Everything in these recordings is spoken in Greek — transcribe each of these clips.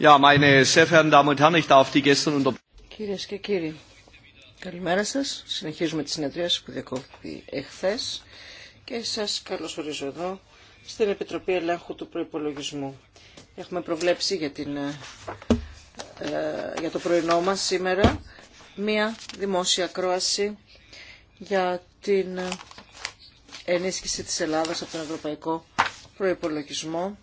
Ja, Κυρίες και κύριοι, καλημέρα σας. Συνεχίζουμε τη συνεδρία που διακόπτει εχθές και σας καλωσορίζω εδώ στην Επιτροπή Ελέγχου του Προϋπολογισμού. Έχουμε προβλέψει για, την, ε, ε, για το πρωινό μας σήμερα μία δημόσια κρόαση για την ε, ενίσχυση της Ελλάδας από τον Ευρωπαϊκό Προϋπολογισμό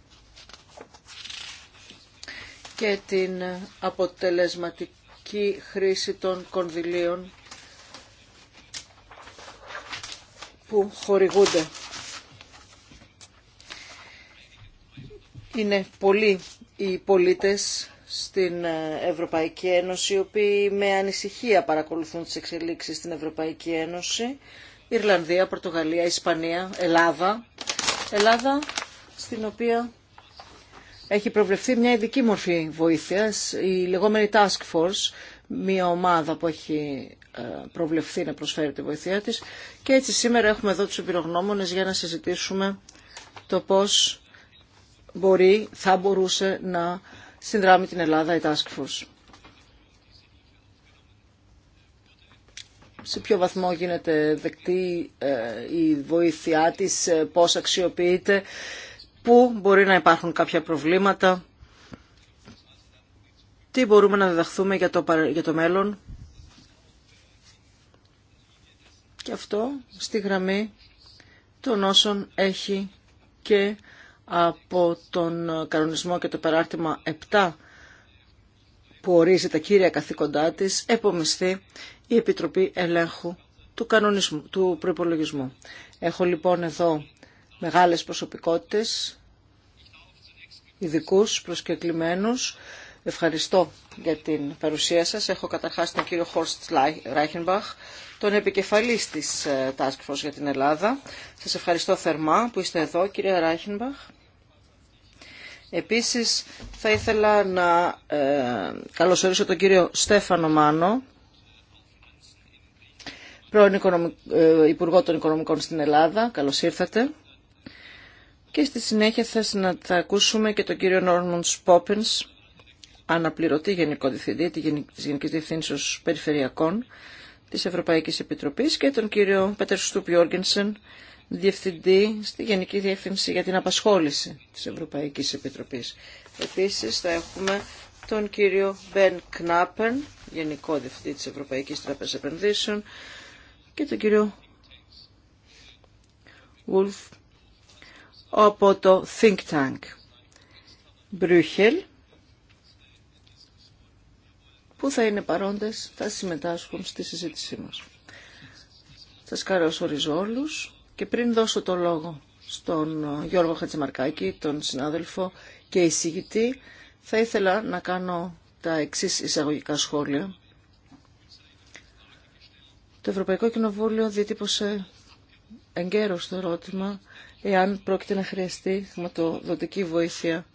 και την αποτελεσματική χρήση των κονδυλίων που χορηγούνται. Είναι πολλοί οι πολίτες στην Ευρωπαϊκή Ένωση, οι οποίοι με ανησυχία παρακολουθούν τις εξελίξεις στην Ευρωπαϊκή Ένωση. Ιρλανδία, Πορτογαλία, Ισπανία, Ελλάδα. Ελλάδα στην οποία έχει προβλεφθεί μια ειδική μορφή βοήθειας, η λεγόμενη Task Force, μια ομάδα που έχει ε, προβλεφθεί να προσφέρει τη βοήθειά της. Και έτσι σήμερα έχουμε εδώ τους εμπειρογνώμονες για να συζητήσουμε το πώς μπορεί, θα μπορούσε να συνδράμει την Ελλάδα η Task Force. σε ποιο βαθμό γίνεται δεκτή ε, η βοήθειά της, ε, πώς αξιοποιείται πού μπορεί να υπάρχουν κάποια προβλήματα, τι μπορούμε να διδαχθούμε για το, για το μέλλον. Και αυτό στη γραμμή των όσων έχει και από τον κανονισμό και το περάρτημα 7 που ορίζει τα κύρια καθήκοντά της, επομιστεί η Επιτροπή Ελέγχου του, κανονισμού, του Προϋπολογισμού. Έχω λοιπόν εδώ μεγάλες προσωπικότητες, ειδικού προσκεκλημένους. Ευχαριστώ για την παρουσία σας. Έχω καταρχάς τον κύριο Χόρστ Ράιχενμπαχ, τον επικεφαλής της ε, Task Force για την Ελλάδα. Σας ευχαριστώ θερμά που είστε εδώ, κύριε Ράιχενμπαχ. Επίσης, θα ήθελα να ε, καλωσορίσω τον κύριο Στέφανο Μάνο, πρώην ε, Υπουργό των Οικονομικών στην Ελλάδα. Καλώς ήρθατε. Και στη συνέχεια θα, θα ακούσουμε και τον κύριο Νόρμον Σπόπενς, αναπληρωτή Γενικό Διευθυντή της Γενικής Διεύθυνσης Περιφερειακών της Ευρωπαϊκής Επιτροπής και τον κύριο Πέτερ Στούπ Διευθυντή στη Γενική Διεύθυνση για την Απασχόληση της Ευρωπαϊκής Επιτροπής. Επίσης θα έχουμε τον κύριο Μπεν Κνάπεν, Γενικό Διευθυντή της Ευρωπαϊκής Τράπεζας Επενδύσεων και τον κύριο Wolf από το Think Tank. Μπρούχελ, που θα είναι παρόντες, θα συμμετάσχουν στη συζήτησή μας. Σας καλωσορίζω όλους και πριν δώσω το λόγο στον Γιώργο Χατζημαρκάκη, τον συνάδελφο και εισηγητή, θα ήθελα να κάνω τα εξής εισαγωγικά σχόλια. Το Ευρωπαϊκό Κοινοβούλιο διατύπωσε εγκαίρως το ερώτημα εάν πρόκειται να χρειαστεί χρηματοδοτική βοήθεια.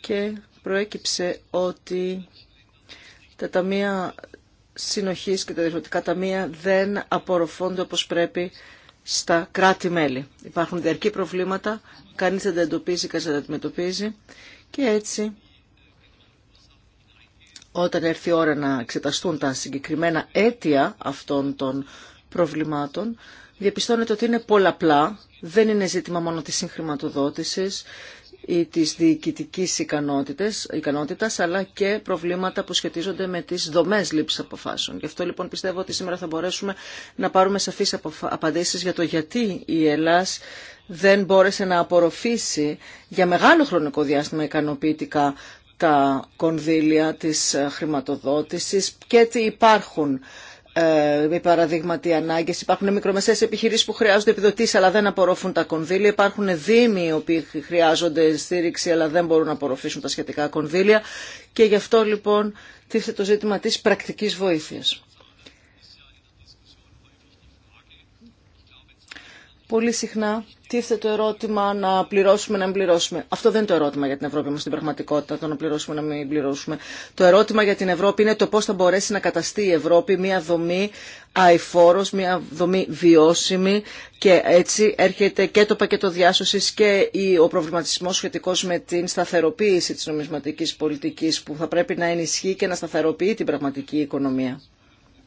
Και προέκυψε ότι τα ταμεία συνοχής και τα διευθυντικά ταμεία δεν απορροφώνται όπως πρέπει στα κράτη-μέλη. Υπάρχουν διαρκή προβλήματα, κανείς δεν τα εντοπίζει, κανείς δεν τα αντιμετωπίζει και έτσι όταν έρθει η ώρα να εξεταστούν τα συγκεκριμένα αίτια αυτών των προβλημάτων διαπιστώνεται ότι είναι πολλαπλά, δεν είναι ζήτημα μόνο της συγχρηματοδότησης ή της διοικητικής ικανότητας, αλλά και προβλήματα που σχετίζονται με τις δομές λήψης αποφάσεων. Γι' αυτό λοιπόν πιστεύω ότι σήμερα θα μπορέσουμε να πάρουμε σαφείς απαντήσεις για το γιατί η Ελλάς δεν μπόρεσε να απορροφήσει για μεγάλο χρονικό διάστημα ικανοποιητικά τα κονδύλια της ε, χρηματοδότησης και τι υπάρχουν ε, με παραδείγματι ανάγκες. Υπάρχουν μικρομεσαίες επιχειρήσεις που χρειάζονται επιδοτήσει, αλλά δεν απορροφούν τα κονδύλια. Υπάρχουν δήμοι οι οποίοι χρειάζονται στήριξη αλλά δεν μπορούν να απορροφήσουν τα σχετικά κονδύλια. Και γι' αυτό λοιπόν τίθεται το ζήτημα τη πρακτικής βοήθειας. πολύ συχνά τίθεται το ερώτημα να πληρώσουμε, να μην πληρώσουμε. Αυτό δεν είναι το ερώτημα για την Ευρώπη μα στην πραγματικότητα, το να πληρώσουμε, να μην πληρώσουμε. Το ερώτημα για την Ευρώπη είναι το πώ θα μπορέσει να καταστεί η Ευρώπη μια δομή αηφόρος, μια δομή βιώσιμη και έτσι έρχεται και το πακέτο διάσωση και ο προβληματισμό σχετικό με την σταθεροποίηση τη νομισματική πολιτική που θα πρέπει να ενισχύει και να σταθεροποιεί την πραγματική οικονομία.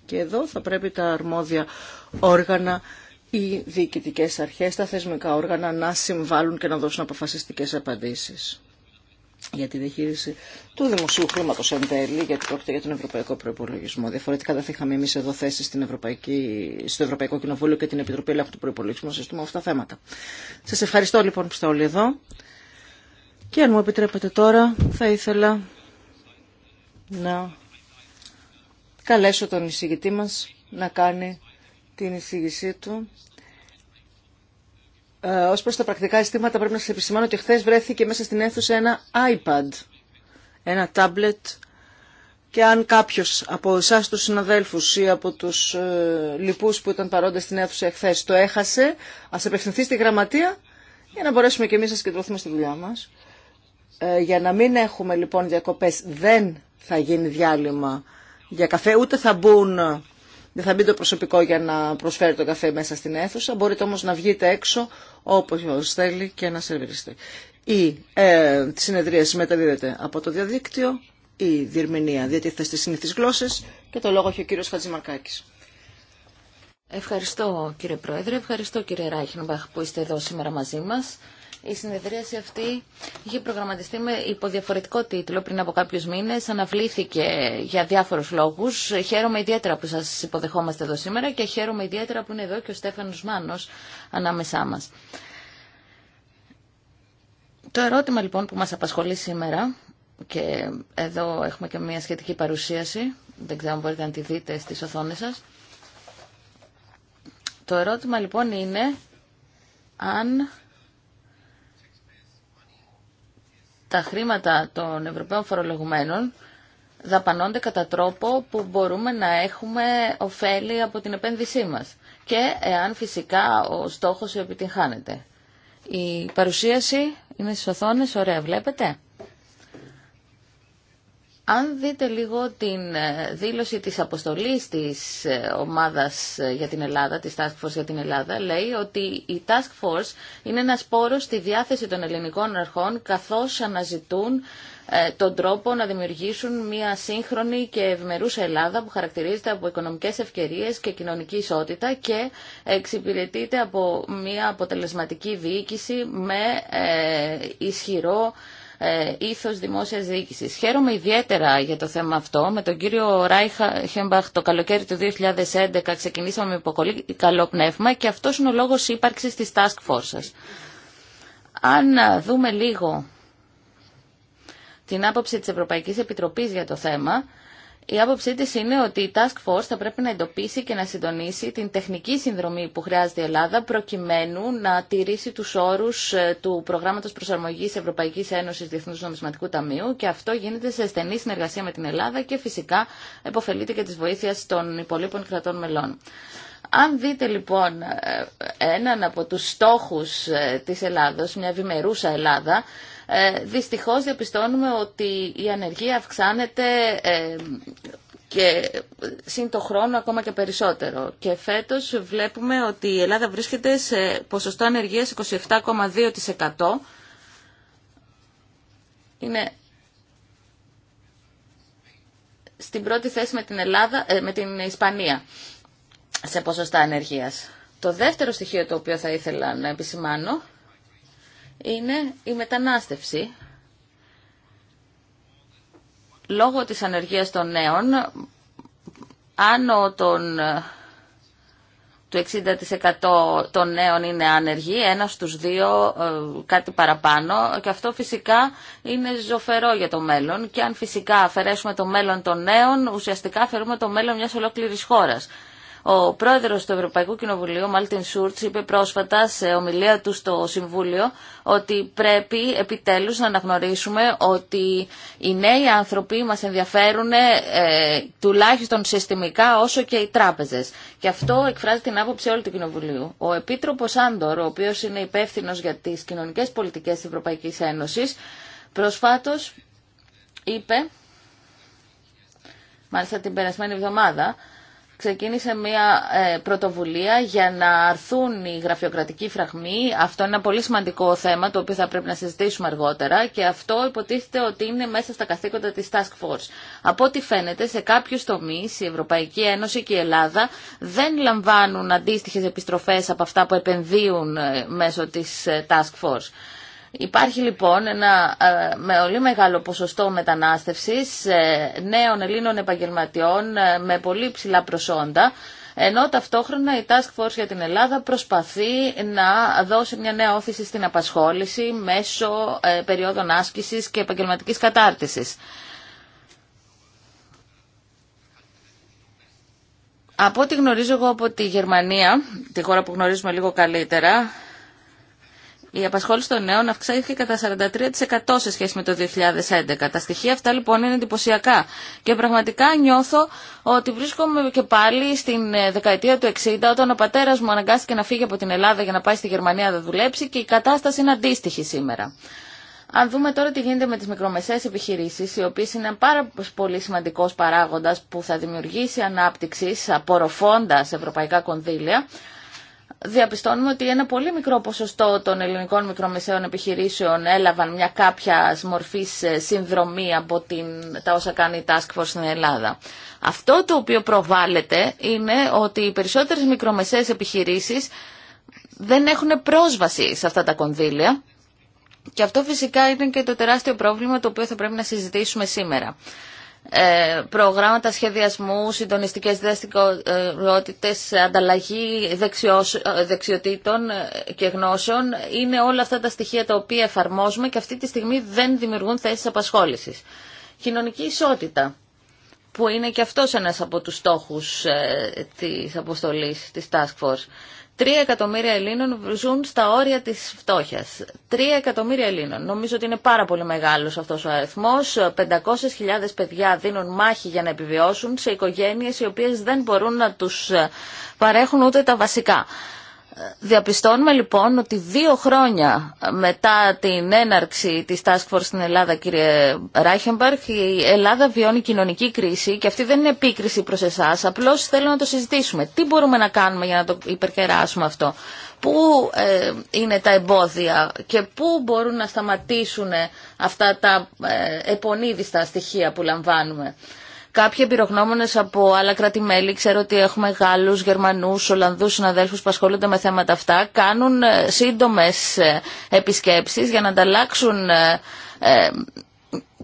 Και εδώ θα πρέπει τα αρμόδια όργανα οι διοικητικέ αρχές, τα θεσμικά όργανα να συμβάλλουν και να δώσουν αποφασιστικές απαντήσεις για τη διαχείριση του δημοσίου χρήματο εν τέλει, γιατί πρόκειται για τον Ευρωπαϊκό Προπολογισμό. Διαφορετικά θα είχαμε εμεί εδώ θέσει στο Ευρωπαϊκό Κοινοβούλιο και την Επιτροπή Ελέγχου του Προπολογισμού να συζητούμε αυτά τα θέματα. Σα ευχαριστώ λοιπόν που είστε όλοι εδώ. Και αν μου επιτρέπετε τώρα, θα ήθελα να καλέσω τον εισηγητή μα να κάνει την εισήγησή του. Ε, Ω προ τα πρακτικά αισθήματα πρέπει να σα επισημάνω ότι χθε βρέθηκε μέσα στην αίθουσα ένα iPad, ένα tablet και αν κάποιο από εσά του συναδέλφου ή από του ε, λοιπού που ήταν παρόντε στην αίθουσα χθε. το έχασε, α απευθυνθεί στη γραμματεία για να μπορέσουμε και εμεί να συγκεντρωθούμε στη δουλειά μα. Ε, για να μην έχουμε λοιπόν διακοπέ, δεν θα γίνει διάλειμμα για καφέ, ούτε θα μπουν δεν θα μπει το προσωπικό για να προσφέρει τον καφέ μέσα στην αίθουσα. Μπορείτε όμως να βγείτε έξω όπως θέλει και να σερβιριστεί. Η ε, συνεδρία μεταδίδεται από το διαδίκτυο, η διερμηνία διατίθεται στις συνήθεις γλώσσες και το λόγο έχει ο κύριος Χατζημαρκάκης. Ευχαριστώ κύριε Πρόεδρε, ευχαριστώ κύριε Ράιχνμπαχ που είστε εδώ σήμερα μαζί μας. Η συνεδρίαση αυτή είχε προγραμματιστεί με υποδιαφορετικό τίτλο πριν από κάποιους μήνες. Αναβλήθηκε για διάφορους λόγους. Χαίρομαι ιδιαίτερα που σας υποδεχόμαστε εδώ σήμερα και χαίρομαι ιδιαίτερα που είναι εδώ και ο Στέφανος Μάνος ανάμεσά μας. Το ερώτημα λοιπόν που μας απασχολεί σήμερα και εδώ έχουμε και μια σχετική παρουσίαση, δεν ξέρω αν μπορείτε να τη δείτε στις οθόνες σας. Το ερώτημα λοιπόν είναι αν τα χρήματα των Ευρωπαίων φορολογουμένων δαπανώνται κατά τρόπο που μπορούμε να έχουμε ωφέλη από την επένδυσή μας και εάν φυσικά ο στόχος επιτυγχάνεται. Η παρουσίαση είναι στις οθόνες, ωραία βλέπετε. Αν δείτε λίγο την ε, δήλωση της αποστολής της ε, ομάδας ε, για την Ελλάδα, της Task Force για την Ελλάδα, λέει ότι η Task Force είναι ένας πόρος στη διάθεση των ελληνικών αρχών καθώς αναζητούν τον τρόπο να δημιουργήσουν μια σύγχρονη και ευμερούσα Ελλάδα που χαρακτηρίζεται από οικονομικές ευκαιρίες και κοινωνική ισότητα και εξυπηρετείται από μια αποτελεσματική διοίκηση με ισχυρό ε, ήθος δημόσιας διοίκησης. Χαίρομαι ιδιαίτερα για το θέμα αυτό. Με τον κύριο Ράιχα Χεμπάχ το καλοκαίρι του 2011 ξεκινήσαμε με πολύ καλό πνεύμα και αυτό είναι ο λόγος ύπαρξης της Task Force Αν δούμε λίγο την άποψη της Ευρωπαϊκής Επιτροπής για το θέμα, η άποψή τη είναι ότι η Task Force θα πρέπει να εντοπίσει και να συντονίσει την τεχνική συνδρομή που χρειάζεται η Ελλάδα προκειμένου να τηρήσει τους όρους ε, του Προγράμματος Προσαρμογής Ευρωπαϊκής Ένωσης Διεθνούς Νομισματικού Ταμείου και αυτό γίνεται σε στενή συνεργασία με την Ελλάδα και φυσικά επωφελείται και της βοήθειας των υπολείπων κρατών μελών. Αν δείτε λοιπόν ε, έναν από τους στόχους ε, της Ελλάδος, μια ευημερούσα Ελλάδα, ε, δυστυχώς διαπιστώνουμε ότι η ανεργία αυξάνεται ε, και σύν το χρόνο ακόμα και περισσότερο. Και φέτος βλέπουμε ότι η Ελλάδα βρίσκεται σε ποσοστό ανεργίας 27,2%. Είναι στην πρώτη θέση με την, Ελλάδα, ε, με την Ισπανία σε ποσοστά ανεργίας. Το δεύτερο στοιχείο το οποίο θα ήθελα να επισημάνω είναι η μετανάστευση. Λόγω της ανεργίας των νέων, άνω των, του 60% των νέων είναι άνεργοι, ένα στους δύο ε, κάτι παραπάνω και αυτό φυσικά είναι ζωφερό για το μέλλον και αν φυσικά αφαιρέσουμε το μέλλον των νέων, ουσιαστικά αφαιρούμε το μέλλον μιας ολόκληρης χώρας. Ο πρόεδρος του Ευρωπαϊκού Κοινοβουλίου, Μάλτιν Σούρτς, είπε πρόσφατα σε ομιλία του στο Συμβούλιο ότι πρέπει επιτέλους να αναγνωρίσουμε ότι οι νέοι άνθρωποι μας ενδιαφέρουν ε, τουλάχιστον συστημικά όσο και οι τράπεζες. Και αυτό εκφράζει την άποψη όλου του Κοινοβουλίου. Ο Επίτροπος Άντορ, ο οποίος είναι υπεύθυνο για τις κοινωνικές πολιτικές της Ευρωπαϊκής Ένωσης, προσφάτως είπε, μάλιστα την περασμένη εβδομάδα, ξεκίνησε μια ε, πρωτοβουλία για να αρθούν οι γραφειοκρατικοί φραγμοί. Αυτό είναι ένα πολύ σημαντικό θέμα το οποίο θα πρέπει να συζητήσουμε αργότερα και αυτό υποτίθεται ότι είναι μέσα στα καθήκοντα της Task Force. Από ό,τι φαίνεται σε κάποιους τομείς η Ευρωπαϊκή Ένωση και η Ελλάδα δεν λαμβάνουν αντίστοιχες επιστροφές από αυτά που επενδύουν ε, μέσω της ε, Task Force. Υπάρχει λοιπόν ένα ε, με πολύ μεγάλο ποσοστό μετανάστευσης ε, νέων Ελλήνων επαγγελματιών ε, με πολύ ψηλά προσόντα, ενώ ταυτόχρονα η Task Force για την Ελλάδα προσπαθεί να δώσει μια νέα όθηση στην απασχόληση μέσω περίοδων άσκησης και επαγγελματικής κατάρτισης. Από ό,τι γνωρίζω εγώ από τη Γερμανία, τη χώρα που γνωρίζουμε λίγο καλύτερα, η απασχόληση των νέων αυξήθηκε κατά 43% σε σχέση με το 2011. Τα στοιχεία αυτά λοιπόν είναι εντυπωσιακά. Και πραγματικά νιώθω ότι βρίσκομαι και πάλι στην ε, δεκαετία του 60 όταν ο πατέρα μου αναγκάστηκε να φύγει από την Ελλάδα για να πάει στη Γερμανία να δουλέψει και η κατάσταση είναι αντίστοιχη σήμερα. Αν δούμε τώρα τι γίνεται με τις μικρομεσαίες επιχειρήσεις, οι οποίες είναι ένα πάρα πολύ σημαντικός παράγοντας που θα δημιουργήσει ανάπτυξη απορροφώντα ευρωπαϊκά κονδύλια, διαπιστώνουμε ότι ένα πολύ μικρό ποσοστό των ελληνικών μικρομεσαίων επιχειρήσεων έλαβαν μια κάποια μορφή ε, συνδρομή από την, τα όσα κάνει η Task Force στην Ελλάδα. Αυτό το οποίο προβάλλεται είναι ότι οι περισσότερες μικρομεσαίες επιχειρήσεις δεν έχουν πρόσβαση σε αυτά τα κονδύλια και αυτό φυσικά είναι και το τεράστιο πρόβλημα το οποίο θα πρέπει να συζητήσουμε σήμερα. Ε, προγράμματα σχεδιασμού, συντονιστικέ δραστηριότητε, ανταλλαγή ε, δεξιοτήτων ε, και γνώσεων. Είναι όλα αυτά τα στοιχεία τα οποία εφαρμόζουμε και αυτή τη στιγμή δεν δημιουργούν θέσεις απασχόλησης. Κοινωνική ισότητα, που είναι και αυτός ένας από τους στόχους της αποστολής της Task Force. Τρία εκατομμύρια Ελλήνων ζουν στα όρια της φτώχειας. Τρία εκατομμύρια Ελλήνων. Νομίζω ότι είναι πάρα πολύ μεγάλος αυτός ο αριθμός. 500.000 παιδιά δίνουν μάχη για να επιβιώσουν σε οικογένειες οι οποίες δεν μπορούν να τους παρέχουν ούτε τα βασικά. Διαπιστώνουμε λοιπόν ότι δύο χρόνια μετά την έναρξη της Task Force στην Ελλάδα, κύριε Ράχενμπαρκ, η Ελλάδα βιώνει κοινωνική κρίση και αυτή δεν είναι επίκριση προς εσάς, απλώς θέλω να το συζητήσουμε. Τι μπορούμε να κάνουμε για να το υπερκεράσουμε αυτό. Πού ε, είναι τα εμπόδια και πού μπορούν να σταματήσουν αυτά τα ε, επονίδιστα στοιχεία που λαμβάνουμε κάποιοι εμπειρογνώμονε από άλλα κράτη-μέλη, ξέρω ότι έχουμε Γάλλου, Γερμανού, Ολλανδού συναδέλφου που ασχολούνται με θέματα αυτά, κάνουν ε, σύντομε επισκέψει για να ανταλλάξουν ε, ε,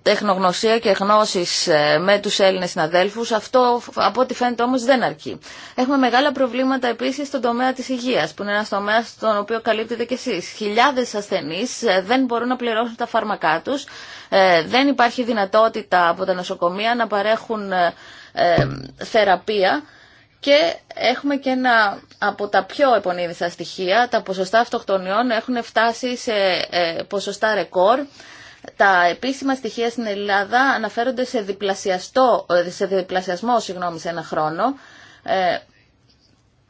τεχνογνωσία και γνώσεις ε, με τους Έλληνες συναδέλφους. Αυτό από ό,τι φαίνεται όμως δεν αρκεί. Έχουμε μεγάλα προβλήματα επίσης στον τομέα της υγείας, που είναι ένας τομέας στον οποίο καλύπτεται και εσείς. Χιλιάδες ασθενείς ε, δεν μπορούν να πληρώσουν τα φάρμακά τους. Ε, δεν υπάρχει δυνατότητα από τα νοσοκομεία να παρέχουν θεραπεία. Και έχουμε και ένα από τα πιο επωνύμιθα στοιχεία. Τα ποσοστά αυτοκτονιών έχουν φτάσει σε ποσοστά ρεκόρ τα επίσημα στοιχεία στην Ελλάδα αναφέρονται σε, διπλασιαστό, ε, σε διπλασιασμό συγγνώμη, σε ένα χρόνο. Ε,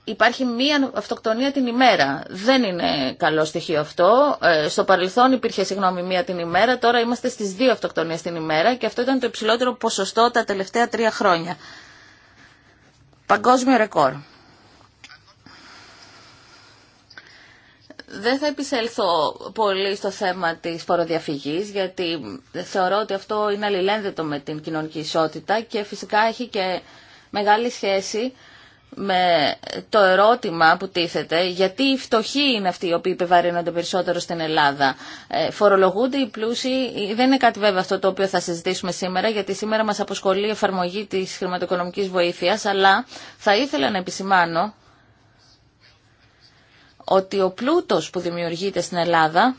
υπάρχει μία αυτοκτονία την ημέρα. Δεν είναι καλό στοιχείο αυτό. Ε, στο παρελθόν υπήρχε συγγνώμη μία την ημέρα, τώρα είμαστε στις δύο αυτοκτονίες την ημέρα και αυτό ήταν το υψηλότερο ποσοστό τα τελευταία τρία χρόνια. Παγκόσμιο ρεκόρ. Δεν θα επισέλθω πολύ στο θέμα της φοροδιαφυγής, γιατί θεωρώ ότι αυτό είναι αλληλένδετο με την κοινωνική ισότητα και φυσικά έχει και μεγάλη σχέση με το ερώτημα που τίθεται, γιατί οι φτωχοί είναι αυτοί οι οποίοι υπεβαρύνονται περισσότερο στην Ελλάδα. Ε, φορολογούνται οι πλούσιοι, δεν είναι κάτι βέβαια αυτό το οποίο θα συζητήσουμε σήμερα, γιατί σήμερα μας αποσχολεί η εφαρμογή της χρηματοοικονομικής βοήθειας, αλλά θα ήθελα να επισημάνω ότι ο πλούτος που δημιουργείται στην Ελλάδα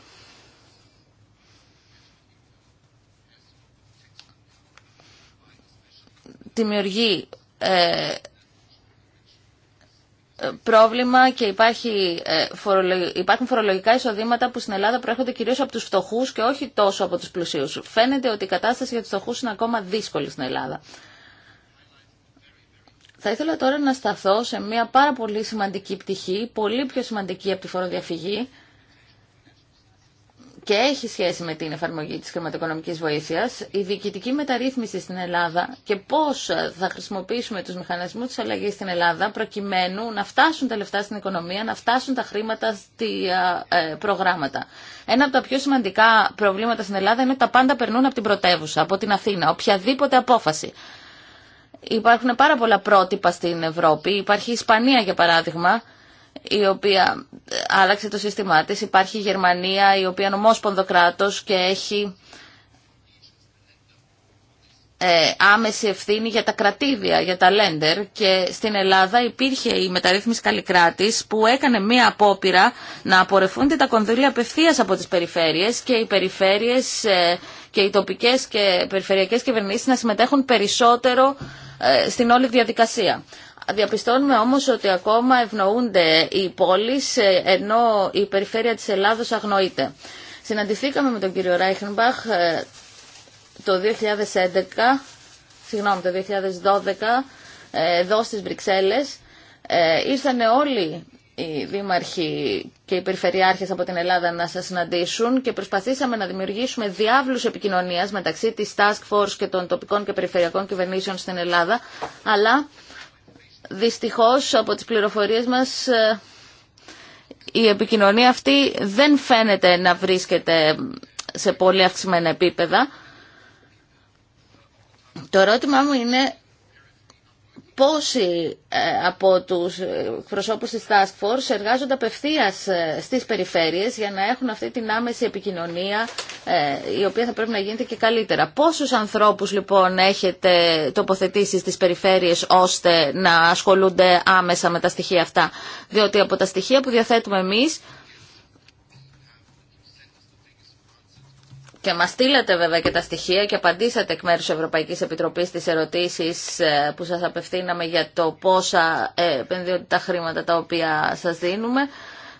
δημιουργεί ε, πρόβλημα και υπάρχει, ε, υπάρχουν φορολογικά εισοδήματα που στην Ελλάδα προέρχονται κυρίως από τους φτωχούς και όχι τόσο από τους πλουσίους. Φαίνεται ότι η κατάσταση για τους φτωχούς είναι ακόμα δύσκολη στην Ελλάδα. Θα ήθελα τώρα να σταθώ σε μια πάρα πολύ σημαντική πτυχή, πολύ πιο σημαντική από τη φοροδιαφυγή και έχει σχέση με την εφαρμογή της χρηματοοικονομικής βοήθειας, η διοικητική μεταρρύθμιση στην Ελλάδα και πώς θα χρησιμοποιήσουμε τους μηχανισμούς της αλλαγής στην Ελλάδα προκειμένου να φτάσουν τα λεφτά στην οικονομία, να φτάσουν τα χρήματα στη ε, προγράμματα. Ένα από τα πιο σημαντικά προβλήματα στην Ελλάδα είναι ότι τα πάντα περνούν από την πρωτεύουσα, από την Αθήνα, οποιαδήποτε απόφαση. Υπάρχουν πάρα πολλά πρότυπα στην Ευρώπη. Υπάρχει η Ισπανία, για παράδειγμα, η οποία ε, άλλαξε το σύστημά της. Υπάρχει η Γερμανία, η οποία είναι ομόσπονδο και έχει ε, άμεση ευθύνη για τα κρατήδια, για τα lender και στην Ελλάδα υπήρχε η μεταρρύθμιση Καλλικράτης που έκανε μία απόπειρα να απορρεφούνται τα κονδύλια απευθεία από τις περιφέρειες και οι περιφέρειες ε, και οι τοπικές και περιφερειακές κυβερνήσεις να συμμετέχουν περισσότερο ε, στην όλη διαδικασία. Διαπιστώνουμε όμως ότι ακόμα ευνοούνται οι πόλεις ε, ενώ η περιφέρεια της Ελλάδος αγνοείται. Συναντηθήκαμε με τον κύριο Ράιχνμπαχ ε, το 2011, συγγνώμη, το 2012 εδώ στις Βρυξέλλες. Ήρθαν όλοι οι δήμαρχοι και οι περιφερειάρχες από την Ελλάδα να σας συναντήσουν και προσπαθήσαμε να δημιουργήσουμε διάβλους επικοινωνίας μεταξύ της Task Force και των τοπικών και περιφερειακών κυβερνήσεων στην Ελλάδα, αλλά δυστυχώς από τις πληροφορίες μας ε, η επικοινωνία αυτή δεν φαίνεται να βρίσκεται σε πολύ αυξημένα επίπεδα. Το ερώτημά μου είναι πόσοι ε, από τους προσώπους της Task Force εργάζονται απευθείας ε, στις περιφέρειες για να έχουν αυτή την άμεση επικοινωνία ε, η οποία θα πρέπει να γίνεται και καλύτερα. Πόσους ανθρώπους λοιπόν έχετε τοποθετήσει στις περιφέρειες ώστε να ασχολούνται άμεσα με τα στοιχεία αυτά. Διότι από τα στοιχεία που διαθέτουμε εμείς και μας στείλατε βέβαια και τα στοιχεία και απαντήσατε εκ μέρους Ευρωπαϊκής Επιτροπής στις ερωτήσεις ε, που σας απευθύναμε για το πόσα ε, επενδύονται τα χρήματα τα οποία σας δίνουμε.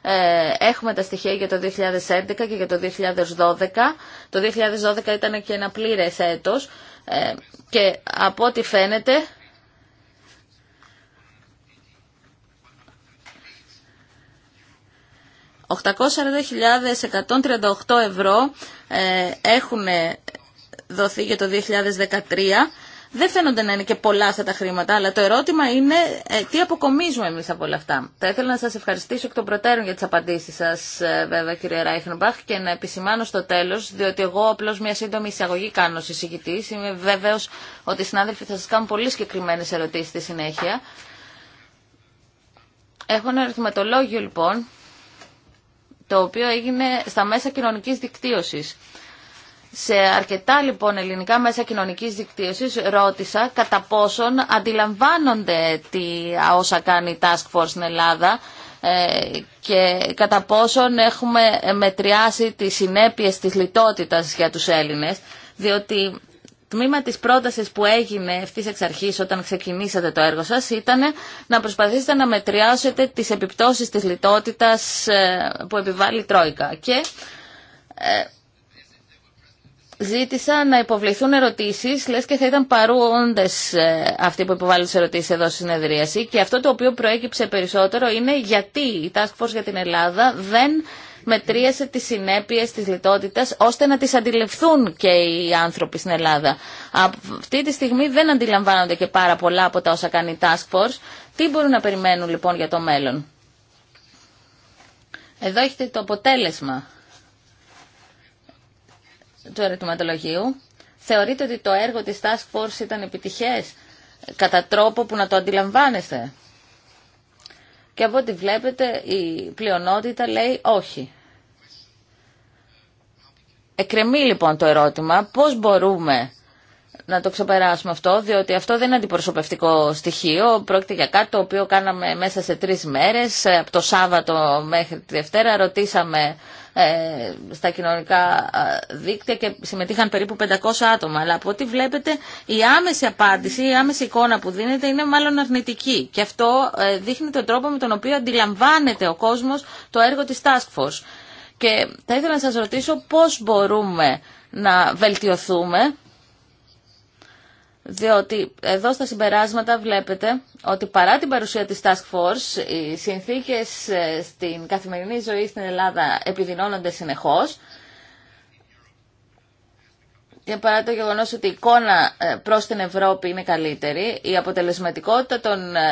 Ε, έχουμε τα στοιχεία για το 2011 και για το 2012. Το 2012 ήταν και ένα πλήρες έτος και από ό,τι φαίνεται 840.138 ευρώ ε, έχουν δοθεί για το 2013. Δεν φαίνονται να είναι και πολλά αυτά τα χρήματα, αλλά το ερώτημα είναι ε, τι αποκομίζουμε εμείς από όλα αυτά. Θα ήθελα να σας ευχαριστήσω εκ των προτέρων για τις απαντήσεις σας, ε, βέβαια, κύριε Ράιχνμπαχ, και να επισημάνω στο τέλος, διότι εγώ απλώς μια σύντομη εισαγωγή κάνω ως εισηγητής. Είμαι βέβαιος ότι οι συνάδελφοι θα σας κάνουν πολύ συγκεκριμένε ερωτήσεις στη συνέχεια. Έχω ένα αριθματολόγιο, λοιπόν, το οποίο έγινε στα μέσα κοινωνικής δικτύωσης. Σε αρκετά λοιπόν ελληνικά μέσα κοινωνικής δικτύωσης ρώτησα κατά πόσον αντιλαμβάνονται τι όσα κάνει η Task Force στην Ελλάδα ε, και κατά πόσον έχουμε μετριάσει τις συνέπειες της λιτότητας για τους Έλληνες, διότι τμήμα της πρότασης που έγινε ευθύς εξ αρχής όταν ξεκινήσατε το έργο σας ήταν να προσπαθήσετε να μετριάσετε τις επιπτώσεις της λιτότητας ε, που επιβάλλει η Τρόικα. Και ε, ζήτησα να υποβληθούν ερωτήσεις, λες και θα ήταν παρούντες ε, αυτοί που υποβάλλουν τις ερωτήσεις εδώ στη συνεδρίαση και αυτό το οποίο προέκυψε περισσότερο είναι γιατί η Task Force για την Ελλάδα δεν μετρίασε τις συνέπειες της λιτότητας ώστε να τις αντιληφθούν και οι άνθρωποι στην Ελλάδα. Αυτή τη στιγμή δεν αντιλαμβάνονται και πάρα πολλά από τα όσα κάνει η Task Force. Τι μπορούν να περιμένουν λοιπόν για το μέλλον. Εδώ έχετε το αποτέλεσμα του ερωτηματολογίου. Θεωρείτε ότι το έργο της Task Force ήταν επιτυχές κατά τρόπο που να το αντιλαμβάνεστε. Και από ό,τι βλέπετε η πλειονότητα λέει όχι. Εκρεμεί λοιπόν το ερώτημα πώς μπορούμε να το ξεπεράσουμε αυτό, διότι αυτό δεν είναι αντιπροσωπευτικό στοιχείο. Πρόκειται για κάτι το οποίο κάναμε μέσα σε τρεις μέρες. Ε, από το Σάββατο μέχρι τη Δευτέρα ρωτήσαμε ε, στα κοινωνικά ε, δίκτυα και συμμετείχαν περίπου 500 άτομα. Αλλά από ό,τι βλέπετε η άμεση απάντηση, η άμεση εικόνα που δίνεται είναι μάλλον αρνητική. Και αυτό δείχνει τον τρόπο με τον οποίο αντιλαμβάνεται ο κόσμος το έργο της Task Force. Και θα ήθελα να σας ρωτήσω πώς μπορούμε να βελτιωθούμε διότι εδώ στα συμπεράσματα βλέπετε ότι παρά την παρουσία της Task Force, οι συνθήκες ε, στην καθημερινή ζωή στην Ελλάδα επιδεινώνονται συνεχώς παρά το γεγονό ότι η εικόνα ε, προ την Ευρώπη είναι καλύτερη, η αποτελεσματικότητα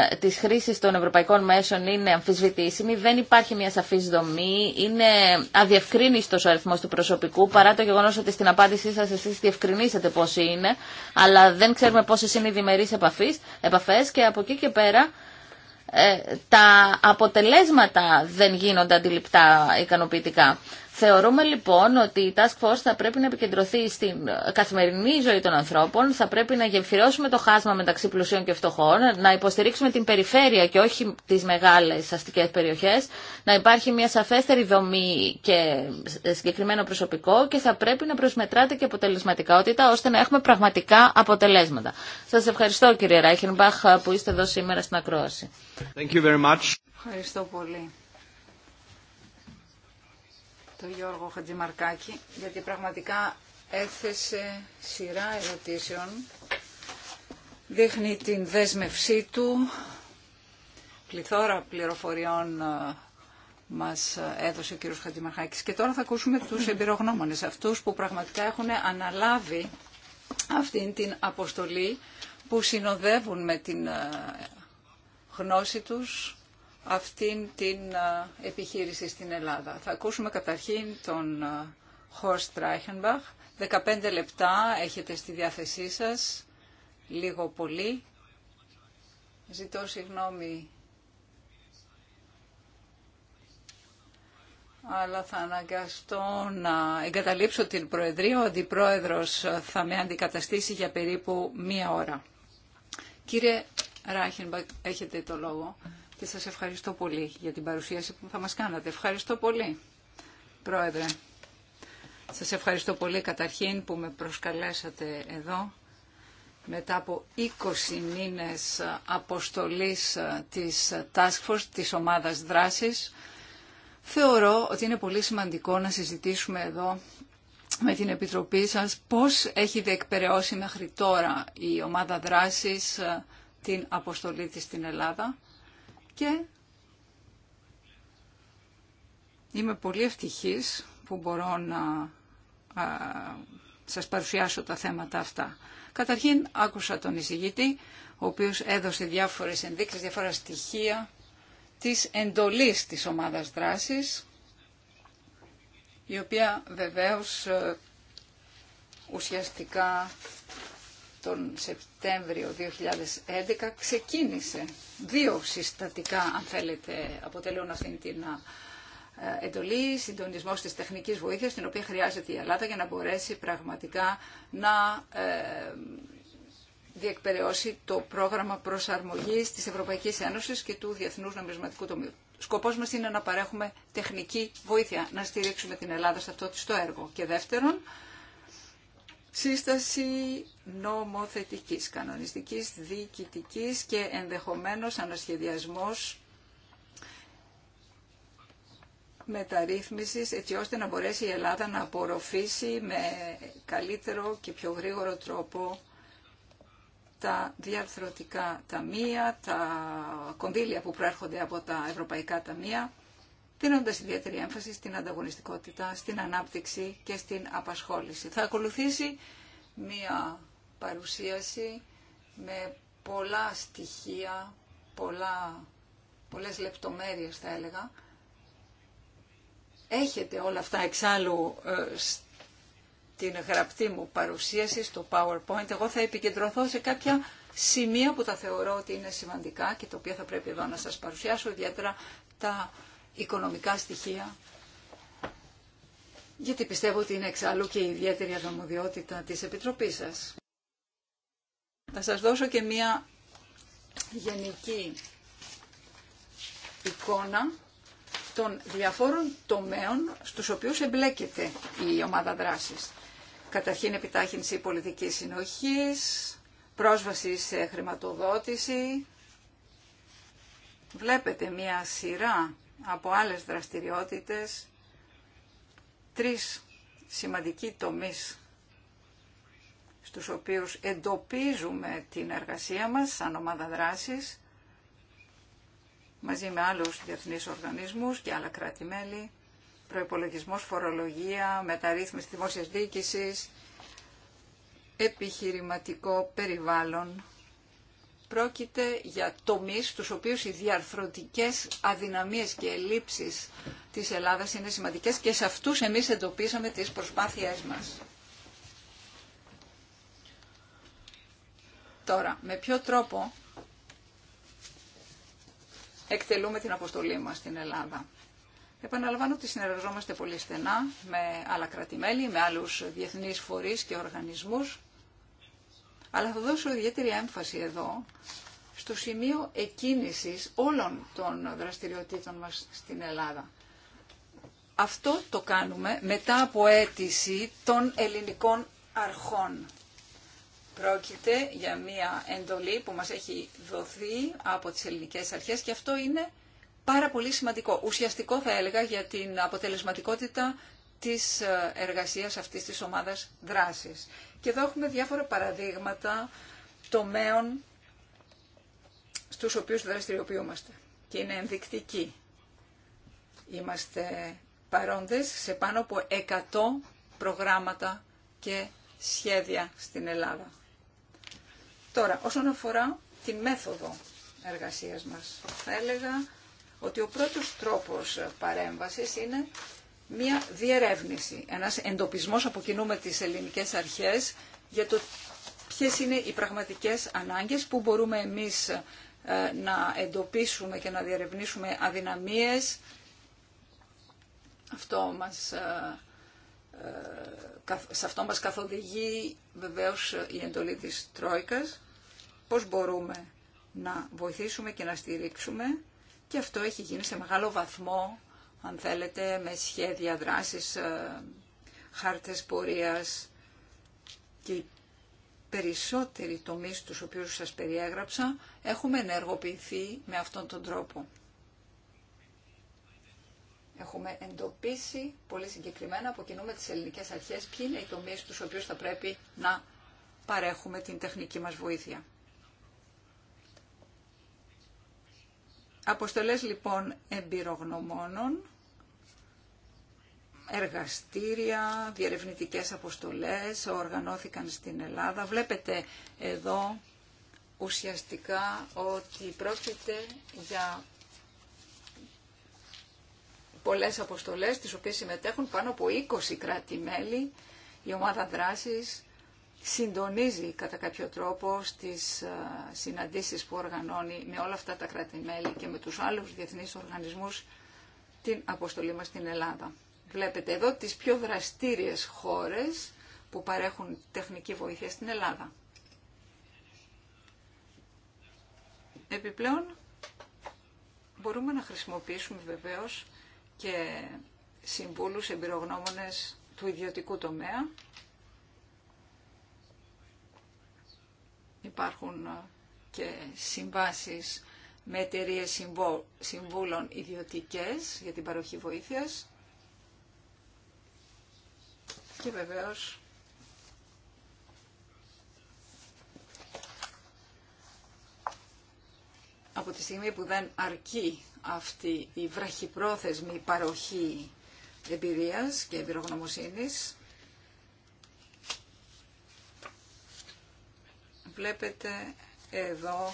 ε, τη χρήση των ευρωπαϊκών μέσων είναι αμφισβητήσιμη, δεν υπάρχει μια σαφή δομή, είναι αδιευκρίνιστος ο αριθμό του προσωπικού, παρά το γεγονό ότι στην απάντησή σα εσεί διευκρινίσατε πόσοι είναι, αλλά δεν ξέρουμε πόσε είναι οι διμερεί επαφέ και από εκεί και πέρα ε, τα αποτελέσματα δεν γίνονται αντιληπτά ικανοποιητικά. Θεωρούμε λοιπόν ότι η Task Force θα πρέπει να επικεντρωθεί στην ε, καθημερινή ζωή των ανθρώπων, θα πρέπει να γεμφυρώσουμε το χάσμα μεταξύ πλουσίων και φτωχών, να υποστηρίξουμε την περιφέρεια και όχι τις μεγάλες αστικές περιοχές, να υπάρχει μια σαφέστερη δομή και συγκεκριμένο προσωπικό και θα πρέπει να προσμετράτε και αποτελεσματικότητα ώστε να έχουμε πραγματικά αποτελέσματα. Σας ευχαριστώ κύριε Ράιχενμπαχ που είστε εδώ σήμερα στην ακρόαση. Thank Ευχαριστώ πολύ τον Γιώργο Χατζημαρκάκη, γιατί πραγματικά έθεσε σειρά ερωτήσεων. Δείχνει την δέσμευσή του. Πληθώρα πληροφοριών ε, μας έδωσε ο κύριος Χατζημαρχάκης. Και τώρα θα ακούσουμε τους εμπειρογνώμονες, αυτούς που πραγματικά έχουν αναλάβει αυτήν την αποστολή που συνοδεύουν με την ε, γνώση τους αυτήν την επιχείρηση στην Ελλάδα. Θα ακούσουμε καταρχήν τον Horst Reichenbach. 15 λεπτά έχετε στη διάθεσή σας, λίγο πολύ. Ζητώ συγγνώμη, αλλά θα αναγκαστώ να εγκαταλείψω την Προεδρία. Ο Αντιπρόεδρος θα με αντικαταστήσει για περίπου μία ώρα. Κύριε Ράχενμπαχ, έχετε το λόγο και σας ευχαριστώ πολύ για την παρουσίαση που θα μας κάνατε. Ευχαριστώ πολύ, Πρόεδρε. Σας ευχαριστώ πολύ καταρχήν που με προσκαλέσατε εδώ μετά από 20 μήνες αποστολής της Task Force, της ομάδας δράσης. Θεωρώ ότι είναι πολύ σημαντικό να συζητήσουμε εδώ με την Επιτροπή σας πώς έχει διεκπαιρεώσει μέχρι τώρα η ομάδα δράσης την αποστολή της στην Ελλάδα και είμαι πολύ ευτυχής που μπορώ να σας παρουσιάσω τα θέματα αυτά. Καταρχήν άκουσα τον εισηγητή, ο οποίος έδωσε διάφορες ενδείξεις, διάφορα στοιχεία της εντολής της ομάδας δράσης, η οποία βεβαίως ε, ουσιαστικά τον Σεπτέμβριο 2011 ξεκίνησε δύο συστατικά, αν θέλετε, αποτελούν αυτή την εντολή, συντονισμός της τεχνικής βοήθειας, την οποία χρειάζεται η Ελλάδα για να μπορέσει πραγματικά να ε, διεκπαιρεώσει το πρόγραμμα προσαρμογής της Ευρωπαϊκής Ένωσης και του Διεθνούς Νομισματικού Τομείου. Σκοπός μας είναι να παρέχουμε τεχνική βοήθεια, να στηρίξουμε την Ελλάδα σε αυτό το έργο. Και δεύτερον, σύσταση νομοθετικής, κανονιστικής, διοικητικής και ενδεχομένως ανασχεδιασμός μεταρρύθμισης έτσι ώστε να μπορέσει η Ελλάδα να απορροφήσει με καλύτερο και πιο γρήγορο τρόπο τα διαρθρωτικά ταμεία, τα κονδύλια που προέρχονται από τα ευρωπαϊκά ταμεία δίνοντας ιδιαίτερη έμφαση στην ανταγωνιστικότητα, στην ανάπτυξη και στην απασχόληση. Θα ακολουθήσει μία παρουσίαση με πολλά στοιχεία, πολλά, πολλές λεπτομέρειες θα έλεγα. Έχετε όλα αυτά εξάλλου ε, στην γραπτή μου παρουσίαση, στο PowerPoint. Εγώ θα επικεντρωθώ σε κάποια σημεία που τα θεωρώ ότι είναι σημαντικά και τα οποία θα πρέπει εδώ να σας παρουσιάσω, ιδιαίτερα τα οικονομικά στοιχεία, γιατί πιστεύω ότι είναι εξάλλου και η ιδιαίτερη αδομοδιότητα της Επιτροπής σας. Θα σας δώσω και μία γενική εικόνα των διαφόρων τομέων στους οποίους εμπλέκεται η ομάδα δράσης. Καταρχήν επιτάχυνση πολιτικής συνοχής, πρόσβαση σε χρηματοδότηση. Βλέπετε μία σειρά από άλλες δραστηριότητες τρεις σημαντικοί τομείς στους οποίους εντοπίζουμε την εργασία μας σαν ομάδα δράσης μαζί με άλλους διεθνείς οργανισμούς και άλλα κράτη-μέλη, προϋπολογισμός, φορολογία, μεταρρύθμιση δημόσιας διοίκησης, επιχειρηματικό περιβάλλον πρόκειται για τομείς στους οποίους οι διαρθρωτικές αδυναμίες και ελλείψεις της Ελλάδας είναι σημαντικές και σε αυτούς εμείς εντοπίσαμε τις προσπάθειές μας. Τώρα, με ποιο τρόπο εκτελούμε την αποστολή μας στην Ελλάδα. Επαναλαμβάνω ότι συνεργαζόμαστε πολύ στενά με άλλα κρατημέλη, με άλλους διεθνείς φορείς και οργανισμούς αλλά θα δώσω ιδιαίτερη έμφαση εδώ στο σημείο εκκίνησης όλων των δραστηριοτήτων μας στην Ελλάδα. Αυτό το κάνουμε μετά από αίτηση των ελληνικών αρχών. Πρόκειται για μια εντολή που μας έχει δοθεί από τις ελληνικές αρχές και αυτό είναι πάρα πολύ σημαντικό. Ουσιαστικό θα έλεγα για την αποτελεσματικότητα της ε, εργασίας αυτής της ομάδας δράσης. Και εδώ έχουμε διάφορα παραδείγματα τομέων στους οποίους δραστηριοποιούμαστε. Και είναι ενδεικτικοί. Είμαστε παρόντες σε πάνω από 100 προγράμματα και σχέδια στην Ελλάδα. Τώρα, όσον αφορά την μέθοδο εργασίας μας, θα έλεγα ότι ο πρώτος τρόπος παρέμβασης είναι μία διερεύνηση, ένας εντοπισμός από κοινού με τις ελληνικές αρχές για το ποιες είναι οι πραγματικές ανάγκες που μπορούμε εμείς ε, να εντοπίσουμε και να διερευνήσουμε αδυναμίες. Αυτό μας, ε, ε, σε αυτό μας καθοδηγεί βεβαίως η εντολή της Τρόικας. Πώς μπορούμε να βοηθήσουμε και να στηρίξουμε. Και αυτό έχει γίνει σε μεγάλο βαθμό αν θέλετε, με σχέδια δράσης, ε, χάρτες πορείας και οι περισσότεροι τομείς τους οποίους σας περιέγραψα έχουμε ενεργοποιηθεί με αυτόν τον τρόπο. Έχουμε εντοπίσει πολύ συγκεκριμένα από με τις ελληνικές αρχές ποιοι είναι οι τομείς τους οποίους θα πρέπει να παρέχουμε την τεχνική μας βοήθεια. Αποστολές λοιπόν εμπειρογνωμόνων εργαστήρια, διερευνητικές αποστολές οργανώθηκαν στην Ελλάδα. Βλέπετε εδώ ουσιαστικά ότι πρόκειται για πολλές αποστολές, τις οποίες συμμετέχουν πάνω από 20 κράτη-μέλη. Η ομάδα δράσης συντονίζει κατά κάποιο τρόπο στις ε, συναντήσεις που οργανώνει με όλα αυτά τα κράτη-μέλη και με τους άλλους διεθνείς οργανισμούς την αποστολή μας στην Ελλάδα. Βλέπετε εδώ τις πιο δραστήριες χώρες που παρέχουν τεχνική βοήθεια στην Ελλάδα. Επιπλέον, μπορούμε να χρησιμοποιήσουμε βεβαίως και συμβούλους εμπειρογνώμονες του ιδιωτικού τομέα. Υπάρχουν ε, και συμβάσεις με εταιρείε συμβούλων ιδιωτικές για την παροχή βοήθειας και βεβαίως από τη στιγμή που δεν αρκεί αυτή η βραχυπρόθεσμη παροχή εμπειρίας και εμπειρογνωμοσύνης, βλέπετε εδώ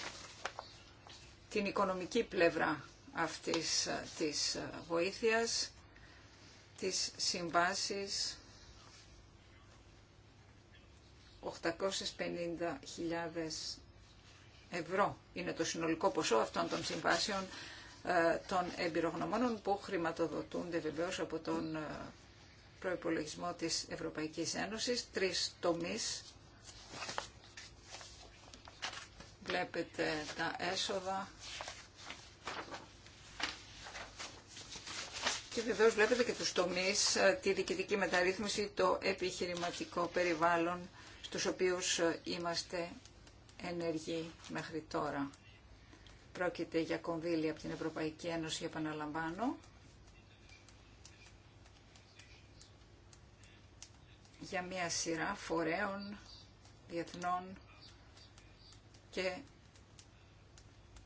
την οικονομική πλευρά αυτής της βοήθειας, της συμβάσεις 850.000 ευρώ. Είναι το συνολικό ποσό αυτών των συμβάσεων ε, των εμπειρογνωμόνων που χρηματοδοτούνται βεβαίως από τον ε, προϋπολογισμό της Ευρωπαϊκής Ένωσης. Τρεις τομείς. Βλέπετε τα έσοδα. Και βεβαίως βλέπετε και τους τομείς, ε, τη διοικητική μεταρρύθμιση, το επιχειρηματικό περιβάλλον, στους οποίους ε, είμαστε ενεργοί μέχρι τώρα. Πρόκειται για κονδύλια από την Ευρωπαϊκή Ένωση, επαναλαμβάνω, για μια σειρά φορέων, διεθνών και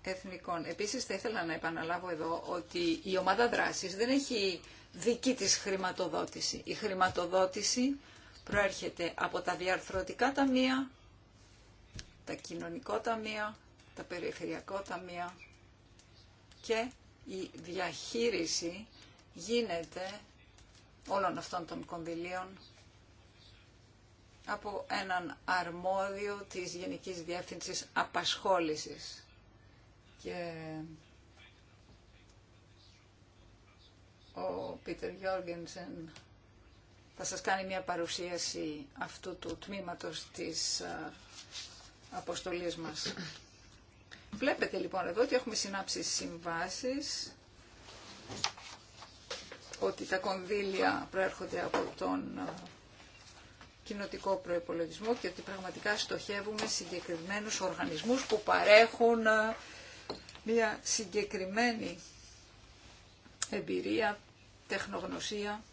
εθνικών. Επίσης θα ήθελα να επαναλάβω εδώ ότι η ομάδα δράσης δεν έχει δική της χρηματοδότηση. Η χρηματοδότηση προέρχεται από τα διαρθρωτικά ταμεία, τα κοινωνικό ταμεία, τα περιφερειακό ταμεία και η διαχείριση γίνεται όλων αυτών των κονδυλίων από έναν αρμόδιο της Γενικής Διεύθυνσης Απασχόλησης. Και ο Πίτερ Γιόργενσεν θα σας κάνει μια παρουσίαση αυτού του τμήματος της αποστολής μας. Βλέπετε λοιπόν εδώ ότι έχουμε συνάψει συμβάσεις, ότι τα κονδύλια προέρχονται από τον κοινοτικό προϋπολογισμό και ότι πραγματικά στοχεύουμε συγκεκριμένους οργανισμούς που παρέχουν μια συγκεκριμένη εμπειρία, τεχνογνωσία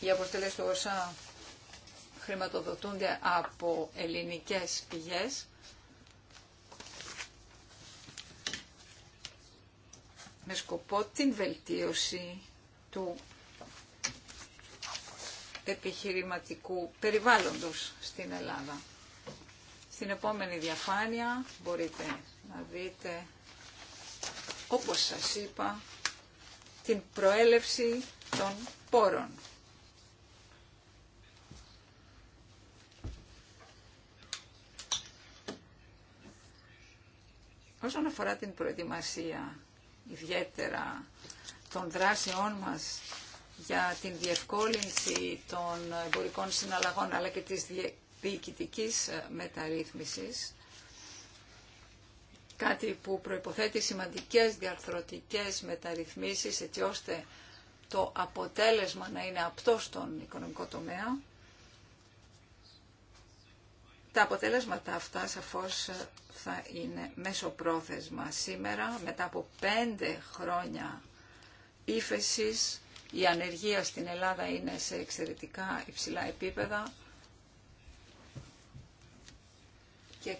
Οι αποστολές του ΩΣΑ χρηματοδοτούνται από ελληνικές πηγές. με σκοπό την βελτίωση του επιχειρηματικού περιβάλλοντος στην Ελλάδα. Στην επόμενη διαφάνεια μπορείτε να δείτε, όπως σας είπα, την προέλευση των πόρων. Όσον αφορά την προετοιμασία ιδιαίτερα των δράσεών μας για την διευκόλυνση των εμπορικών συναλλαγών αλλά και της διοικητικής ε, μεταρρύθμισης, κάτι που προϋποθέτει σημαντικές διαρθρωτικές μεταρρυθμίσεις έτσι ώστε το αποτέλεσμα να είναι απτό στον οικονομικό τομέα. Τα αποτέλεσματα αυτά σαφώς ε, θα είναι πρόθεσμα Σήμερα, μετά από πέντε χρόνια ύφεση, η ανεργία στην Ελλάδα είναι σε εξαιρετικά υψηλά επίπεδα και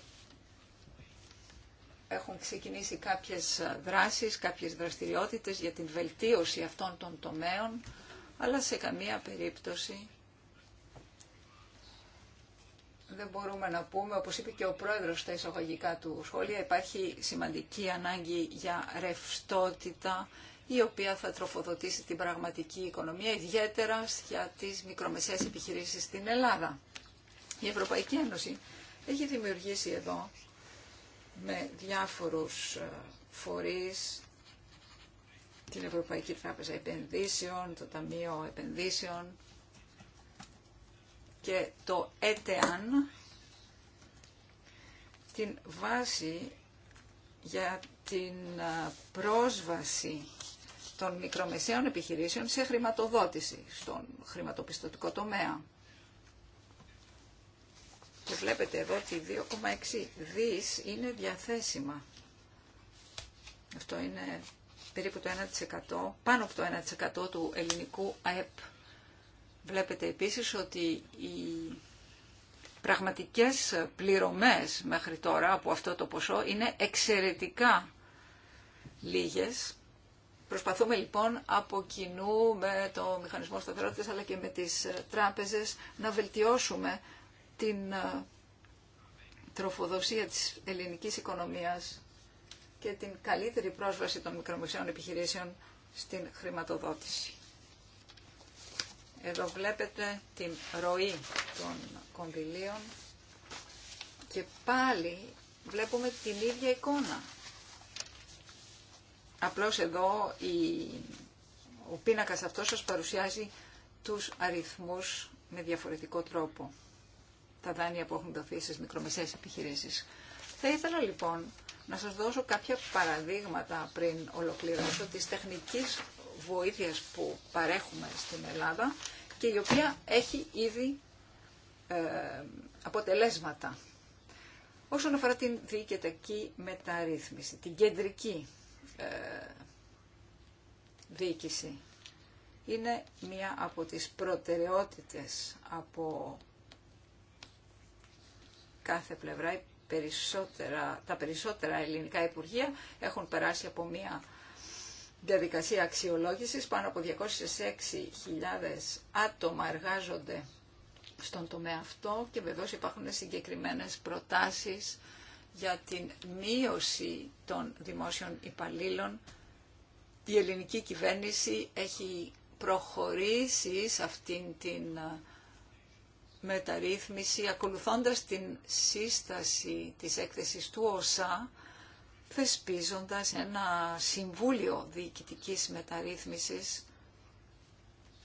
έχουν ξεκινήσει κάποιες ε, δράσεις, κάποιες δραστηριότητες για την βελτίωση αυτών των τομέων, αλλά σε καμία περίπτωση δεν μπορούμε να πούμε, όπως είπε και ο πρόεδρος στα εισαγωγικά του σχόλια, υπάρχει σημαντική ανάγκη για ρευστότητα η οποία θα τροφοδοτήσει την πραγματική οικονομία, ιδιαίτερα για τις μικρομεσαίες επιχειρήσεις στην Ελλάδα. Η Ευρωπαϊκή Ένωση έχει δημιουργήσει εδώ με διάφορους ε, φορείς την Ευρωπαϊκή Τράπεζα Επενδύσεων, το Ταμείο Επενδύσεων, και το ΕΤΕΑΝ την βάση για την πρόσβαση των μικρομεσαίων επιχειρήσεων σε χρηματοδότηση στον χρηματοπιστωτικό τομέα. Και βλέπετε εδώ ότι 2,6 δις είναι διαθέσιμα. Αυτό είναι περίπου το 1%, πάνω από το 1% του ελληνικού ΑΕΠ. Βλέπετε επίσης ότι οι πραγματικές πληρωμές μέχρι τώρα από αυτό το ποσό είναι εξαιρετικά λίγες. Προσπαθούμε λοιπόν από κοινού με το μηχανισμό σταθερότητας αλλά και με τις τράπεζες να βελτιώσουμε την ε, τροφοδοσία της ελληνικής οικονομίας και την καλύτερη πρόσβαση των μικρομεσαίων επιχειρήσεων στην χρηματοδότηση. Εδώ βλέπετε την ροή των κονδυλίων και πάλι βλέπουμε την ίδια εικόνα. Απλώς εδώ η, ο πίνακας αυτός σας παρουσιάζει τους αριθμούς με διαφορετικό τρόπο. Τα δάνεια που έχουν δοθεί στις μικρομεσαίες επιχειρήσεις. Θα ήθελα λοιπόν να σας δώσω κάποια παραδείγματα πριν ολοκληρώσω της τεχνικής βοήθειας που παρέχουμε στην Ελλάδα και η οποία έχει ήδη ε, αποτελέσματα. Όσον αφορά την διοικητική μεταρρύθμιση, την κεντρική ε, διοίκηση, είναι μία από τις προτεραιότητες από κάθε πλευρά. Περισσότερα, τα περισσότερα ελληνικά υπουργεία έχουν περάσει από μία διαδικασία αξιολόγησης. Πάνω από 206.000 άτομα εργάζονται στον τομέα αυτό και βεβαίως υπάρχουν συγκεκριμένες προτάσεις για την μείωση των δημόσιων υπαλλήλων. Η ελληνική κυβέρνηση έχει προχωρήσει σε αυτήν την ε, μεταρρύθμιση ακολουθώντας την σύσταση της έκθεσης του ΟΣΑ θεσπίζοντας ένα Συμβούλιο Διοικητικής Μεταρρύθμισης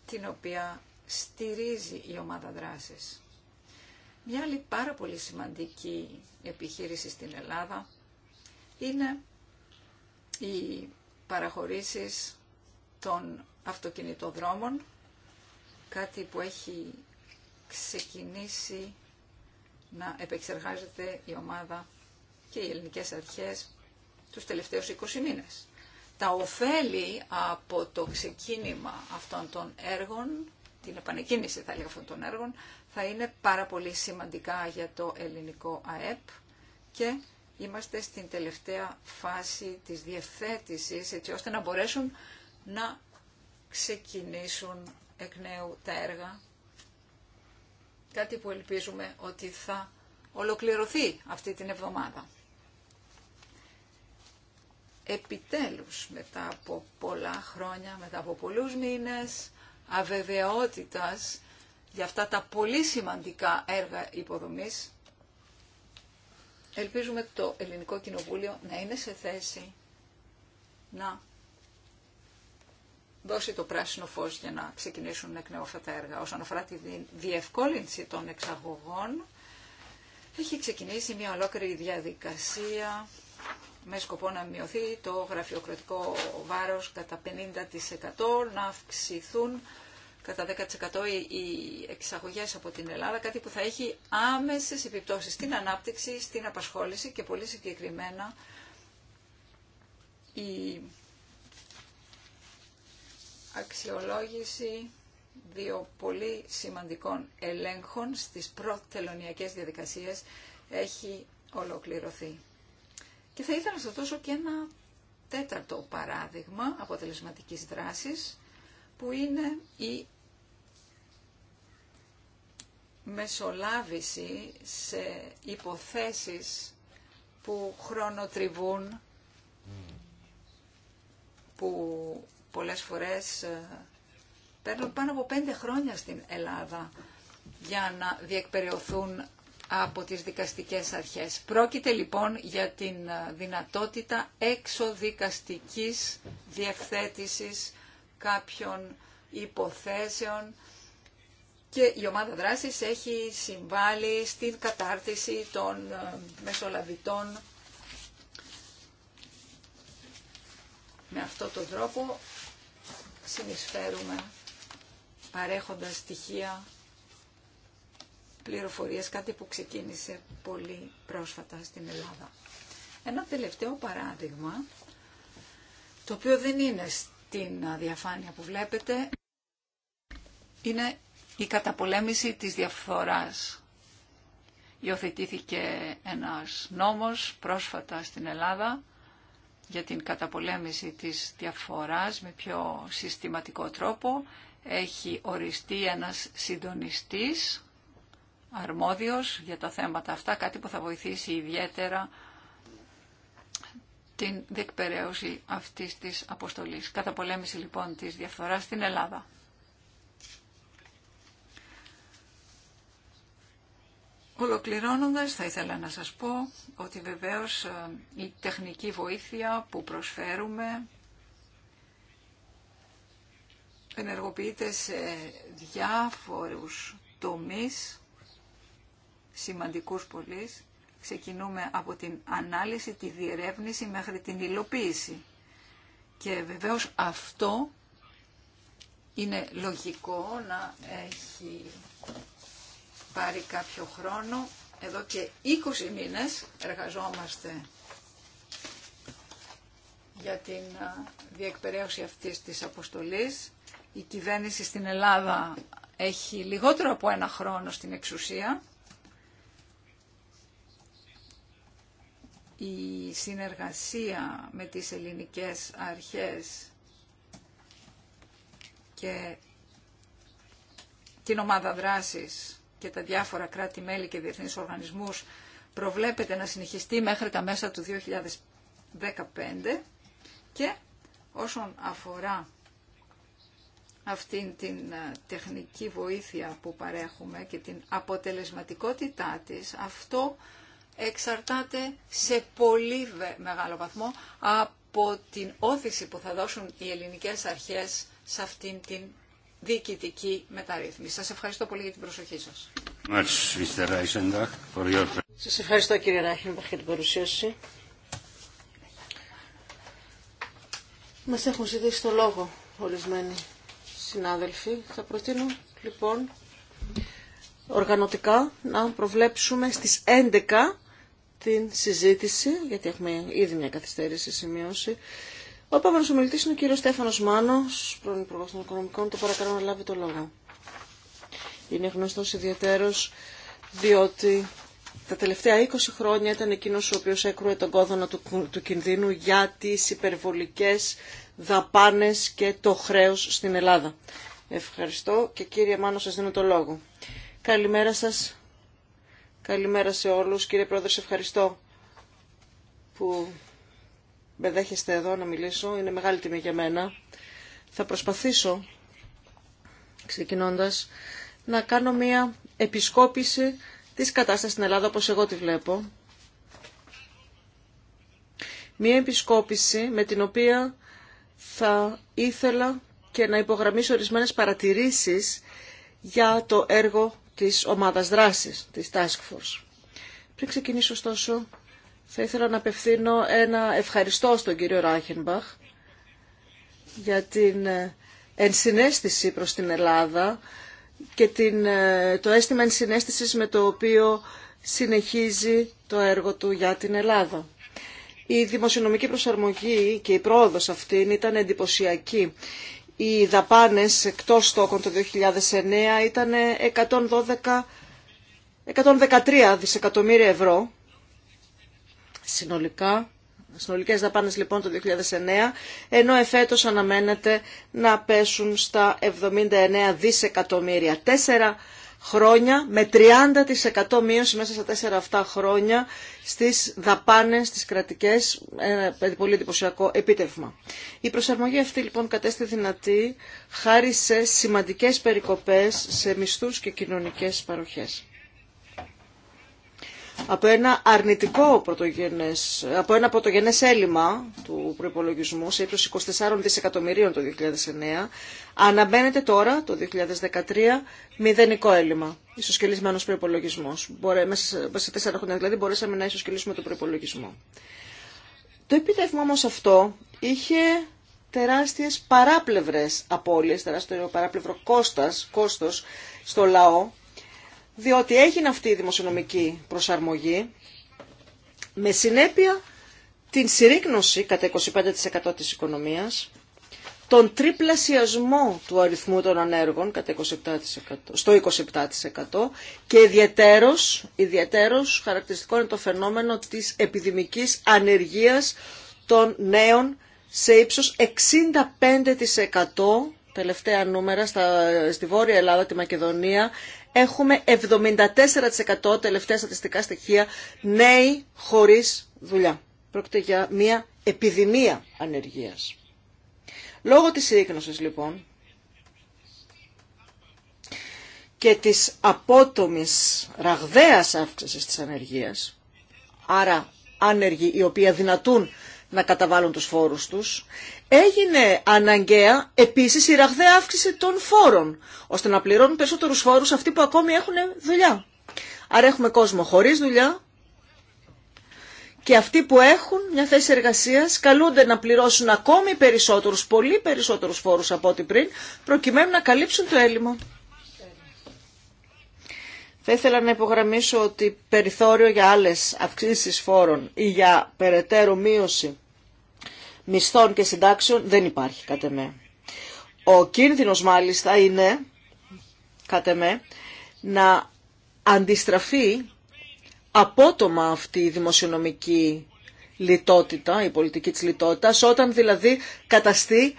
την οποία στηρίζει η ομάδα δράσης. Μια άλλη πάρα πολύ σημαντική επιχείρηση στην Ελλάδα είναι οι παραχωρήσεις των αυτοκινητοδρόμων, κάτι που έχει ξεκινήσει να επεξεργάζεται η ομάδα και οι ελληνικές αρχές τους τελευταίους 20 μήνες. Τα ωφέλη από το ξεκίνημα αυτών των έργων, την επανεκκίνηση θα έλεγα αυτών των έργων, θα είναι πάρα πολύ σημαντικά για το ελληνικό ΑΕΠ και είμαστε στην τελευταία φάση της διευθέτησης έτσι ώστε να μπορέσουν να ξεκινήσουν εκ νέου τα έργα. Κάτι που ελπίζουμε ότι θα ολοκληρωθεί αυτή την εβδομάδα επιτέλους μετά από πολλά χρόνια, μετά από πολλούς μήνες αβεβαιότητας για αυτά τα πολύ σημαντικά έργα υποδομής, ελπίζουμε το Ελληνικό Κοινοβούλιο να είναι σε θέση να δώσει το πράσινο φως για να ξεκινήσουν εκ νέου αυτά τα έργα. Όσον αφορά τη διευκόλυνση των εξαγωγών, έχει ξεκινήσει μια ολόκληρη διαδικασία με σκοπό να μειωθεί το γραφειοκρατικό βάρος κατά 50%, να αυξηθούν κατά 10% οι εξαγωγές από την Ελλάδα, κάτι που θα έχει άμεσες επιπτώσεις στην ανάπτυξη, στην απασχόληση και πολύ συγκεκριμένα η αξιολόγηση δύο πολύ σημαντικών ελέγχων στις προτελωνιακές διαδικασίες έχει ολοκληρωθεί. Και θα ήθελα να σας δώσω και ένα τέταρτο παράδειγμα αποτελεσματικής δράσης που είναι η μεσολάβηση σε υποθέσεις που χρονοτριβούν, που πολλές φορές ε, παίρνουν πάνω από πέντε χρόνια στην Ελλάδα για να διεκπεριωθούν από τις δικαστικές αρχές. Πρόκειται λοιπόν για την ε, δυνατότητα εξοδικαστικής διευθέτησης κάποιων υποθέσεων και η ομάδα δράσης έχει συμβάλει στην κατάρτιση των ε, μεσολαβητών με αυτό τον τρόπο συνεισφέρουμε παρέχοντας στοιχεία πληροφορίες, κάτι που ξεκίνησε πολύ πρόσφατα στην Ελλάδα. Ένα τελευταίο παράδειγμα, το οποίο δεν είναι στην διαφάνεια που βλέπετε, είναι η καταπολέμηση της διαφθοράς. Υιοθετήθηκε ένας νόμος πρόσφατα στην Ελλάδα για την καταπολέμηση της διαφθοράς με πιο συστηματικό τρόπο. Έχει οριστεί ένας συντονιστής αρμόδιος για τα θέματα αυτά, κάτι που θα βοηθήσει ιδιαίτερα την διεκπαιρέωση αυτής της αποστολής. πολέμηση λοιπόν της διαφθοράς στην Ελλάδα. Ολοκληρώνοντας θα ήθελα να σας πω ότι βεβαίως ε, η τεχνική βοήθεια που προσφέρουμε ενεργοποιείται σε διάφορους τομείς σημαντικούς πολλοί Ξεκινούμε από την ανάλυση, τη διερεύνηση μέχρι την υλοποίηση. Και βεβαίως αυτό είναι λογικό να έχει πάρει κάποιο χρόνο. Εδώ και 20 μήνες εργαζόμαστε για την διεκπαιρέωση αυτής της αποστολής. Η κυβέρνηση στην Ελλάδα έχει λιγότερο από ένα χρόνο στην εξουσία η συνεργασία με τις ελληνικές αρχές και την ομάδα δράσης και τα διάφορα κράτη-μέλη και διεθνείς οργανισμούς προβλέπεται να συνεχιστεί μέχρι τα μέσα του 2015 και όσον αφορά αυτήν την ε, τεχνική βοήθεια που παρέχουμε και την αποτελεσματικότητά της, αυτό εξαρτάται σε πολύ μεγάλο βαθμό από την όθηση που θα δώσουν οι ελληνικές αρχές σε αυτήν την διοικητική μεταρρύθμιση. Σας ευχαριστώ πολύ για την προσοχή σας. Σας ευχαριστώ κύριε Ράχινμπαχ για την παρουσίαση. Μας έχουν ζητήσει το λόγο ορισμένοι συνάδελφοι. Θα προτείνω λοιπόν οργανωτικά να προβλέψουμε στις 11 την συζήτηση, γιατί έχουμε ήδη μια καθυστέρηση σημειώσει. Ο επόμενο ομιλητή είναι ο κύριο Στέφανο Μάνο, πρώην Υπουργό των Οικονομικών. Το παρακαλώ να λάβει το λόγο. Είναι γνωστό ιδιαίτερο διότι τα τελευταία 20 χρόνια ήταν εκείνο ο οποίο έκρουε τον κόδωνα του, του κινδύνου για τι υπερβολικέ δαπάνε και το χρέο στην Ελλάδα. Ευχαριστώ και κύριε Μάνο, σα δίνω το λόγο. Καλημέρα σας. Καλημέρα σε όλους. Κύριε Πρόεδρε, σε ευχαριστώ που με δέχεστε εδώ να μιλήσω. Είναι μεγάλη τιμή για μένα. Θα προσπαθήσω, ξεκινώντας, να κάνω μια επισκόπηση της κατάστασης στην Ελλάδα όπως εγώ τη βλέπω. Μια επισκόπηση με την οποία θα ήθελα και να υπογραμμίσω ορισμένες παρατηρήσεις για το έργο της ομάδας δράσης, της Task Force. Πριν ξεκινήσω ωστόσο, θα ήθελα να απευθύνω ένα ευχαριστώ στον κύριο Ράχενμπαχ για την ε, ενσυναίσθηση προς την Ελλάδα και την, ε, το αίσθημα ενσυναίσθησης με το οποίο συνεχίζει το έργο του για την Ελλάδα. Η δημοσιονομική προσαρμογή και η πρόοδος αυτή ήταν εντυπωσιακή οι δαπάνες εκτός στόχων το 2009 ήταν 112, 113 δισεκατομμύρια ευρώ συνολικά. Συνολικές δαπάνες λοιπόν το 2009, ενώ εφέτος αναμένεται να πέσουν στα 79 δισεκατομμύρια. Τέσσερα χρόνια με 30% μείωση μέσα στα 4-7 χρόνια στις δαπάνες, στις κρατικές, ένα πολύ εντυπωσιακό επίτευγμα. Η προσαρμογή αυτή λοιπόν κατέστη δυνατή χάρη σε σημαντικές περικοπές σε μισθούς και κοινωνικές παροχές από ένα αρνητικό πρωτογενές, από ένα πρωτογενές έλλειμμα του προϋπολογισμού σε ύψος 24 δισεκατομμυρίων το 2009, αναμένεται τώρα το 2013 μηδενικό έλλειμμα, ισοσκελισμένος προϋπολογισμός. Μπορεί, μέσα σε τέσσερα χρόνια δηλαδή μπορέσαμε να ισοσκελίσουμε τον προϋπολογισμό. Το επίτευγμα όμως αυτό είχε τεράστιες παράπλευρες απώλειες, τεράστιο παράπλευρο κόστος, κόστος στο λαό, διότι έγινε αυτή η δημοσιονομική προσαρμογή με συνέπεια την συρρήκνωση κατά 25% της οικονομίας, τον τριπλασιασμό του αριθμού των ανέργων κατά 27%, στο 27% και ιδιαίτερος, χαρακτηριστικό είναι το φαινόμενο της επιδημικής ανεργίας των νέων σε ύψος 65% τελευταία νούμερα στα, στη Βόρεια Ελλάδα, τη Μακεδονία, έχουμε 74% τελευταία στατιστικά στοιχεία νέοι χωρίς δουλειά. Πρόκειται για μια επιδημία ανεργίας. Λόγω της συρρήκνωσης λοιπόν και της απότομης ραγδαίας αύξησης της ανεργίας, άρα άνεργοι οι οποίοι αδυνατούν να καταβάλουν τους φόρους τους, έγινε αναγκαία επίση η ραγδαία αύξηση των φόρων, ώστε να πληρώνουν περισσότερους φόρους αυτοί που ακόμη έχουν δουλειά. Άρα έχουμε κόσμο χωρίς δουλειά και αυτοί που έχουν μια θέση εργασία καλούνται να πληρώσουν ακόμη περισσότερους, πολύ περισσότερους φόρους από ό,τι πριν, προκειμένου να καλύψουν το έλλειμμα. Θα ήθελα να υπογραμμίσω ότι περιθώριο για άλλες αυξήσεις φόρων ή για περαιτέρω μείωση μισθών και συντάξεων δεν υπάρχει κατά με. Ο κίνδυνος μάλιστα είναι, κατά να αντιστραφεί απότομα αυτή η δημοσιονομική λιτότητα, η πολιτική της λιτότητας, όταν δηλαδή καταστεί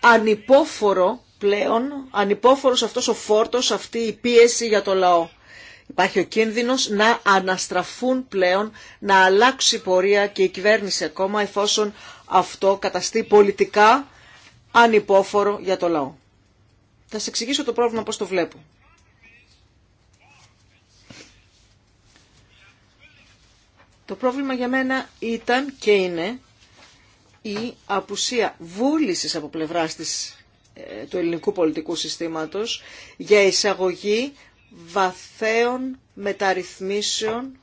ανυπόφορο πλέον, ανυπόφορος αυτός ο φόρτος, αυτή η πίεση για το λαό. Υπάρχει ο κίνδυνος να αναστραφούν πλέον, να αλλάξει πορεία και η κυβέρνηση ακόμα εφόσον αυτό καταστεί πολιτικά ανυπόφορο για το λαό. Θα σας εξηγήσω το πρόβλημα πώς το βλέπω. Το πρόβλημα για μένα ήταν και είναι η απουσία βούλησης από πλευράς της, ε, του ελληνικού πολιτικού συστήματος για εισαγωγή βαθέων μεταρρυθμίσεων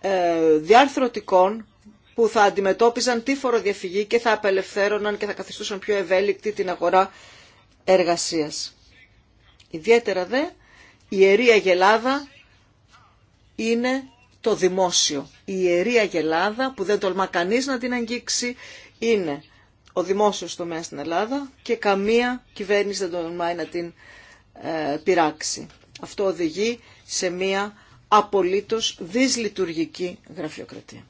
ε, διαρθρωτικών που θα αντιμετώπιζαν τη φοροδιαφυγή και θα απελευθέρωναν και θα καθιστούσαν πιο ευέλικτη την αγορά εργασίας. Ιδιαίτερα δε η ιερή Αγελάδα είναι το δημόσιο. Η ιερή Αγελάδα που δεν τολμά κανείς να την αγγίξει είναι ο δημόσιος τομέας στην Ελλάδα και καμία κυβέρνηση δεν τολμάει να την αγγίξει ε, πειράξει. Αυτό οδηγεί σε μία απολύτως δυσλειτουργική γραφειοκρατία.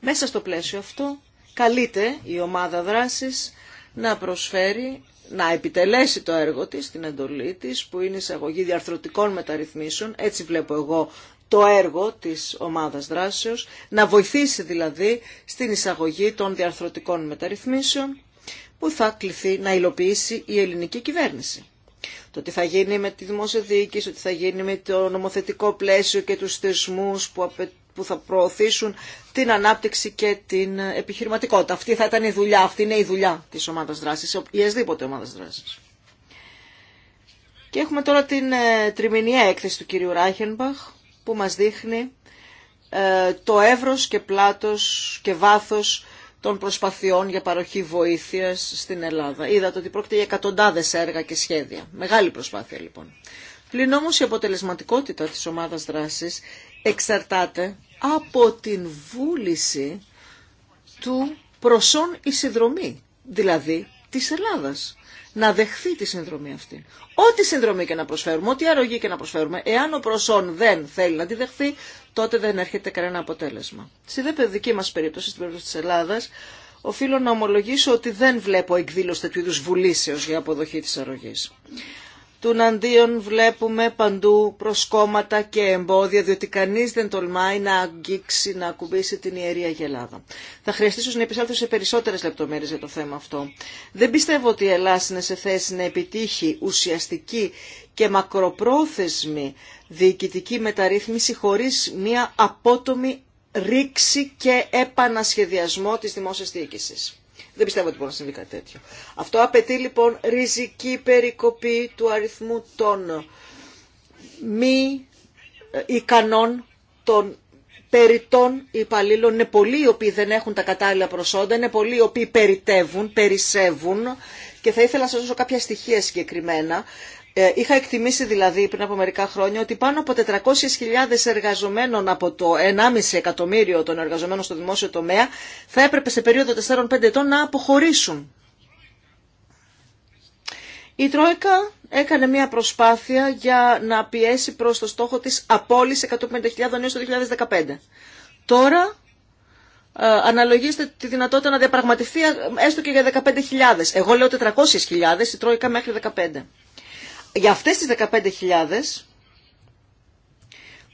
Μέσα στο πλαίσιο αυτό καλείται η ομάδα δράσης να προσφέρει, να επιτελέσει το έργο της, την εντολή της, που είναι εισαγωγή διαρθρωτικών μεταρρυθμίσεων, έτσι βλέπω εγώ το έργο της ομάδας δράσεως, να βοηθήσει δηλαδή στην εισαγωγή των διαρθρωτικών μεταρρυθμίσεων, που θα κληθεί να υλοποιήσει η ελληνική κυβέρνηση. Το τι θα γίνει με τη δημόσια διοίκηση, το τι θα γίνει με το νομοθετικό πλαίσιο και τους θεσμούς που, θα προωθήσουν την ανάπτυξη και την επιχειρηματικότητα. Αυτή θα ήταν η δουλειά, αυτή είναι η δουλειά της ομάδας δράσης, ή ασδήποτε ομάδας δράσης. Και έχουμε τώρα την ε, τριμηνία έκθεση του κυρίου Ράχενμπαχ που μας δείχνει ε, το εύρος και πλάτος και βάθος των προσπαθειών για παροχή βοήθειας στην Ελλάδα. Είδατε ότι πρόκειται για εκατοντάδες έργα και σχέδια. Μεγάλη προσπάθεια λοιπόν. Πλην όμω η αποτελεσματικότητα της ομάδας δράσης εξαρτάται από την βούληση του προσών συνδρομή, δηλαδή της Ελλάδας να δεχθεί τη συνδρομή αυτή. Ό,τι συνδρομή και να προσφέρουμε, ό,τι αρρωγή και να προσφέρουμε, εάν ο προσόν δεν θέλει να τη δεχθεί, τότε δεν έρχεται κανένα αποτέλεσμα. Στη δε δική μας περίπτωση, στην περίπτωση της Ελλάδας, οφείλω να ομολογήσω ότι δεν βλέπω εκδήλωση τέτοιου είδου βουλήσεως για αποδοχή της αρρωγή. Τουναντίον αντίον βλέπουμε παντού προσκόμματα και εμπόδια, διότι κανείς δεν τολμάει να αγγίξει, να ακουμπήσει την Ιερή Αγελάδα. Θα χρειαστήσω να επισέλθω σε περισσότερες λεπτομέρειες για το θέμα αυτό. Δεν πιστεύω ότι η Ελλάδα είναι σε θέση να επιτύχει ουσιαστική και μακροπρόθεσμη διοικητική μεταρρύθμιση χωρίς μια απότομη ρήξη και επανασχεδιασμό της δημόσιας διοίκησης. Δεν πιστεύω ότι μπορεί να συμβεί κάτι τέτοιο. Αυτό απαιτεί λοιπόν ριζική περικοπή του αριθμού των μη ε, ικανών των περιττών υπαλλήλων. Είναι πολλοί οι οποίοι δεν έχουν τα κατάλληλα προσόντα, είναι πολλοί οι οποίοι περιτεύουν, περισσεύουν και θα ήθελα να σας δώσω κάποια στοιχεία συγκεκριμένα ε, είχα εκτιμήσει δηλαδή πριν από μερικά χρόνια ότι πάνω από 400.000 εργαζομένων από το 1,5 εκατομμύριο των εργαζομένων στο δημόσιο τομέα θα έπρεπε σε περίοδο 4-5 ετών να αποχωρήσουν. Η Τρόικα έκανε μια προσπάθεια για να πιέσει προς το στόχο της απόλυση 150.000 έως το 2015. Τώρα ε, αναλογίστε τη δυνατότητα να διαπραγματευτεί ε, έστω και για 15.000. Εγώ λέω 400.000, η Τρόικα μέχρι 15 για αυτές τις 15.000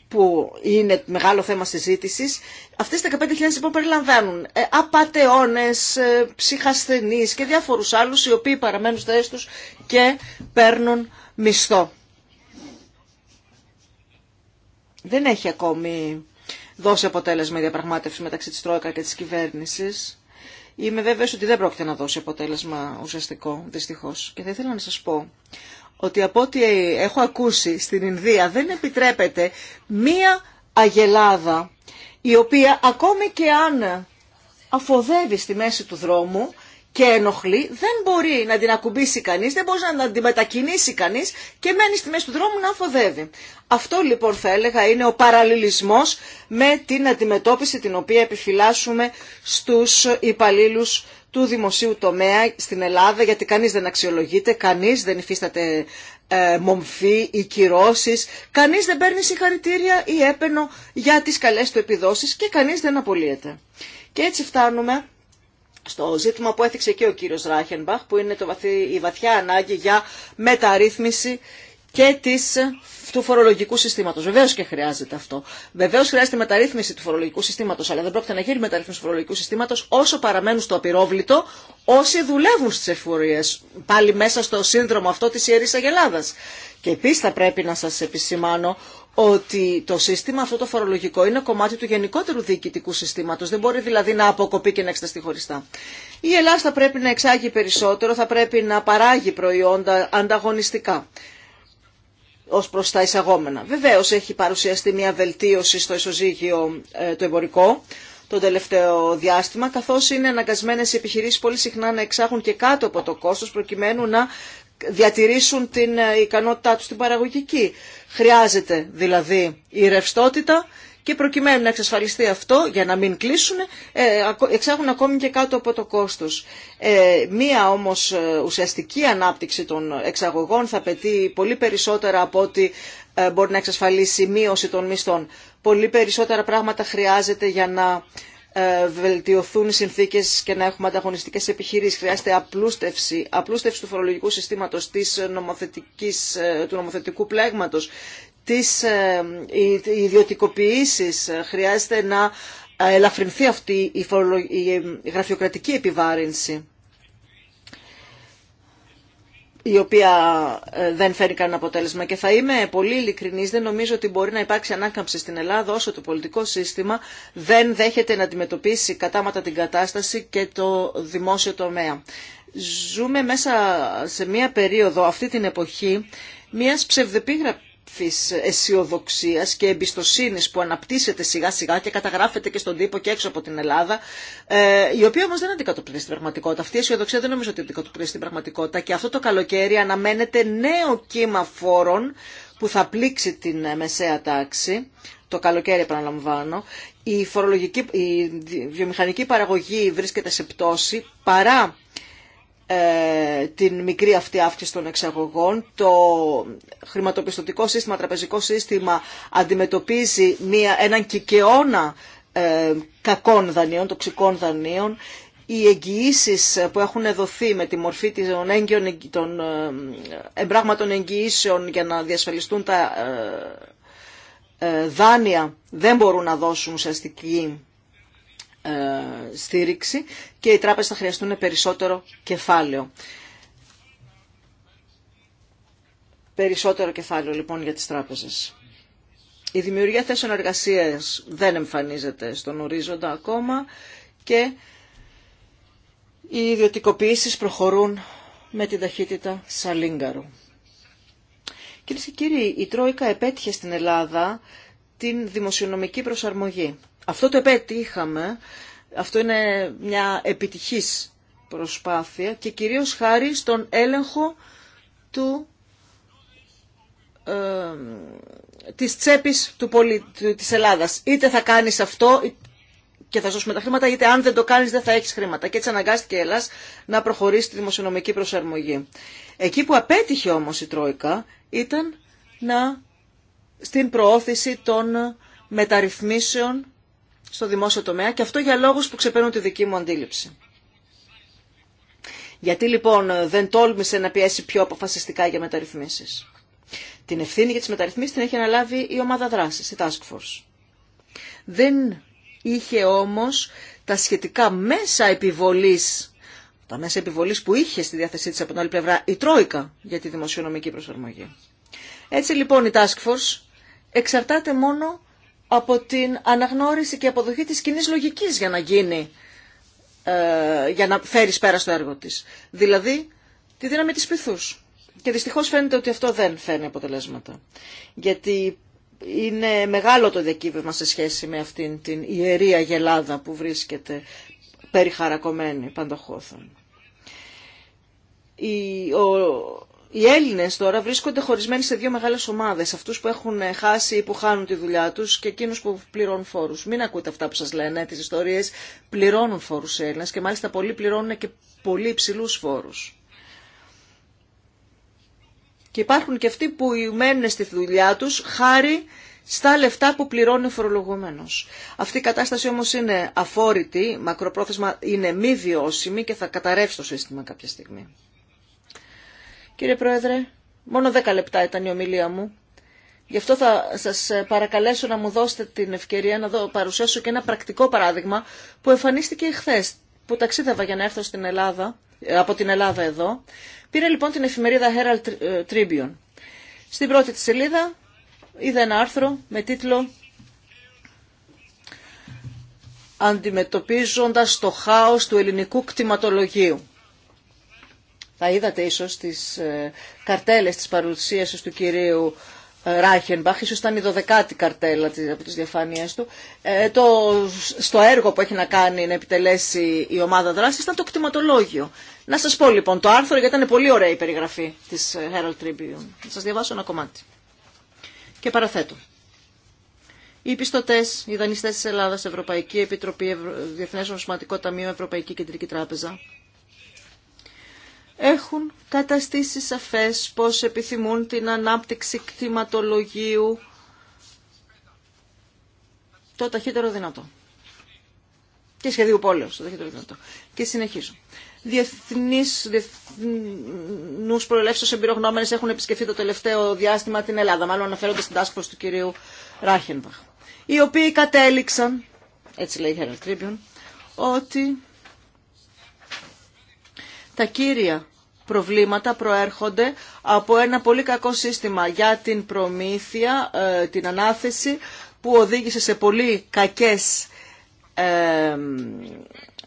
που είναι μεγάλο θέμα συζήτησης, αυτές τις 15.000 λοιπόν περιλαμβάνουν ε, απατεώνες, ε, ψυχασθενείς και διάφορους άλλους οι οποίοι παραμένουν στα έστους και παίρνουν μισθό. Δεν έχει ακόμη δώσει αποτέλεσμα η διαπραγμάτευση μεταξύ της Τρόικα και της κυβέρνησης. Είμαι βέβαιος ότι δεν πρόκειται να δώσει αποτέλεσμα ουσιαστικό, δυστυχώς. Και θα ήθελα να σας πω ότι από ό,τι έχω ακούσει στην Ινδία δεν επιτρέπεται μία αγελάδα η οποία ακόμη και αν αφοδεύει στη μέση του δρόμου και ενοχλεί, δεν μπορεί να την ακουμπήσει κανείς, δεν μπορεί να την μετακινήσει κανείς και μένει στη μέση του δρόμου να αφοδεύει. Αυτό λοιπόν θα έλεγα είναι ο παραλληλισμός με την αντιμετώπιση την οποία επιφυλάσσουμε στους υπαλλήλου του δημοσίου τομέα στην Ελλάδα, γιατί κανείς δεν αξιολογείται, κανείς δεν υφίσταται ε, μομφή ή κυρώσεις, κανείς δεν παίρνει συγχαρητήρια ή έπαινο για τις καλές του επιδόσεις και κανείς δεν απολύεται. Και έτσι φτάνουμε στο ζήτημα που έθιξε και ο κύριος Ράχενμπαχ, που είναι το βαθύ, η βαθιά ανάγκη για μεταρρύθμιση και της του φορολογικού συστήματο. Βεβαίω και χρειάζεται αυτό. Βεβαίω χρειάζεται μεταρρύθμιση του φορολογικού συστήματο, αλλά δεν πρόκειται να γίνει μεταρρύθμιση του φορολογικού συστήματο όσο παραμένουν στο απειρόβλητο όσοι δουλεύουν στι εφορίε. Πάλι μέσα στο σύνδρομο αυτό τη Ιερή Αγελάδα. Και επίση θα πρέπει να σα επισημάνω ότι το σύστημα αυτό το φορολογικό είναι κομμάτι του γενικότερου διοικητικού συστήματο. Δεν μπορεί δηλαδή να αποκοπεί και να εξεταστεί χωριστά. Η Ελλάδα θα πρέπει να εξάγει περισσότερο, θα πρέπει να παράγει προϊόντα ανταγωνιστικά ως προς τα εισαγόμενα. Βεβαίως έχει παρουσιαστεί μια βελτίωση στο ισοζύγιο ε, το εμπορικό το τελευταίο διάστημα, καθώς είναι αναγκασμένες οι επιχειρήσεις πολύ συχνά να εξάγουν και κάτω από το κόστος προκειμένου να διατηρήσουν την ε, ικανότητά τους την παραγωγική. Χρειάζεται δηλαδή η ρευστότητα και προκειμένου να εξασφαλιστεί αυτό για να μην κλείσουν ε, εξάγουν ακόμη και κάτω από το κόστος. Ε, μία όμως ε, ουσιαστική ανάπτυξη των εξαγωγών θα απαιτεί πολύ περισσότερα από ό,τι μπορεί να εξασφαλίσει η μείωση των μισθών. Πολύ περισσότερα πράγματα χρειάζεται για να βελτιωθούν οι συνθήκες και να έχουμε ανταγωνιστικές επιχειρήσεις. Χρειάζεται απλούστευση, απλούστευση του φορολογικού συστήματο, του νομοθετικού πλέγματος, τις ε, ιδιωτικοποιήσεις ε, χρειάζεται να ε, ελαφρυνθεί αυτή η γραφειοκρατική επιβάρυνση η οποία δεν φέρει κανένα αποτέλεσμα. Και θα είμαι πολύ ειλικρινής δεν νομίζω ότι μπορεί να υπάρξει ανάκαμψη στην Ελλάδα όσο το πολιτικό σύστημα δεν δέχεται να αντιμετωπίσει κατάματα την κατάσταση και το δημόσιο τομέα. Ζούμε μέσα σε μία περίοδο, αυτή την εποχή, μιας ψευδεπίγραφης Τη αισιοδοξία και εμπιστοσύνης που αναπτύσσεται σιγά σιγά και καταγράφεται και στον τύπο και έξω από την Ελλάδα, ε, η οποία όμως δεν αντικατοπτρίζει την πραγματικότητα. Αυτή η αισιοδοξία δεν νομίζω ότι αντικατοπτρίζει την πραγματικότητα και αυτό το καλοκαίρι αναμένεται νέο κύμα φόρων που θα πλήξει την μεσαία τάξη, το καλοκαίρι επαναλαμβάνω, η, φορολογική, η βιομηχανική παραγωγή βρίσκεται σε πτώση παρά ε, την μικρή αυτή αύξηση των εξαγωγών. Το χρηματοπιστωτικό σύστημα, τραπεζικό σύστημα αντιμετωπίζει μια, έναν κικαιώνα ε, κακών δανείων, τοξικών δανείων. Οι εγγυήσει που έχουν δοθεί με τη μορφή των, έγκυων, των ε, εμπράγματων εγγυήσεων για να διασφαλιστούν τα δάνεια δεν μπορούν να δώσουν ουσιαστική ε, στήριξη και οι τράπεζες θα χρειαστούν περισσότερο κεφάλαιο. Περισσότερο κεφάλαιο λοιπόν για τις τράπεζες. Η δημιουργία θέσεων εργασίας δεν εμφανίζεται στον ορίζοντα ακόμα και οι ιδιωτικοποιήσεις προχωρούν με την ταχύτητα σαλίγκαρου. Κυρίε και κύριοι, η Τρόικα επέτυχε στην Ελλάδα την δημοσιονομική προσαρμογή. Αυτό το επέτυχαμε. Αυτό είναι μια επιτυχής προσπάθεια και κυρίως χάρη στον έλεγχο του, ε, της τσέπης του πολι... της Ελλάδας. Είτε θα κάνεις αυτό και θα ζώσουμε τα χρήματα, είτε αν δεν το κάνεις δεν θα έχεις χρήματα. Και έτσι αναγκάστηκε η Ελλάς να προχωρήσει τη δημοσιονομική προσαρμογή. Εκεί που απέτυχε όμως η Τρόικα ήταν να... στην προώθηση των μεταρρυθμίσεων στο δημόσιο τομέα και αυτό για λόγους που ξεπέρνουν τη δική μου αντίληψη. Γιατί λοιπόν δεν τόλμησε να πιέσει πιο αποφασιστικά για μεταρρυθμίσεις. Την ευθύνη για τις μεταρρυθμίσεις την έχει αναλάβει η ομάδα δράσης, η Task Force. Δεν είχε όμως τα σχετικά μέσα επιβολής, τα μέσα επιβολής που είχε στη διάθεσή της από την άλλη πλευρά η Τρόικα για τη δημοσιονομική προσαρμογή. Έτσι λοιπόν η Task Force εξαρτάται μόνο από την αναγνώριση και αποδοχή της κοινή λογικής για να γίνει, ε, για να φέρει πέρα στο έργο της. Δηλαδή, τη δύναμη της πυθούς. Και δυστυχώς φαίνεται ότι αυτό δεν φέρνει αποτελέσματα. Γιατί είναι μεγάλο το διακύβευμα σε σχέση με αυτήν την ιερή αγελάδα που βρίσκεται περιχαρακωμένη παντοχώθων. Η, ο, οι Έλληνε τώρα βρίσκονται χωρισμένοι σε δύο μεγάλε ομάδε. Αυτού που έχουν ε, χάσει ή που χάνουν τη δουλειά του και εκείνου που πληρώνουν φόρου. Μην ακούτε αυτά που σα λένε, τι ιστορίε, πληρώνουν φόρου οι Έλληνε και μάλιστα πολλοί πληρώνουν και πολύ υψηλού φόρου. Και υπάρχουν και αυτοί που μένουν στη δουλειά του, χάρη στα λεφτά που πληρώνει ο φορολογούμενος. Αυτή η κατάσταση όμω είναι αφόρητη, μακροπρόθεσμα είναι μη βιώσιμη και θα καταρρεύσει το σύστημα κάποια στιγμή. Κύριε Πρόεδρε, μόνο 10 λεπτά ήταν η ομιλία μου. Γι' αυτό θα σας παρακαλέσω να μου δώσετε την ευκαιρία να δω, παρουσιάσω και ένα πρακτικό παράδειγμα που εμφανίστηκε χθε, που ταξίδευα για να έρθω στην Ελλάδα, ε, από την Ελλάδα εδώ. Πήρα λοιπόν την εφημερίδα Herald ε, Tribune. Στην πρώτη τη σελίδα είδα ένα άρθρο με τίτλο «Αντιμετωπίζοντας το χάος του ελληνικού κτηματολογίου». Θα είδατε ίσως τις ε, καρτέλες της παρουσίασης του κυρίου Ράχενμπαχ, ίσως ήταν η δωδεκάτη καρτέλα από τις διαφάνειές του, ε, το, στο έργο που έχει να κάνει να επιτελέσει η ομάδα δράσης ήταν το κτηματολόγιο. Να σας πω λοιπόν το άρθρο γιατί ήταν πολύ ωραία η περιγραφή της ε, Herald Tribune. Να σας διαβάσω ένα κομμάτι. Και παραθέτω. Οι πιστωτέ, οι δανειστέ τη Ελλάδα, Ευρωπαϊκή Επιτροπή, Διεθνέ Ορσματικό Ταμείο, Ευρωπαϊκή Κεντρική Τράπεζα, έχουν καταστήσει σαφές πως επιθυμούν την ανάπτυξη κτηματολογίου το ταχύτερο δυνατό. Και σχεδίου πόλεως το ταχύτερο δυνατό. Και συνεχίζω. Διεθνείς, διεθνούς προελεύσεως εμπειρογνώμενες έχουν επισκεφθεί το τελευταίο διάστημα την Ελλάδα, μάλλον αναφέρονται στην τάσκοση του κυρίου Ράχενβαχ, οι οποίοι κατέληξαν, έτσι λέει η Herald Tribune, ότι τα κύρια προβλήματα προέρχονται από ένα πολύ κακό σύστημα για την προμήθεια, ε, την ανάθεση που οδήγησε σε πολύ κακές ε,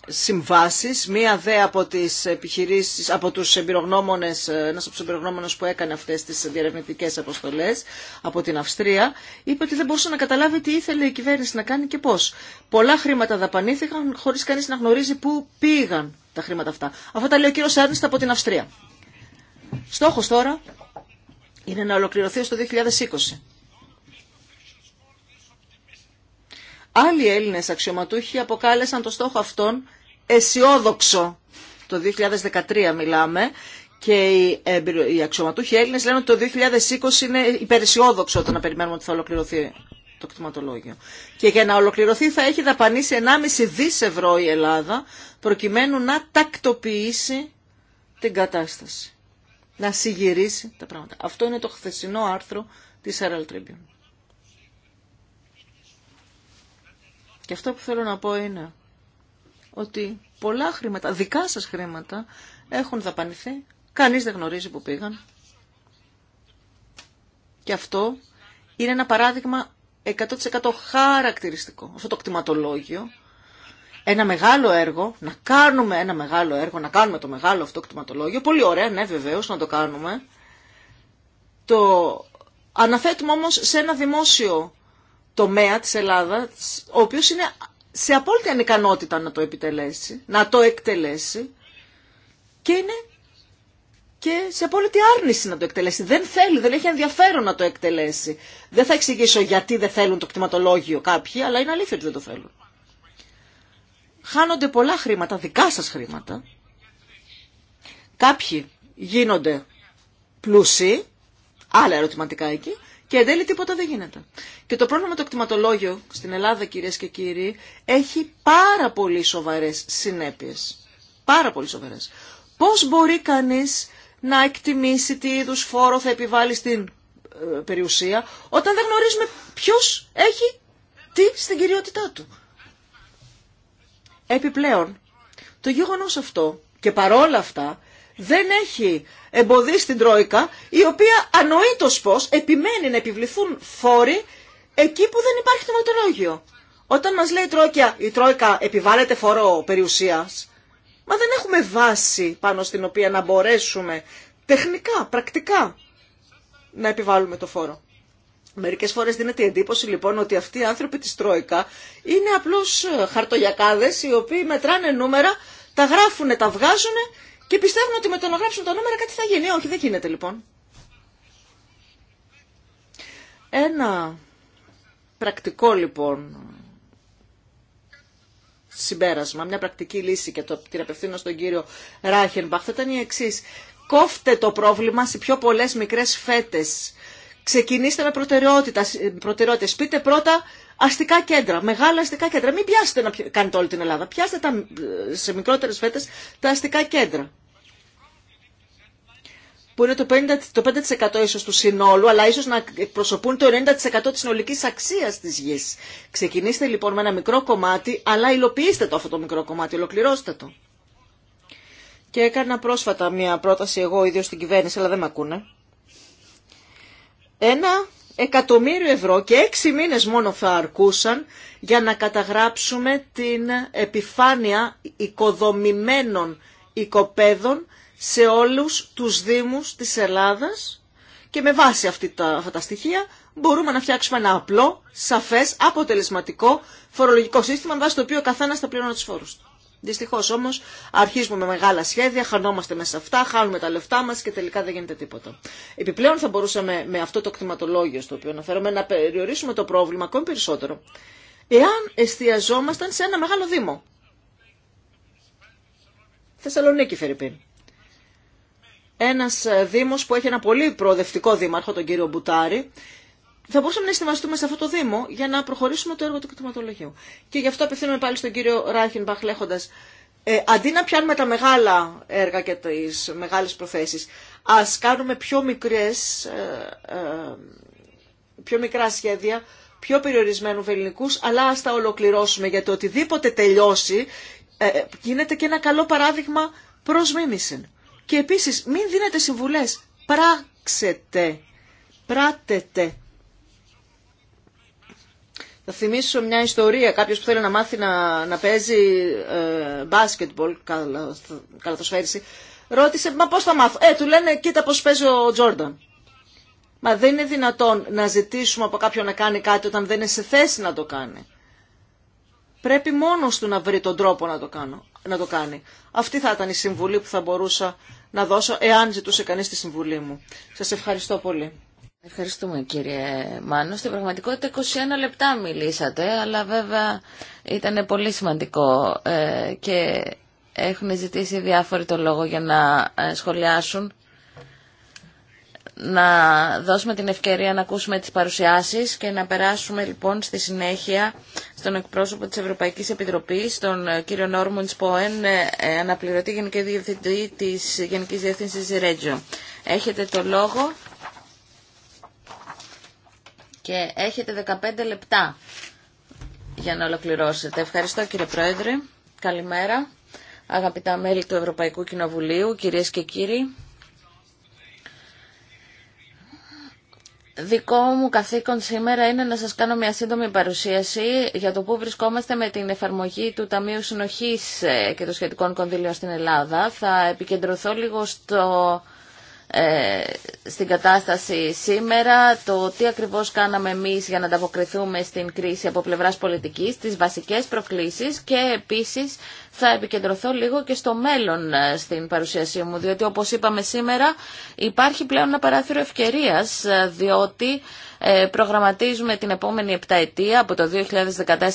συμβάσεις. Μία δε από τις επιχειρήσεις, από τους εμπειρογνώμονες, ένας από τους εμπειρογνώμονες που έκανε αυτές τις διαρευνητικέ αποστολές από την Αυστρία, είπε ότι δεν μπορούσε να καταλάβει τι ήθελε η κυβέρνηση να κάνει και πώς. Πολλά χρήματα δαπανήθηκαν χωρίς κανείς να γνωρίζει πού πήγαν τα χρήματα αυτά. Αυτά τα λέει ο κύριος Άρνηστα από την Αυστρία. Στόχος τώρα είναι να ολοκληρωθεί στο 2020. Άλλοι Έλληνες αξιωματούχοι αποκάλεσαν το στόχο αυτόν αισιόδοξο. Το 2013 μιλάμε και οι αξιωματούχοι Έλληνες λένε ότι το 2020 είναι υπεραισιόδοξο όταν περιμένουμε ότι θα ολοκληρωθεί το κτηματολόγιο. Και για να ολοκληρωθεί θα έχει δαπανίσει 1,5 δις ευρώ η Ελλάδα προκειμένου να τακτοποιήσει την κατάσταση. Να συγυρίσει τα πράγματα. Αυτό είναι το χθεσινό άρθρο της Herald Tribune. Και αυτό που θέλω να πω είναι ότι πολλά χρήματα, δικά σας χρήματα, έχουν δαπανηθεί. Κανείς δεν γνωρίζει που πήγαν. Και αυτό είναι ένα παράδειγμα 100% χαρακτηριστικό. Αυτό το κτηματολόγιο, ένα μεγάλο έργο, να κάνουμε ένα μεγάλο έργο, να κάνουμε το μεγάλο αυτό κτηματολόγιο, πολύ ωραία, ναι βεβαίως να το κάνουμε, το αναθέτουμε όμως σε ένα δημόσιο τομέα της Ελλάδας, ο οποίος είναι σε απόλυτη ανικανότητα να το επιτελέσει, να το εκτελέσει και είναι και σε απόλυτη άρνηση να το εκτελέσει. Δεν θέλει, δεν έχει ενδιαφέρον να το εκτελέσει. Δεν θα εξηγήσω γιατί δεν θέλουν το κτηματολόγιο κάποιοι, αλλά είναι αλήθεια ότι δεν το θέλουν. Χάνονται πολλά χρήματα, δικά σας χρήματα. Κάποιοι γίνονται πλούσιοι, άλλα ερωτηματικά εκεί, και εν τέλει τίποτα δεν γίνεται. Και το πρόβλημα με το κτηματολόγιο στην Ελλάδα, κυρίες και κύριοι, έχει πάρα πολύ σοβαρέ συνέπειες. Πάρα πολύ σοβαρές. Πώς μπορεί κανείς να εκτιμήσει τι είδου φόρο θα επιβάλλει στην ε, περιουσία, όταν δεν γνωρίζουμε ποιο έχει τι στην κυριότητά του. Επιπλέον, το γεγονό αυτό και παρόλα αυτά δεν έχει εμποδίσει την Τρόικα, η οποία ανοήτως πως επιμένει να επιβληθούν φόροι εκεί που δεν υπάρχει το θεματολόγιο. Όταν μας λέει η Τρόικα, η Τρόικα επιβάλλεται φορό περιουσίας, μα δεν έχουμε βάση πάνω στην οποία να μπορέσουμε τεχνικά, πρακτικά να επιβάλλουμε το φόρο. Μερικές φορές δίνεται η εντύπωση λοιπόν ότι αυτοί οι άνθρωποι της Τρόικα είναι απλώς ε, χαρτογιακάδες οι οποίοι μετράνε νούμερα, τα γράφουν, τα βγάζουν και πιστεύουν ότι με το να γράψουν τα νούμερα κάτι θα γίνει. Ε, όχι, δεν γίνεται λοιπόν. Ένα πρακτικό λοιπόν συμπέρασμα, μια πρακτική λύση και το, την απευθύνω στον κύριο Ράχενμπαχ θα ήταν η εξή. Κόφτε το πρόβλημα σε πιο πολλές μικρές φέτες. Ξεκινήστε με προτεραιότητα, προτεραιότητες. Πείτε πρώτα αστικά κέντρα, μεγάλα αστικά κέντρα. Μην πιάσετε να κάνετε όλη την Ελλάδα. Πιάστε τα, ε, σε μικρότερες φέτες τα αστικά κέντρα που είναι το το 5% ίσως του συνόλου, αλλά ίσως να προσωπούν το 90% της συνολικής αξίας της γης. Ξεκινήστε λοιπόν με ένα μικρό κομμάτι, αλλά υλοποιήστε το αυτό το μικρό κομμάτι, ολοκληρώστε το. Και έκανα πρόσφατα μια πρόταση εγώ ίδιο στην κυβέρνηση, αλλά δεν με ακούνε. Ένα εκατομμύριο ευρώ και έξι μήνες μόνο θα αρκούσαν για να καταγράψουμε την επιφάνεια οικοδομημένων οικοπαίδων σε όλους τους Δήμους της Ελλάδας και με βάση αυτή τα, αυτά τα στοιχεία μπορούμε να φτιάξουμε ένα απλό, σαφές, αποτελεσματικό φορολογικό σύστημα με βάση το οποίο ο καθένας θα πληρώνει τους φόρους του. Δυστυχώ όμω αρχίζουμε με μεγάλα σχέδια, χανόμαστε μέσα σε αυτά, χάνουμε τα λεφτά μα και τελικά δεν γίνεται τίποτα. Επιπλέον θα μπορούσαμε με αυτό το κτηματολόγιο στο οποίο αναφέρομαι να περιορίσουμε το πρόβλημα ακόμη περισσότερο. Εάν εστιαζόμασταν σε ένα μεγάλο Δήμο. Θεσσαλονίκη, Φερρυπίν ένας ε, Δήμος που έχει ένα πολύ προοδευτικό δήμαρχο, τον κύριο Μπουτάρη, θα μπορούσαμε να συνεργαστούμε σε αυτό το Δήμο για να προχωρήσουμε το έργο του κτηματολογίου. Και γι' αυτό απευθύνομαι πάλι στον κύριο Ράχινμπαχ λέγοντα, ε, αντί να πιάνουμε τα μεγάλα έργα και τι μεγάλε προθέσει, α κάνουμε πιο, μικρές, ε, πιο μικρά σχέδια, πιο περιορισμένου ελληνικού, αλλά α τα ολοκληρώσουμε γιατί οτιδήποτε τελειώσει γίνεται και ένα καλό παράδειγμα προ και επίσης μην δίνετε συμβουλές, πράξετε, πράτετε. Θα θυμίσω μια ιστορία, κάποιος που θέλει να μάθει να, να παίζει ε, μπάσκετμπολ, καλά, ρώτησε μα πώς θα μάθω. Ε, του λένε κοίτα πώς παίζει ο Τζόρνταν. Μα δεν είναι δυνατόν να ζητήσουμε από κάποιον να κάνει κάτι όταν δεν είναι σε θέση να το κάνει πρέπει μόνος του να βρει τον τρόπο να το, κάνω, να το κάνει. Αυτή θα ήταν η συμβουλή που θα μπορούσα να δώσω εάν ζητούσε κανείς τη συμβουλή μου. Σας ευχαριστώ πολύ. Ευχαριστούμε κύριε Μάνο. Στην πραγματικότητα 21 λεπτά μιλήσατε, αλλά βέβαια ήταν πολύ σημαντικό ε, και έχουν ζητήσει διάφοροι το λόγο για να ε, σχολιάσουν να δώσουμε την ευκαιρία να ακούσουμε τις παρουσιάσεις και να περάσουμε λοιπόν στη συνέχεια στον εκπρόσωπο της Ευρωπαϊκής Επιτροπής, τον ε, κύριο Νόρμουντ Σποέν, ε, ε, αναπληρωτή Γενική Διευθυντή της Γενικής Διεύθυνσης Ρέτζο. Έχετε το λόγο και έχετε 15 λεπτά για να ολοκληρώσετε. Ευχαριστώ κύριε Πρόεδρε. Καλημέρα. Αγαπητά μέλη του Ευρωπαϊκού Κοινοβουλίου, κυρίες και κύριοι. Δικό μου καθήκον σήμερα είναι να σας κάνω μια σύντομη παρουσίαση για το πού βρισκόμαστε με την εφαρμογή του Ταμείου Συνοχής ε, και των σχετικών κονδύλιων στην Ελλάδα. Θα επικεντρωθώ λίγο στο ε, στην κατάσταση σήμερα, το τι ακριβώς κάναμε εμείς για να ανταποκριθούμε στην κρίση από πλευράς πολιτικής, τις βασικές προκλήσεις και επίσης θα επικεντρωθώ λίγο και στο μέλλον ε, στην παρουσίασή μου, διότι όπως είπαμε σήμερα υπάρχει πλέον ένα παράθυρο ευκαιρίας, ε, διότι προγραμματίζουμε την επόμενη επταετία από το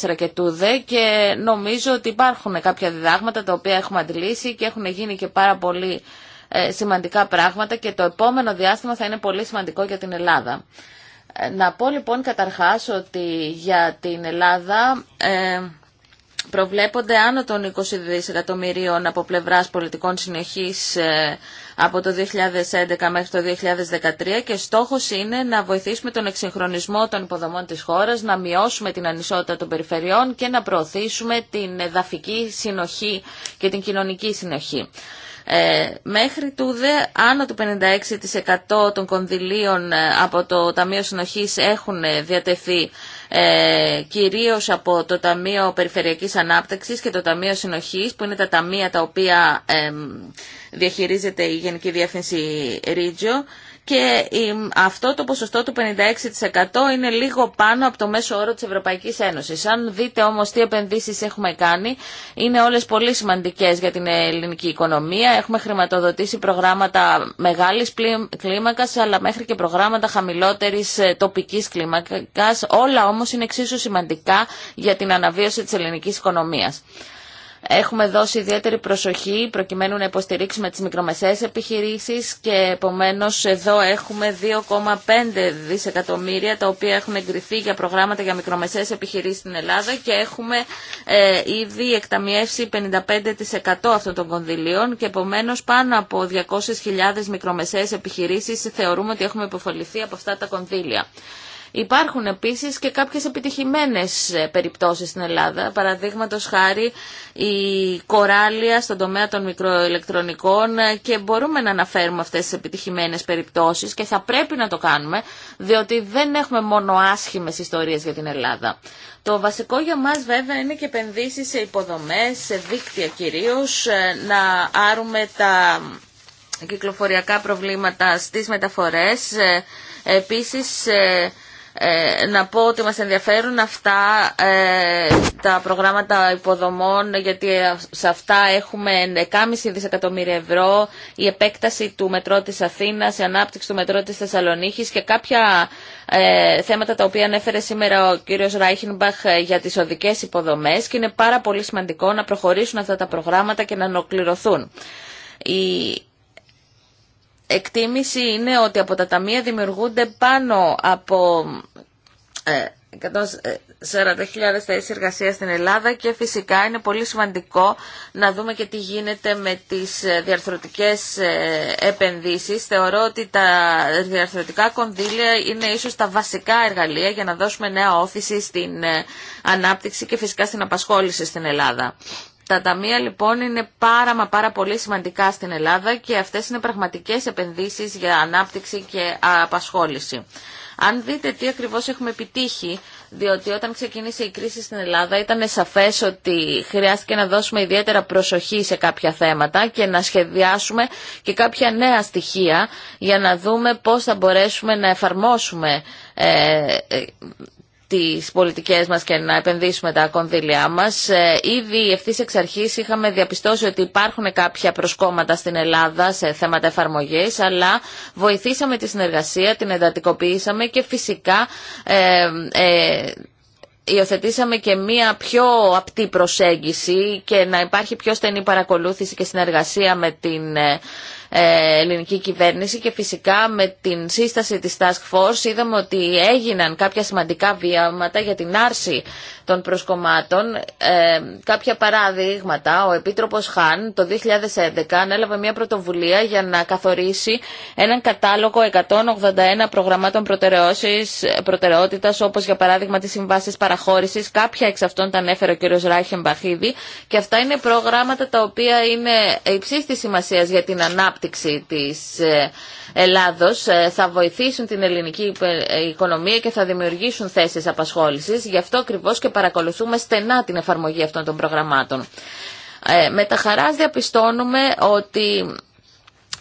2014 και τούδε και νομίζω ότι υπάρχουν κάποια διδάγματα τα οποία έχουμε αντιλήσει και έχουν γίνει και πάρα πολύ ε, σημαντικά πράγματα και το επόμενο διάστημα θα είναι πολύ σημαντικό για την Ελλάδα. Ε, να πω λοιπόν καταρχάς ότι για την Ελλάδα ε, προβλέπονται άνω των 20 δισεκατομμυρίων από πλευράς πολιτικών συνεχής από το 2011 μέχρι το 2013 και στόχος είναι να βοηθήσουμε τον εξυγχρονισμό των υποδομών της χώρας, να μειώσουμε την ανισότητα των περιφερειών και να προωθήσουμε την εδαφική συνοχή και την κοινωνική συνοχή. Ε, μέχρι τούδε άνω του 56% των κονδυλίων ε, από το Ταμείο Συνοχής έχουν ε, διατεθεί ε, κυρίως από το Ταμείο Περιφερειακής Ανάπτυξης και το Ταμείο Συνοχής που είναι τα ταμεία τα οποία διαχειρίζεται η Γενική Διεύθυνση Ρίτζιο και αυτό το ποσοστό του 56% είναι λίγο πάνω από το μέσο όρο της Ευρωπαϊκής Ένωσης. Αν δείτε όμως τι επενδύσεις έχουμε κάνει, είναι όλες πολύ σημαντικές για την ελληνική οικονομία. Έχουμε χρηματοδοτήσει προγράμματα μεγάλης κλίμακας, αλλά μέχρι και προγράμματα χαμηλότερης ε, τοπικής κλίμακας. Όλα όμως είναι εξίσου σημαντικά για την αναβίωση της ελληνικής οικονομίας. Έχουμε δώσει ιδιαίτερη προσοχή προκειμένου να υποστηρίξουμε τις μικρομεσαίες επιχειρήσεις και επομένως εδώ έχουμε 2,5 δισεκατομμύρια τα οποία έχουν εγκριθεί για προγράμματα για μικρομεσαίες επιχειρήσεις στην Ελλάδα και έχουμε ε, ήδη εκταμιεύσει 55% αυτών των κονδυλίων και επομένως πάνω από 200.000 μικρομεσαίες επιχειρήσεις θεωρούμε ότι έχουμε υποφοληθεί από αυτά τα κονδύλια. Υπάρχουν επίσης και κάποιες επιτυχημένες ε, περιπτώσεις στην Ελλάδα. Παραδείγματος χάρη η κοράλια στον τομέα των μικροελεκτρονικών ε, και μπορούμε να αναφέρουμε αυτές τις επιτυχημένες περιπτώσεις και θα πρέπει να το κάνουμε διότι δεν έχουμε μόνο άσχημες ιστορίες για την Ελλάδα. Το βασικό για μας βέβαια είναι και επενδύσει σε υποδομές, σε δίκτυα κυρίως, ε, να άρουμε τα κυκλοφοριακά προβλήματα στις μεταφορές. Επίσης ε, να πω ότι μας ενδιαφέρουν αυτά ε, τα προγράμματα υποδομών γιατί ε, σε αυτά έχουμε 1,5 δισεκατομμύρια ευρώ η επέκταση του μετρό της Αθήνας η ανάπτυξη του μετρό της Θεσσαλονίκης και κάποια θέματα τα οποία ανέφερε σήμερα ο κύριος Ράιχινμπαχ για τις οδικές υποδομές και είναι πάρα πολύ σημαντικό να προχωρήσουν αυτά τα προγράμματα και να ολοκληρωθούν εκτίμηση είναι ότι από τα ταμεία δημιουργούνται πάνω από 140.000 θέσει εργασία στην Ελλάδα και φυσικά είναι πολύ σημαντικό να δούμε και τι γίνεται με τις ε, διαρθρωτικές ε, επενδύσεις. Θεωρώ ότι τα διαρθρωτικά κονδύλια είναι ίσως τα βασικά εργαλεία για να δώσουμε νέα όθηση στην ε, ανάπτυξη και φυσικά στην απασχόληση στην Ελλάδα. Τα ταμεία λοιπόν είναι πάρα μα πάρα πολύ σημαντικά στην Ελλάδα και αυτές είναι πραγματικές επενδύσεις για ανάπτυξη και απασχόληση. Αν δείτε τι ακριβώς έχουμε επιτύχει, διότι όταν ξεκίνησε η κρίση στην Ελλάδα ήταν σαφές ότι χρειάστηκε να δώσουμε ιδιαίτερα προσοχή σε κάποια θέματα και να σχεδιάσουμε και κάποια νέα στοιχεία για να δούμε πώς θα μπορέσουμε να εφαρμόσουμε ε, ε, τις πολιτικές μας και να επενδύσουμε τα κονδύλια μας. Ε, ήδη ευθύ εξ αρχής είχαμε διαπιστώσει ότι υπάρχουν κάποια προσκόμματα στην Ελλάδα σε θέματα εφαρμογής, αλλά βοηθήσαμε τη συνεργασία, την εντατικοποιήσαμε και φυσικά ε, ε υιοθετήσαμε και μία πιο απτή προσέγγιση και να υπάρχει πιο στενή παρακολούθηση και συνεργασία με την ε, ε, ελληνική κυβέρνηση και φυσικά με την σύσταση της Task Force είδαμε ότι έγιναν κάποια σημαντικά βιάματα για την άρση των προσκομμάτων. Ε, κάποια παράδειγματα, ο Επίτροπος Χάν το 2011 ανέλαβε μια πρωτοβουλία για να καθορίσει έναν κατάλογο 181 προγραμμάτων προτεραιότητας όπως για παράδειγμα τις συμβάσεις παραχώρησης. Κάποια εξ αυτών τα ανέφερε ο κ. Ράχεν Μπαχίδη και αυτά είναι προγράμματα τα οποία είναι υψής της σημασίας για την ανάπτυξη ανάπτυξη της ε, Ελλάδος ε, θα βοηθήσουν την ελληνική ε, οικονομία και θα δημιουργήσουν θέσεις απασχόλησης. Γι' αυτό ακριβώ και παρακολουθούμε στενά την εφαρμογή αυτών των προγραμμάτων. Ε, με τα χαράς διαπιστώνουμε ότι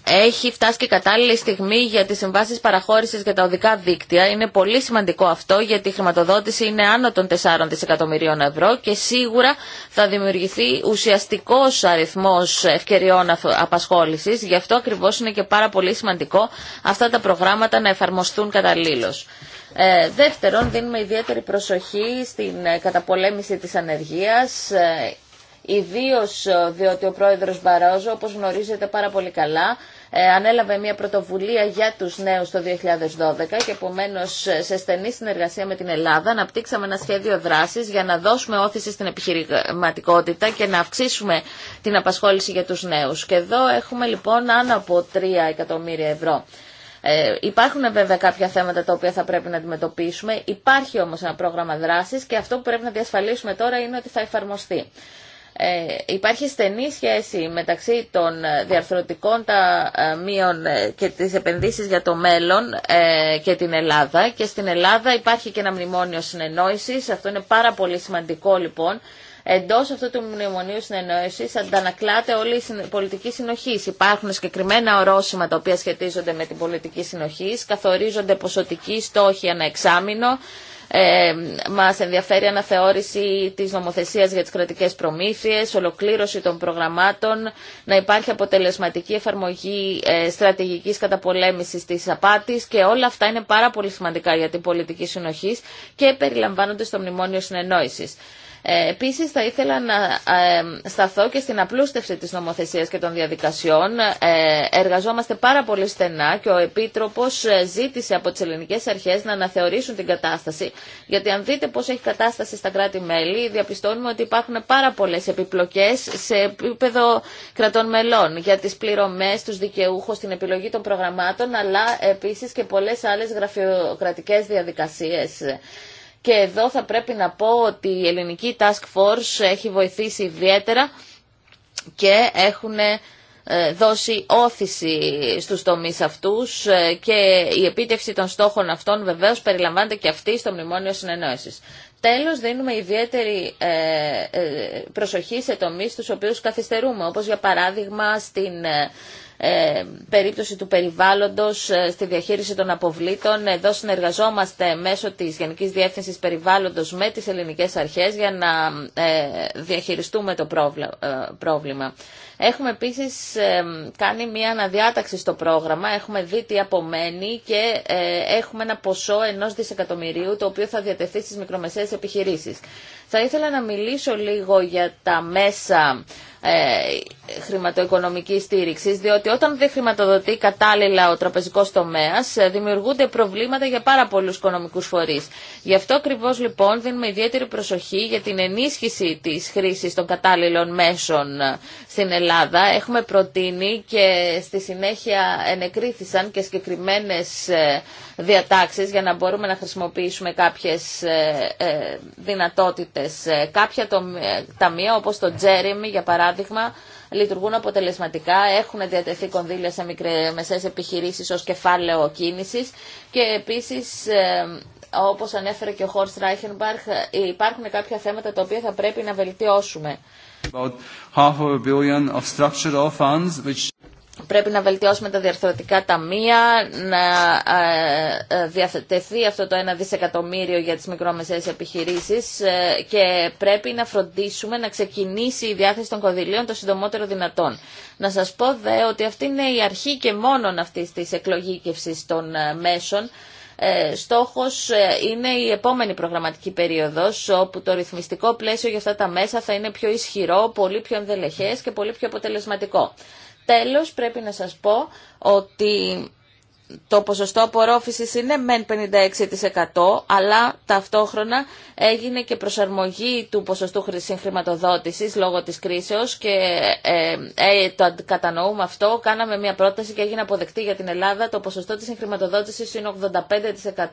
έχει φτάσει και κατάλληλη στιγμή για τις συμβάσεις παραχώρησης για τα οδικά δίκτυα. Είναι πολύ σημαντικό αυτό γιατί η χρηματοδότηση είναι άνω των 4 δισεκατομμυρίων ευρώ και σίγουρα θα δημιουργηθεί ουσιαστικός αριθμός ευκαιριών απασχόλησης. Γι' αυτό ακριβώς είναι και πάρα πολύ σημαντικό αυτά τα προγράμματα να εφαρμοστούν καταλήλως. Ε, δεύτερον, δίνουμε ιδιαίτερη προσοχή στην ε, καταπολέμηση της ανεργίας, ε, ιδίως ε, διότι ο πρόεδρος Μπαρόζο, όπως γνωρίζετε πάρα πολύ καλά, ε, ανέλαβε μια πρωτοβουλία για τους νέους το 2012 και επομένω ε, σε στενή συνεργασία με την Ελλάδα αναπτύξαμε ένα σχέδιο δράσης για να δώσουμε όθηση στην επιχειρηματικότητα και να αυξήσουμε την απασχόληση για τους νέους. Και εδώ έχουμε λοιπόν άνω από 3 εκατομμύρια ευρώ. Ε, υπάρχουν βέβαια κάποια θέματα τα οποία θα πρέπει να αντιμετωπίσουμε. Υπάρχει όμως ένα πρόγραμμα δράσης και αυτό που πρέπει να διασφαλίσουμε τώρα είναι ότι θα εφαρμοστεί. Ε, υπάρχει στενή σχέση μεταξύ των ε, διαρθρωτικών ταμείων ε, και τις επενδύσεις για το μέλλον και την Ελλάδα και στην Ελλάδα υπάρχει και ένα μνημόνιο συνεννόησης. Αυτό είναι πάρα πολύ σημαντικό λοιπόν. Εντό αυτού του μνημονίου συνεννόηση αντανακλάται όλη η πολιτική συνοχή. Υπάρχουν συγκεκριμένα ορόσημα τα οποία σχετίζονται με την πολιτική συνοχή, καθορίζονται ποσοτικοί στόχοι ανά ε, μας ενδιαφέρει αναθεώρηση τη νομοθεσία για τι κρατικέ προμήθειε, ολοκλήρωση των προγραμμάτων, να υπάρχει αποτελεσματική εφαρμογή ε, στρατηγικής καταπολέμησης της απάτης και όλα αυτά είναι πάρα πολύ σημαντικά για την πολιτική συνοχή και περιλαμβάνονται στο Μνημόνιο Συνεννόησης. Ε, επίσης θα ήθελα να ε, σταθώ και στην απλούστευση της νομοθεσίας και των διαδικασιών. Ε, εργαζόμαστε πάρα πολύ στενά και ο Επίτροπος ζήτησε από τις ελληνικές αρχές να αναθεωρήσουν την κατάσταση, γιατί αν δείτε πώς έχει κατάσταση στα κράτη-μέλη, διαπιστώνουμε ότι υπάρχουν πάρα πολλές επιπλοκές σε επίπεδο κρατών μελών για τις πληρωμές, τους δικαιούχους, την επιλογή των προγραμμάτων, αλλά επίσης και πολλές άλλες γραφειοκρατικές διαδικασίες και εδώ θα πρέπει να πω ότι η ελληνική Task Force έχει βοηθήσει ιδιαίτερα και έχουν ε, δώσει όθηση στους τομείς αυτούς ε, και η επίτευξη των στόχων αυτών βεβαίως περιλαμβάνεται και αυτή στο Μνημόνιο Συνεννόησης. Τέλος, δίνουμε ιδιαίτερη ε, προσοχή σε τομείς τους οποίους καθυστερούμε, όπως για παράδειγμα στην ε, περίπτωση του περιβάλλοντος, ε, στη διαχείριση των αποβλήτων. Εδώ συνεργαζόμαστε μέσω της Γενικής Διεύθυνσης Περιβάλλοντος με τις ελληνικές αρχές για να ε, διαχειριστούμε το πρόβλημα. Έχουμε επίσης κάνει μια αναδιάταξη στο πρόγραμμα, έχουμε δει τι απομένει και έχουμε ένα ποσό ενός δισεκατομμυρίου το οποίο θα διατεθεί στις μικρομεσαίες επιχειρήσεις. Θα ήθελα να μιλήσω λίγο για τα μέσα ε, χρηματοοικονομική στήριξη, διότι όταν δεν χρηματοδοτεί κατάλληλα ο τραπεζικός τομέας, ε, δημιουργούνται προβλήματα για πάρα πολλού οικονομικούς φορείς. Γι' αυτό ακριβώ λοιπόν δίνουμε ιδιαίτερη προσοχή για την ενίσχυση της χρήση των κατάλληλων μέσων ε, στην Ελλάδα. Έχουμε προτείνει και στη συνέχεια ενεκρίθησαν και συγκεκριμένες διατάξεις για να μπορούμε να χρησιμοποιήσουμε κάποιες ε, ε, δυνατότητες. Ε, κάποια ταμεία όπως το Jeremy για παράδειγμα λειτουργούν αποτελεσματικά, έχουν διατεθεί κονδύλια σε μικρές επιχειρήσεις ως κεφάλαιο κίνησης και επίσης όπως ανέφερε και ο Χόρς Ράιχενμπαρχ, υπάρχουν κάποια θέματα τα οποία θα πρέπει να βελτιώσουμε. Πρέπει να βελτιώσουμε τα διαρθρωτικά ταμεία, να ε, ε, διαθετεθεί αυτό το 1 δισεκατομμύριο για τις μικρόμεσαίες επιχειρήσεις ε, και πρέπει να φροντίσουμε να ξεκινήσει η διάθεση των κονδυλίων το συντομότερο δυνατόν. Να σας πω δε ότι αυτή είναι η αρχή και μόνον αυτής της εκλογήκευσης των μέσων. Στόχος είναι η επόμενη προγραμματική περίοδος όπου το ρυθμιστικό πλαίσιο για αυτά τα μέσα θα είναι πιο ισχυρό, πολύ πιο ενδελεχές και πολύ πιο αποτελεσματικό. Τέλος, πρέπει να σας πω ότι το ποσοστό απορρόφησης είναι μεν 56% αλλά ταυτόχρονα έγινε και προσαρμογή του ποσοστού συγχρηματοδότησης λόγω της κρίσεως και ε, ε το κατανοούμε αυτό. Κάναμε μια πρόταση και έγινε αποδεκτή για την Ελλάδα. Το ποσοστό της συγχρηματοδότησης είναι 85%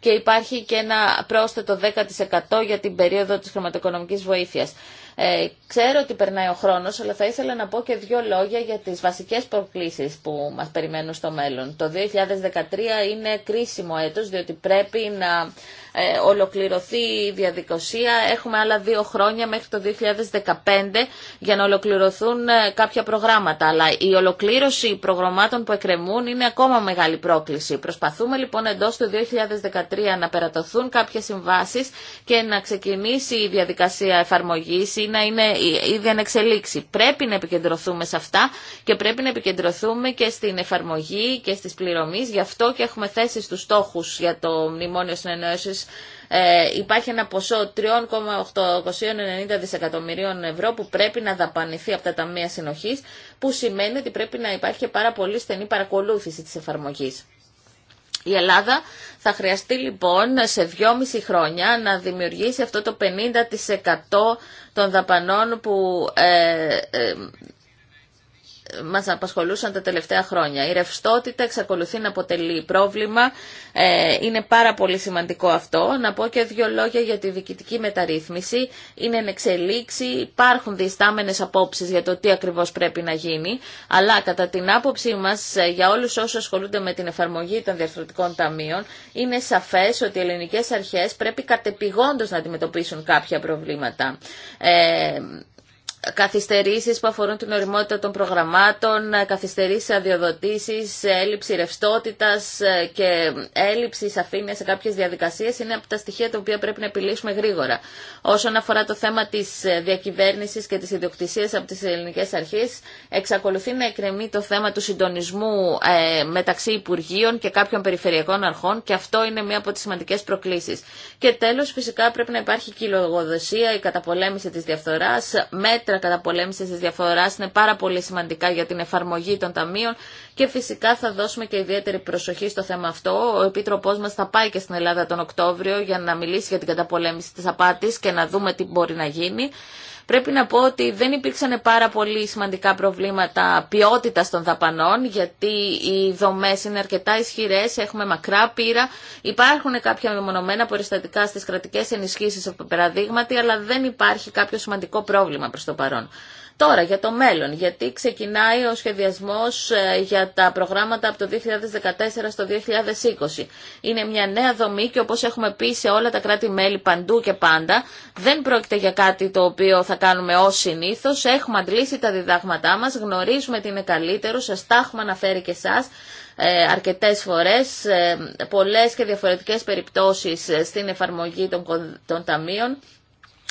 και υπάρχει και ένα πρόσθετο 10% για την περίοδο της χρηματοοικονομικής βοήθειας. Ε, ξέρω ότι περνάει ο χρόνος, αλλά θα ήθελα να πω και δύο λόγια για τις βασικές προκλήσεις που μας περιμένουν στο μέλλον. Το 2013 είναι κρίσιμο έτος, διότι πρέπει να ε, ολοκληρωθεί η διαδικασία. Έχουμε άλλα δύο χρόνια μέχρι το 2015 για να ολοκληρωθούν ε, κάποια προγράμματα. Αλλά η ολοκλήρωση προγραμμάτων που εκκρεμούν είναι ακόμα μεγάλη πρόκληση. Προσπαθούμε λοιπόν εντός του 2013 να περατωθούν κάποιες συμβάσεις και να ξεκινήσει η διαδικασία εφαρμογής ή να είναι ήδη ανεξελίξη. Πρέπει να επικεντρωθούμε σε αυτά και πρέπει να επικεντρωθούμε και στην εφαρμογή και στις πληρωμές. Γι' αυτό και έχουμε θέσει στους στόχους για το Μνημόνιο Συνεννόησης ε, υπάρχει ένα ποσό 3,890 δισεκατομμυρίων ευρώ που πρέπει να δαπανηθεί από τα ταμεία συνοχής, που σημαίνει ότι πρέπει να υπάρχει και πάρα πολύ στενή παρακολούθηση της εφαρμογής. Η Ελλάδα θα χρειαστεί λοιπόν σε 2,5 χρόνια να δημιουργήσει αυτό το 50% των δαπανών που ε, ε μας απασχολούσαν τα τελευταία χρόνια. Η ρευστότητα εξακολουθεί να αποτελεί πρόβλημα. Ε, είναι πάρα πολύ σημαντικό αυτό. Να πω και δύο λόγια για τη διοικητική μεταρρύθμιση. Είναι εν εξελίξη, υπάρχουν διστάμενες απόψεις για το τι ακριβώς πρέπει να γίνει, αλλά κατά την άποψή μας ε, για όλους όσους ασχολούνται με την εφαρμογή των διαρθρωτικών ταμείων, είναι σαφές ότι οι ελληνικές αρχές πρέπει κατεπηγόντως να αντιμετωπίσουν κάποια προβλήματα. Ε, καθυστερήσεις που αφορούν την οριμότητα των προγραμμάτων, καθυστερήσεις αδειοδοτήσεις, έλλειψη ρευστότητας και έλλειψη αφήνεια σε κάποιες διαδικασίες είναι από τα στοιχεία τα οποία πρέπει να επιλύσουμε γρήγορα. Όσον αφορά το θέμα της διακυβέρνησης και της ιδιοκτησίας από τις ελληνικές αρχές, εξακολουθεί να εκκρεμεί το θέμα του συντονισμού ε, μεταξύ Υπουργείων και κάποιων περιφερειακών αρχών και αυτό είναι μία από τις σημαντικές προκλήσεις. Και τέλος φυσικά πρέπει να υπάρχει η η καταπολέμηση της διαφθοράς με μέτρα καταπολέμησης τη διαφοράς είναι πάρα πολύ σημαντικά για την εφαρμογή των ταμείων και φυσικά θα δώσουμε και ιδιαίτερη προσοχή στο θέμα αυτό. Ο Επίτροπός μας θα πάει και στην Ελλάδα τον Οκτώβριο για να μιλήσει για την καταπολέμηση της απάτης και να δούμε τι μπορεί να γίνει. Πρέπει να πω ότι δεν υπήρξαν πάρα πολύ σημαντικά προβλήματα ποιότητα των δαπανών, γιατί οι δομέ είναι αρκετά ισχυρέ, έχουμε μακρά πείρα. Υπάρχουν κάποια μεμονωμένα περιστατικά στι κρατικέ ενισχύσει, παραδείγματι, αλλά δεν υπάρχει κάποιο σημαντικό πρόβλημα προ το παρόν. Τώρα για το μέλλον, γιατί ξεκινάει ο σχεδιασμός ε, για τα προγράμματα από το 2014 στο 2020. Είναι μια νέα δομή και όπως έχουμε πει σε όλα τα κράτη-μέλη παντού και πάντα, δεν πρόκειται για κάτι το οποίο θα κάνουμε ως συνήθως. Έχουμε αντλήσει τα διδάγματά μας, γνωρίζουμε τι είναι καλύτερο, σας τα έχουμε αναφέρει και εσάς ε, αρκετές φορές, ε, πολλές και διαφορετικές περιπτώσεις στην εφαρμογή των ταμείων.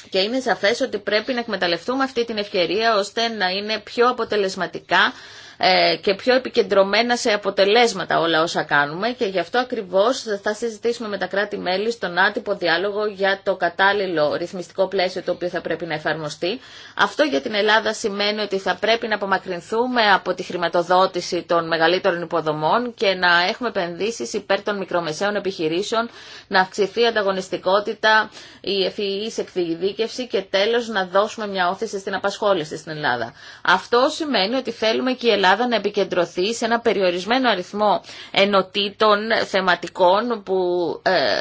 Και είναι σαφές ότι πρέπει να εκμεταλλευτούμε αυτή την ευκαιρία ώστε να είναι πιο αποτελεσματικά ε, και πιο επικεντρωμένα σε αποτελέσματα όλα όσα κάνουμε και γι' αυτό ακριβώς θα συζητήσουμε με τα κράτη-μέλη στον άτυπο διάλογο για το κατάλληλο ρυθμιστικό πλαίσιο το οποίο θα πρέπει να εφαρμοστεί. Αυτό για την Ελλάδα σημαίνει ότι θα πρέπει να απομακρυνθούμε από τη χρηματοδότηση των μεγαλύτερων υποδομών και να έχουμε επενδύσεις υπέρ των μικρομεσαίων επιχειρήσεων, να αυξηθεί η ανταγωνιστικότητα, η ευφυής εκδίκευση και τέλος να δώσουμε μια όθηση στην απασχόληση στην Ελλάδα. Αυτό σημαίνει ότι θέλουμε και η Ελλάδα Ελλάδα να επικεντρωθεί σε ένα περιορισμένο αριθμό ενωτήτων θεματικών που ε,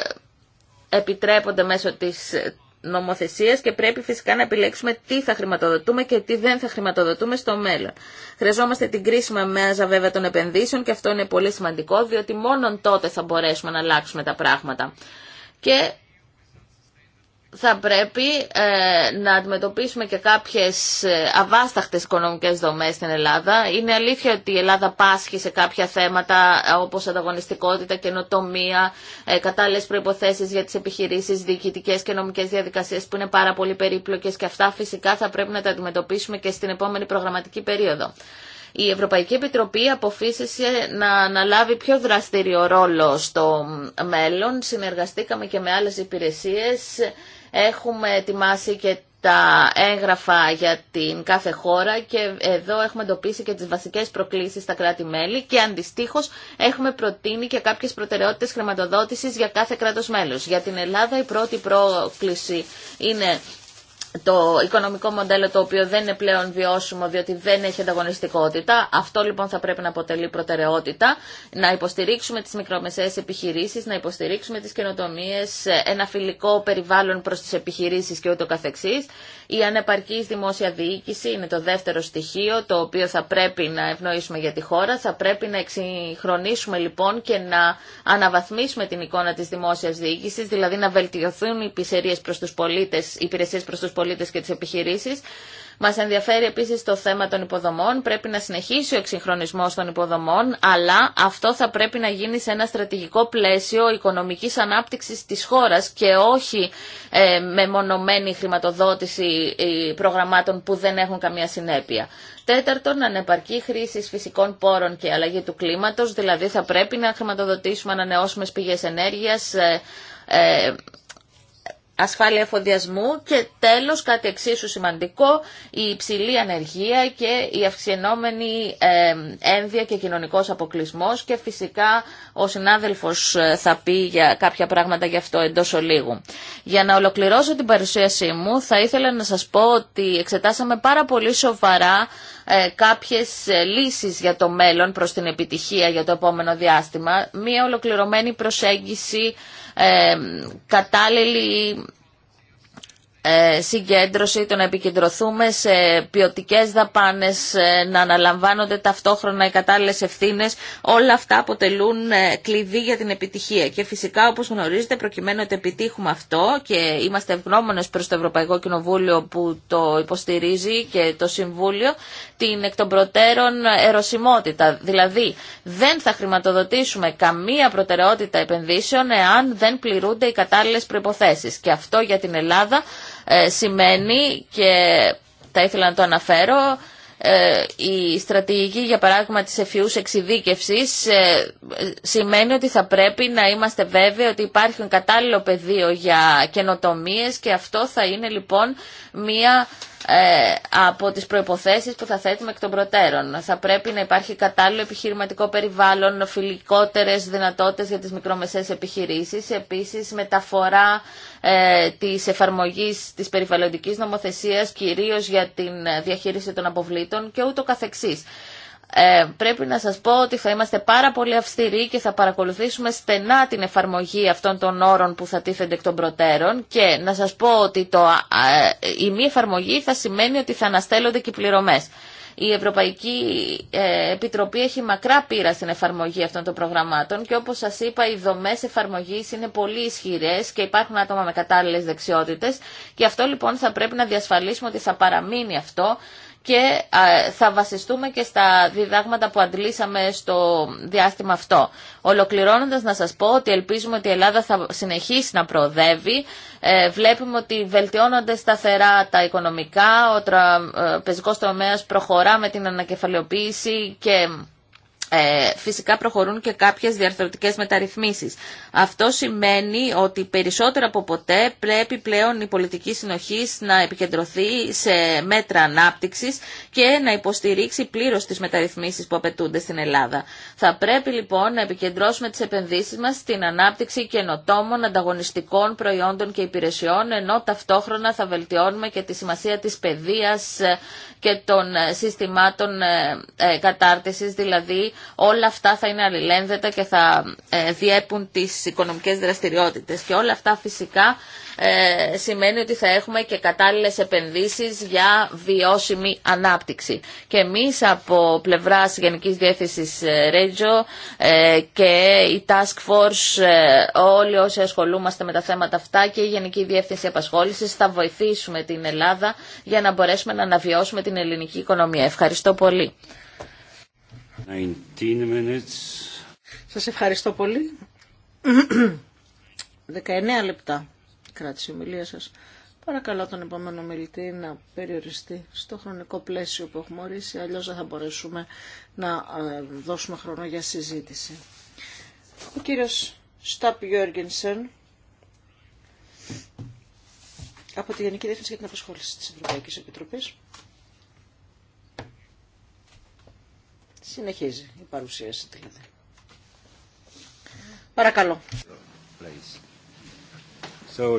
επιτρέπονται μέσω της νομοθεσίας και πρέπει φυσικά να επιλέξουμε τι θα χρηματοδοτούμε και τι δεν θα χρηματοδοτούμε στο μέλλον. Χρειαζόμαστε την κρίσιμα μέσα βέβαια των επενδύσεων και αυτό είναι πολύ σημαντικό διότι μόνο τότε θα μπορέσουμε να αλλάξουμε τα πράγματα. Και θα πρέπει ε, να αντιμετωπίσουμε και κάποιες ε, αβάσταχτες οικονομικές δομές στην Ελλάδα. Είναι αλήθεια ότι η Ελλάδα πάσχει σε κάποια θέματα ε, όπως ανταγωνιστικότητα, καινοτομία, ε, κατάλληλες προϋποθέσεις για τις επιχειρήσεις, διοικητικές και νομικές διαδικασίες που είναι πάρα πολύ περίπλοκες και αυτά φυσικά θα πρέπει να τα αντιμετωπίσουμε και στην επόμενη προγραμματική περίοδο. Η Ευρωπαϊκή Επιτροπή αποφύσισε να αναλάβει πιο δραστηριό ρόλο στο μέλλον. Συνεργαστήκαμε και με άλλες υπηρεσίες Έχουμε ετοιμάσει και τα έγγραφα για την κάθε χώρα και εδώ έχουμε εντοπίσει και τις βασικές προκλήσεις στα κράτη-μέλη και αντιστοίχως έχουμε προτείνει και κάποιες προτεραιότητες χρηματοδότησης για κάθε κράτος μέλος. Για την Ελλάδα η πρώτη πρόκληση είναι το οικονομικό μοντέλο το οποίο δεν είναι πλέον βιώσιμο διότι δεν έχει ανταγωνιστικότητα. Αυτό λοιπόν θα πρέπει να αποτελεί προτεραιότητα, να υποστηρίξουμε τις μικρομεσαίες επιχειρήσεις, να υποστηρίξουμε τις καινοτομίες, ένα φιλικό περιβάλλον προς τις επιχειρήσεις και ούτω καθεξής. Η ανεπαρκής δημόσια διοίκηση είναι το δεύτερο στοιχείο το οποίο θα πρέπει να ευνοήσουμε για τη χώρα. Θα πρέπει να εξυγχρονίσουμε λοιπόν και να αναβαθμίσουμε την εικόνα της δημόσιας διοίκηση, δηλαδή να βελτιωθούν οι υπηρεσίες προς τους πολίτες, υπηρεσίες προς τους πολίτε και τις επιχειρήσεις. Μας ενδιαφέρει επίση το θέμα των υποδομών. Πρέπει να συνεχίσει ο εξυγχρονισμό των υποδομών, αλλά αυτό θα πρέπει να γίνει σε ένα στρατηγικό πλαίσιο οικονομική ανάπτυξη τη χώρα και όχι ε, με μονομένη χρηματοδότηση ε, προγραμμάτων που δεν έχουν καμία συνέπεια. Τέταρτον, ανεπαρκή χρήση φυσικών πόρων και αλλαγή του κλίματο, δηλαδή θα πρέπει να χρηματοδοτήσουμε ανανεώσιμε πηγέ ενέργεια. ε, ε, ασφάλεια εφοδιασμού και τέλος κάτι εξίσου σημαντικό η υψηλή ανεργία και η αυξηνόμενη ε, ένδια και κοινωνικός αποκλισμός και φυσικά ο συνάδελφος ε, θα πει για κάποια πράγματα γι' αυτό εντός ολίγου. Για να ολοκληρώσω την παρουσίασή μου θα ήθελα να σας πω ότι εξετάσαμε πάρα πολύ σοβαρά ε, κάποιες λύσεις για το μέλλον προς την επιτυχία για το επόμενο διάστημα, μια ολοκληρωμένη προσέγγιση ε, κατάλληλη ε, συγκέντρωση, το να επικεντρωθούμε σε ποιοτικέ δαπάνες, ε, να αναλαμβάνονται ταυτόχρονα οι κατάλληλε ευθύνε, όλα αυτά αποτελούν ε, κλειδί για την επιτυχία. Και φυσικά όπω γνωρίζετε προκειμένου ότι επιτύχουμε αυτό και είμαστε ευγνώμονε προ το Ευρωπαϊκό Κοινοβούλιο που το υποστηρίζει και το Συμβούλιο, την εκ των προτέρων ερωσιμότητα. Δηλαδή δεν θα χρηματοδοτήσουμε καμία προτεραιότητα επενδύσεων εάν δεν πληρούνται οι κατάλληλε προποθέσει. Και αυτό για την Ελλάδα ε, σημαίνει και θα ήθελα να το αναφέρω ε, η στρατηγική για παράδειγμα της εφιούς εξειδίκευσης ε, σημαίνει ότι θα πρέπει να είμαστε βέβαιοι ότι υπάρχει κατάλληλο πεδίο για καινοτομίες και αυτό θα είναι λοιπόν μια ε, από τις προϋποθέσεις που θα θέτουμε εκ των προτέρων. Θα πρέπει να υπάρχει κατάλληλο επιχειρηματικό περιβάλλον, φιλικότερες δυνατότητες για τις μικρομεσαίες επιχειρήσεις, επίσης μεταφορά ε, της εφαρμογής της περιβαλλοντικής νομοθεσίας, κυρίως για την διαχείριση των αποβλήτων και ούτω καθεξής ε, πρέπει να σας πω ότι θα είμαστε πάρα πολύ αυστηροί και θα παρακολουθήσουμε στενά την εφαρμογή αυτών των όρων που θα τίθενται εκ των προτέρων και να σας πω ότι το, ε, η μη εφαρμογή θα σημαίνει ότι θα αναστέλλονται και οι πληρωμές. Η Ευρωπαϊκή ε, Επιτροπή έχει μακρά πείρα στην εφαρμογή αυτών των προγραμμάτων και όπως σας είπα οι δομές εφαρμογής είναι πολύ ισχυρές και υπάρχουν άτομα με κατάλληλες δεξιότητες και αυτό λοιπόν θα πρέπει να διασφαλίσουμε ότι θα παραμείνει αυτό και θα βασιστούμε και στα διδάγματα που αντλήσαμε στο διάστημα αυτό. Ολοκληρώνοντας να σας πω ότι ελπίζουμε ότι η Ελλάδα θα συνεχίσει να προοδεύει. Ε, βλέπουμε ότι βελτιώνονται σταθερά τα οικονομικά, ο ε, πεζικός τομέας προχωρά με την ανακεφαλαιοποίηση και ε, φυσικά προχωρούν και κάποιες διαρθρωτικές μεταρρυθμίσεις. Αυτό σημαίνει ότι περισσότερο από ποτέ πρέπει πλέον η πολιτική συνοχή να επικεντρωθεί σε μέτρα ανάπτυξης και να υποστηρίξει πλήρως τις μεταρρυθμίσεις που απαιτούνται στην Ελλάδα. Θα πρέπει λοιπόν να επικεντρώσουμε τις επενδύσεις μας στην ανάπτυξη καινοτόμων ανταγωνιστικών προϊόντων και υπηρεσιών, ενώ ταυτόχρονα θα βελτιώνουμε και τη σημασία της παιδείας, και των ε, συστημάτων ε, ε, κατάρτισης, δηλαδή όλα αυτά θα είναι αλληλένδετα και θα διέπουν τις οικονομικές δραστηριότητες. Και όλα αυτά φυσικά ε, σημαίνει ότι θα έχουμε και κατάλληλες επενδύσεις για βιώσιμη ανάπτυξη. Και εμείς από πλευράς Γενικής Διεύθυνσης ε, Ρέτζο ε, και η Task Force, ε, όλοι όσοι ασχολούμαστε με τα θέματα αυτά και η Γενική Διεύθυνση Απασχόλησης θα βοηθήσουμε την Ελλάδα για να μπορέσουμε να αναβιώσουμε την ελληνική οικονομία. Ευχαριστώ πολύ. 19 Σας ευχαριστώ πολύ. 19 λεπτά κράτηση ομιλία σας. Παρακαλώ τον επόμενο μιλητή να περιοριστεί στο χρονικό πλαίσιο που έχουμε ορίσει, αλλιώς δεν θα μπορέσουμε να ε, δώσουμε χρόνο για συζήτηση. Ο κύριος Στάπ Γιώργενσεν από τη Γενική Διεύθυνση για την Απασχόληση της Ευρωπαϊκής Επιτροπής συνεχίζει η παρουσίαση δηλαδή. Παρακαλώ. Please. Κύριε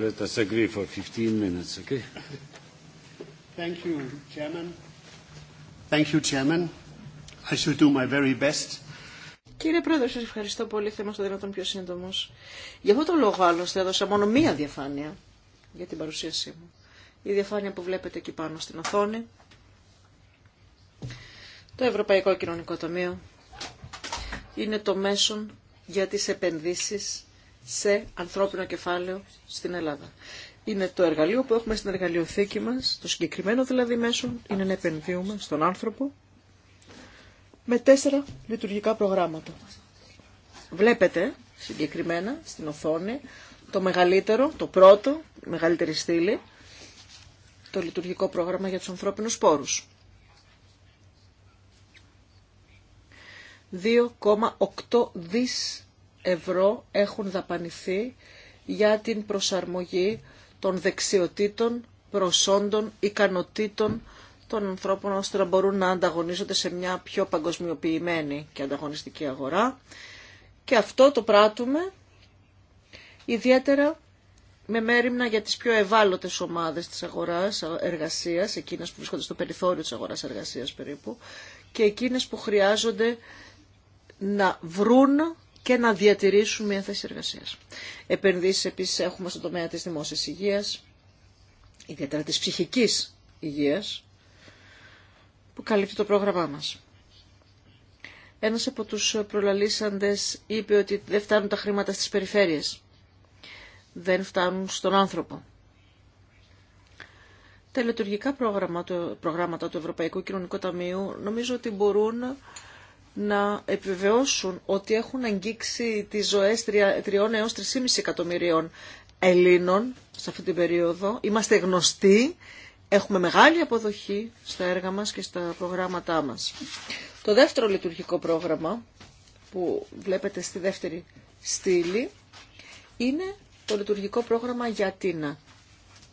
Πρόεδρε, σας ευχαριστώ πολύ. Θα είμαστε δυνατόν πιο σύντομο. Γι' αυτό το λόγο άλλωστε έδωσα μόνο μία διαφάνεια για την παρουσίασή μου. Η διαφάνεια που βλέπετε εκεί πάνω στην οθόνη. Το Ευρωπαϊκό Κοινωνικό Ταμείο είναι το μέσον για τις επενδύσεις σε ανθρώπινο κεφάλαιο στην Ελλάδα. Είναι το εργαλείο που έχουμε στην εργαλειοθήκη μας, το συγκεκριμένο δηλαδή μέσο, είναι να επενδύουμε στον άνθρωπο με τέσσερα λειτουργικά προγράμματα. Βλέπετε συγκεκριμένα στην οθόνη το μεγαλύτερο, το πρώτο, η μεγαλύτερη στήλη, το λειτουργικό πρόγραμμα για τους ανθρώπινους πόρου. 2,8 δις ευρώ έχουν δαπανηθεί για την προσαρμογή των δεξιοτήτων, προσόντων, ικανοτήτων των ανθρώπων ώστε να μπορούν να ανταγωνίζονται σε μια πιο παγκοσμιοποιημένη και ανταγωνιστική αγορά. Και αυτό το πράττουμε ιδιαίτερα με μέρημνα για τις πιο ευάλωτες ομάδες της αγοράς εργασίας, εκείνες που βρίσκονται στο περιθώριο της αγοράς εργασίας περίπου, και εκείνες που χρειάζονται να βρουν και να διατηρήσουν μια θέση εργασία. Επενδύσεις επίση έχουμε στον τομέα της δημόσιας υγείας, ιδιαίτερα τη ψυχικής υγεία που καλύπτει το πρόγραμμά μας. Ένας από τους προλαλήσαντε είπε ότι δεν φτάνουν τα χρήματα στις περιφέρειες. Δεν φτάνουν στον άνθρωπο. Τα λειτουργικά προγράμματα του Ευρωπαϊκού Κοινωνικού Ταμείου νομίζω ότι μπορούν να επιβεβαιώσουν ότι έχουν αγγίξει τις ζωές 3 έως 3,5 εκατομμυρίων Ελλήνων σε αυτή την περίοδο. Είμαστε γνωστοί, έχουμε μεγάλη αποδοχή στα έργα μας και στα προγράμματά μας. Το δεύτερο λειτουργικό πρόγραμμα που βλέπετε στη δεύτερη στήλη είναι το λειτουργικό πρόγραμμα για την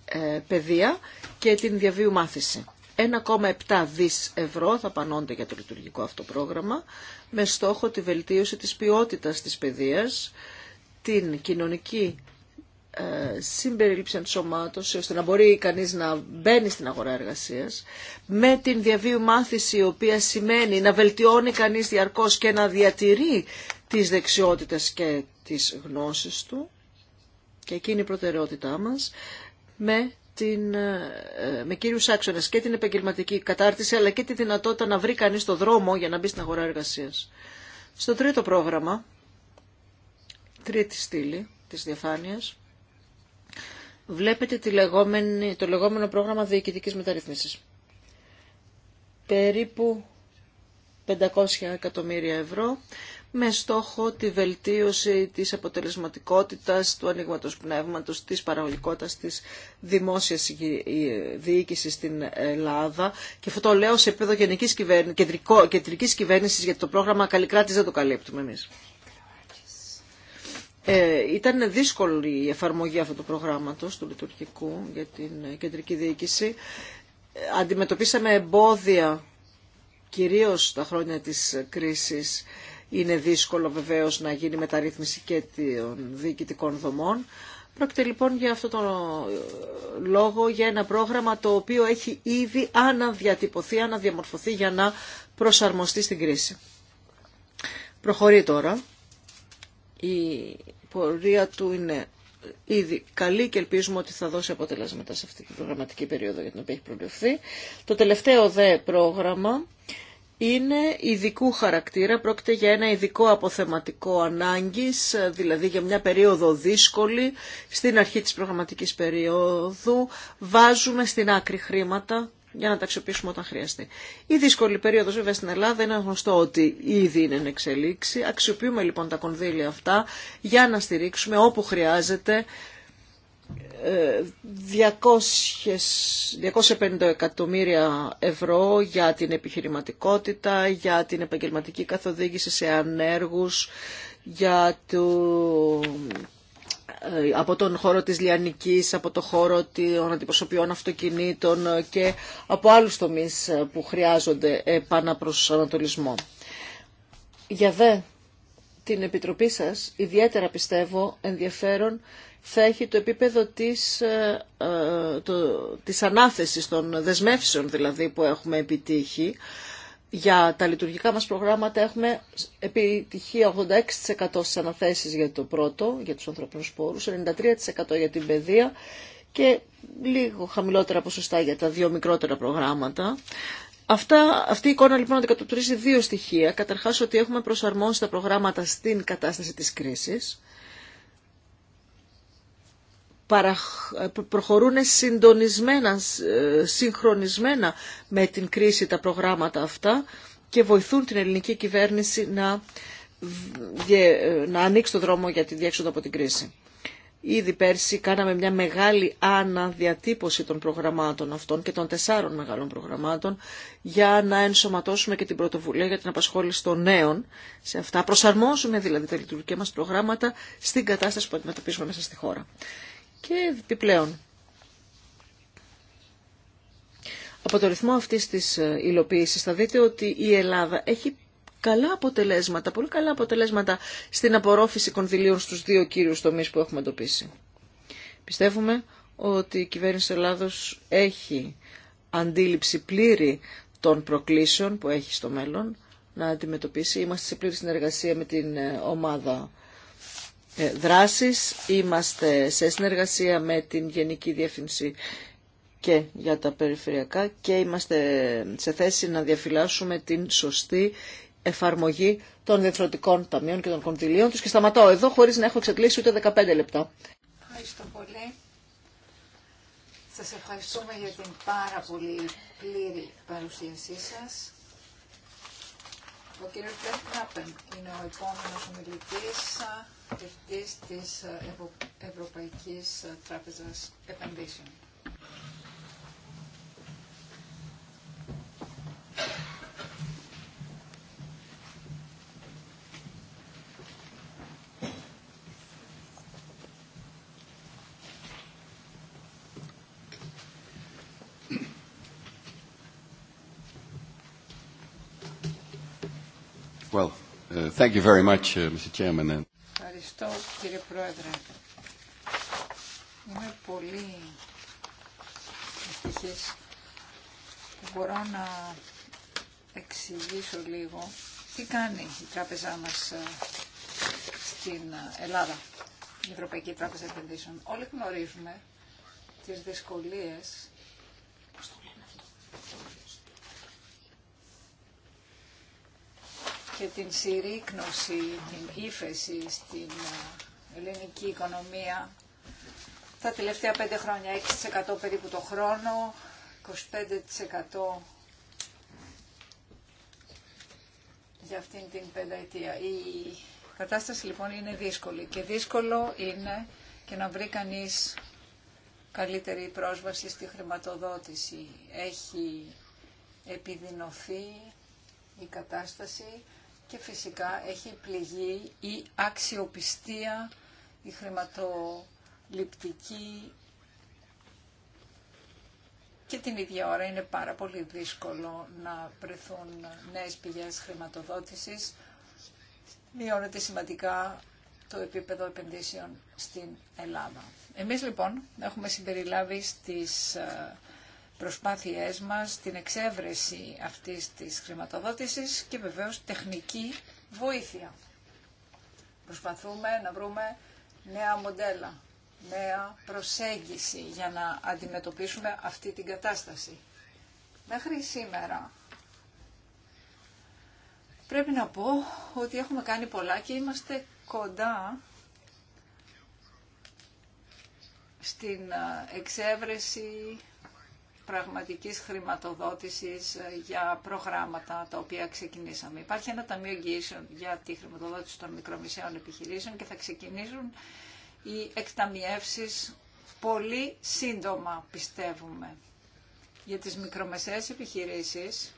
ε, παιδεία και την διαβίου μάθηση. 1,7 δις ευρώ θα πανώνται για το λειτουργικό αυτό πρόγραμμα με στόχο τη βελτίωση της ποιότητας της παιδείας, την κοινωνική ε, συμπερίληψη ενσωμάτωση ώστε να μπορεί κανείς να μπαίνει στην αγορά εργασίας με την διαβίου μάθηση η οποία σημαίνει να βελτιώνει κανείς διαρκώς και να διατηρεί τις δεξιότητες και τις γνώσεις του και εκείνη η προτεραιότητά μας με την, ε, ε, με κύριους άξονες και την επαγγελματική κατάρτιση αλλά και τη δυνατότητα να βρει κανείς το δρόμο για να μπει στην αγορά εργασίας. Στο τρίτο πρόγραμμα, τρίτη στήλη της διαφάνειας, βλέπετε το λεγόμενο πρόγραμμα διοικητικής μεταρρύθμισης. Περίπου 500 εκατομμύρια ευρώ με στόχο τη βελτίωση της αποτελεσματικότητας του ανοίγματο πνεύματος, της παραγωγικότητας της δημόσιας διοίκησης στην Ελλάδα. Και αυτό το λέω σε επίπεδο κεντρικής, κεντρικό, κεντρικής κυβέρνησης γιατί το πρόγραμμα καλή κράτης δεν το καλύπτουμε εμείς. Ε, ήταν δύσκολη η εφαρμογή αυτού του προγράμματος, του λειτουργικού για την κεντρική διοίκηση. Αντιμετωπίσαμε εμπόδια κυρίως τα χρόνια της κρίσης είναι δύσκολο βεβαίως να γίνει μεταρρύθμιση και των διοικητικών δομών. Πρόκειται λοιπόν για αυτό το ε, λόγο για ένα πρόγραμμα το οποίο έχει ήδη αναδιατυπωθεί, αναδιαμορφωθεί για να προσαρμοστεί στην κρίση. Προχωρεί τώρα. Η πορεία του είναι ήδη καλή και ελπίζουμε ότι θα δώσει αποτελέσματα σε αυτή την προγραμματική περίοδο για την οποία έχει προβλεφθεί. Το τελευταίο δε πρόγραμμα είναι ειδικού χαρακτήρα, πρόκειται για ένα ειδικό αποθεματικό ανάγκης, δηλαδή για μια περίοδο δύσκολη, στην αρχή της προγραμματικής περίοδου, βάζουμε στην άκρη χρήματα για να τα αξιοποιήσουμε όταν χρειαστεί. Η δύσκολη περίοδο βέβαια στην Ελλάδα είναι γνωστό ότι ήδη είναι εν εξελίξη. Αξιοποιούμε λοιπόν τα κονδύλια αυτά για να στηρίξουμε όπου χρειάζεται 250 εκατομμύρια ευρώ για την επιχειρηματικότητα, για την επαγγελματική καθοδήγηση σε ανέργους, για το, ε, από τον χώρο της Λιανικής, από το χώρο των αντιπροσωπιών αυτοκινήτων και από άλλους τομείς που χρειάζονται επαναπροσανατολισμό. Για δε την Επιτροπή σας, ιδιαίτερα πιστεύω, ενδιαφέρον, θα έχει το επίπεδο της, ε, ε της ανάθεσης των δεσμεύσεων δηλαδή που έχουμε επιτύχει. Για τα λειτουργικά μας προγράμματα έχουμε επιτυχία 86% στις αναθέσεις για το πρώτο, για τους ανθρώπινους πόρους, 93% για την παιδεία και λίγο χαμηλότερα ποσοστά για τα δύο μικρότερα προγράμματα. Αυτά, αυτή η εικόνα λοιπόν αντικατοπτρίζει δύο στοιχεία. Καταρχάς ότι έχουμε προσαρμόσει τα προγράμματα στην κατάσταση της κρίσης. Προχωρούν συντονισμένα, ε, συγχρονισμένα με την κρίση τα προγράμματα αυτά και βοηθούν την ελληνική κυβέρνηση να, ε, να ανοίξει το δρόμο για τη διέξοδο από την κρίση. Ήδη πέρσι κάναμε μια μεγάλη αναδιατύπωση των προγραμμάτων αυτών και των τεσσάρων μεγάλων προγραμμάτων για να ενσωματώσουμε και την πρωτοβουλία για την απασχόληση των νέων σε αυτά. Προσαρμόζουμε δηλαδή τα λειτουργικά μας προγράμματα στην κατάσταση που αντιμετωπίζουμε μέσα στη χώρα. Και επιπλέον, από το ρυθμό αυτής της υλοποίησης θα δείτε ότι η Ελλάδα έχει καλά αποτελέσματα, πολύ καλά αποτελέσματα στην απορρόφηση κονδυλίων στους δύο κύριους τομείς που έχουμε εντοπίσει. Πιστεύουμε ότι η κυβέρνηση Ελλάδος έχει αντίληψη πλήρη των προκλήσεων που έχει στο μέλλον να αντιμετωπίσει. Είμαστε σε πλήρη συνεργασία με την ε, ομάδα ε, δράσης, είμαστε σε συνεργασία με την Γενική Διεύθυνση και για τα περιφερειακά και είμαστε σε θέση να διαφυλάσσουμε την σωστή εφαρμογή των διευθυντικών ταμείων και των κονδυλίων τους και σταματάω εδώ χωρίς να έχω ξεκλείσει ούτε 15 λεπτά. Ευχαριστώ πολύ. Σας ευχαριστούμε για την πάρα πολύ πλήρη παρουσίασή σας. Ο κ. Πλέκναπεν είναι ο επόμενος ομιλητής της Ευρω... Ευρωπαϊκής Τράπεζας Επενδύσεων. Thank you very much, uh, Mr. Chairman. Ευχαριστώ κύριε Πρόεδρε. Είμαι πολύ ευτυχής που μπορώ να εξηγήσω λίγο τι κάνει η τράπεζά μας ε, στην Ελλάδα, η Ευρωπαϊκή Τράπεζα Επενδύσεων. Όλοι γνωρίζουμε τις δυσκολίες και την συρρήκνωση, την ύφεση στην ελληνική οικονομία τα τελευταία πέντε χρόνια, 6% περίπου το χρόνο, 25% για αυτήν την πενταετία. Η κατάσταση λοιπόν είναι δύσκολη και δύσκολο είναι και να βρει κανείς καλύτερη πρόσβαση στη χρηματοδότηση. Έχει επιδεινωθεί η κατάσταση και φυσικά έχει πληγεί η αξιοπιστία, η χρηματοληπτική και την ίδια ώρα είναι πάρα πολύ δύσκολο να βρεθούν νέες πηγές χρηματοδότησης. Μειώνεται σημαντικά το επίπεδο επενδύσεων στην Ελλάδα. Εμείς λοιπόν έχουμε συμπεριλάβει στις ε, προσπάθειές μας στην εξέβρεση αυτής της χρηματοδότησης και βεβαίως τεχνική βοήθεια. Προσπαθούμε να βρούμε νέα μοντέλα, νέα προσέγγιση για να αντιμετωπίσουμε αυτή την κατάσταση. Μέχρι σήμερα πρέπει να πω ότι έχουμε κάνει πολλά και είμαστε κοντά στην ε, εξέβρεση πραγματικής χρηματοδότησης ε, για προγράμματα τα οποία ξεκινήσαμε. Υπάρχει ένα ταμείο εγγυήσεων για τη χρηματοδότηση των μικρομεσαίων επιχειρήσεων και θα ξεκινήσουν οι εκταμιεύσεις πολύ σύντομα, πιστεύουμε. Για τις μικρομεσαίες επιχειρήσεις,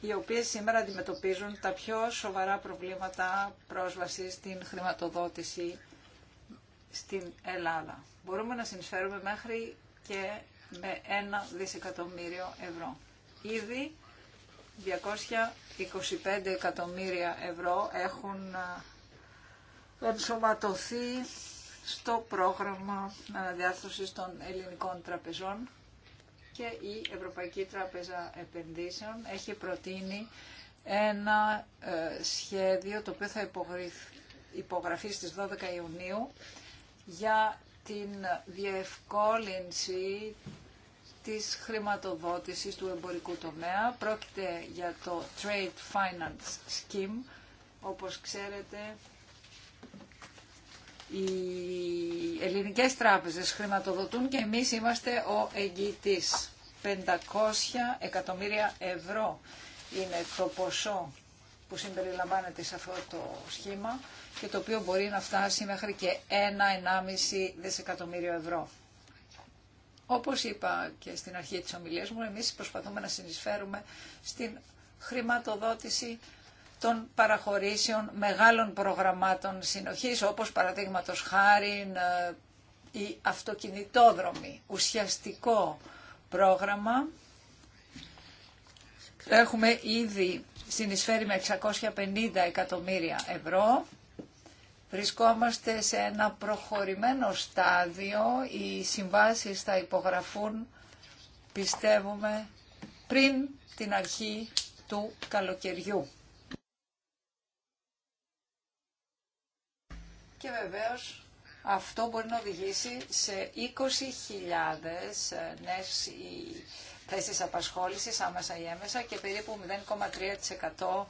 οι οποίες σήμερα αντιμετωπίζουν τα πιο σοβαρά προβλήματα πρόσβασης στην χρηματοδότηση στην Ελλάδα. Μπορούμε να συνεισφέρουμε μέχρι και με ένα δισεκατομμύριο ευρώ. Ήδη 225 εκατομμύρια ευρώ έχουν ε, ενσωματωθεί στο πρόγραμμα αναδιάρθρωσης των ελληνικών τραπεζών και η Ευρωπαϊκή Τράπεζα Επενδύσεων έχει προτείνει ένα ε, σχέδιο το οποίο θα υπογραφεί στις 12 Ιουνίου για την διευκόλυνση της χρηματοδότησης του εμπορικού τομέα. Πρόκειται για το Trade Finance Scheme. Όπως ξέρετε, οι ελληνικές τράπεζες χρηματοδοτούν και εμείς είμαστε ο εγγυητής. 500 εκατομμύρια ευρώ είναι το ποσό που συμπεριλαμβάνεται σε αυτό το σχήμα και το οποίο μπορεί να φτάσει μέχρι και 1-1,5 δισεκατομμύριο ευρώ. Όπως είπα και στην αρχή της ομιλίας μου, εμείς προσπαθούμε να συνεισφέρουμε στην χρηματοδότηση των παραχωρήσεων μεγάλων προγραμμάτων συνοχής, όπως παραδείγματος χάρη ε, η αυτοκινητόδρομη, ουσιαστικό πρόγραμμα Έχουμε ήδη συνεισφέρει με 650 εκατομμύρια ευρώ. Βρισκόμαστε σε ένα προχωρημένο στάδιο. Οι συμβάσεις θα υπογραφούν, πιστεύουμε, πριν την αρχή του καλοκαιριού. Και βεβαίως αυτό μπορεί να οδηγήσει σε 20.000 νέες θέσεις απασχόλησης άμεσα ή έμεσα και περίπου 0,3%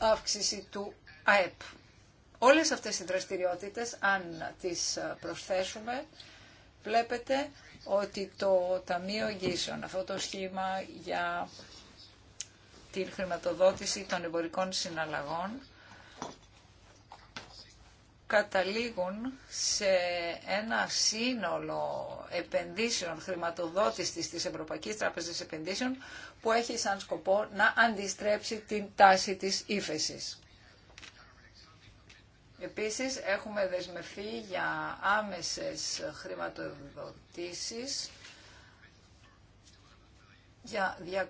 αύξηση του ΑΕΠ. Όλες αυτές οι δραστηριότητες, αν τις ε, προσθέσουμε, βλέπετε ότι το Ταμείο Εγγύσεων, αυτό το σχήμα για την χρηματοδότηση των εμπορικών συναλλαγών, καταλήγουν σε ένα σύνολο επενδύσεων χρηματοδότησης της Ευρωπαϊκής Τράπεζας Επενδύσεων που έχει σαν σκοπό να αντιστρέψει την τάση της ύφεση. Επίσης έχουμε δεσμευθεί για άμεσες χρηματοδοτήσεις για 200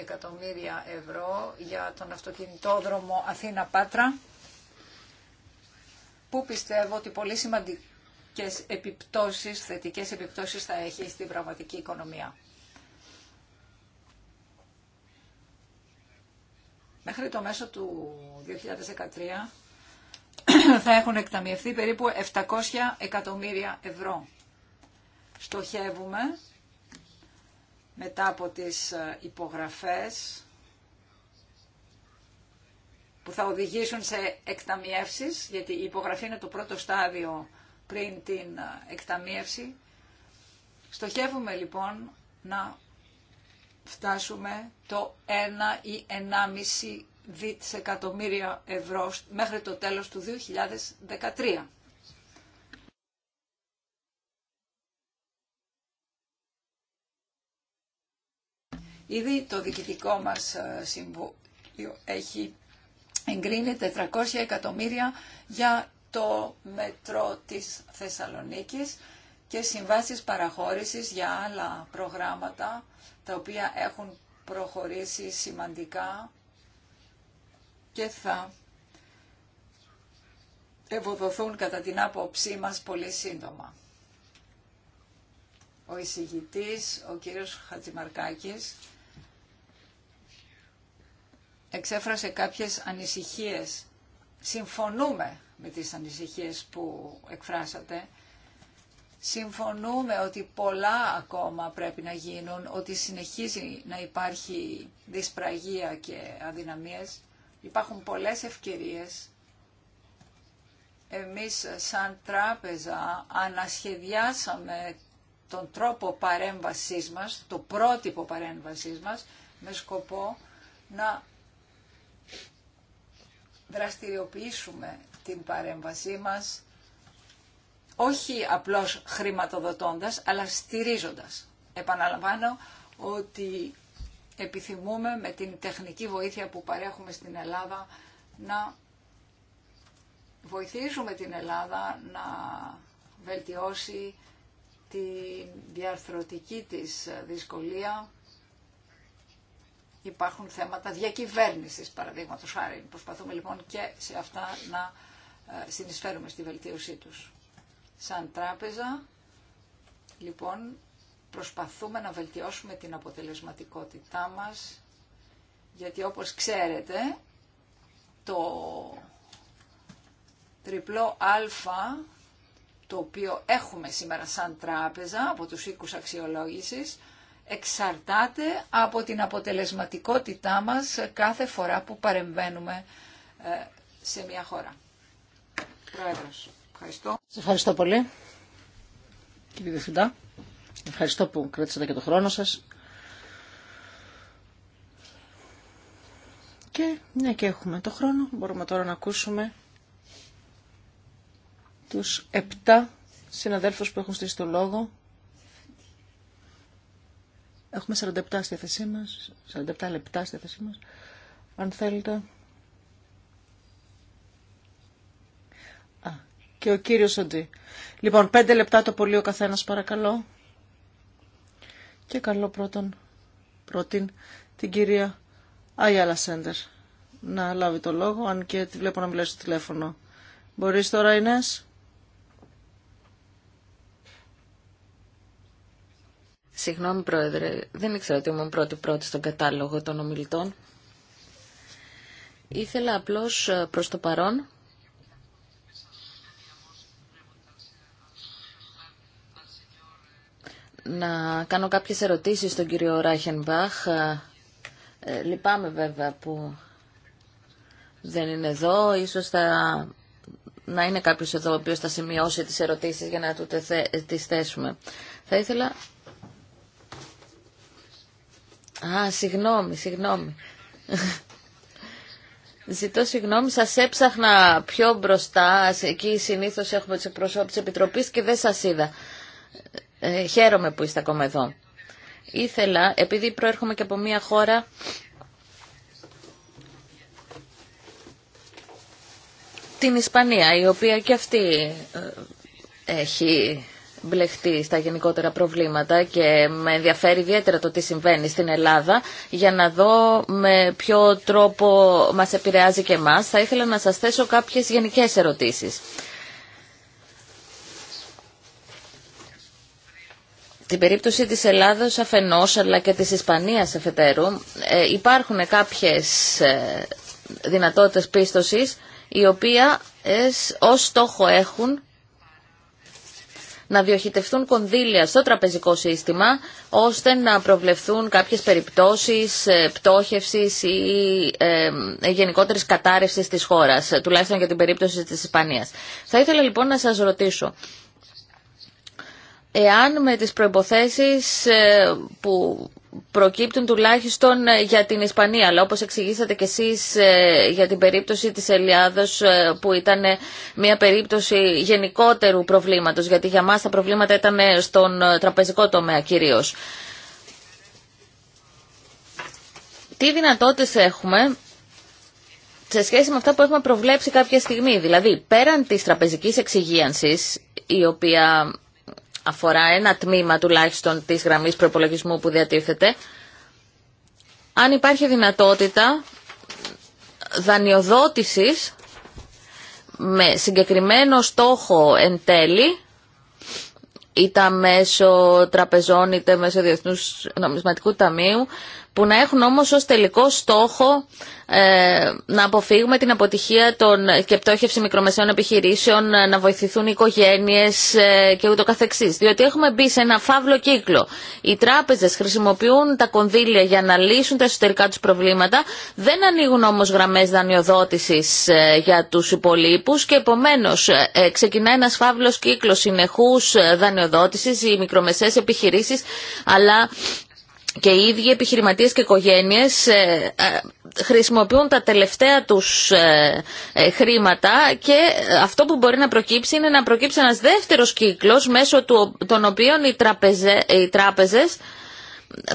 εκατομμύρια ευρώ για τον αυτοκινητόδρομο Αθήνα-Πάτρα που πιστεύω ότι πολύ σημαντικές επιπτώσεις, θετικές επιπτώσεις θα έχει στην πραγματική οικονομία. Μέχρι το μέσο του 2013 θα έχουν εκταμιευθεί περίπου 700 εκατομμύρια ευρώ. Στοχεύουμε μετά από τις υπογραφές που θα οδηγήσουν σε εκταμιεύσεις, γιατί η υπογραφή είναι το πρώτο στάδιο πριν την ε, εκταμίευση. Στοχεύουμε λοιπόν να φτάσουμε το 1 ή 1,5 δισεκατομμύρια ευρώ μέχρι το τέλος του 2013. Ήδη το διοικητικό μας ε, συμβούλιο έχει εγκρίνει 400 εκατομμύρια για το μετρό της Θεσσαλονίκης και συμβάσεις παραχώρησης για άλλα προγράμματα τα οποία έχουν προχωρήσει σημαντικά και θα ευοδοθούν κατά την άποψή μας πολύ σύντομα. Ο εισηγητής, ο κύριος Χατζημαρκάκης, εξέφρασε κάποιες ανησυχίες. Συμφωνούμε με τις ανησυχίες που εκφράσατε. Συμφωνούμε ότι πολλά ακόμα πρέπει να γίνουν, ότι συνεχίζει να υπάρχει δυσπραγία και αδυναμίες. Υπάρχουν πολλές ευκαιρίες. Εμείς σαν τράπεζα ανασχεδιάσαμε τον τρόπο παρέμβασής μας, το πρότυπο παρέμβασής μας, με σκοπό να δραστηριοποιήσουμε την παρέμβασή μας όχι απλώς χρηματοδοτώντας, αλλά στηρίζοντας. Επαναλαμβάνω ότι επιθυμούμε με την τεχνική βοήθεια που παρέχουμε στην Ελλάδα να βοηθήσουμε την Ελλάδα να βελτιώσει τη διαρθρωτική της δυσκολία υπάρχουν θέματα διακυβέρνηση, παραδείγματο χάρη. Προσπαθούμε λοιπόν και σε αυτά να ε, συνεισφέρουμε στη βελτίωσή τους. Σαν τράπεζα, λοιπόν, προσπαθούμε να βελτιώσουμε την αποτελεσματικότητά μας, γιατί όπως ξέρετε, το τριπλό α, το οποίο έχουμε σήμερα σαν τράπεζα από τους οίκους αξιολόγησης, εξαρτάται από την αποτελεσματικότητά μας κάθε φορά που παρεμβαίνουμε ε, σε μια χώρα. Πρόεδρος, ευχαριστώ. Σας ευχαριστώ πολύ, κύριε Διευθυντά. Ευχαριστώ που κρατήσατε και το χρόνο σας. Και μια και έχουμε το χρόνο, μπορούμε τώρα να ακούσουμε τους επτά συναδέλφους που έχουν στήσει το λόγο Έχουμε 47 στη θέση μας, 47 λεπτά στη θέση μας. Αν θέλετε... και ο κύριος Αντί. Λοιπόν, 5 λεπτά το πολύ ο καθένας παρακαλώ. Και καλό πρώτον, πρώτην, την κυρία Αγιάλα Σέντερ να λάβει το λόγο, αν και τη βλέπω να μιλάει στο τηλέφωνο. Μπορείς τώρα, Ινές? Συγγνώμη, Πρόεδρε, δεν ήξερα ότι ήμουν πρώτη-πρώτη στον κατάλογο των ομιλητών. Ήθελα απλώς ε, προς το παρόν να κάνω κάποιες ερωτήσεις στον κύριο Ράχενμπαχ. Ε, ε, λυπάμαι βέβαια που δεν είναι εδώ. Ίσως θα... να είναι κάποιος εδώ ο οποίος θα σημειώσει τις ερωτήσεις για να του ε, τις θέσουμε. Θα ήθελα Α, συγγνώμη, συγγνώμη. Ζητώ συγγνώμη, σας έψαχνα πιο μπροστά, εκεί συνήθως έχουμε τις εκπροσώπους της Επιτροπής και δεν σας είδα. Ε, χαίρομαι που είστε ακόμα εδώ. Ήθελα, επειδή προέρχομαι και από μια χώρα την Ισπανία, η οποία και αυτή ε, έχει μπλεχτεί στα γενικότερα προβλήματα και με ενδιαφέρει ιδιαίτερα το τι συμβαίνει στην Ελλάδα για να δω με ποιο τρόπο μας επηρεάζει και εμάς. Θα ήθελα να σας θέσω κάποιες γενικές ερωτήσεις. την περίπτωση της Ελλάδος αφενός αλλά και της Ισπανίας εφετέρου ε, υπάρχουν κάποιες ε, δυνατότητες πίστοσης οι οποίες ε, ως στόχο έχουν να διοχετευτούν κονδύλια στο τραπεζικό σύστημα ώστε να προβλεφθούν κάποιες περιπτώσεις ε, πτώχευσης ή ε, ε, γενικότερης κατάρρευσης της χώρας, ε, τουλάχιστον για την περίπτωση της Ισπανίας. Θα ήθελα λοιπόν να σας ρωτήσω, εάν με τις προϋποθέσεις που προκύπτουν τουλάχιστον ε, για την Ισπανία, αλλά όπως εξηγήσατε και εσείς ε, για την περίπτωση της Ελιάδος ε, που ήταν μια περίπτωση γενικότερου προβλήματος, γιατί για μας τα προβλήματα ήταν στον τραπεζικό τομέα κυρίως. Τι δυνατότητες έχουμε σε σχέση με αυτά που έχουμε προβλέψει κάποια στιγμή, δηλαδή πέραν της τραπεζικής εξυγίανσης, η οποία αφορά ένα τμήμα τουλάχιστον της γραμμής προπολογισμού που διατίθεται, αν υπάρχει δυνατότητα δανειοδότησης με συγκεκριμένο στόχο εν τέλει, είτε μέσω τραπεζών είτε μέσω Διεθνούς Νομισματικού Ταμείου, που να έχουν όμως ως τελικό στόχο ε, να αποφύγουμε την αποτυχία των, και πτώχευση μικρομεσαίων επιχειρήσεων, ε, να βοηθηθούν οι οικογένειες ε, και ούτω καθεξής. Διότι έχουμε μπει σε ένα φαύλο κύκλο. Οι τράπεζες χρησιμοποιούν τα κονδύλια για να λύσουν τα εσωτερικά τους προβλήματα, δεν ανοίγουν όμως γραμμές δανειοδότησης για τους υπολείπους και επομένως ξεκινά ένας φαύλος κύκλος συνεχούς δανειοδότησης, οι μικρομεσαίες επιχειρήσεις, αλλά και οι ίδιοι επιχειρηματίες και οικογένειες ε, ε, χρησιμοποιούν τα τελευταία τους ε, χρήματα και αυτό που μπορεί να προκύψει είναι να προκύψει ένας δεύτερος κύκλος μέσω των οποίων οι τράπεζες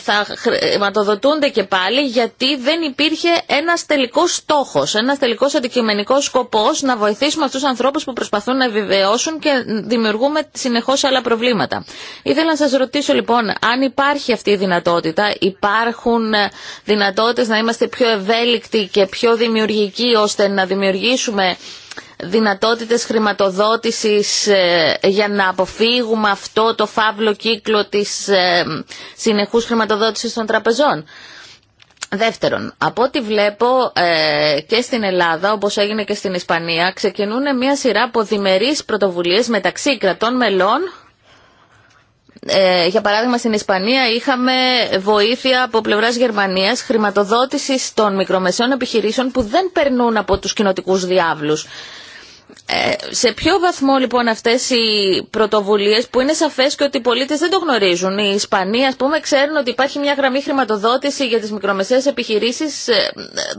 θα χρηματοδοτούνται και πάλι γιατί δεν υπήρχε ένας τελικός στόχος, ένας τελικός αντικειμενικός σκοπός να βοηθήσουμε αυτούς τους ανθρώπους που προσπαθούν να επιβεβαιώσουν και δημιουργούμε συνεχώς άλλα προβλήματα. Ήθελα να σας ρωτήσω λοιπόν αν υπάρχει αυτή η δυνατότητα, υπάρχουν ε, δυνατότητες να είμαστε πιο ευέλικτοι και πιο δημιουργικοί ώστε να δημιουργήσουμε δυνατότητες χρηματοδότησης ε, για να αποφύγουμε αυτό το φαύλο κύκλο της ε, συνεχούς χρηματοδότησης των τραπεζών. Δεύτερον, από ό,τι βλέπω ε, και στην Ελλάδα, όπως έγινε και στην Ισπανία, ξεκινούν μια σειρά από διμερείς πρωτοβουλίες μεταξύ κρατών μελών. για παράδειγμα, στην Ισπανία είχαμε βοήθεια από πλευράς Γερμανίας χρηματοδότησης των μικρομεσαίων επιχειρήσεων που δεν περνούν από τους κοινοτικού διάβλους. Ε, σε ποιο βαθμό λοιπόν αυτές οι πρωτοβουλίες που είναι σαφές και ότι οι πολίτες δεν το γνωρίζουν. Οι Ισπανοί ας πούμε ξέρουν ότι υπάρχει μια γραμμή χρηματοδότηση για τις μικρομεσαίες επιχειρήσεις ε,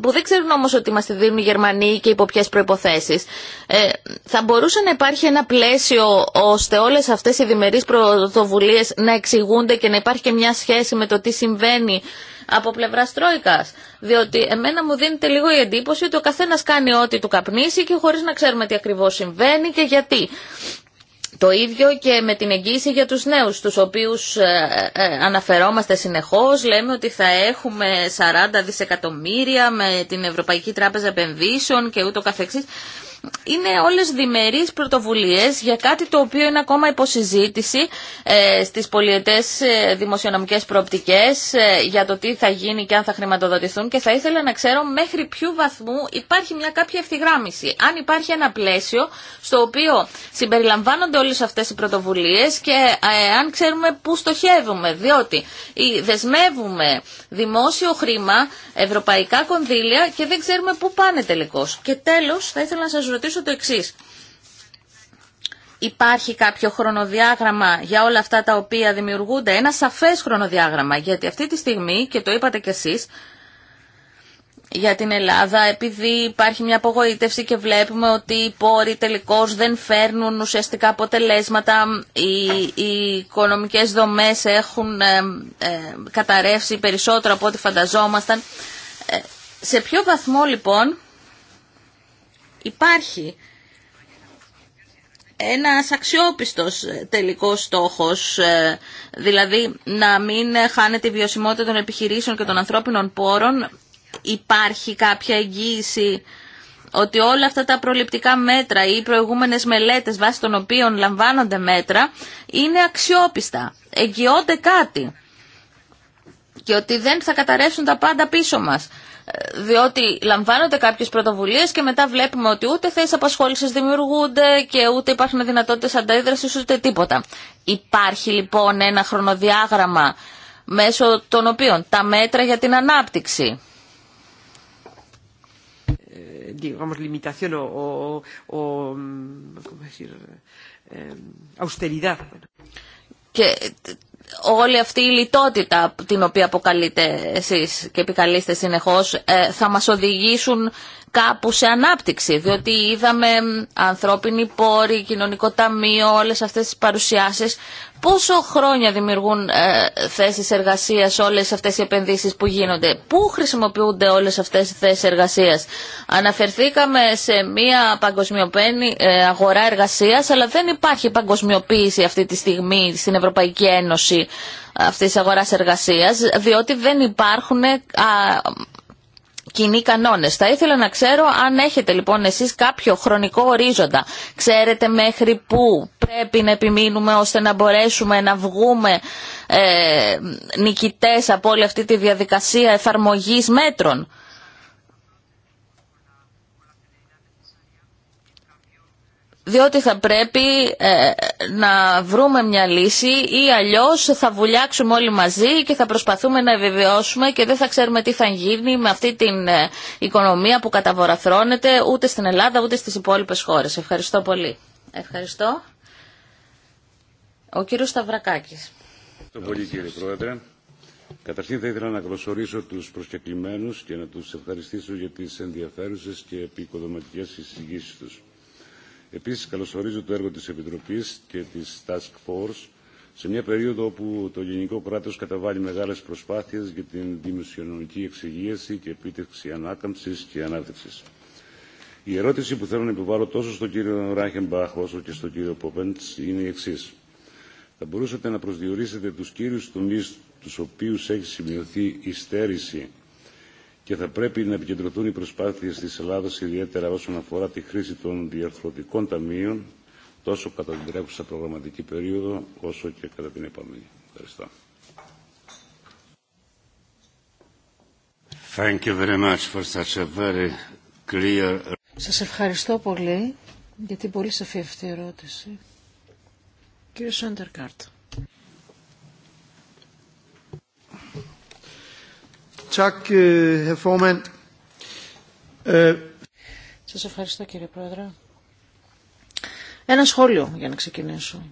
που δεν ξέρουν όμως ότι μας τη δίνουν οι Γερμανοί και υπό ποιες προϋποθέσεις. Ε, θα μπορούσε να υπάρχει ένα πλαίσιο ώστε όλες αυτές οι διμερείς πρωτοβουλίες να εξηγούνται και να υπάρχει και μια σχέση με το τι συμβαίνει από πλευρά Τρόικα. Διότι εμένα μου δίνεται λίγο η εντύπωση ότι ο καθένα κάνει ό,τι του καπνίσει και χωρί να ξέρουμε τι ακριβώ συμβαίνει και γιατί. Το ίδιο και με την εγγύηση για τους νέους, τους οποίους ε, ε, αναφερόμαστε συνεχώς. Λέμε ότι θα έχουμε 40 δισεκατομμύρια με την Ευρωπαϊκή Τράπεζα Επενδύσεων και ούτω καθεξής είναι όλες διμερείς πρωτοβουλίες για κάτι το οποίο είναι ακόμα υποσυζήτηση ε, στις πολιετές ε, δημοσιονομικές προοπτικές ε, για το τι θα γίνει και αν θα χρηματοδοτηθούν και θα ήθελα να ξέρω μέχρι ποιου βαθμού υπάρχει μια κάποια ευθυγράμμιση. Αν υπάρχει ένα πλαίσιο στο οποίο συμπεριλαμβάνονται όλες αυτές οι πρωτοβουλίες και αν ξέρουμε πού στοχεύουμε. Διότι δεσμεύουμε δημόσιο χρήμα, ευρωπαϊκά κονδύλια και δεν ξέρουμε πού πάνε τελικώς. Και τέλος θα ήθελα να σας ρωτήσω το εξή Υπάρχει κάποιο χρονοδιάγραμμα για όλα αυτά τα οποία δημιουργούνται, ένα σαφές χρονοδιάγραμμα, γιατί αυτή τη στιγμή, και το είπατε κι εσείς, για την Ελλάδα, επειδή υπάρχει μια απογοήτευση και βλέπουμε ότι οι πόροι τελικώς δεν φέρνουν ουσιαστικά αποτελέσματα, οι, οι οικονομικές δομές έχουν ε, ε, καταρρεύσει περισσότερο από ό,τι φανταζόμασταν. Ε, σε ποιο βαθμό λοιπόν υπάρχει ένα αξιόπιστος τελικός στόχος, ε, δηλαδή να μην χάνεται η βιωσιμότητα των επιχειρήσεων και των ανθρώπινων πόρων, υπάρχει κάποια εγγύηση ότι όλα αυτά τα προληπτικά μέτρα ή οι προηγούμενες μελέτες βάσει των οποίων λαμβάνονται μέτρα είναι αξιόπιστα, εγγυώνται κάτι και ότι δεν θα καταρρεύσουν τα πάντα πίσω μας διότι λαμβάνονται κάποιες πρωτοβουλίες και μετά βλέπουμε ότι ούτε θέσεις απασχόλησης δημιουργούνται και ούτε υπάρχουν δυνατότητες αντίδρασης ούτε τίποτα. Υπάρχει λοιπόν ένα χρονοδιάγραμμα μέσω των οποίων τα μέτρα για την ανάπτυξη ε, digamos, limitación o, o, ¿cómo decir? Eh, austeridad. Και όλη αυτή η λιτότητα την οποία αποκαλείτε εσείς και επικαλείστε συνεχώς ε, θα μας οδηγήσουν κάπου σε ανάπτυξη, διότι είδαμε ανθρώπινοι πόροι, κοινωνικό ταμείο, όλες αυτές τις παρουσιάσεις πόσο χρόνια δημιουργούν ε, θέσεις εργασίας όλες αυτές οι επενδύσεις που γίνονται. Πού χρησιμοποιούνται όλες αυτές οι θέσεις εργασίας. Αναφερθήκαμε σε μια παγκοσμιοποιημένη ε, αγορά εργασίας, αλλά δεν υπάρχει παγκοσμιοποίηση αυτή τη στιγμή στην Ευρωπαϊκή Ένωση αυτής της αγοράς εργασίας, διότι δεν υπάρχουν κοινοί κανόνε. Θα ήθελα να ξέρω αν έχετε λοιπόν εσείς κάποιο χρονικό ορίζοντα. Ξέρετε μέχρι πού πρέπει να επιμείνουμε ώστε να μπορέσουμε να βγούμε ε, νικητές από όλη αυτή τη διαδικασία εφαρμογής μέτρων. διότι θα πρέπει ε, να βρούμε μια λύση ή αλλιώς θα βουλιάξουμε όλοι μαζί και θα προσπαθούμε να επιβιώσουμε και δεν θα ξέρουμε τι θα γίνει με αυτή την ε, οικονομία που καταβοραθρώνεται ούτε στην Ελλάδα ούτε στις υπόλοιπες χώρες. Ευχαριστώ πολύ. Ευχαριστώ. Ο κύριος Σταυρακάκης. Ευχαριστώ πολύ κύριε Πρόεδρε. Καταρχήν θα ήθελα να καλωσορίσω τους προσκεκλημένους και να τους ευχαριστήσω για τις ενδιαφέρουσες και επικοδοματικές εισηγήσεις τους. Επίσης καλωσορίζω το έργο της Επιτροπής και της Task Force σε μια περίοδο όπου το Γενικό Κράτος καταβάλει μεγάλες προσπάθειες για την δημοσιονομική εξηγίαση και επίτευξη ανάκαμψης και ανάπτυξης. Η ερώτηση που θέλω να επιβάλλω τόσο στον κύριο Ράχενμπαχ όσο και στον κύριο Πόπεντς είναι η εξή Θα μπορούσατε να προσδιορίσετε τους κύριους τομείς τους οποίους έχει σημειωθεί η στέρηση και θα πρέπει να επικεντρωθούν οι προσπάθειες της Ελλάδα ιδιαίτερα όσον αφορά τη χρήση των διαρθρωτικών ταμείων τόσο κατά την τρέχουσα προγραμματική περίοδο όσο και κατά την επόμενη. Ευχαριστώ. Thank you very much for such a very clear... Σας ευχαριστώ πολύ για την πολύ σαφή αυτή ερώτηση. Κύριε Σόντερκάρτ. Uh, uh, Σας ευχαριστώ κύριε Πρόεδρε. Ένα σχόλιο για να ξεκινήσω.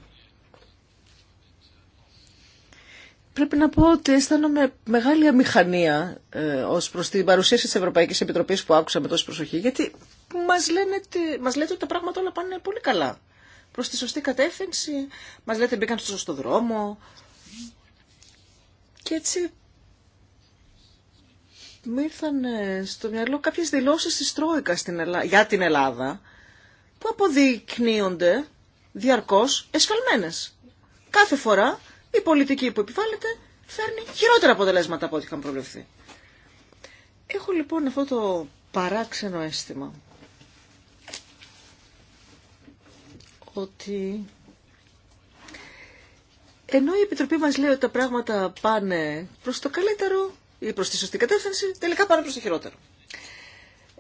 Πρέπει να πω ότι αισθάνομαι μεγάλη αμηχανία ε, ως προς την παρουσίαση της Ευρωπαϊκής Επιτροπής που άκουσα με τόση προσοχή, γιατί μας, λένε, μας λέτε ότι τα πράγματα όλα πάνε πολύ καλά. Προς τη σωστή κατεύθυνση, μας ότι μπήκαν στο σωστό δρόμο. Και έτσι μου ήρθαν ε, στο μυαλό κάποιες δηλώσεις της Τρόικα στην Ελλάδα, για την Ελλάδα που αποδεικνύονται διαρκώς εσφαλμένες. Κάθε φορά η πολιτική που επιβάλλεται φέρνει χειρότερα αποτελέσματα από ό,τι είχαν προβλεφθεί. Έχω λοιπόν αυτό το παράξενο αίσθημα ότι ενώ η Επιτροπή μας λέει ότι τα πράγματα πάνε προς το καλύτερο, ή προ τη σωστή κατεύθυνση, τελικά πάνε προ το χειρότερο.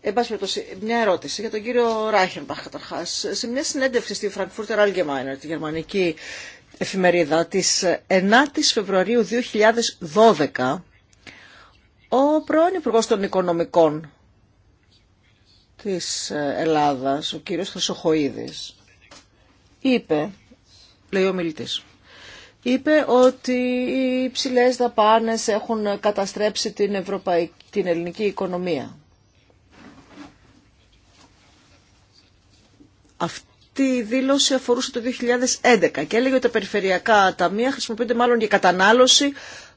Εν πάση μια ερώτηση για τον κύριο Ράχενμπαχ καταρχά. Σε μια συνέντευξη στη Frankfurter Allgemeine, τη γερμανική εφημερίδα, τη 9η Φεβρουαρίου 2012, ο πρώην Υπουργό των Οικονομικών τη Ελλάδα, ο κύριο Χρυσοχοίδη, είπε, λέει ο μιλητή, είπε ότι οι υψηλές δαπάνες έχουν καταστρέψει την, την ελληνική οικονομία. Αυτή η δήλωση αφορούσε το 2011 και έλεγε ότι τα περιφερειακά ταμεία χρησιμοποιούνται μάλλον για κατανάλωση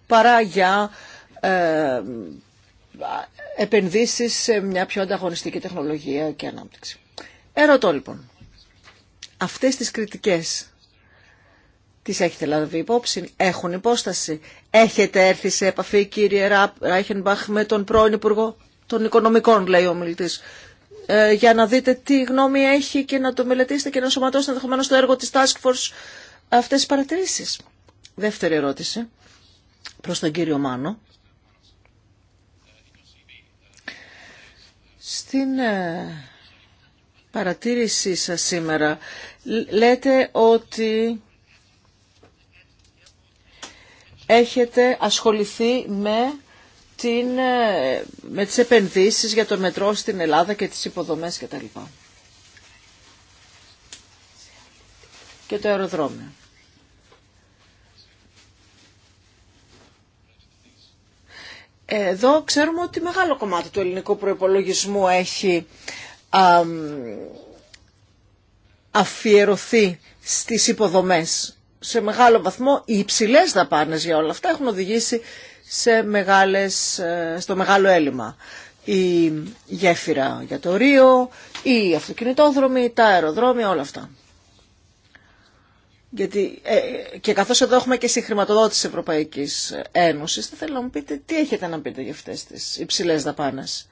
παρά για ε, επενδύσεις σε μια πιο ανταγωνιστική τεχνολογία και ανάπτυξη. Ερωτώ λοιπόν, αυτές τις κριτικές Τις έχετε λάβει υπόψη, έχουν υπόσταση. Έχετε έρθει σε επαφή κύριε Ράιχενμπαχ με τον πρώην Υπουργό των Οικονομικών, λέει ο μιλητής, ε, για να δείτε τι γνώμη έχει και να το μελετήσετε και να σωματώσετε ενδεχομένω στο έργο της Task Force αυτές τις παρατηρήσεις. Δεύτερη ερώτηση προς τον κύριο Μάνο. Στην ε, παρατήρησή σας σήμερα λέτε ότι έχετε ασχοληθεί με, την, ε, με τις επενδύσεις για το μετρό στην Ελλάδα και τις υποδομές κτλ. Και το αεροδρόμιο. Εδώ ξέρουμε ότι μεγάλο κομμάτι του ελληνικού προϋπολογισμού έχει αφιερωθεί στις υποδομές σε μεγάλο βαθμό οι υψηλέ δαπάνες για όλα αυτά έχουν οδηγήσει σε μεγάλες, ε, στο μεγάλο έλλειμμα. Η γέφυρα για το Ρίο, οι αυτοκινητόδρομοι, τα αεροδρόμια, όλα αυτά. Γιατί, ε, και καθώς εδώ έχουμε και συγχρηματοδότηση Ευρωπαϊκής Ένωσης, θα θέλω να μου πείτε τι έχετε να πείτε για αυτές τις υψηλές δαπάνες.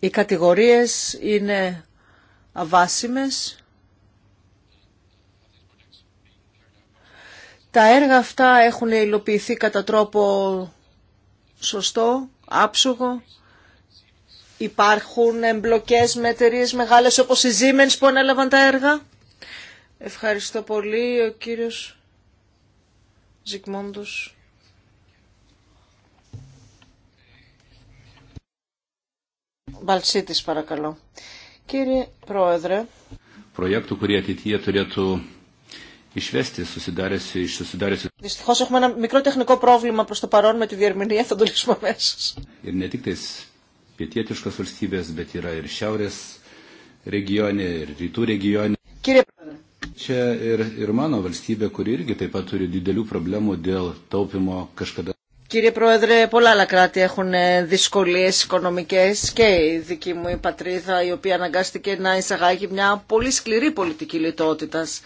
Οι κατηγορίες είναι αβάσιμες Τα έργα αυτά έχουν υλοποιηθεί κατά τρόπο σωστό, άψογο. Υπάρχουν εμπλοκές με εταιρείε μεγάλες όπως οι Siemens που ανέλαβαν τα έργα. Ευχαριστώ πολύ ο κύριος Ζικμόντος. Μπαλτσίτης παρακαλώ. Κύριε Πρόεδρε. του Išvesti susidariusi, iš susidariusi. Δυστυχώ έχουμε ένα μικρό τεχνικό πρόβλημα προ το παρόν με τη διερμηνία, θα το λύσουμε αμέσω. Είναι ne tik tais pietietiškos valstybės, bet yra ir šiaurės regione, ir rytų regione. Κύριε Čia ir, ir mano valstybė, kuri irgi taip pat turi didelių problemų dėl taupimo kažkada. Κύριε Πρόεδρε, πολλά άλλα κράτη έχουν ε, δυσκολίες οικονομικές και η δική μου η πατρίδα η οποία αναγκάστηκε να εισαγάγει μια πολύ σκληρή πολιτική λιτότητας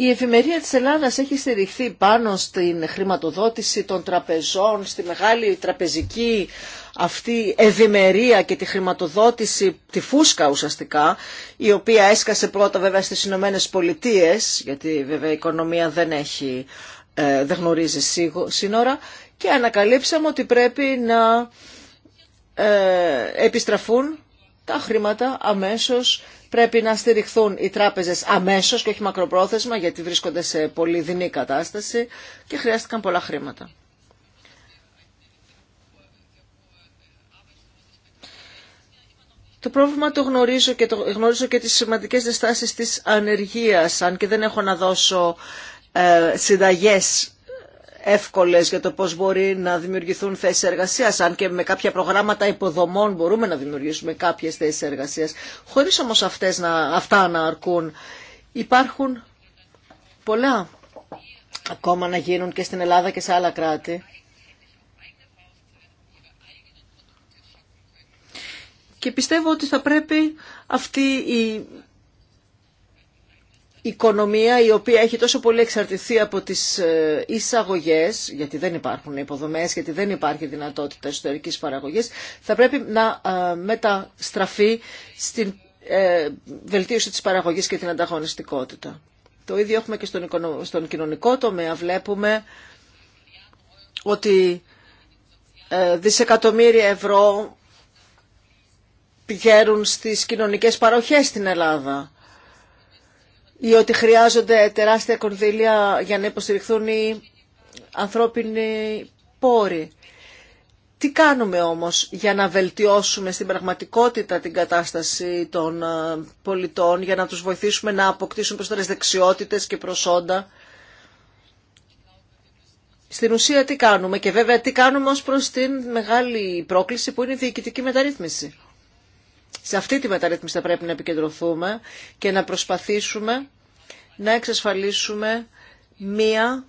Η εφημερία της Ελλάδας έχει στηριχθεί πάνω στην χρηματοδότηση των τραπεζών, στη μεγάλη τραπεζική αυτή ευημερία και τη χρηματοδότηση, τη φούσκα ουσιαστικά, η οποία έσκασε πρώτα βέβαια στις Ηνωμένε Πολιτείε, γιατί βέβαια η οικονομία δεν, έχει, ε, δεν γνωρίζει σύνορα, και ανακαλύψαμε ότι πρέπει να ε, επιστραφούν τα χρήματα αμέσως πρέπει να στηριχθούν οι τράπεζες αμέσως και όχι μακροπρόθεσμα γιατί βρίσκονται σε πολύ δεινή κατάσταση και χρειάστηκαν πολλά χρήματα. Το πρόβλημα το γνωρίζω και, το, γνωρίζω και τις σημαντικές διστάσεις της ανεργίας, αν και δεν έχω να δώσω ε, συνταγές για το πώ μπορεί να δημιουργηθούν θέσει εργασία, αν και με κάποια προγράμματα υποδομών μπορούμε να δημιουργήσουμε κάποιες θέσει εργασία. Χωρί όμω να, αυτά να αρκούν. Υπάρχουν πολλά ακόμα να γίνουν και στην Ελλάδα και σε άλλα κράτη. Και πιστεύω ότι θα πρέπει αυτή η η οικονομία η οποία έχει τόσο πολύ εξαρτηθεί από τις ε, εισαγωγέ, γιατί δεν υπάρχουν υποδομές, γιατί δεν υπάρχει δυνατότητα εσωτερικής παραγωγής, θα πρέπει να ε, μεταστραφεί στην ε, βελτίωση της παραγωγής και την ανταγωνιστικότητα. Το ίδιο έχουμε και στον, στον κοινωνικό τομέα. Βλέπουμε ότι δισεκατομμύρια ευρώ πηγαίνουν στις κοινωνικές παροχές στην Ελλάδα ή ότι χρειάζονται τεράστια κονδύλια για να υποστηριχθούν οι ανθρώπινοι πόροι. Τι κάνουμε όμως για να βελτιώσουμε στην πραγματικότητα την κατάσταση των ε, πολιτών, για να τους βοηθήσουμε να αποκτήσουν περισσότερες δεξιότητες και προσόντα. Στην ουσία τι κάνουμε και βέβαια τι κάνουμε ως προς την μεγάλη πρόκληση που είναι η διοικητική μεταρρύθμιση. Σε αυτή τη μεταρρύθμιση θα πρέπει να επικεντρωθούμε και να προσπαθήσουμε να εξασφαλίσουμε μία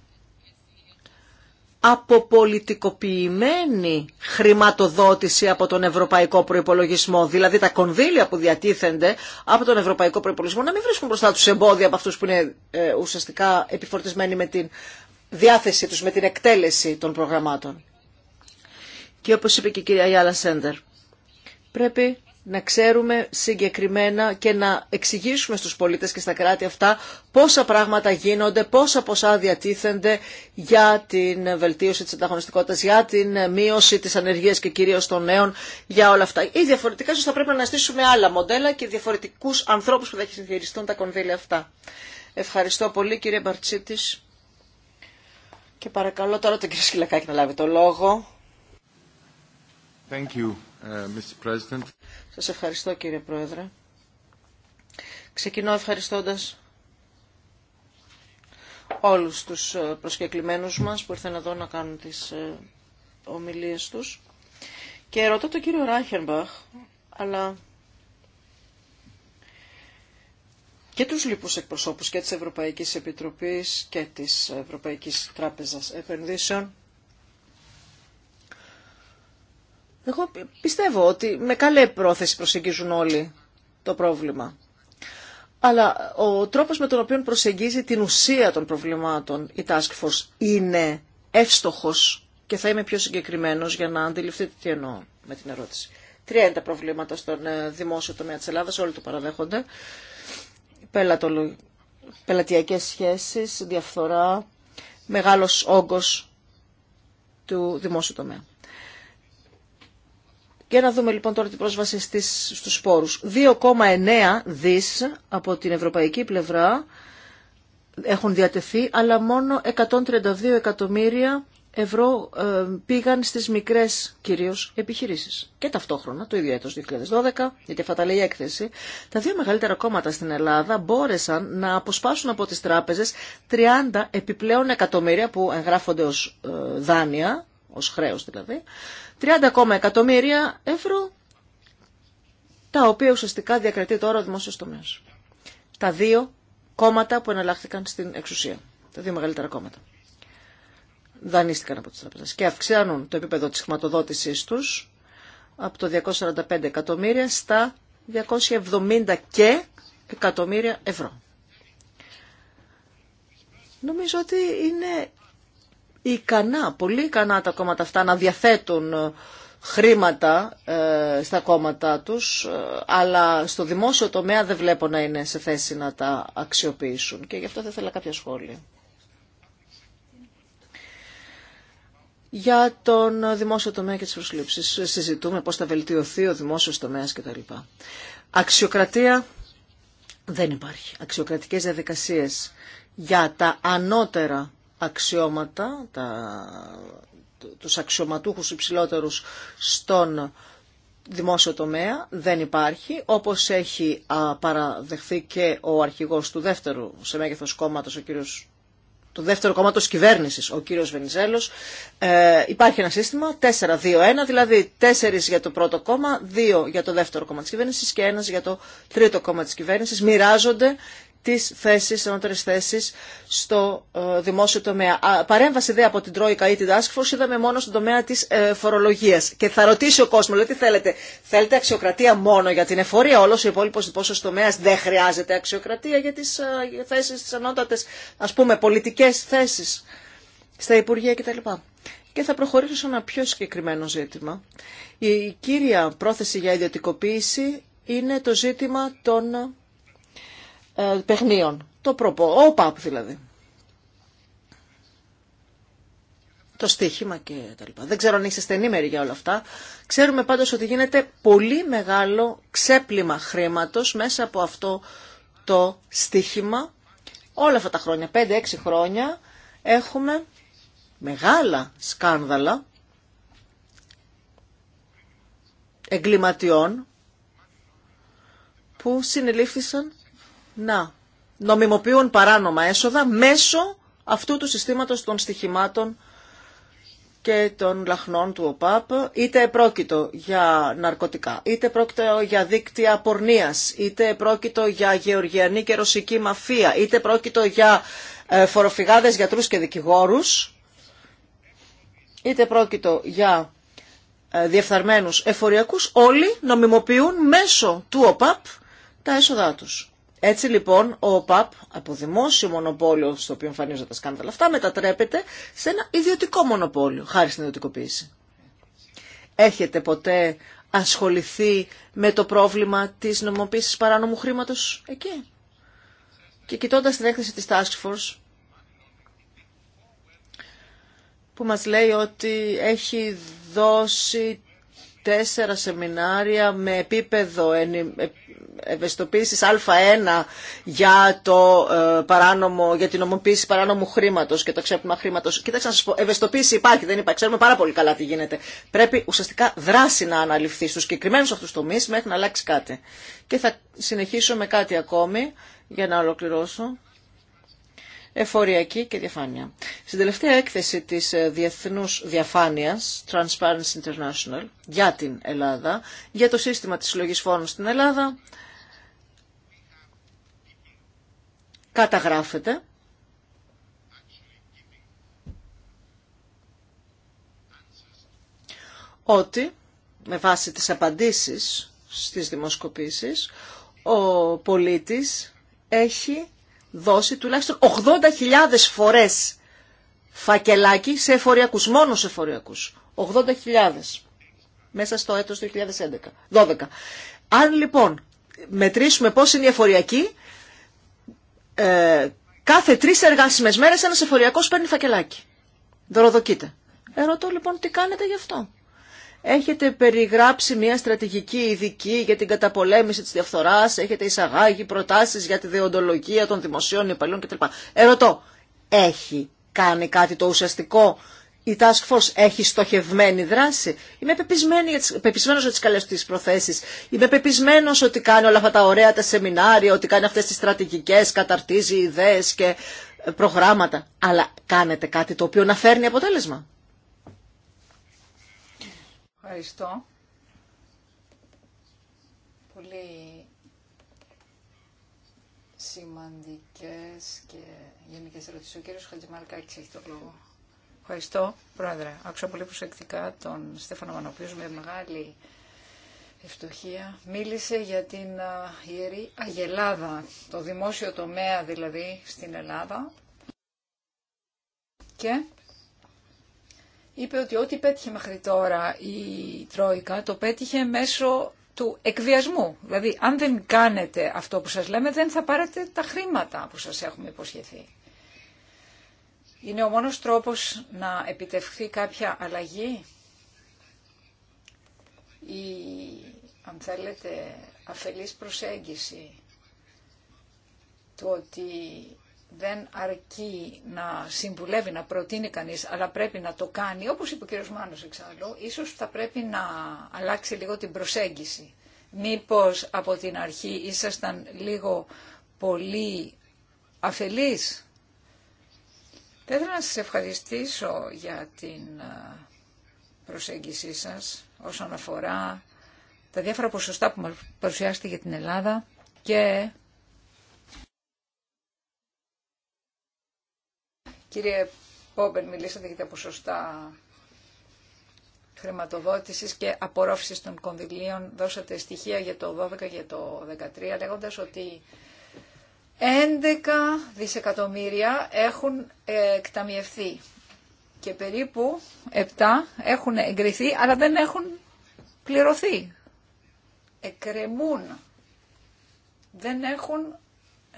αποπολιτικοποιημένη χρηματοδότηση από τον ευρωπαϊκό προϋπολογισμό. Δηλαδή τα κονδύλια που διατίθενται από τον ευρωπαϊκό προϋπολογισμό να μην βρίσκουν μπροστά τους εμπόδια από αυτούς που είναι ε, ουσιαστικά επιφορτισμένοι με την διάθεσή τους, με την εκτέλεση των προγραμμάτων. Και όπως είπε και η κυρία Γιάλα Σέντερ, πρέπει να ξέρουμε συγκεκριμένα και να εξηγήσουμε στους πολίτες και στα κράτη αυτά πόσα πράγματα γίνονται, πόσα ποσά διατίθενται για την βελτίωση της ανταγωνιστικότητας, για την μείωση της ανεργίας και κυρίως των νέων, για όλα αυτά. Ή διαφορετικά ίσως θα πρέπει να αναστήσουμε άλλα μοντέλα και διαφορετικούς ανθρώπους που θα χειριστούν τα κονδύλια αυτά. Ευχαριστώ πολύ κύριε Μπαρτσίτης. Και παρακαλώ τώρα τον κύριο Σκυλακάκη να λάβει το λόγο. Thank you, uh, Mr. President. Σας ευχαριστώ κύριε Πρόεδρε. Ξεκινώ ευχαριστώντας όλους τους ε, προσκεκλημένους μας που ήρθαν εδώ να κάνουν τις ε, ομιλίες τους. Και ρωτώ τον κύριο Ράχενμπαχ, αλλά και τους λοιπούς εκπροσώπους και της Ευρωπαϊκής Επιτροπής και της Ευρωπαϊκής Τράπεζας Επενδύσεων Εγώ πιστεύω ότι με καλή πρόθεση προσεγγίζουν όλοι το πρόβλημα. Αλλά ο τρόπος με τον οποίο προσεγγίζει την ουσία των προβλημάτων η Task Force είναι εύστοχος και θα είμαι πιο συγκεκριμένος για να αντιληφθείτε τι εννοώ με την ερώτηση. Τρία είναι τα προβλήματα στον ε, δημόσιο τομέα της Ελλάδας, όλοι το παραδέχονται. Πελατολο... Πελατειακές σχέσεις, διαφθορά, μεγάλος όγκος του δημόσιου τομέα. Για να δούμε λοιπόν τώρα την πρόσβαση στις, στους σπόρους. 2,9 δις από την ευρωπαϊκή πλευρά έχουν διατεθεί, αλλά μόνο 132 εκατομμύρια ευρώ ε, πήγαν στις μικρές κυρίως επιχειρήσεις. Και ταυτόχρονα, το ίδιο έτος 2012, γιατί αυτά τα λέει η έκθεση, τα δύο μεγαλύτερα κόμματα στην Ελλάδα μπόρεσαν να αποσπάσουν από τις τράπεζες 30 επιπλέον εκατομμύρια που εγγράφονται ως ε, δάνεια, ως χρέος δηλαδή, 30 ακόμα εκατομμύρια ευρώ, τα οποία ουσιαστικά διακρατεί τώρα ο δημόσιο τομέα. Τα δύο κόμματα που εναλλάχθηκαν στην εξουσία. Τα δύο μεγαλύτερα κόμματα. Δανείστηκαν από τι τράπεζε και αυξάνουν το επίπεδο της χρηματοδότησής τους από το 245 εκατομμύρια στα 270 και εκατομμύρια ευρώ. Νομίζω ότι είναι ικανά, πολύ ικανά τα κόμματα αυτά να διαθέτουν ε, χρήματα ε, στα κόμματα τους, ε, αλλά στο δημόσιο τομέα δεν βλέπω να είναι σε θέση να τα αξιοποιήσουν και γι' αυτό θα ήθελα κάποια σχόλια. Για τον δημόσιο τομέα και τις προσλήψεις συζητούμε πώς θα βελτιωθεί ο δημόσιος τομέας κτλ. Αξιοκρατία δεν υπάρχει. Αξιοκρατικές διαδικασίες για τα ανώτερα αξιώματα, τα, τους αξιωματούχους υψηλότερους στον δημόσιο τομέα δεν υπάρχει, όπως έχει παραδεχθεί και ο αρχηγός του δεύτερου σε μέγεθος κόμματος, ο κύριος το δεύτερο κόμμα κυβέρνησης, ο κύριος Βενιζέλος, ε, υπάρχει ένα σύστημα 4-2-1, δηλαδή 4 για το πρώτο κόμμα, 2 για το δεύτερο κόμμα της κυβέρνησης και 1 για το τρίτο κόμμα της κυβέρνησης. Μοιράζονται τις θέσεις, ανώτερες θέσεις στο ε, δημόσιο τομέα. παρέμβαση δε από την Τρόικα ή την Task Force είδαμε μόνο στον τομέα της ε, φορολογίας. Και θα ρωτήσει ο κόσμος, λέει τι θέλετε, θέλετε αξιοκρατία μόνο για την εφορία, όλος ο υπόλοιπος δημόσιος τομέας δεν χρειάζεται αξιοκρατία για τις ε, θέσεις, τις ανώτατες, ας πούμε, πολιτικές θέσεις στα Υπουργεία κτλ. Και θα προχωρήσω σε ένα πιο συγκεκριμένο ζήτημα. Η κύρια πρόθεση για ιδιωτικοποίηση είναι το ζήτημα των ε, παιχνίων. Το προπό, ο ΠΑΠ δηλαδή. Το στοίχημα και τα λοιπά. Δεν ξέρω αν είστε στενήμεροι για όλα αυτά. Ξέρουμε πάντως ότι γίνεται πολύ μεγάλο ξέπλυμα χρήματος μέσα από αυτό το στοίχημα. Όλα αυτά τα χρόνια, 5-6 χρόνια, έχουμε μεγάλα σκάνδαλα εγκληματιών που συνελήφθησαν να νομιμοποιούν παράνομα έσοδα μέσω αυτού του συστήματος των στοιχημάτων και των λαχνών του ΟΠΑΠ, είτε πρόκειτο για ναρκωτικά, είτε πρόκειτο για δίκτυα πορνείας, είτε πρόκειτο για γεωργιανή και ρωσική μαφία, είτε πρόκειτο για ε, φοροφυγάδες γιατρούς και δικηγόρους, είτε πρόκειτο για ε, διεφθαρμένους εφοριακούς, όλοι νομιμοποιούν μέσω του ΟΠΑΠ τα έσοδά τους. Έτσι λοιπόν ο ΟΠΑΠ από δημόσιο μονοπόλιο στο οποίο εμφανίζονται τα σκάνδαλα αυτά μετατρέπεται σε ένα ιδιωτικό μονοπόλιο χάρη στην ιδιωτικοποίηση. Έχετε ποτέ ασχοληθεί με το πρόβλημα της νομοποίησης παράνομου χρήματος εκεί. Και κοιτώντας την έκθεση της Task Force που μας λέει ότι έχει δώσει τέσσερα σεμινάρια με επίπεδο ε, ευαισθητοποίησης Α1 για, το, ε, παράνομο, για την ομοποίηση παράνομου χρήματος και το ξέπλυμα χρήματος. Κοιτάξτε να σας πω, ευαισθητοποίηση υπάρχει, δεν υπάρχει, ξέρουμε πάρα πολύ καλά τι γίνεται. Πρέπει ουσιαστικά δράση να αναλυφθεί στους συγκεκριμένους αυτούς τομείς μέχρι να αλλάξει κάτι. Και θα συνεχίσω με κάτι ακόμη για να ολοκληρώσω εφοριακή και διαφάνεια. Στην τελευταία έκθεση της ε, Διεθνούς Διαφάνειας, Transparency International, για την Ελλάδα, για το σύστημα της συλλογής φόρων στην Ελλάδα, καταγράφεται ότι με βάση τις απαντήσεις στις δημοσκοπήσεις ο πολίτης έχει δώσει τουλάχιστον 80.000 φορές φακελάκι σε εφοριακούς, μόνο σε εφοριακούς. 80.000 μέσα στο έτος 2011, 12. Αν λοιπόν μετρήσουμε πώς είναι η εφοριακή, ε, κάθε τρεις εργάσιμες μέρες ένας εφοριακός παίρνει φακελάκι. Δωροδοκείται. Ερωτώ λοιπόν τι κάνετε γι' αυτό. Έχετε περιγράψει μια στρατηγική ειδική για την καταπολέμηση της διαφθοράς, έχετε εισαγάγει προτάσεις για τη διοντολογία των δημοσίων υπαλλήλων κτλ. Ερωτώ, έχει κάνει κάτι το ουσιαστικό η Task Force έχει στοχευμένη δράση. Είμαι πεπισμένος για τις καλές της προθέσεις. Είμαι πεπισμένος ότι κάνει όλα αυτά τα ωραία τα σεμινάρια, ότι κάνει αυτές τις στρατηγικές, καταρτίζει ιδέες και ε, προγράμματα. Αλλά κάνετε κάτι το οποίο να φέρνει αποτέλεσμα. Ευχαριστώ. Πολύ σημαντικές και γενικές ερωτήσεις. Ο κύριος Χατζημαρκάκης έχει το λόγο. Ευχαριστώ, Πρόεδρε. Άκουσα πολύ προσεκτικά τον Στέφανο Μανοπίου με μεγάλη ευτυχία. Μίλησε για την Ιερή Αγελάδα, το δημόσιο τομέα δηλαδή στην Ελλάδα και είπε ότι ό,τι πέτυχε μέχρι τώρα η Τρόικα το πέτυχε μέσω του εκβιασμού. Δηλαδή, αν δεν κάνετε αυτό που σας λέμε, δεν θα πάρετε τα χρήματα που σας έχουμε υποσχεθεί. Είναι ο μόνος τρόπος να επιτευχθεί κάποια αλλαγή ή, αν θέλετε, αφελής προσέγγιση του ότι δεν αρκεί να συμβουλεύει, να προτείνει κανείς, αλλά πρέπει να το κάνει, όπως είπε ο κύριος Μάνος εξάλλου, ίσως θα πρέπει να αλλάξει λίγο την προσέγγιση. Μήπως από την αρχή ήσασταν λίγο πολύ αφελής; Θα ήθελα να σας ευχαριστήσω για την ε, προσέγγισή σας όσον αφορά τα διάφορα ποσοστά που μα παρουσιάσετε για την Ελλάδα και Κύριε Πόμπερ, μιλήσατε για τα ποσοστά χρηματοδότησης και απορρόφησης των κονδυλίων. Δώσατε στοιχεία για το 12 και το 13 λέγοντας ότι 11 δισεκατομμύρια έχουν εκταμιευθεί και περίπου 7 έχουν εγκριθεί αλλά δεν έχουν πληρωθεί. Εκρεμούν. Δεν έχουν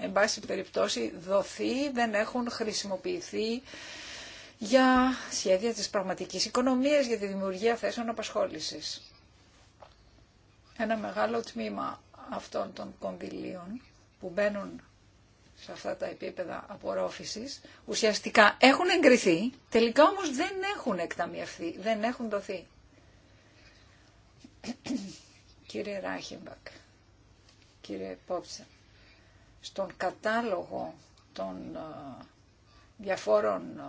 εν πάση περιπτώσει, δοθεί, δεν έχουν χρησιμοποιηθεί για σχέδια της πραγματικής οικονομίας, για τη δημιουργία θέσεων απασχόλησης. Ένα μεγάλο τμήμα αυτών των κονδυλίων που μπαίνουν σε αυτά τα επίπεδα απορρόφησης, ουσιαστικά έχουν εγκριθεί, τελικά όμως δεν έχουν εκταμιευθεί, δεν έχουν δοθεί. κύριε Ράχιμπακ, κύριε στον κατάλογο των ε, διαφόρων ε,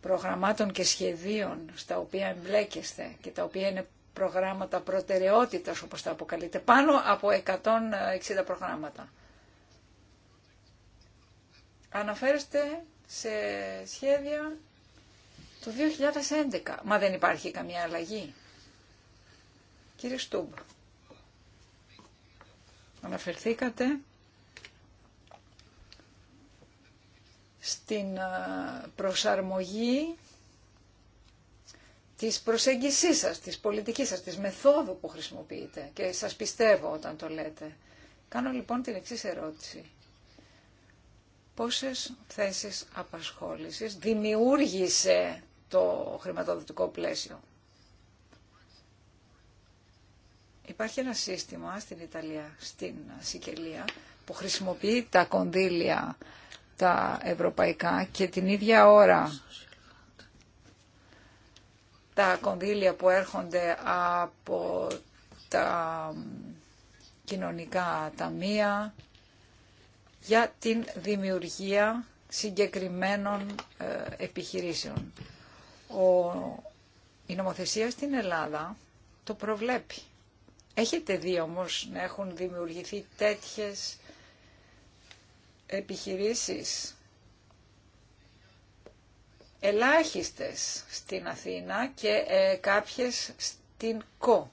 προγραμμάτων και σχεδίων στα οποία εμπλέκεστε και τα οποία είναι προγράμματα προτεραιότητας όπως τα αποκαλείτε, πάνω από 160 προγράμματα. Αναφέρεστε σε σχέδια του 2011. Μα δεν υπάρχει καμία αλλαγή. Κύριε Στούμπ, αναφερθήκατε στην προσαρμογή της προσέγγισής σας, της πολιτικής σας, της μεθόδου που χρησιμοποιείτε και σας πιστεύω όταν το λέτε. Κάνω λοιπόν την εξή ερώτηση. Πόσες θέσεις απασχόλησης δημιούργησε το χρηματοδοτικό πλαίσιο. Υπάρχει ένα σύστημα στην Ιταλία, στην Σικελία, που χρησιμοποιεί τα κονδύλια τα ευρωπαϊκά και την ίδια ώρα τα κονδύλια που έρχονται από τα κοινωνικά ταμεία για την δημιουργία συγκεκριμένων ε, επιχειρήσεων. Ο, η νομοθεσία στην Ελλάδα το προβλέπει. Έχετε δει όμως να έχουν δημιουργηθεί τέτοιες επιχειρήσεις ελάχιστες στην Αθήνα και ε, κάποιες στην ΚΟ.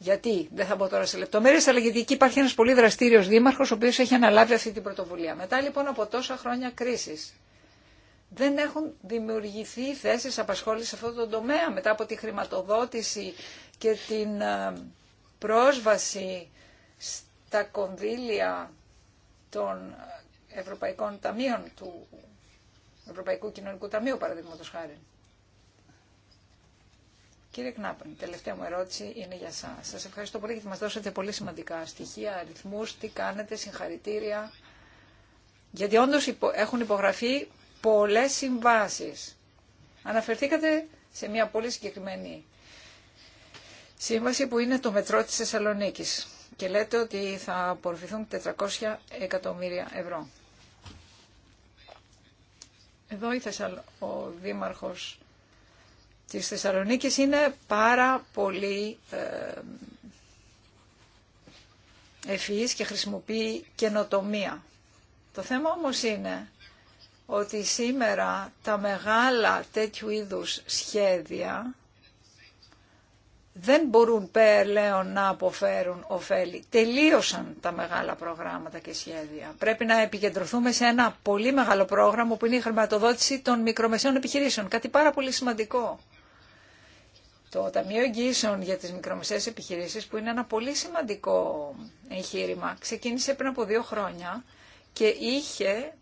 Γιατί, δεν θα μπω τώρα σε λεπτομέρειες, αλλά γιατί εκεί υπάρχει ένας πολύ δραστήριος δήμαρχος, ο οποίος έχει αναλάβει αυτή την πρωτοβουλία. Μετά λοιπόν από τόσα χρόνια κρίσης, δεν έχουν δημιουργηθεί θέσεις απασχόλησης σε αυτό το τομέα, μετά από τη χρηματοδότηση και την ε, πρόσβαση στα κονδύλια των Ευρωπαϊκών Ταμείων του Ευρωπαϊκού Κοινωνικού Ταμείου, παραδείγματο χάρη. Κύριε Κνάπεν, τελευταία μου ερώτηση είναι για εσά. Σα ευχαριστώ πολύ γιατί μα δώσατε πολύ σημαντικά στοιχεία, αριθμού, τι κάνετε, συγχαρητήρια. Γιατί όντω έχουν υπογραφεί πολλέ συμβάσει. Αναφερθήκατε σε μια πολύ συγκεκριμένη σύμβαση που είναι το μετρό τη Θεσσαλονίκη. Και λέτε ότι θα απορροφηθούν 400 εκατομμύρια ευρώ. Εδώ η ο Δήμαρχος της Θεσσαλονίκης είναι πάρα πολύ ε, ευφυής και χρησιμοποιεί καινοτομία. Το θέμα όμως είναι ότι σήμερα τα μεγάλα τέτοιου είδους σχέδια δεν μπορούν πλέον να αποφέρουν ωφέλη. Τελείωσαν τα μεγάλα προγράμματα και σχέδια. Πρέπει να επικεντρωθούμε σε ένα πολύ μεγάλο πρόγραμμα που είναι η χρηματοδότηση των μικρομεσαίων επιχειρήσεων. Κάτι πάρα πολύ σημαντικό. Το Ταμείο Εγγύσεων για τις Μικρομεσαίες Επιχειρήσεις που είναι ένα πολύ σημαντικό εγχείρημα ξεκίνησε πριν από δύο χρόνια και είχε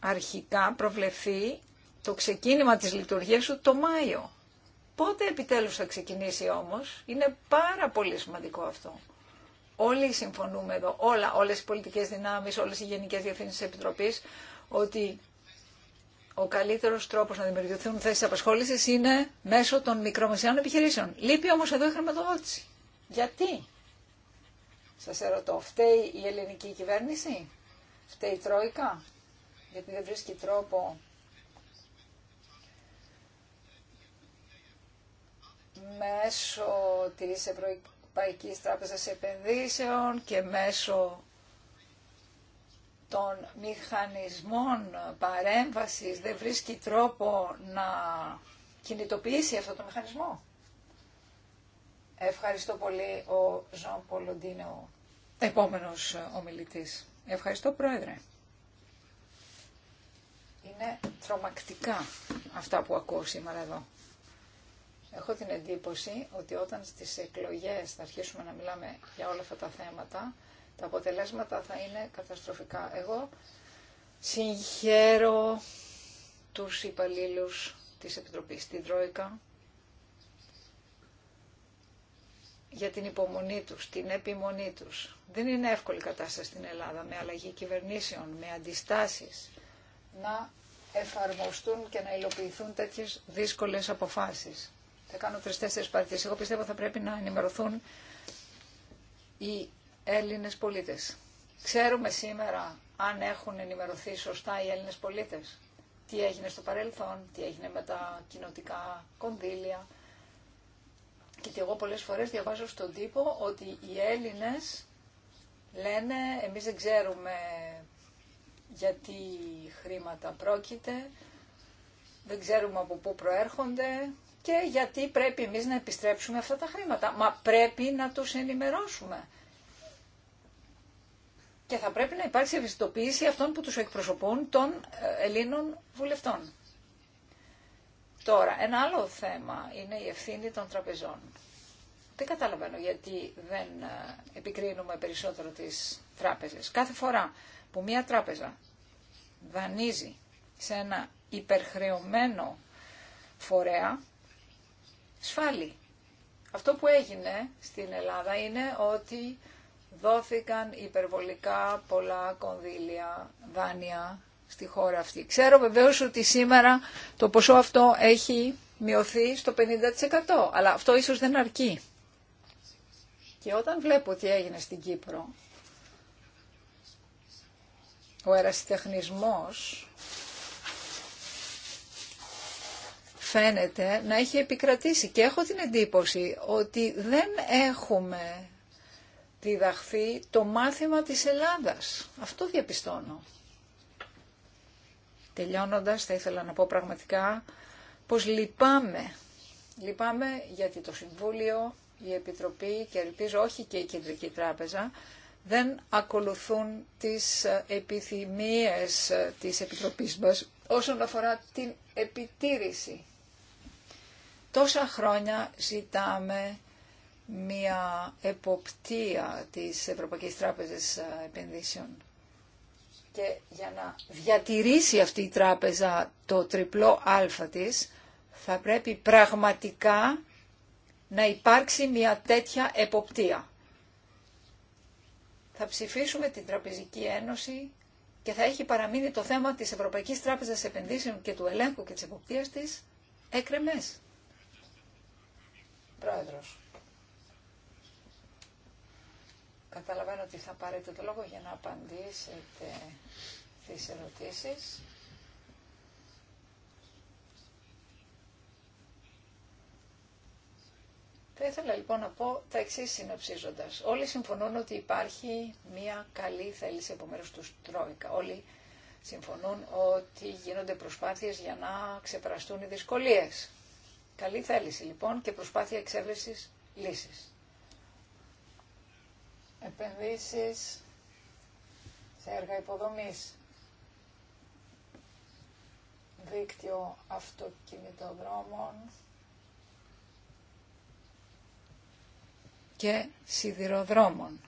αρχικά προβλεφθεί το ξεκίνημα της λειτουργίας του το Μάιο. Πότε επιτέλους θα ξεκινήσει όμως, είναι πάρα πολύ σημαντικό αυτό. Όλοι συμφωνούμε εδώ, όλα, όλες οι πολιτικές δυνάμεις, όλες οι γενικές διευθύνσεις της Επιτροπής, ότι ο καλύτερος τρόπος να δημιουργηθούν θέσεις απασχόλησης είναι μέσω των μικρομεσαίων επιχειρήσεων. Λείπει όμως εδώ η χρηματοδότηση. Γιατί, σας ερωτώ, φταίει η ελληνική κυβέρνηση, φταίει η Τρόικα, γιατί δεν βρίσκει τρόπο μέσω της Ευρωπαϊκής Τράπεζας Επενδύσεων και μέσω των μηχανισμών παρέμβασης δεν βρίσκει τρόπο να κινητοποιήσει αυτό το μηχανισμό. Ευχαριστώ πολύ ο Ζαν Πολοντίνο, επόμενος ομιλητής. Ευχαριστώ Πρόεδρε. Είναι τρομακτικά αυτά που ακούω σήμερα εδώ. Έχω την εντύπωση ότι όταν στις εκλογές θα αρχίσουμε να μιλάμε για όλα αυτά τα θέματα, τα αποτελέσματα θα είναι καταστροφικά. Εγώ συγχαίρω τους υπαλλήλου της Επιτροπής, την Τρόικα, για την υπομονή τους, την επιμονή τους. Δεν είναι εύκολη κατάσταση στην Ελλάδα με αλλαγή κυβερνήσεων, με αντιστάσεις, να εφαρμοστούν και να υλοποιηθούν τέτοιες δύσκολες αποφάσεις θα κάνω τρεις-τέσσερι παρατηρήσεις. Εγώ πιστεύω θα πρέπει να ενημερωθούν οι Έλληνες πολίτες. Ξέρουμε σήμερα αν έχουν ενημερωθεί σωστά οι Έλληνες πολίτες. Τι έγινε στο παρελθόν, τι έγινε με τα κοινοτικά κονδύλια. Και εγώ πολλές φορές διαβάζω στον τύπο ότι οι Έλληνες λένε εμείς δεν ξέρουμε γιατί χρήματα πρόκειται, δεν ξέρουμε από πού προέρχονται, και γιατί πρέπει εμείς να επιστρέψουμε αυτά τα χρήματα. Μα πρέπει να τους ενημερώσουμε. Και θα πρέπει να υπάρξει ευαισθητοποίηση αυτών που τους εκπροσωπούν των ε, Ελλήνων βουλευτών. Τώρα, ένα άλλο θέμα είναι η ευθύνη των τραπεζών. Δεν καταλαβαίνω γιατί δεν ε, επικρίνουμε περισσότερο τις τράπεζες. Κάθε φορά που μια τράπεζα δανείζει σε ένα υπερχρεωμένο φορέα, Σφάλι. Αυτό που έγινε στην Ελλάδα είναι ότι δόθηκαν υπερβολικά πολλά κονδύλια, δάνεια στη χώρα αυτή. Ξέρω βεβαίω ότι σήμερα το ποσό αυτό έχει μειωθεί στο 50%, αλλά αυτό ίσως δεν αρκεί. Και όταν βλέπω τι έγινε στην Κύπρο, ο ερασιτεχνισμός φαίνεται να έχει επικρατήσει και έχω την εντύπωση ότι δεν έχουμε διδαχθεί το μάθημα της Ελλάδας. Αυτό διαπιστώνω. Τελειώνοντας θα ήθελα να πω πραγματικά πως λυπάμαι. Λυπάμαι γιατί το Συμβούλιο, η Επιτροπή και ελπίζω όχι και η Κεντρική Τράπεζα δεν ακολουθούν τις επιθυμίες της Επιτροπής μας όσον αφορά την επιτήρηση Τόσα χρόνια ζητάμε μια εποπτεία της Ευρωπαϊκής Τράπεζας ε, Επενδύσεων. Και για να διατηρήσει αυτή η τράπεζα το τριπλό αλφα της, θα πρέπει πραγματικά να υπάρξει μια τέτοια εποπτεία. Θα ψηφίσουμε την Τραπεζική Ένωση και θα έχει παραμείνει το θέμα της Ευρωπαϊκής Τράπεζας Επενδύσεων και του ελέγχου και της εποπτείας της έκρεμες. Πρόεδρος. Καταλαβαίνω ότι θα πάρετε το λόγο για να απαντήσετε τις ερωτήσεις. Θα ήθελα λοιπόν να πω τα εξή συνοψίζοντα. Όλοι συμφωνούν ότι υπάρχει μια καλή θέληση από μέρου του Τρόικα. Όλοι συμφωνούν ότι γίνονται προσπάθειες για να ξεπεραστούν οι δυσκολίες. Καλή θέληση λοιπόν και προσπάθεια εξέβρεσης λύσης. Επενδύσεις σε έργα υποδομής, δίκτυο αυτοκινητοδρόμων και σιδηροδρόμων.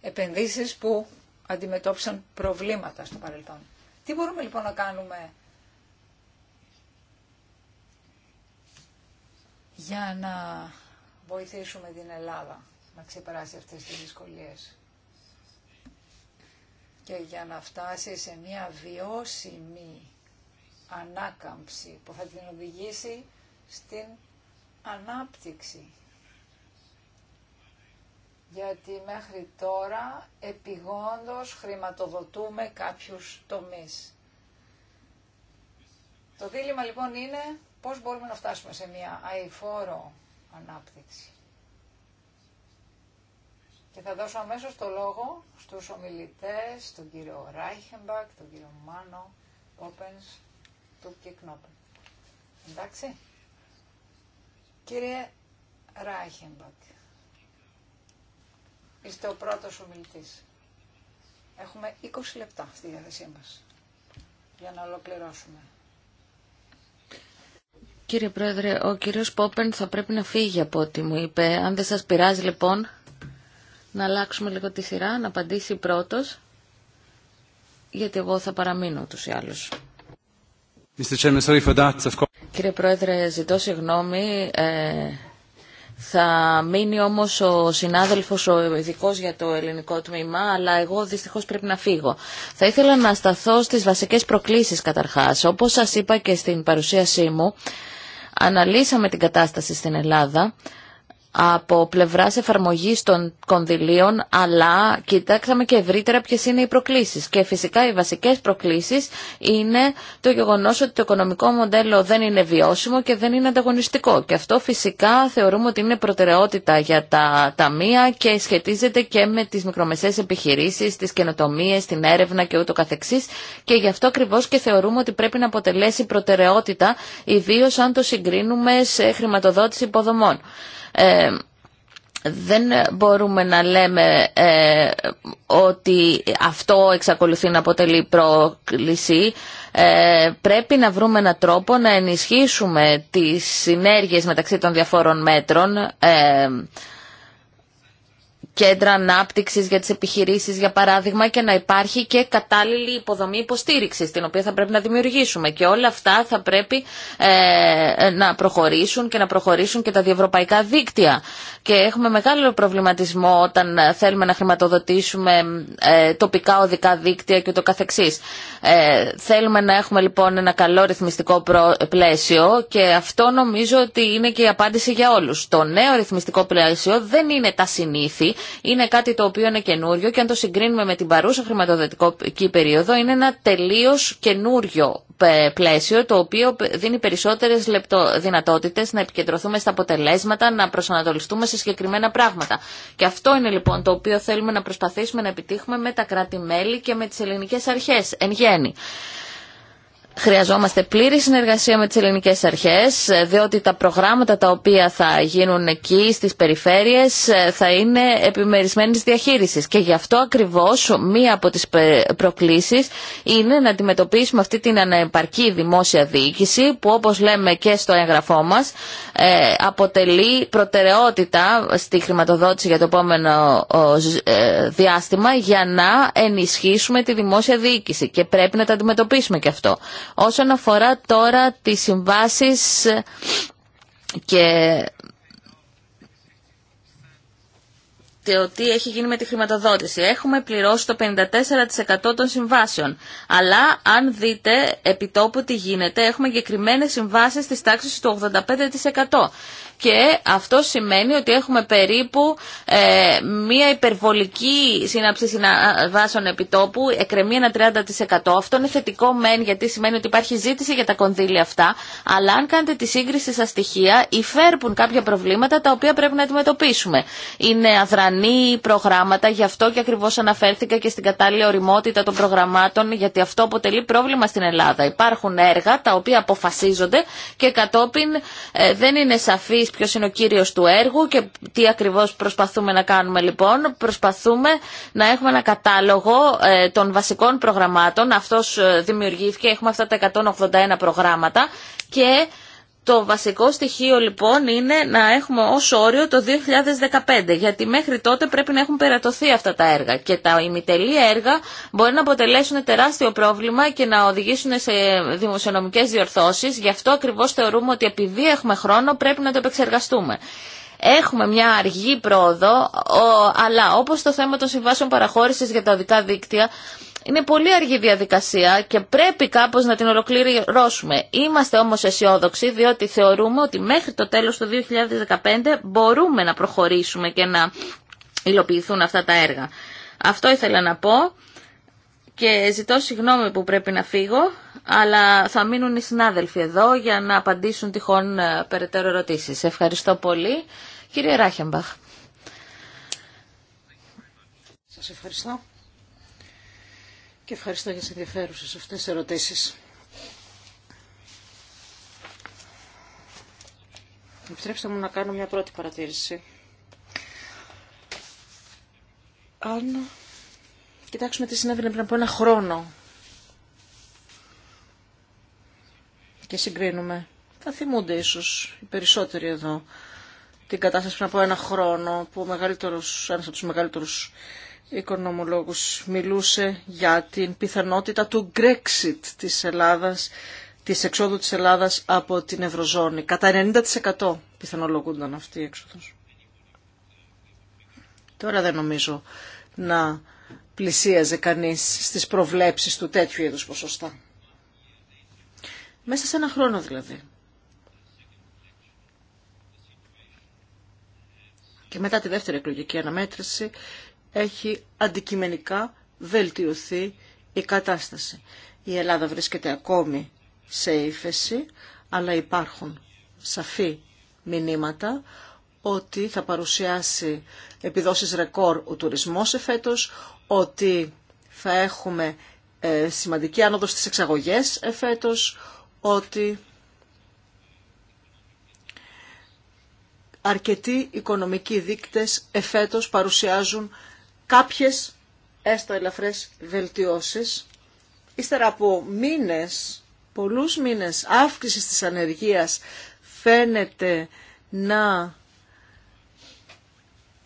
Επενδύσεις που αντιμετώπισαν προβλήματα στο παρελθόν. Τι μπορούμε λοιπόν να κάνουμε για να βοηθήσουμε την Ελλάδα να ξεπεράσει αυτές τις δυσκολίες και για να φτάσει σε μια βιώσιμη ανάκαμψη που θα την οδηγήσει στην ανάπτυξη. Γιατί μέχρι τώρα επιγόντως χρηματοδοτούμε κάποιους τομείς. Το δίλημα λοιπόν είναι Πώς μπορούμε να φτάσουμε σε μια αηφόρο ανάπτυξη. Και θα δώσω αμέσως το λόγο στους ομιλητές, τον κύριο Ράιχενμπακ, τον κύριο Μάνο, Όπενς, του και Κνόπεν. Εντάξει. Κύριε Ράιχενμπακ, είστε ο πρώτος ομιλητής. Έχουμε 20 λεπτά στη διάθεσή μας για να ολοκληρώσουμε. Κύριε Πρόεδρε, ο κύριος Πόπεν θα πρέπει να φύγει από ό,τι μου είπε. Αν δεν σας πειράζει λοιπόν να αλλάξουμε λίγο τη σειρά, να απαντήσει πρώτος, γιατί εγώ θα παραμείνω τους ή άλλους. Κύριε Πρόεδρε, ζητώ συγγνώμη. Ε, θα μείνει όμως ο συνάδελφος, ο ειδικό για το ελληνικό τμήμα, αλλά εγώ δυστυχώς πρέπει να φύγω. Θα ήθελα να σταθώ στις βασικές προκλήσεις καταρχάς. Όπως σας είπα και στην παρουσίασή μου, αναλύσαμε την κατάσταση στην Ελλάδα από πλευράς εφαρμογής των κονδυλίων, αλλά κοιτάξαμε και ευρύτερα ποιες είναι οι προκλήσεις. Και φυσικά οι βασικές προκλήσεις είναι το γεγονός ότι το οικονομικό μοντέλο δεν είναι βιώσιμο και δεν είναι ανταγωνιστικό. Και αυτό φυσικά θεωρούμε ότι είναι προτεραιότητα για τα ταμεία και σχετίζεται και με τις μικρομεσαίες επιχειρήσεις, τις καινοτομίε, την έρευνα και ούτω καθεξής. Και γι' αυτό ακριβώ και θεωρούμε ότι πρέπει να αποτελέσει προτεραιότητα, ιδίω αν το συγκρίνουμε σε χρηματοδότηση υποδομών. Ε, δεν μπορούμε να λέμε ε, ότι αυτό εξακολουθεί να αποτελεί πρόκληση. Ε, πρέπει να βρούμε έναν τρόπο να ενισχύσουμε τις συνέργειες μεταξύ των διαφόρων μέτρων. Ε, κέντρα ανάπτυξη για τι επιχειρήσει, για παράδειγμα και να υπάρχει και κατάλληλη υποδομή υποστήριξη την οποία θα πρέπει να δημιουργήσουμε και όλα αυτά θα πρέπει ε, να προχωρήσουν και να προχωρήσουν και τα διευρωπαϊκά δίκτυα και έχουμε μεγάλο προβληματισμό όταν θέλουμε να χρηματοδοτήσουμε ε, τοπικά οδικά δίκτυα και το καθεξής. Ε, θέλουμε να έχουμε λοιπόν ένα καλό ρυθμιστικό πλαίσιο και αυτό νομίζω ότι είναι και η απάντηση για όλους. Το νέο ρυθμιστικό πλαίσιο δεν είναι τα συνήθεια είναι κάτι το οποίο είναι καινούριο και αν το συγκρίνουμε με την παρούσα χρηματοδοτική περίοδο είναι ένα τελείως καινούριο ε, πλαίσιο το οποίο δίνει περισσότερες δυνατότητες να επικεντρωθούμε στα αποτελέσματα, να προσανατολιστούμε σε συγκεκριμένα πράγματα. Και αυτό είναι λοιπόν το οποίο θέλουμε να προσπαθήσουμε να επιτύχουμε με τα κράτη-μέλη και με τις ελληνικές αρχές εν γέννη. Χρειαζόμαστε πλήρη συνεργασία με τις ελληνικές αρχές, διότι τα προγράμματα τα οποία θα γίνουν εκεί στις περιφέρειες ε, θα είναι επιμερισμένες διαχείρισης. Και γι' αυτό ακριβώς μία από τις προκλήσεις είναι να αντιμετωπίσουμε αυτή την αναεπαρκή δημόσια διοίκηση που όπως λέμε και στο έγγραφό μας ε, αποτελεί προτεραιότητα στη χρηματοδότηση για το επόμενο ε, διάστημα για να ενισχύσουμε τη δημόσια διοίκηση και πρέπει να τα αντιμετωπίσουμε και αυτό. Όσον αφορά τώρα τις συμβάσεις και το τι έχει γίνει με τη χρηματοδότηση. Έχουμε πληρώσει το 54% των συμβάσεων. Αλλά αν δείτε επιτόπου τι γίνεται, έχουμε εγκεκριμένες συμβάσεις της τάξης του 85% και αυτό σημαίνει ότι έχουμε περίπου ε, μία υπερβολική σύναψη συναβάσεων επιτόπου, εκκρεμεί ένα 30%. Αυτό είναι θετικό μεν γιατί σημαίνει ότι υπάρχει ζήτηση για τα κονδύλια αυτά, αλλά αν κάνετε τη σύγκριση στα στοιχεία υφέρπουν κάποια προβλήματα τα οποία πρέπει να αντιμετωπίσουμε. Είναι αδρανή προγράμματα, γι' αυτό και ακριβώ αναφέρθηκα και στην κατάλληλη οριμότητα των προγραμμάτων, γιατί αυτό αποτελεί πρόβλημα στην Ελλάδα. Υπάρχουν έργα τα οποία αποφασίζονται και κατόπιν ε, δεν είναι σαφή ποιος είναι ο κύριος του έργου και τι ακριβώς προσπαθούμε να κάνουμε λοιπόν. Προσπαθούμε να έχουμε ένα κατάλογο ε, των βασικών προγραμμάτων. Αυτός ε, δημιουργήθηκε, έχουμε αυτά τα 181 προγράμματα και το βασικό στοιχείο λοιπόν είναι να έχουμε ως όριο το 2015, γιατί μέχρι τότε πρέπει να έχουν περατωθεί αυτά τα έργα και τα ημιτελή έργα μπορεί να αποτελέσουν τεράστιο πρόβλημα και να οδηγήσουν σε δημοσιονομικές διορθώσεις, γι' αυτό ακριβώς θεωρούμε ότι επειδή έχουμε χρόνο πρέπει να το επεξεργαστούμε. Έχουμε μια αργή πρόοδο, αλλά όπως το θέμα των συμβάσεων παραχώρησης για τα οδικά δίκτυα, είναι πολύ αργή διαδικασία και πρέπει κάπως να την ολοκληρώσουμε. Είμαστε όμως αισιόδοξοι διότι θεωρούμε ότι μέχρι το τέλος του 2015 μπορούμε να προχωρήσουμε και να υλοποιηθούν αυτά τα έργα. Αυτό ήθελα να πω και ζητώ συγγνώμη που πρέπει να φύγω, αλλά θα μείνουν οι συνάδελφοι εδώ για να απαντήσουν τυχόν ε, περαιτέρω ερωτήσεις. Ευχαριστώ πολύ. Κύριε Ράχεμπαχ. Σας ευχαριστώ και ευχαριστώ για τις ενδιαφέρουσες αυτές τις ερωτήσεις. Επιτρέψτε μου να κάνω μια πρώτη παρατήρηση. Αν κοιτάξουμε τι συνέβαινε πριν από ένα χρόνο και συγκρίνουμε, θα θυμούνται ίσως οι περισσότεροι εδώ την κατάσταση πριν από ένα χρόνο που ο μεγαλύτερος, ένας από τους μεγαλύτερους οικονομολόγους. Μιλούσε για την πιθανότητα του Brexit της Ελλάδας, της εξόδου της Ελλάδας από την Ευρωζώνη. Κατά 90% πιθανολογούνταν αυτή η έξοδος. Τώρα δεν νομίζω να πλησίαζε κανείς στις προβλέψεις του τέτοιου είδους ποσοστά. Μέσα σε ένα χρόνο δηλαδή. Και μετά τη δεύτερη εκλογική αναμέτρηση έχει αντικειμενικά βελτιωθεί η κατάσταση. Η Ελλάδα βρίσκεται ακόμη σε ύφεση, αλλά υπάρχουν σαφή μηνύματα ότι θα παρουσιάσει επιδόσεις ρεκόρ ο τουρισμός εφέτος, ότι θα έχουμε ε, σημαντική άνοδο στις εξαγωγές εφέτος, ότι αρκετοί οικονομικοί δείκτες εφέτος παρουσιάζουν κάποιες έστω ελαφρές βελτιώσεις. Ύστερα από μήνες, πολλούς μήνες αύξησης της ανεργίας φαίνεται να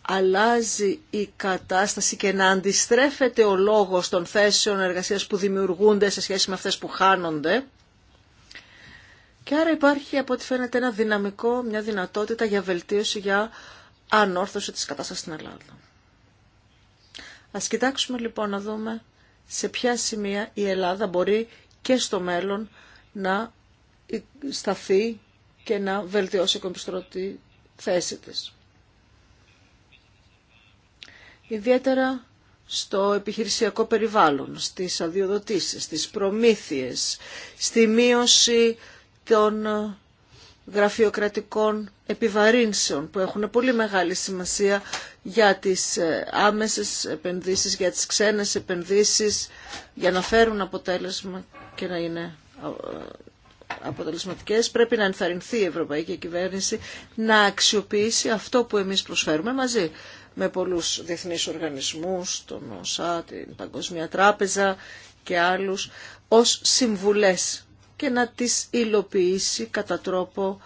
αλλάζει η κατάσταση και να αντιστρέφεται ο λόγος των θέσεων εργασίας που δημιουργούνται σε σχέση με αυτές που χάνονται. Και άρα υπάρχει από ό,τι φαίνεται ένα δυναμικό, μια δυνατότητα για βελτίωση, για ανόρθωση της κατάστασης στην Ελλάδα. Ας κοιτάξουμε λοιπόν να δούμε σε ποια σημεία η Ελλάδα μπορεί και στο μέλλον να σταθεί και να βελτιώσει ακόμη τη θέση της. Ιδιαίτερα στο επιχειρησιακό περιβάλλον, στις αδειοδοτήσεις, στις προμήθειες, στη μείωση των γραφειοκρατικών επιβαρύνσεων που έχουν πολύ μεγάλη σημασία για τις ε, άμεσες επενδύσεις, για τις ξένες επενδύσεις, για να φέρουν αποτέλεσμα και να είναι ε, αποτελεσματικές. Πρέπει να ενθαρρυνθεί η Ευρωπαϊκή Κυβέρνηση να αξιοποιήσει αυτό που εμείς προσφέρουμε μαζί με πολλούς διεθνείς οργανισμούς, τον ΩΣΑ, την Παγκοσμία Τράπεζα και άλλους, ως συμβουλές και να τις υλοποιήσει κατά τρόπο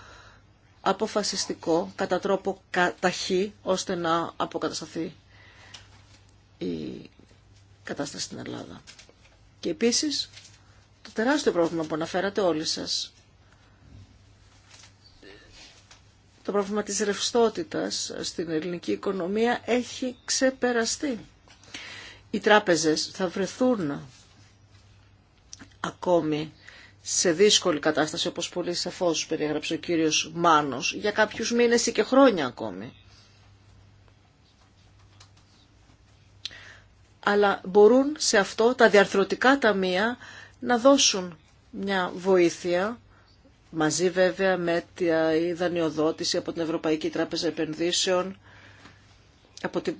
αποφασιστικό, κατά τρόπο καταχή, ώστε να αποκατασταθεί η κατάσταση στην Ελλάδα. Και επίσης, το τεράστιο πρόβλημα που αναφέρατε όλοι σας, το πρόβλημα της ρευστότητας στην ελληνική οικονομία έχει ξεπεραστεί. Οι τράπεζες θα βρεθούν ακόμη σε δύσκολη κατάσταση, όπως πολύ σαφώς περιέγραψε ο κύριος Μάνος, για κάποιους μήνες ή και χρόνια ακόμη. Αλλά μπορούν σε αυτό τα διαρθρωτικά ταμεία να δώσουν μια βοήθεια, μαζί βέβαια με τη δανειοδότηση από την Ευρωπαϊκή Τράπεζα Επενδύσεων, από την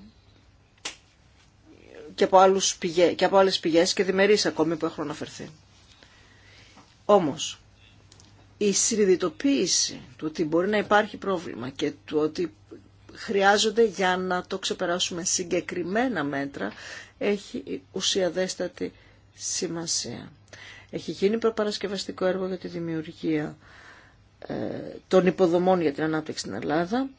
και από, άλλους πηγές, και από άλλες πηγές και διμερείς ακόμη που έχουν αναφερθεί. Όμως, η συνειδητοποίηση του ότι μπορεί να υπάρχει πρόβλημα και του ότι χρειάζονται για να το ξεπεράσουμε συγκεκριμένα μέτρα έχει ουσιαδέστατη σημασία. Έχει γίνει προπαρασκευαστικό έργο για τη δημιουργία ε, των υποδομών για την ανάπτυξη στην Ελλάδα.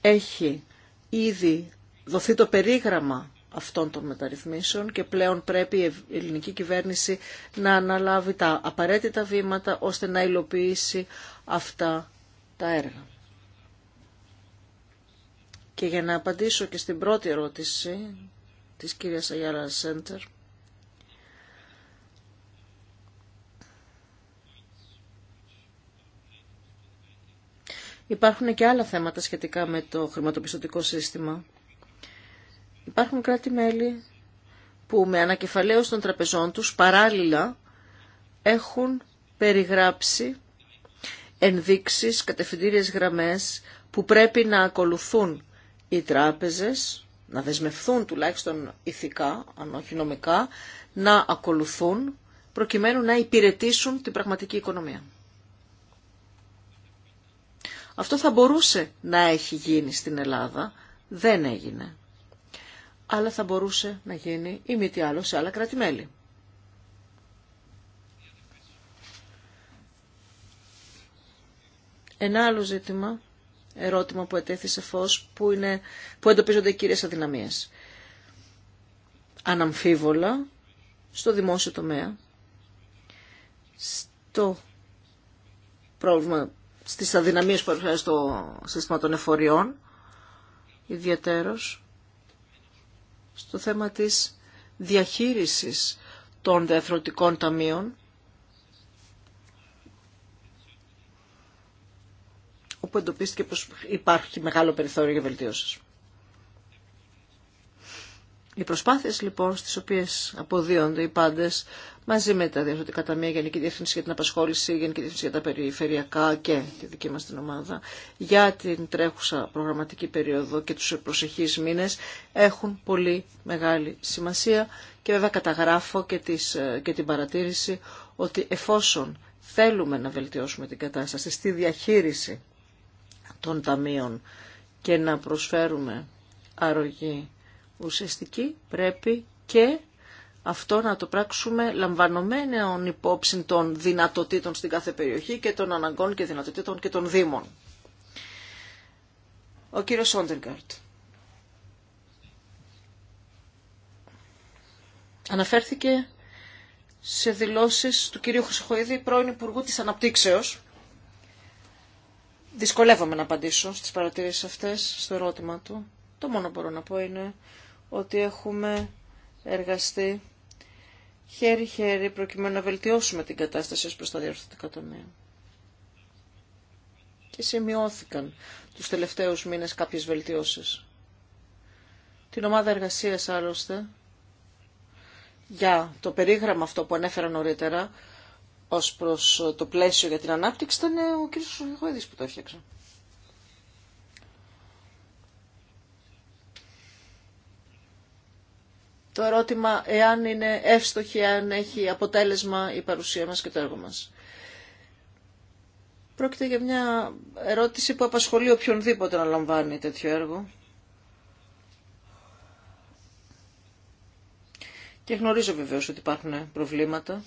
Έχει ήδη δοθεί το περίγραμμα αυτών των μεταρρυθμίσεων και πλέον πρέπει η ελληνική κυβέρνηση να αναλάβει τα απαραίτητα βήματα ώστε να υλοποιήσει αυτά τα έργα. Και για να απαντήσω και στην πρώτη ερώτηση της κυρίας Αγιάρα Σέντερ, Υπάρχουν και άλλα θέματα σχετικά με το χρηματοπιστωτικό σύστημα Υπάρχουν κράτη-μέλη που με ανακεφαλαίωση των τραπεζών τους παράλληλα έχουν περιγράψει ενδείξεις, κατευθυντήριες γραμμές που πρέπει να ακολουθούν οι τράπεζες, να δεσμευθούν τουλάχιστον ηθικά, αν όχι νομικά, να ακολουθούν προκειμένου να υπηρετήσουν την πραγματική οικονομία. Αυτό θα μπορούσε να έχει γίνει στην Ελλάδα, δεν έγινε αλλά θα μπορούσε να γίνει ή μη άλλο σε άλλα Ένα άλλο ζήτημα, ερώτημα που ετέθησε σε φως, που, είναι, που εντοπίζονται οι κύριες αδυναμίες. Αναμφίβολα, στο δημόσιο τομέα, στο πρόβλημα, στις αδυναμίες που έρχονται στο σύστημα των εφοριών, ιδιαίτερος, στο θέμα της διαχείρισης των διαθροτικών ταμείων, όπου εντοπίστηκε πως υπάρχει μεγάλο περιθώριο για οι προσπάθειες λοιπόν στις οποίες αποδίονται οι πάντες μαζί με τα διευθυντικά ταμεία, Γενική Διεύθυνση για την Απασχόληση, Γενική Διεύθυνση για τα Περιφερειακά και τη δική μας την ομάδα για την τρέχουσα προγραμματική περίοδο και τους προσεχείς μήνες έχουν πολύ μεγάλη σημασία και βέβαια καταγράφω και, τις, ε, και την παρατήρηση ότι εφόσον θέλουμε να βελτιώσουμε την κατάσταση στη διαχείριση των ταμείων και να προσφέρουμε αρρωγή ουσιαστική πρέπει και αυτό να το πράξουμε λαμβανωμένων υπόψη των δυνατοτήτων στην κάθε περιοχή και των αναγκών και δυνατοτήτων και των δήμων. Ο κύριος Σόντεργκαρτ Αναφέρθηκε σε δηλώσεις του κύριου Χρυσοχοίδη, πρώην Υπουργού της Αναπτύξεως. Δυσκολεύομαι να απαντήσω στις παρατηρήσεις αυτές, στο ερώτημα του. Το μόνο που μπορώ να πω είναι ότι έχουμε εργαστεί χέρι-χέρι προκειμένου να βελτιώσουμε την κατάσταση ως προς τα διορθωτικά τομέα. Και σημειώθηκαν τους τελευταίους μήνες κάποιες βελτιώσεις. Την ομάδα εργασίας άλλωστε, για το περίγραμμα αυτό που ανέφερα νωρίτερα, ως προς το πλαίσιο για την ανάπτυξη, ήταν ο κ. Σοφιχοίδης που το έφτιαξε. το ερώτημα εάν είναι εύστοχη, εάν έχει αποτέλεσμα η παρουσία μας και το έργο μας. Πρόκειται για μια ερώτηση που απασχολεί οποιονδήποτε να λαμβάνει τέτοιο έργο. Και γνωρίζω βεβαίως ότι υπάρχουν προβλήματα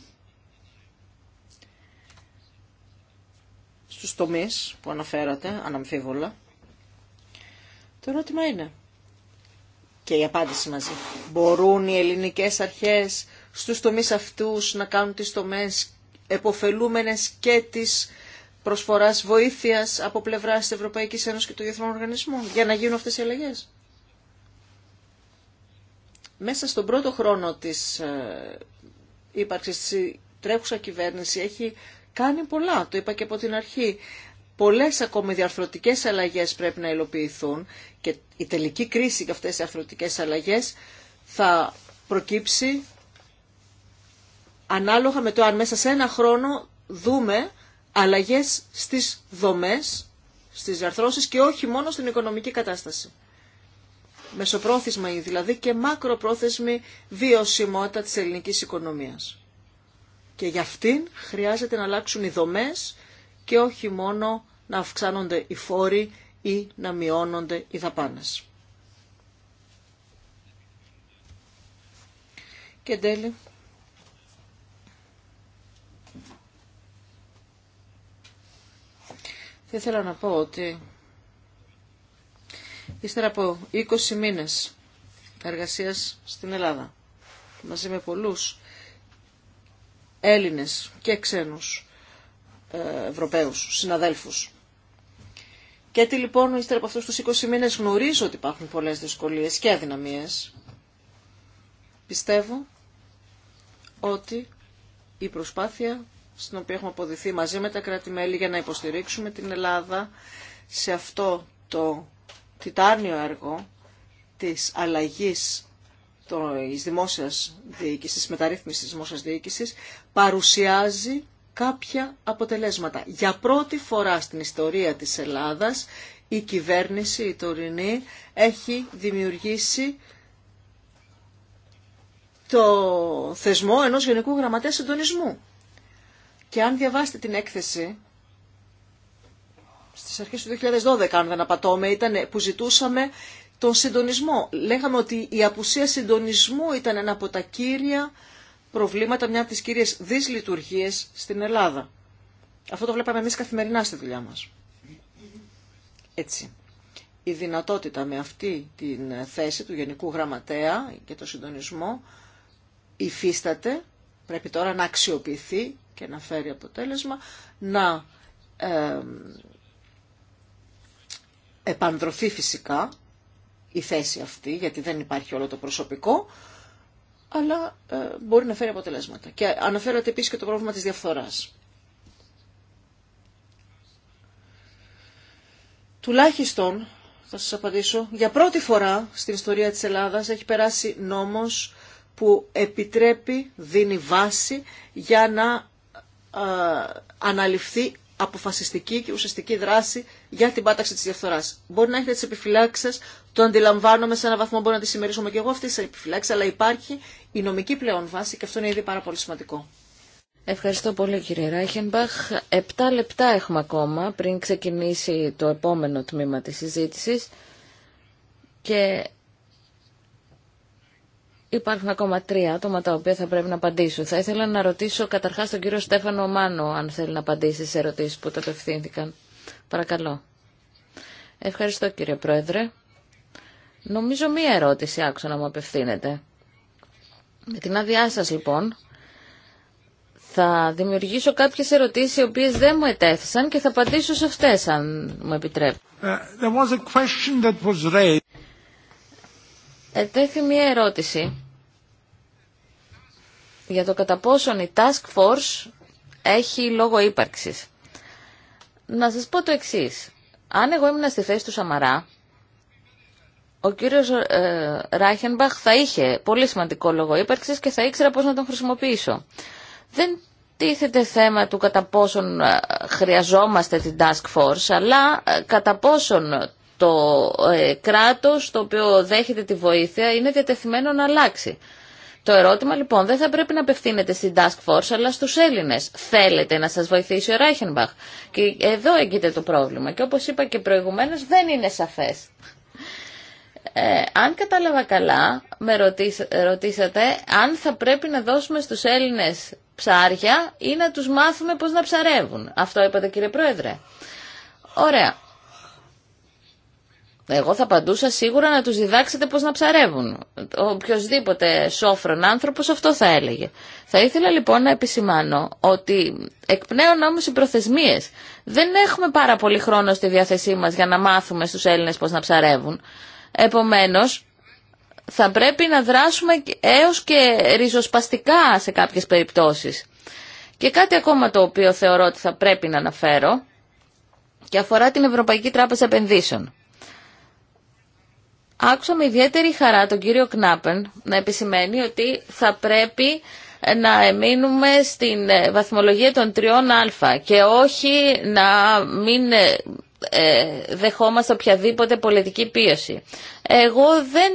στους τομείς που αναφέρατε, αναμφίβολα. Το ερώτημα είναι, και η απάντηση μαζί. Μπορούν οι ελληνικές αρχές στους τομείς αυτούς να κάνουν τις τομές εποφελούμενες και της προσφοράς βοήθειας από πλευράς της Ευρωπαϊκής Ένωσης και του Διεθνών Οργανισμού για να γίνουν αυτές οι αλλαγές. Μέσα στον πρώτο χρόνο της ε, ύπαρξης της τρέχουσα κυβέρνηση έχει κάνει πολλά, το είπα και από την αρχή πολλές ακόμη διαρθρωτικές αλλαγές πρέπει να υλοποιηθούν και η τελική κρίση για αυτές τις διαρθρωτικές αλλαγές θα προκύψει ανάλογα με το αν μέσα σε ένα χρόνο δούμε αλλαγές στις δομές, στις διαρθρώσεις και όχι μόνο στην οικονομική κατάσταση. Μεσοπρόθεσμα δηλαδή και μακροπρόθεσμη βιωσιμότητα της ελληνικής οικονομίας. Και για αυτήν χρειάζεται να αλλάξουν οι δομές και όχι μόνο να αυξάνονται οι φόροι ή να μειώνονται οι δαπάνες. Και τέλει, θα ήθελα να πω ότι ύστερα από 20 μήνες εργασίας στην Ελλάδα, μαζί με πολλούς Έλληνες και ξένους ε, Ευρωπαίους συναδέλφους γιατί λοιπόν ύστερα από αυτούς τους 20 μήνες γνωρίζω ότι υπάρχουν πολλές δυσκολίες και αδυναμίες. Πιστεύω ότι η προσπάθεια στην οποία έχουμε αποδηθεί μαζί με τα κράτη-μέλη για να υποστηρίξουμε την Ελλάδα σε αυτό το τιτάνιο έργο της αλλαγής της δημόσιας διοίκησης, μεταρρύθμισης της δημόσιας διοίκησης, παρουσιάζει κάποια αποτελέσματα. Για πρώτη φορά στην ιστορία της Ελλάδας η κυβέρνηση, η τωρινή, έχει δημιουργήσει το θεσμό ενός Γενικού Γραμματέα Συντονισμού. Και αν διαβάσετε την έκθεση, στις αρχές του 2012 αν δεν απατώμε, ήταν που ζητούσαμε τον συντονισμό. Λέγαμε ότι η απουσία συντονισμού ήταν ένα από τα κύρια προβλήματα, μια από τις κύριες δυσλειτουργίες στην Ελλάδα. Αυτό το βλέπαμε εμείς καθημερινά στη δουλειά μας. Έτσι. Η δυνατότητα με αυτή την θέση του Γενικού Γραμματέα και το συντονισμό υφίσταται, πρέπει τώρα να αξιοποιηθεί και να φέρει αποτέλεσμα, να ε, φυσικά η θέση αυτή, γιατί δεν υπάρχει όλο το προσωπικό, αλλά ε, μπορεί να φέρει αποτελέσματα. Και αναφέρατε επίσης και το πρόβλημα της διαφθοράς. Τουλάχιστον, θα σας απαντήσω, για πρώτη φορά στην ιστορία της Ελλάδας έχει περάσει νόμος που επιτρέπει, δίνει βάση για να ε, αναλυφθεί αποφασιστική και ουσιαστική δράση για την πάταξη τη διαφθορά. Μπορεί να έχετε τι επιφυλάξει σα, το αντιλαμβάνομαι σε έναν βαθμό, μπορεί να τι συμμερίζομαι και εγώ αυτέ τι επιφυλάξει, αλλά υπάρχει η νομική πλέον βάση και αυτό είναι ήδη πάρα πολύ σημαντικό. Ευχαριστώ πολύ κύριε Ράιχενμπαχ. Επτά λεπτά έχουμε ακόμα πριν ξεκινήσει το επόμενο τμήμα της συζήτησης και υπάρχουν ακόμα τρία άτομα τα οποία θα πρέπει να απαντήσουν. Θα ήθελα να ρωτήσω καταρχάς τον κύριο Στέφανο Μάνο αν θέλει να απαντήσει σε ερωτήσεις που τα Παρακαλώ. Ευχαριστώ κύριε Πρόεδρε. Νομίζω μία ερώτηση άκουσα να μου απευθύνεται. Με την άδειά σα λοιπόν θα δημιουργήσω κάποιες ερωτήσεις οι οποίες δεν μου ετέθησαν και θα απαντήσω σε αυτές αν μου επιτρέπετε. Uh, Ετέθη μία ερώτηση για το κατά πόσον η Task Force έχει λόγο ύπαρξης να σας πω το εξής. Αν εγώ ήμουν στη θέση του Σαμαρά, ο κύριος ε, Ράχενμπαχ θα είχε πολύ σημαντικό λόγο ύπαρξης και θα ήξερα πώς να τον χρησιμοποιήσω. Δεν τίθεται θέμα του κατά πόσον ε, χρειαζόμαστε την Task Force, αλλά ε, κατά πόσον το ε, κράτος το οποίο δέχεται τη βοήθεια είναι διατεθειμένο να αλλάξει. Το ερώτημα λοιπόν δεν θα πρέπει να απευθύνεται στην Task Force αλλά στους Έλληνες. Θέλετε να σας βοηθήσει ο Ράιχενμπαχ. Και εδώ έγκυται το πρόβλημα. Και όπως είπα και προηγουμένως δεν είναι σαφές. Ε, αν κατάλαβα καλά, με ρωτήσατε αν θα πρέπει να δώσουμε στους Έλληνες ψάρια ή να τους μάθουμε πώς να ψαρεύουν. Αυτό είπατε κύριε Πρόεδρε. Ωραία. Εγώ θα απαντούσα σίγουρα να τους διδάξετε πώς να ψαρεύουν. οποιοσδήποτε σόφρον άνθρωπος αυτό θα έλεγε. Θα ήθελα λοιπόν να επισημάνω ότι εκπνέουν όμως οι προθεσμίες. Δεν έχουμε πάρα πολύ χρόνο στη διάθεσή μας για να μάθουμε στους Έλληνες πώς να ψαρεύουν. Επομένως, θα πρέπει να δράσουμε έως και ριζοσπαστικά σε κάποιες περιπτώσεις. Και κάτι ακόμα το οποίο θεωρώ ότι θα πρέπει να αναφέρω και αφορά την Ευρωπαϊκή Τράπεζα Επενδύσεων. Άκουσα με ιδιαίτερη χαρά τον κύριο Κνάπεν να επισημαίνει ότι θα πρέπει να εμείνουμε στην βαθμολογία των τριών α και όχι να μην ε, δεχόμαστε οποιαδήποτε πολιτική πίεση. Εγώ δεν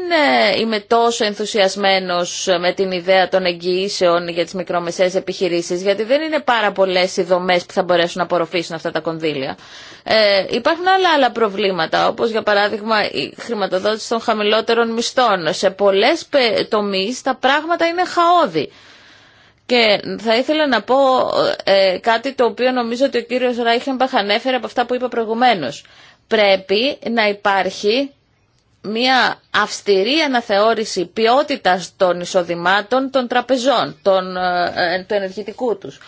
ε, είμαι τόσο ενθουσιασμένος με την ιδέα των εγγυήσεων για τις μικρομεσαίες επιχειρήσεις, γιατί δεν είναι πάρα πολλές οι δομές που θα μπορέσουν να απορροφήσουν αυτά τα κονδύλια. Ε, υπάρχουν άλλα άλλα προβλήματα, όπως για παράδειγμα η χρηματοδότηση των χαμηλότερων μισθών. Σε πολλές τομείς τα πράγματα είναι χαόδη. Και θα ήθελα να πω ε, κάτι το οποίο νομίζω ότι ο κύριος Ράιχενμπαχ ανέφερε από αυτά που είπα προηγουμένως. Πρέπει να υπάρχει μια αυστηρή αναθεώρηση ποιότητας των εισοδημάτων των τραπεζών, των, ε, ε του ενεργητικού τους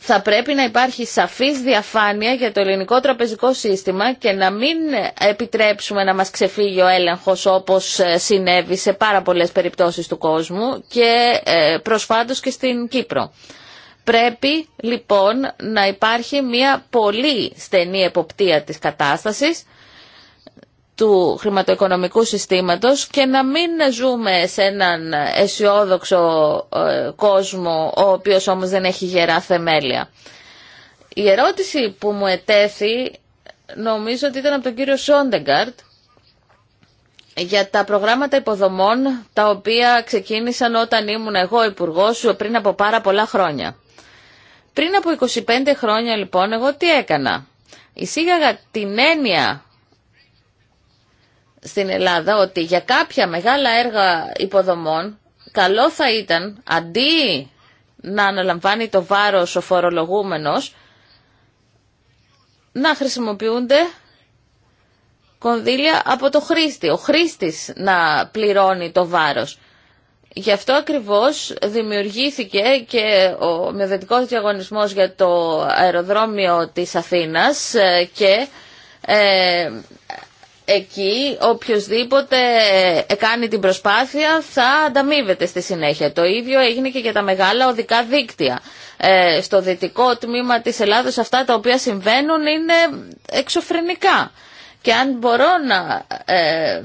θα πρέπει να υπάρχει σαφής διαφάνεια για το ελληνικό τραπεζικό σύστημα και να μην επιτρέψουμε να μας ξεφύγει ο έλεγχος όπως ε, συνέβη σε πάρα πολλές περιπτώσεις του κόσμου και ε, προσφάτως και στην Κύπρο. Πρέπει λοιπόν να υπάρχει μια πολύ στενή εποπτεία της κατάστασης του χρηματοοικονομικού συστήματος και να μην ζούμε σε έναν αισιόδοξο ε, κόσμο ο οποίος όμως δεν έχει γερά θεμέλια. Η ερώτηση που μου ετέθη νομίζω ότι ήταν από τον κύριο Σόντεγκαρτ για τα προγράμματα υποδομών τα οποία ξεκίνησαν όταν ήμουν εγώ υπουργό σου πριν από πάρα πολλά χρόνια. Πριν από 25 χρόνια λοιπόν εγώ τι έκανα. Εισήγαγα την έννοια στην Ελλάδα ότι για κάποια μεγάλα έργα υποδομών καλό θα ήταν αντί να αναλαμβάνει το βάρος ο φορολογούμενος να χρησιμοποιούνται κονδύλια από το χρήστη. Ο χρήστης να πληρώνει το βάρος. Γι' αυτό ακριβώς δημιουργήθηκε και ο μειοδετικός διαγωνισμός για το αεροδρόμιο της Αθήνας ε, και ε, εκεί οποιοδήποτε κάνει την προσπάθεια θα ανταμείβεται στη συνέχεια. Το ίδιο έγινε και για τα μεγάλα οδικά δίκτυα. Ε, στο δυτικό τμήμα της Ελλάδος αυτά τα οποία συμβαίνουν είναι εξωφρενικά. Και αν μπορώ να ε,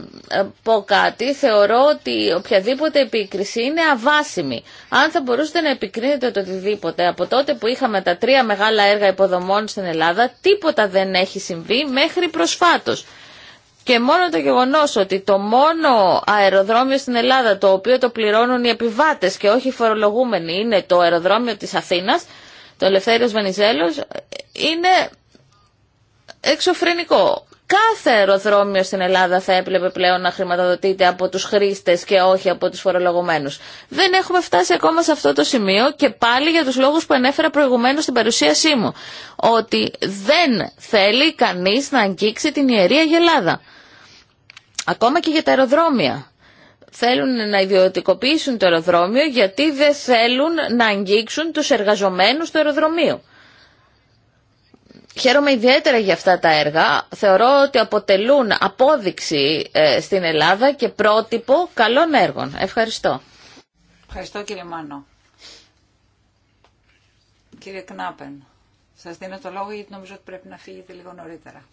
πω κάτι, θεωρώ ότι οποιαδήποτε επίκριση είναι αβάσιμη. Αν θα μπορούσατε να επικρίνετε το οτιδήποτε, από τότε που είχαμε τα τρία μεγάλα έργα υποδομών στην Ελλάδα, τίποτα δεν έχει συμβεί μέχρι προσφάτως. Και μόνο το γεγονός ότι το μόνο αεροδρόμιο στην Ελλάδα το οποίο το πληρώνουν οι επιβάτες και όχι οι φορολογούμενοι είναι το αεροδρόμιο της Αθήνας, το Ελευθέριος Βενιζέλος, είναι εξωφρενικό. Κάθε αεροδρόμιο στην Ελλάδα θα έπλεπε πλέον να χρηματοδοτείται από τους χρήστες και όχι από τους φορολογουμένους. Δεν έχουμε φτάσει ακόμα σε αυτό το σημείο και πάλι για τους λόγους που ανέφερα προηγουμένως στην παρουσίασή μου. Ότι δεν θέλει κανείς να αγγίξει την Ιερή Ελλάδα. Ακόμα και για τα αεροδρόμια. Θέλουν να ιδιωτικοποιήσουν το αεροδρόμιο γιατί δεν θέλουν να αγγίξουν τους εργαζομένους του αεροδρομίου. Χαίρομαι ιδιαίτερα για αυτά τα έργα. Θεωρώ ότι αποτελούν απόδειξη ε, στην Ελλάδα και πρότυπο καλών έργων. Ευχαριστώ. Ευχαριστώ κύριε Μάνο. Κύριε Κνάπεν, σας δίνω το λόγο γιατί νομίζω ότι πρέπει να φύγετε λίγο νωρίτερα.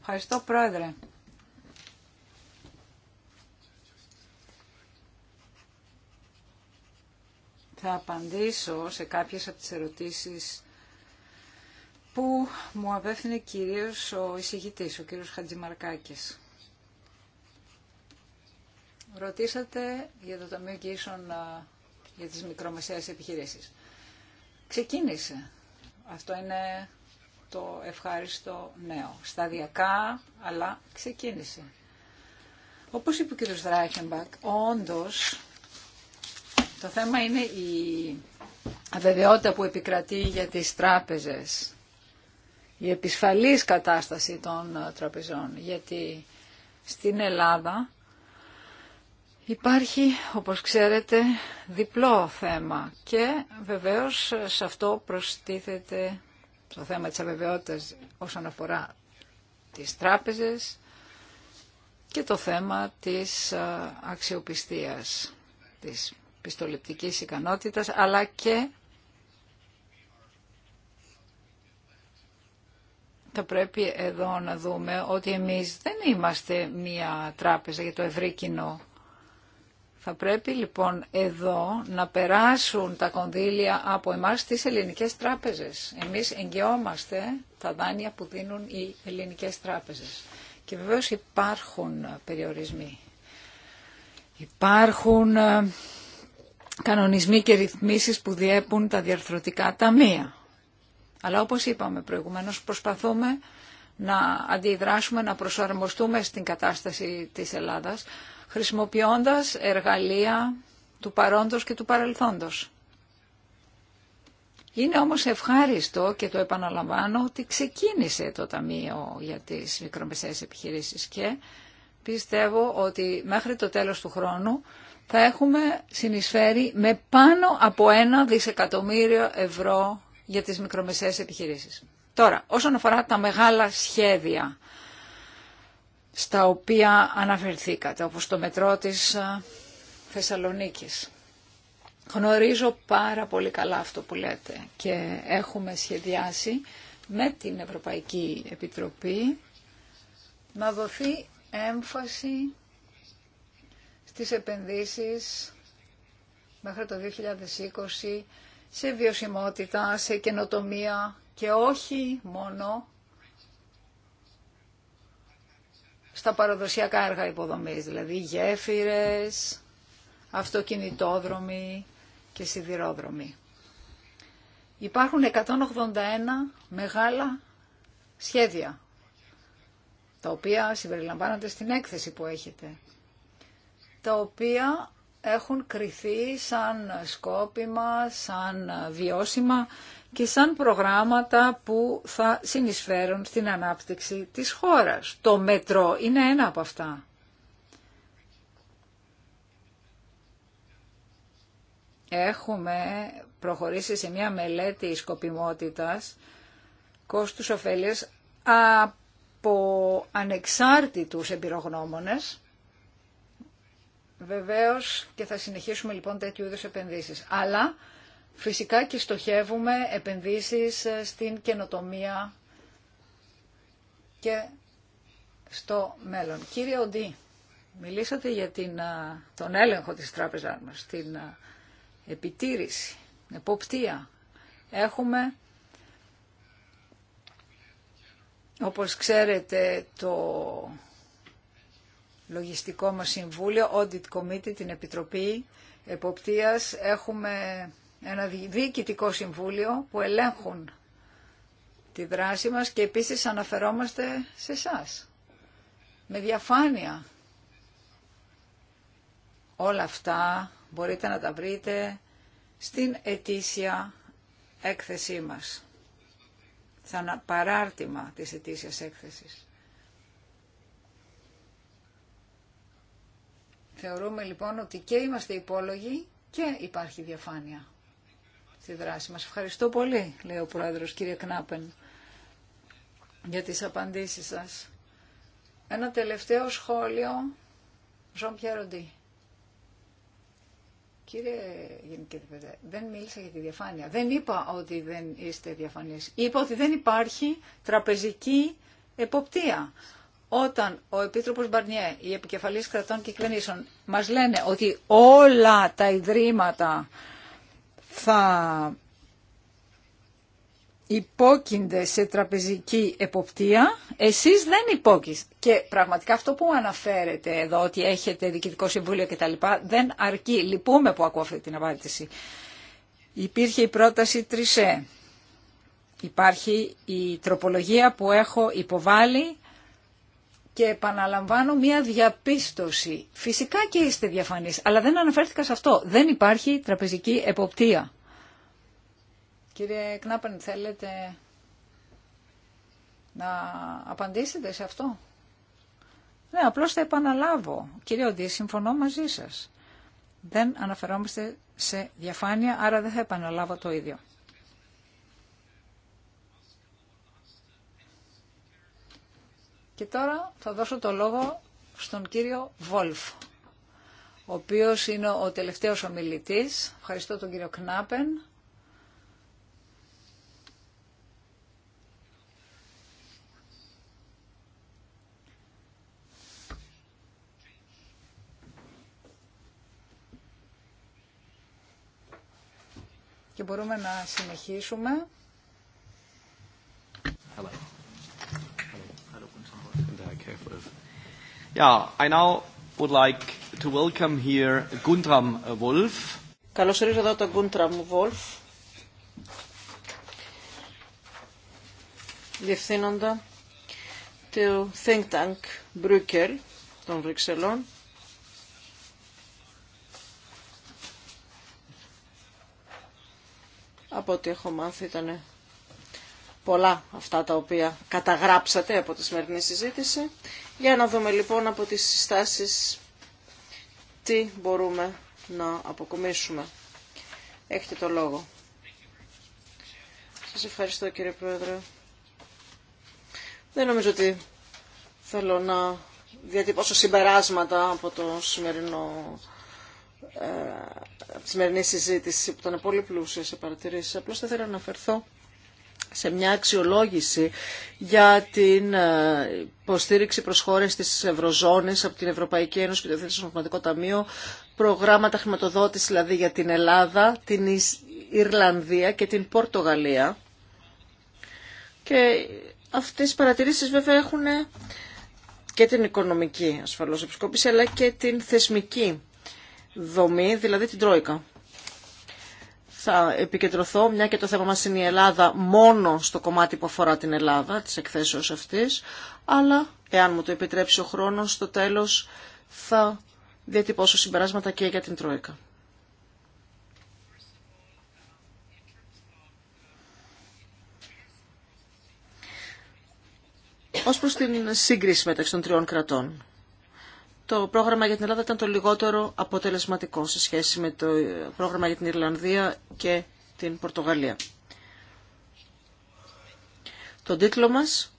Ευχαριστώ πρόεδρε. θα απαντήσω σε κάποιες από τις ερωτήσεις που μου απέφθηνε κυρίως ο εισηγητής, ο κύριος Χατζημαρκάκης. Ρωτήσατε για το Ταμείο Κίσων για τις μικρομεσαίες επιχειρήσεις. Ξεκίνησε. Αυτό είναι το ευχάριστο νέο. Σταδιακά, αλλά ξεκίνησε. Όπως είπε ο κύριος Δράχενμπακ, όντως το θέμα είναι η αβεβαιότητα που επικρατεί για τις τράπεζες. Η επισφαλής κατάσταση των ε, τραπεζών. Γιατί στην Ελλάδα υπάρχει, όπως ξέρετε, διπλό θέμα. Και βεβαίως σε αυτό προστίθεται το θέμα της αβεβαιότητας όσον αφορά τις τράπεζες και το θέμα της ε, αξιοπιστίας της πιστοληπτικής ικανότητας, αλλά και θα πρέπει εδώ να δούμε ότι εμείς δεν είμαστε μία τράπεζα για το ευρύ κοινό. Θα πρέπει λοιπόν εδώ να περάσουν τα κονδύλια από εμάς τις ελληνικές τράπεζες. Εμείς εγγυόμαστε τα δάνεια που δίνουν οι ελληνικές τράπεζες. Και βεβαίως υπάρχουν περιορισμοί. Υπάρχουν ε, κανονισμοί και ρυθμίσεις που διέπουν τα διαρθρωτικά ταμεία. Αλλά όπως είπαμε προηγουμένως προσπαθούμε να αντιδράσουμε, να προσαρμοστούμε στην κατάσταση της Ελλάδας χρησιμοποιώντας εργαλεία του παρόντος και του παρελθόντος. Είναι όμως ευχάριστο και το επαναλαμβάνω ότι ξεκίνησε το Ταμείο για τις μικρομεσαίες επιχειρήσεις και πιστεύω ότι μέχρι το τέλος του χρόνου θα έχουμε συνεισφέρει με πάνω από ένα δισεκατομμύριο ευρώ για τις μικρομεσαίες επιχειρήσεις. Τώρα, όσον αφορά τα μεγάλα σχέδια στα οποία αναφερθήκατε, όπως το μετρό της Θεσσαλονίκης. Γνωρίζω πάρα πολύ καλά αυτό που λέτε και έχουμε σχεδιάσει με την Ευρωπαϊκή Επιτροπή να δοθεί έμφαση τις επενδύσεις μέχρι το 2020 σε βιωσιμότητα, σε καινοτομία και όχι μόνο στα παραδοσιακά έργα υποδομής, δηλαδή γέφυρες, αυτοκινητόδρομοι και σιδηρόδρομοι. Υπάρχουν 181 μεγάλα σχέδια, τα οποία συμπεριλαμβάνονται στην έκθεση που έχετε τα οποία έχουν κριθεί σαν σκόπιμα, σαν βιώσιμα και σαν προγράμματα που θα συνεισφέρουν στην ανάπτυξη της χώρας. Το μετρό είναι ένα από αυτά. Έχουμε προχωρήσει σε μια μελέτη σκοπιμότητας κόστους ωφέλειας από ανεξάρτητους εμπειρογνώμονες Βεβαίω και θα συνεχίσουμε λοιπόν τέτοιου είδου επενδύσεις. Αλλά φυσικά και στοχεύουμε επενδύσεις ε, στην καινοτομία και στο μέλλον. Κύριε Οντή, μιλήσατε για την, ε, τον έλεγχο της τράπεζάς μας, την ε, επιτήρηση, την εποπτεία. Έχουμε, όπως ξέρετε, το λογιστικό μας συμβούλιο, Audit Committee, την Επιτροπή Εποπτείας. Έχουμε ένα διοικητικό συμβούλιο που ελέγχουν τη δράση μας και επίσης αναφερόμαστε σε εσά. Με διαφάνεια. Όλα αυτά μπορείτε να τα βρείτε στην ετήσια έκθεσή μας. Σαν παράρτημα της ετήσιας έκθεσης. Θεωρούμε λοιπόν ότι και είμαστε υπόλογοι και υπάρχει διαφάνεια στη δράση μας. Ευχαριστώ πολύ, λέει ο Πρόεδρος, κύριε Κνάπεν, για τις απαντήσεις σας. Ένα τελευταίο σχόλιο, Ζων Πιέροντι. Κύριε Γενική Διευθυντή, δεν μίλησα για τη διαφάνεια. Δεν είπα ότι δεν είστε διαφανείς. Είπα ότι δεν υπάρχει τραπεζική εποπτεία όταν ο Επίτροπος Μπαρνιέ, οι επικεφαλής κρατών και κυβερνήσεων, μας λένε ότι όλα τα ιδρύματα θα υπόκεινται σε τραπεζική εποπτεία, εσείς δεν υπόκεινται. Και πραγματικά αυτό που αναφέρετε εδώ, ότι έχετε διοικητικό συμβούλιο κτλ, δεν αρκεί. Λυπούμε που ακούω αυτή την απάντηση. Υπήρχε η πρόταση Τρισέ. Ε. Υπάρχει η τροπολογία που έχω υποβάλει και επαναλαμβάνω μια διαπίστωση. Φυσικά και είστε διαφανείς, αλλά δεν αναφέρθηκα σε αυτό. Δεν υπάρχει τραπεζική εποπτεία. Κύριε Κνάπεν, θέλετε να απαντήσετε σε αυτό. Ναι, απλώς θα επαναλάβω. Κύριε Οντή, συμφωνώ μαζί σας. Δεν αναφερόμαστε σε διαφάνεια, άρα δεν θα επαναλάβω το ίδιο. Και τώρα θα δώσω το λόγο στον κύριο Βόλφ, ο οποίος είναι ο τελευταίος ομιλητής. Ευχαριστώ τον κύριο Κνάπεν. και μπορούμε να συνεχίσουμε. care for Yeah, I now would like to welcome here Guntram Wolf. Καλώς ορίζω εδώ τον Guntram Wolf. Διευθύνοντα του Think Tank Brücker των Βρυξελών. Από ό,τι έχω μάθει ήταν πολλά αυτά τα οποία καταγράψατε από τη σημερινή συζήτηση. Για να δούμε λοιπόν από τις συστάσεις τι μπορούμε να αποκομίσουμε. Έχετε το λόγο. Σας ευχαριστώ κύριε Πρόεδρε. Δεν νομίζω ότι θέλω να διατυπώσω συμπεράσματα από το σημερινό ε, από τη σημερινή συζήτηση που ήταν πολύ πλούσια σε παρατηρήσεις. Απλώς θα ήθελα να αναφερθώ σε μια αξιολόγηση για την ε, υποστήριξη προς χώρες της Ευρωζώνης από την Ευρωπαϊκή Ένωση και το Εθνικό Ταμείο, προγράμματα χρηματοδότηση δηλαδή για την Ελλάδα, την Ιρλανδία και την Πορτογαλία. Και αυτές οι παρατηρήσεις βέβαια έχουν ε, και την οικονομική ασφαλώς επισκόπηση αλλά και την θεσμική δομή, δηλαδή την Τρόικα θα επικεντρωθώ, μια και το θέμα μας είναι η Ελλάδα, μόνο στο κομμάτι που αφορά την Ελλάδα, της εκθέσεως αυτής, αλλά εάν μου το επιτρέψει ο χρόνος, στο τέλος θα διατυπώσω συμπεράσματα και για την Τρόικα. Ως προς την σύγκριση μεταξύ των τριών κρατών το πρόγραμμα για την Ελλάδα ήταν το λιγότερο αποτελεσματικό σε σχέση με το πρόγραμμα για την Ιρλανδία και την Πορτογαλία. Τον τίτλο μας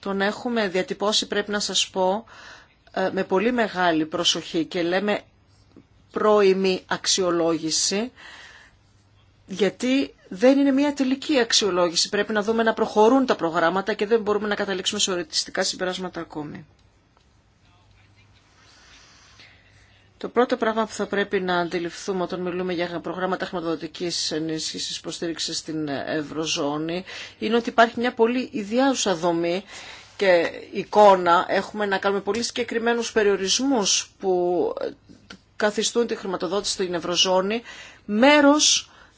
τον έχουμε διατυπώσει πρέπει να σας πω ε, με πολύ μεγάλη προσοχή και λέμε πρώιμη αξιολόγηση γιατί δεν είναι μια τελική αξιολόγηση. Πρέπει να δούμε να προχωρούν τα προγράμματα και δεν μπορούμε να καταλήξουμε σε οριστικά συμπεράσματα ακόμη. Το πρώτο πράγμα που θα πρέπει να αντιληφθούμε όταν μιλούμε για προγράμματα χρηματοδοτική ενίσχυση υποστήριξη στην Ευρωζώνη είναι ότι υπάρχει μια πολύ ιδιάζουσα δομή και εικόνα. Έχουμε να κάνουμε πολύ συγκεκριμένου περιορισμού που καθιστούν τη χρηματοδότηση στην Ευρωζώνη μέρο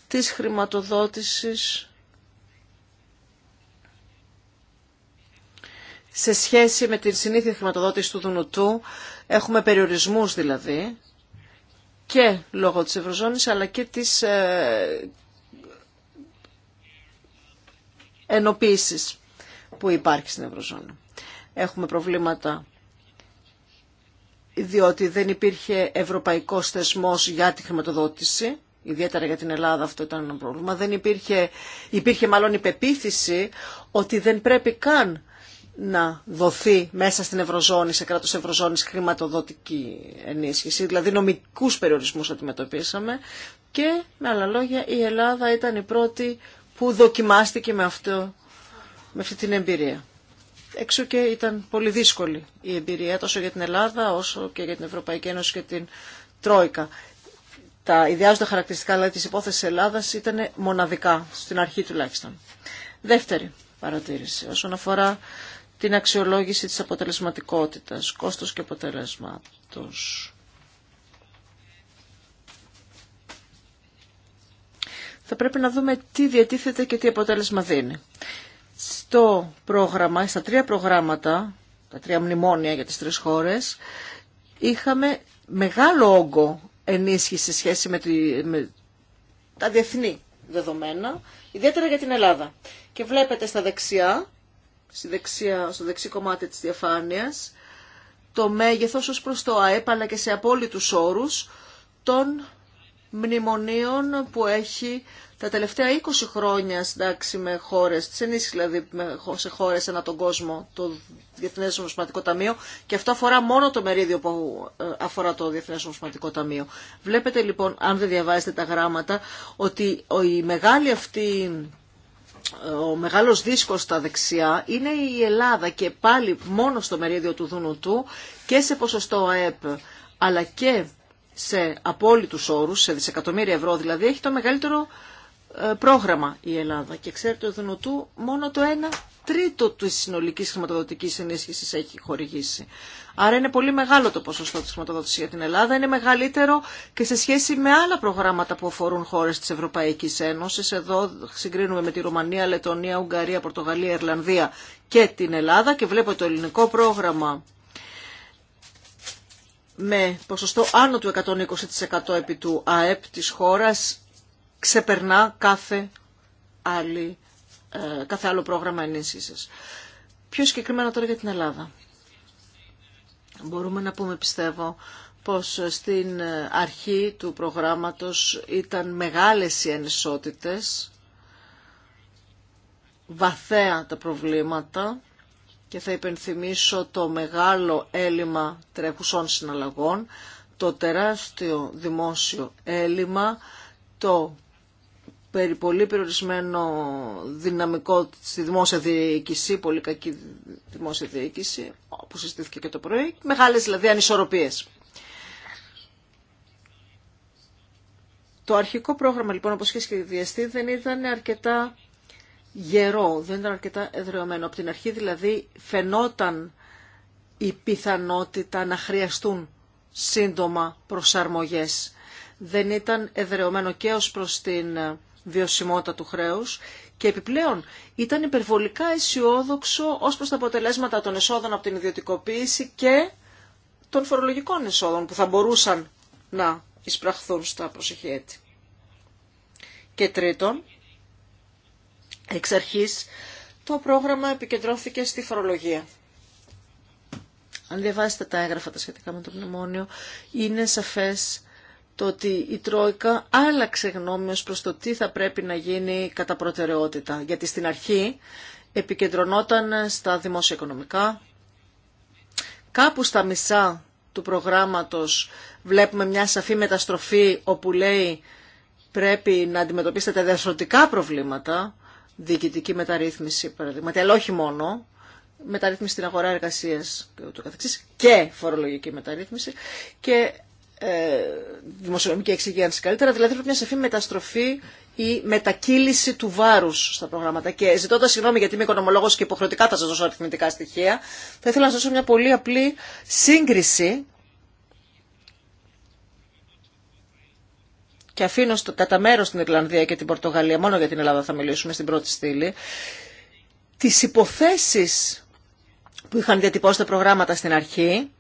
τη χρηματοδότηση σε σχέση με την συνήθεια χρηματοδότηση του Δουνουτού Έχουμε περιορισμούς δηλαδή και λόγω της Ευρωζώνης αλλά και της ε, ενοποίησης που υπάρχει στην Ευρωζώνη. Έχουμε προβλήματα διότι δεν υπήρχε ευρωπαϊκός θεσμός για τη χρηματοδότηση, ιδιαίτερα για την Ελλάδα αυτό ήταν ένα πρόβλημα, δεν υπήρχε, υπήρχε μάλλον η πεποίθηση ότι δεν πρέπει καν να δοθεί μέσα στην Ευρωζώνη, σε κράτος Ευρωζώνης, χρηματοδοτική ενίσχυση. Δηλαδή νομικούς περιορισμούς αντιμετωπίσαμε και με άλλα λόγια η Ελλάδα ήταν η πρώτη που δοκιμάστηκε με, αυτό, με αυτή την εμπειρία. Έξω και ήταν πολύ δύσκολη η εμπειρία τόσο για την Ελλάδα όσο και για την Ευρωπαϊκή Ένωση και την Τρόικα. Τα ιδιάζοντα χαρακτηριστικά δηλαδή, της υπόθεσης Ελλάδας ήταν μοναδικά, στην αρχή τουλάχιστον. Δεύτερη παρατήρηση όσον αφορά την αξιολόγηση της αποτελεσματικότητας, κόστος και αποτελέσματος. Θα πρέπει να δούμε τι διατίθεται και τι αποτέλεσμα δίνει. Στο πρόγραμμα, στα τρία προγράμματα, τα τρία μνημόνια για τις τρεις χώρες, είχαμε μεγάλο όγκο ενίσχυση σε σχέση με, τη, με τα διεθνή δεδομένα, ιδιαίτερα για την Ελλάδα. Και βλέπετε στα δεξιά στη δεξιά, στο δεξί κομμάτι της διαφάνειας το μέγεθος ως προς το ΑΕΠ αλλά και σε απόλυτους όρους των μνημονίων που έχει τα τελευταία 20 χρόνια συντάξει με χώρες, τις ενίσχυση δηλαδή σε χώρες ανά τον κόσμο, το Διεθνές Ομοσπονδιακό Ταμείο και αυτό αφορά μόνο το μερίδιο που ε, αφορά το Διεθνές Ομοσπονδιακό Ταμείο. Βλέπετε λοιπόν, αν δεν διαβάζετε τα γράμματα, ότι η μεγάλη αυτή ο μεγάλος δίσκος στα δεξιά είναι η Ελλάδα και πάλι μόνο στο μερίδιο του Δούνου και σε ποσοστό ΑΕΠ αλλά και σε απόλυτους όρους, σε δισεκατομμύρια ευρώ δηλαδή, έχει το μεγαλύτερο ε, πρόγραμμα η Ελλάδα. Και ξέρετε, ο Δουνουτού μόνο το ένα τρίτο της συνολικής χρηματοδοτικής ενίσχυσης έχει χορηγήσει. Άρα είναι πολύ μεγάλο το ποσοστό της χρηματοδότησης για την Ελλάδα, είναι μεγαλύτερο και σε σχέση με άλλα προγράμματα που αφορούν χώρες της Ευρωπαϊκής Ένωσης. Εδώ συγκρίνουμε με τη Ρουμανία, Λετωνία, Ουγγαρία, Πορτογαλία, Ιρλανδία και την Ελλάδα και βλέπω το ελληνικό πρόγραμμα με ποσοστό άνω του 120% επί του ΑΕΠ της χώρας ξεπερνά κάθε άλλη ε, κάθε άλλο πρόγραμμα ενίσχυσης. Πιο συγκεκριμένα τώρα για την Ελλάδα. Μπορούμε να πούμε, πιστεύω, πως στην αρχή του προγράμματος ήταν μεγάλες οι ανισότητες, βαθέα τα προβλήματα και θα υπενθυμίσω το μεγάλο έλλειμμα τρέχουσών συναλλαγών, το τεράστιο δημόσιο έλλειμμα, το περί πολύ περιορισμένο δυναμικό στη δημόσια διοίκηση, πολύ κακή δημόσια διοίκηση, όπως συζητήθηκε και το πρωί, μεγάλες δηλαδή ανισορροπίες. Το αρχικό πρόγραμμα λοιπόν, όπως είχε σχεδιαστεί, δεν ήταν αρκετά γερό, δεν ήταν αρκετά εδρεωμένο. Από την αρχή δηλαδή φαινόταν η πιθανότητα να χρειαστούν σύντομα προσαρμογές. Δεν ήταν εδρεωμένο και ως προς την βιωσιμότητα του χρέους και επιπλέον ήταν υπερβολικά αισιόδοξο ως προς τα αποτελέσματα των εσόδων από την ιδιωτικοποίηση και των φορολογικών εσόδων που θα μπορούσαν να εισπραχθούν στα προσεχή έτη. Και τρίτον, εξ αρχής, το πρόγραμμα επικεντρώθηκε στη φορολογία. Αν διαβάσετε τα έγγραφα τα σχετικά με το μνημόνιο, είναι σαφές το ότι η Τρόικα άλλαξε γνώμη ως προς το τι θα πρέπει να γίνει κατά προτεραιότητα. Γιατί στην αρχή επικεντρωνόταν στα δημόσια οικονομικά, κάπου στα μισά του προγράμματος βλέπουμε μια σαφή μεταστροφή όπου λέει πρέπει να αντιμετωπίσετε τα προβλήματα, διοικητική μεταρρύθμιση παραδείγματι, αλλά όχι μόνο, μεταρρύθμιση στην αγορά εργασίας και και φορολογική μεταρρύθμιση και ε, δημοσιονομική εξυγίανση καλύτερα, δηλαδή πρέπει μια σεφή μεταστροφή ή μετακύληση του βάρου στα προγράμματα. Και ζητώντα συγγνώμη γιατί είμαι οικονομολόγο και υποχρεωτικά θα σα δώσω αριθμητικά στοιχεία, θα ήθελα να σα δώσω μια πολύ απλή σύγκριση και αφήνω στο, κατά μέρο την Ιρλανδία και την Πορτογαλία, μόνο για την Ελλάδα θα μιλήσουμε στην πρώτη στήλη, τι υποθέσει που είχαν διατυπώσει τα προγράμματα στην αρχή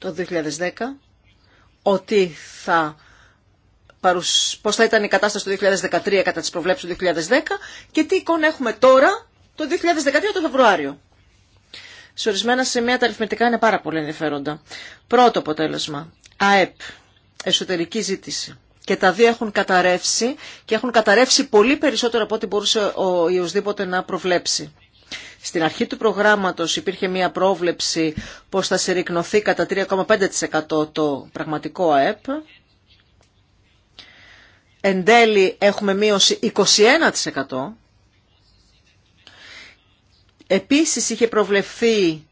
το 2010 ότι θα πώς θα ήταν η κατάσταση το 2013 κατά τις προβλέψεις του 2010 και τι εικόνα έχουμε τώρα το 2013 το Φεβρουάριο. Σε ορισμένα σημεία τα αριθμητικά είναι πάρα πολύ ενδιαφέροντα. Πρώτο αποτέλεσμα, ΑΕΠ, εσωτερική ζήτηση. Και τα δύο έχουν καταρρεύσει και έχουν καταρρεύσει πολύ περισσότερο από ό,τι μπορούσε ο Ιωσδήποτε να προβλέψει. Στην αρχή του προγράμματος υπήρχε μία πρόβλεψη πως θα συρρυκνωθεί κατά 3,5% το πραγματικό ΑΕΠ. Εν τέλει έχουμε μείωση 21%. Επίσης είχε προβλεφθεί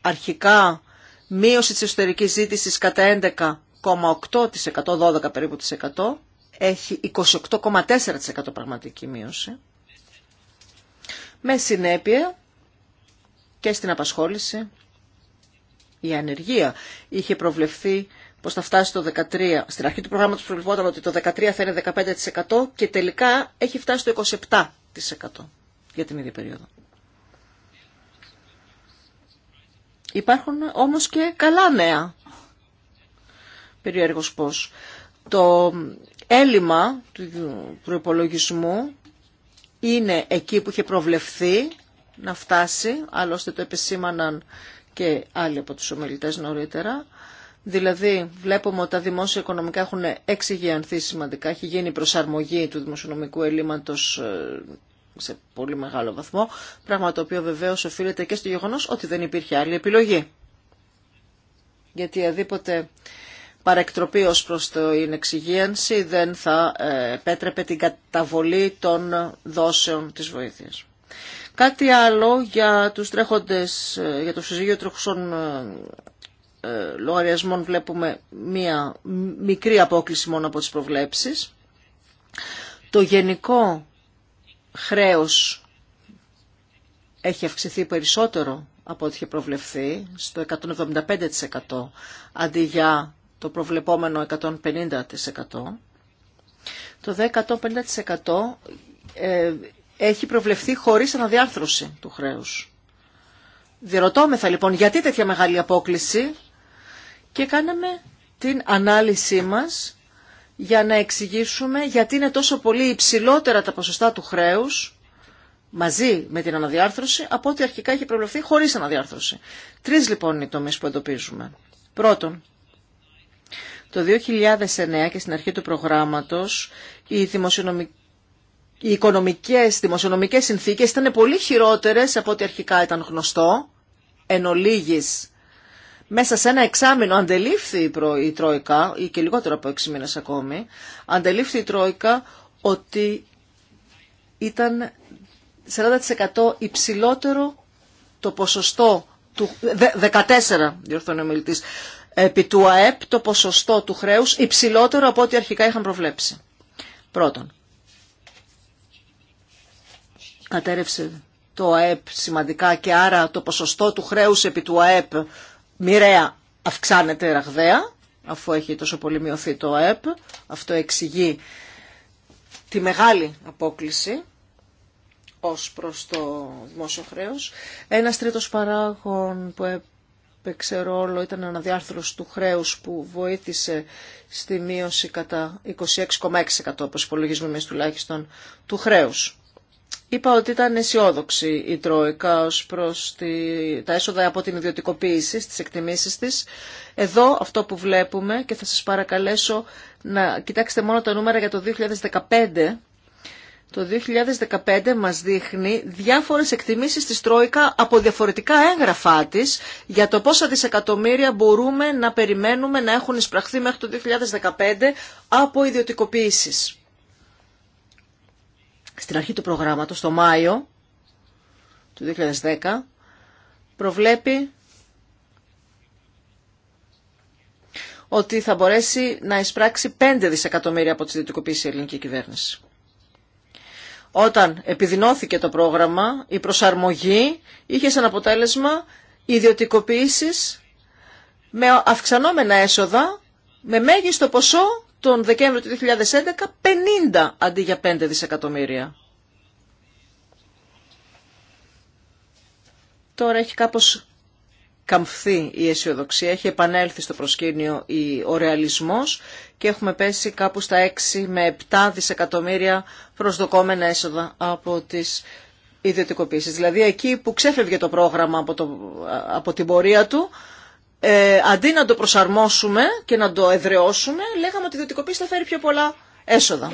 αρχικά μείωση της εσωτερικής ζήτησης κατά 11,8%, 12 περίπου έχει 28,4% πραγματική μείωση με συνέπεια και στην απασχόληση η ανεργία. Είχε προβλεφθεί πως θα φτάσει το 13. Στην αρχή του προγράμματος προβλεπόταν ότι το 13 θα είναι 15% και τελικά έχει φτάσει το 27% για την ίδια περίοδο. Υπάρχουν όμως και καλά νέα. Περιέργως πώς. Το έλλειμμα του προϋπολογισμού είναι εκεί που είχε προβλεφθεί να φτάσει, άλλωστε το επισήμαναν και άλλοι από τους ομιλητές νωρίτερα. Δηλαδή βλέπουμε ότι τα δημόσια οικονομικά έχουν εξηγιανθεί σημαντικά, έχει γίνει προσαρμογή του δημοσιονομικού ελλείμματος ε, σε πολύ μεγάλο βαθμό, πράγμα το οποίο βεβαίως οφείλεται και στο γεγονός ότι δεν υπήρχε άλλη επιλογή. Γιατί αδίποτε παρεκτροπή ως προς την εξυγίανση δεν θα ε, επέτρεπε την καταβολή των δόσεων της βοήθειας. Κάτι άλλο για τους τρέχοντες, ε, για το συζύγιο τρέχουσων ε, λογαριασμών βλέπουμε μία μικρή απόκληση μόνο από τις προβλέψεις. Το γενικό χρέος έχει αυξηθεί περισσότερο από ό,τι είχε προβλεφθεί, στο 175% αντί για το προβλεπόμενο 150%. Το 150% ε, έχει προβλεφθεί χωρίς αναδιάρθρωση του χρέους. Διερωτώμεθα λοιπόν γιατί τέτοια μεγάλη απόκληση και κάναμε την ανάλυση μας για να εξηγήσουμε γιατί είναι τόσο πολύ υψηλότερα τα ποσοστά του χρέους μαζί με την αναδιάρθρωση από ό,τι αρχικά έχει προβλεφθεί χωρίς αναδιάρθρωση. Τρεις λοιπόν οι τομείς που εντοπίζουμε. Πρώτον, το 2009 και στην αρχή του προγράμματος οι οι οικονομικές, δημοσιονομικές συνθήκες ήταν πολύ χειρότερες από ό,τι αρχικά ήταν γνωστό, εν ολίγης. Μέσα σε ένα εξάμεινο αντελήφθη η Τρόικα, ή και λιγότερο από έξι μήνες ακόμη, αντελήφθη η Τρόικα ότι ήταν 40% υψηλότερο το ποσοστό του, 14 διορθώνει ο επί του ΑΕΠ το ποσοστό του χρέους υψηλότερο από ό,τι αρχικά είχαν προβλέψει. Πρώτον, κατέρευσε το ΑΕΠ σημαντικά και άρα το ποσοστό του χρέους επί του ΑΕΠ μοιραία αυξάνεται ραγδαία, αφού έχει τόσο πολύ μειωθεί το ΑΕΠ. Αυτό εξηγεί τη μεγάλη απόκληση ως προς το δημόσιο χρέος. Ένας τρίτος παράγων που παίξε ρόλο ήταν αναδιάρθρωση του χρέους που βοήθησε στη μείωση κατά 26,6% όπως υπολογίζουμε εμείς τουλάχιστον του χρέους. Είπα ότι ήταν αισιόδοξη η Τρόικα ως προς τη... τα έσοδα από την ιδιωτικοποίηση στις εκτιμήσεις της. Εδώ αυτό που βλέπουμε και θα σας παρακαλέσω να κοιτάξετε μόνο τα νούμερα για το 2015 το 2015 μας δείχνει διάφορες εκτιμήσεις της Τρόικα από διαφορετικά έγγραφά της για το πόσα δισεκατομμύρια μπορούμε να περιμένουμε να έχουν εισπραχθεί μέχρι το 2015 από ιδιωτικοποίησεις. Στην αρχή του προγράμματος, το Μάιο του 2010, προβλέπει ότι θα μπορέσει να εισπράξει 5 δισεκατομμύρια από τις ιδιωτικοποίησεις η ελληνική κυβέρνηση. Όταν επιδεινώθηκε το πρόγραμμα, η προσαρμογή είχε σαν αποτέλεσμα ιδιωτικοποιήσεις με αυξανόμενα έσοδα, με μέγιστο ποσό τον Δεκέμβριο του 2011 50 αντί για 5 δισεκατομμύρια. Τώρα έχει κάπως καμφθεί η αισιοδοξία, έχει επανέλθει στο προσκήνιο ο ρεαλισμός και έχουμε πέσει κάπου στα 6 με 7 δισεκατομμύρια προσδοκόμενα έσοδα από τις ιδιωτικοποίησεις. Δηλαδή εκεί που ξέφευγε το πρόγραμμα από, το, από την πορεία του, ε, αντί να το προσαρμόσουμε και να το εδραιώσουμε, λέγαμε ότι η ιδιωτικοποίηση θα φέρει πιο πολλά έσοδα.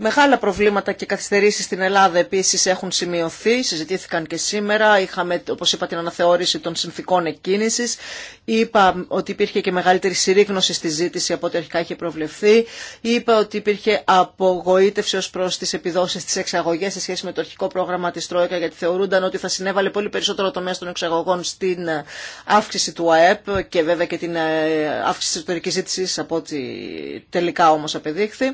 Μεγάλα προβλήματα και καθυστερήσεις στην Ελλάδα επίσης έχουν σημειωθεί, συζητήθηκαν και σήμερα. Είχαμε, όπως είπα, την αναθεώρηση των συνθήκων εκκίνησης. Είπα ότι υπήρχε και μεγαλύτερη συρρήγνωση στη ζήτηση από ό,τι αρχικά είχε προβλεφθεί. Είπα ότι υπήρχε απογοήτευση ως προς τις επιδόσεις της εξαγωγές σε σχέση με το αρχικό πρόγραμμα της Τρόικα, γιατί θεωρούνταν ότι θα συνέβαλε πολύ περισσότερο το μέσο των εξαγωγών στην αύξηση του ΑΕΠ και βέβαια και την ε, αύξηση της ζήτησης από ό,τι τελικά όμως απεδείχθη.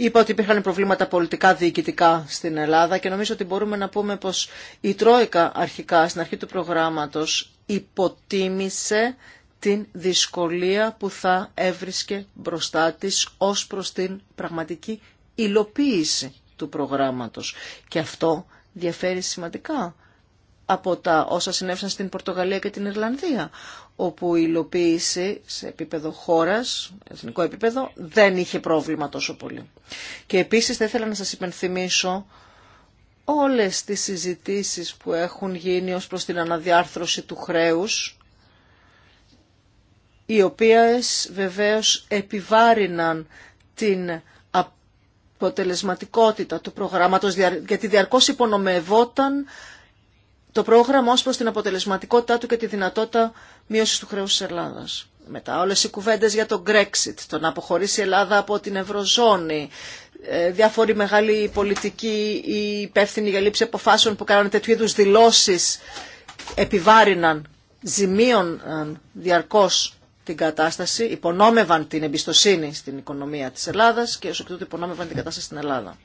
Είπα ότι υπήρχαν προβλήματα πολιτικά διοικητικά στην Ελλάδα και νομίζω ότι μπορούμε να πούμε πως η Τρόικα αρχικά στην αρχή του προγράμματος υποτίμησε την δυσκολία που θα έβρισκε μπροστά της ως προς την πραγματική υλοποίηση του προγράμματος. Και αυτό διαφέρει σημαντικά από τα όσα συνέβησαν στην Πορτογαλία και την Ιρλανδία, όπου η υλοποίηση σε επίπεδο χώρας, εθνικό επίπεδο, δεν είχε πρόβλημα τόσο πολύ. Και επίσης θα ήθελα να σας υπενθυμίσω όλες τις συζητήσεις που έχουν γίνει ως προς την αναδιάρθρωση του χρέους, οι οποίες βεβαίως επιβάρυναν την αποτελεσματικότητα του προγράμματος, γιατί διαρκώς υπονομευόταν το πρόγραμμα ως προς την αποτελεσματικότητά του και τη δυνατότητα μείωσης του χρέους της Ελλάδας. Μετά όλες οι κουβέντες για το Brexit, το να αποχωρήσει η Ελλάδα από την Ευρωζώνη, ε, διάφοροι μεγάλοι πολιτικοί ή υπεύθυνοι για λήψη αποφάσεων που κάνανε τέτοιου είδους δηλώσεις επιβάρυναν, ζημίωναν διαρκώς την κατάσταση, υπονόμευαν την εμπιστοσύνη στην οικονομία της Ελλάδας και ως εκ τούτου υπονόμευαν την κατάσταση στην Ελλάδα.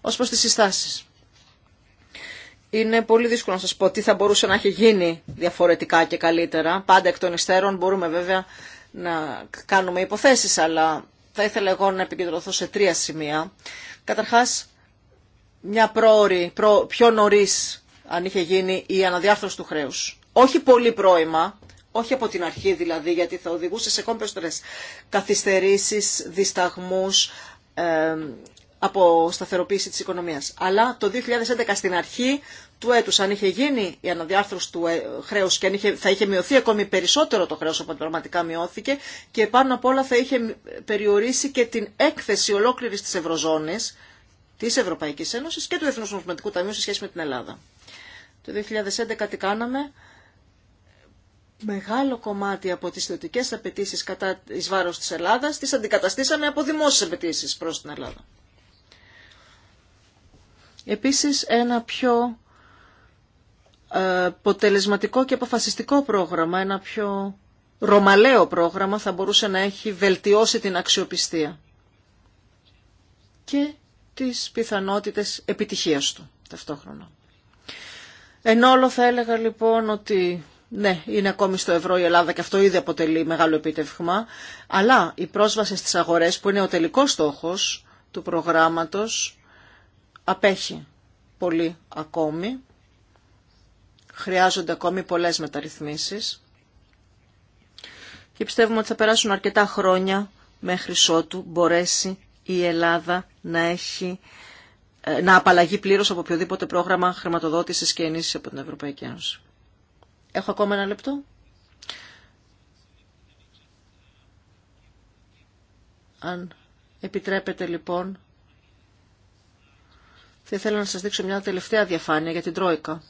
Ως προς τις συστάσεις είναι πολύ δύσκολο να σας πω τι θα μπορούσε να έχει γίνει διαφορετικά και καλύτερα. Πάντα εκ των υστέρων μπορούμε βέβαια να κάνουμε υποθέσεις, αλλά θα ήθελα εγώ να επικεντρωθώ σε τρία σημεία. Καταρχάς, μια πρόορη, προ, πιο νωρί αν είχε γίνει η αναδιάρθρωση του χρέους. Όχι πολύ πρόημα, όχι από την αρχή δηλαδή, γιατί θα οδηγούσε σε κόμπες καθυστερήσεις, δισταγμούς, ε, από σταθεροποίηση της οικονομίας. Αλλά το 2011 στην αρχή του έτους, αν είχε γίνει η αναδιάρθρωση του ε, χρέους και αν είχε, θα είχε μειωθεί ακόμη περισσότερο το χρέος από ό,τι πραγματικά μειώθηκε και πάνω απ' όλα θα είχε περιορίσει και την έκθεση ολόκληρης της Ευρωζώνης, της Ευρωπαϊκής Ένωσης και του Εθνούς Νομισματικού Ταμείου σε σχέση με την Ελλάδα. Το 2011 τι κάναμε, μεγάλο κομμάτι από τις θεωτικές απαιτήσει κατά εις βάρος της Ελλάδας τις αντικαταστήσαμε από δημόσιες απαιτήσει προς την Ελλάδα. Επίσης ένα πιο ε, αποτελεσματικό και αποφασιστικό πρόγραμμα, ένα πιο ρωμαλαίο πρόγραμμα θα μπορούσε να έχει βελτιώσει την αξιοπιστία και τις πιθανότητες επιτυχίας του ταυτόχρονα. Εν όλο θα έλεγα λοιπόν ότι ναι, είναι ακόμη στο ευρώ η Ελλάδα και αυτό ήδη αποτελεί μεγάλο επίτευγμα, αλλά η πρόσβαση στις αγορές που είναι ο τελικός στόχος του προγράμματος απέχει πολύ ακόμη. Χρειάζονται ακόμη πολλές μεταρρυθμίσεις. Και πιστεύουμε ότι θα περάσουν αρκετά χρόνια μέχρι ότου μπορέσει η Ελλάδα να έχει ε, να απαλλαγεί πλήρως από οποιοδήποτε πρόγραμμα χρηματοδότησης και ενίσχυσης από την Ευρωπαϊκή Ένωση. Έχω ακόμα ένα λεπτό. Αν επιτρέπετε λοιπόν θα ήθελα να σας δείξω μια τελευταία διαφάνεια για την Τρόικα.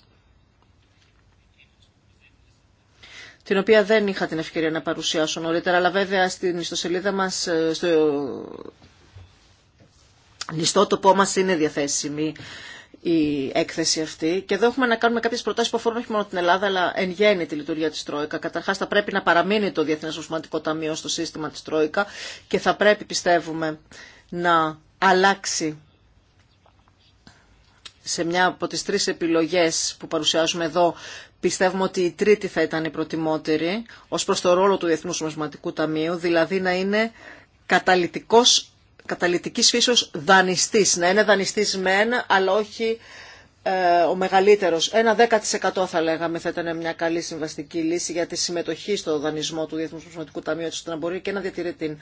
την οποία δεν είχα την ευκαιρία να παρουσιάσω νωρίτερα, αλλά βέβαια στην ιστοσελίδα μας, ε, στο νηστό τοπό μας είναι διαθέσιμη η έκθεση αυτή. Και εδώ έχουμε να κάνουμε κάποιες προτάσεις που αφορούν όχι μόνο την Ελλάδα, αλλά εν γέννη τη λειτουργία της Τρόικα. Καταρχάς θα πρέπει να παραμείνει το Διεθνές Ταμείο στο σύστημα της Τρόικα και θα πρέπει, πιστεύουμε, να αλλάξει σε μια από τις τρεις επιλογές που παρουσιάζουμε εδώ πιστεύουμε ότι η τρίτη θα ήταν η προτιμότερη ως προς το ρόλο του Διεθνούς Ταμείου, δηλαδή να είναι καταλυτικός καταλυτικής φύσεως δανειστής, να είναι δανειστής μεν, αλλά όχι ε, ο μεγαλύτερος, ένα 10% θα λέγαμε θα ήταν μια καλή συμβαστική λύση για τη συμμετοχή στο δανεισμό του Διεθνούς Ταμείου, ώστε να μπορεί και να διατηρεί την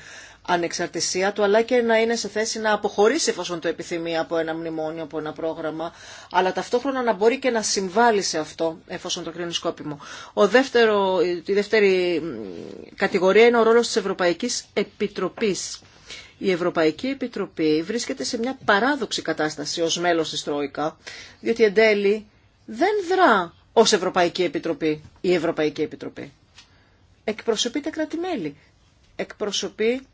ανεξαρτησία του, αλλά και να είναι σε θέση να αποχωρήσει εφόσον το επιθυμεί από ένα μνημόνιο, από ένα πρόγραμμα, αλλά ταυτόχρονα να μπορεί και να συμβάλλει σε αυτό, εφόσον το κρίνει σκόπιμο. Ο δεύτερο, η δεύτερη κατηγορία είναι ο ρόλος της Ευρωπαϊκής Επιτροπής η Ευρωπαϊκή Επιτροπή βρίσκεται σε μια παράδοξη κατάσταση ως μέλος της Τρόικα, διότι εν τέλει δεν δρά ως Ευρωπαϊκή Επιτροπή η Ευρωπαϊκή Επιτροπή. Εκπροσωπεί τα κράτη-μέλη. Εκπροσωπεί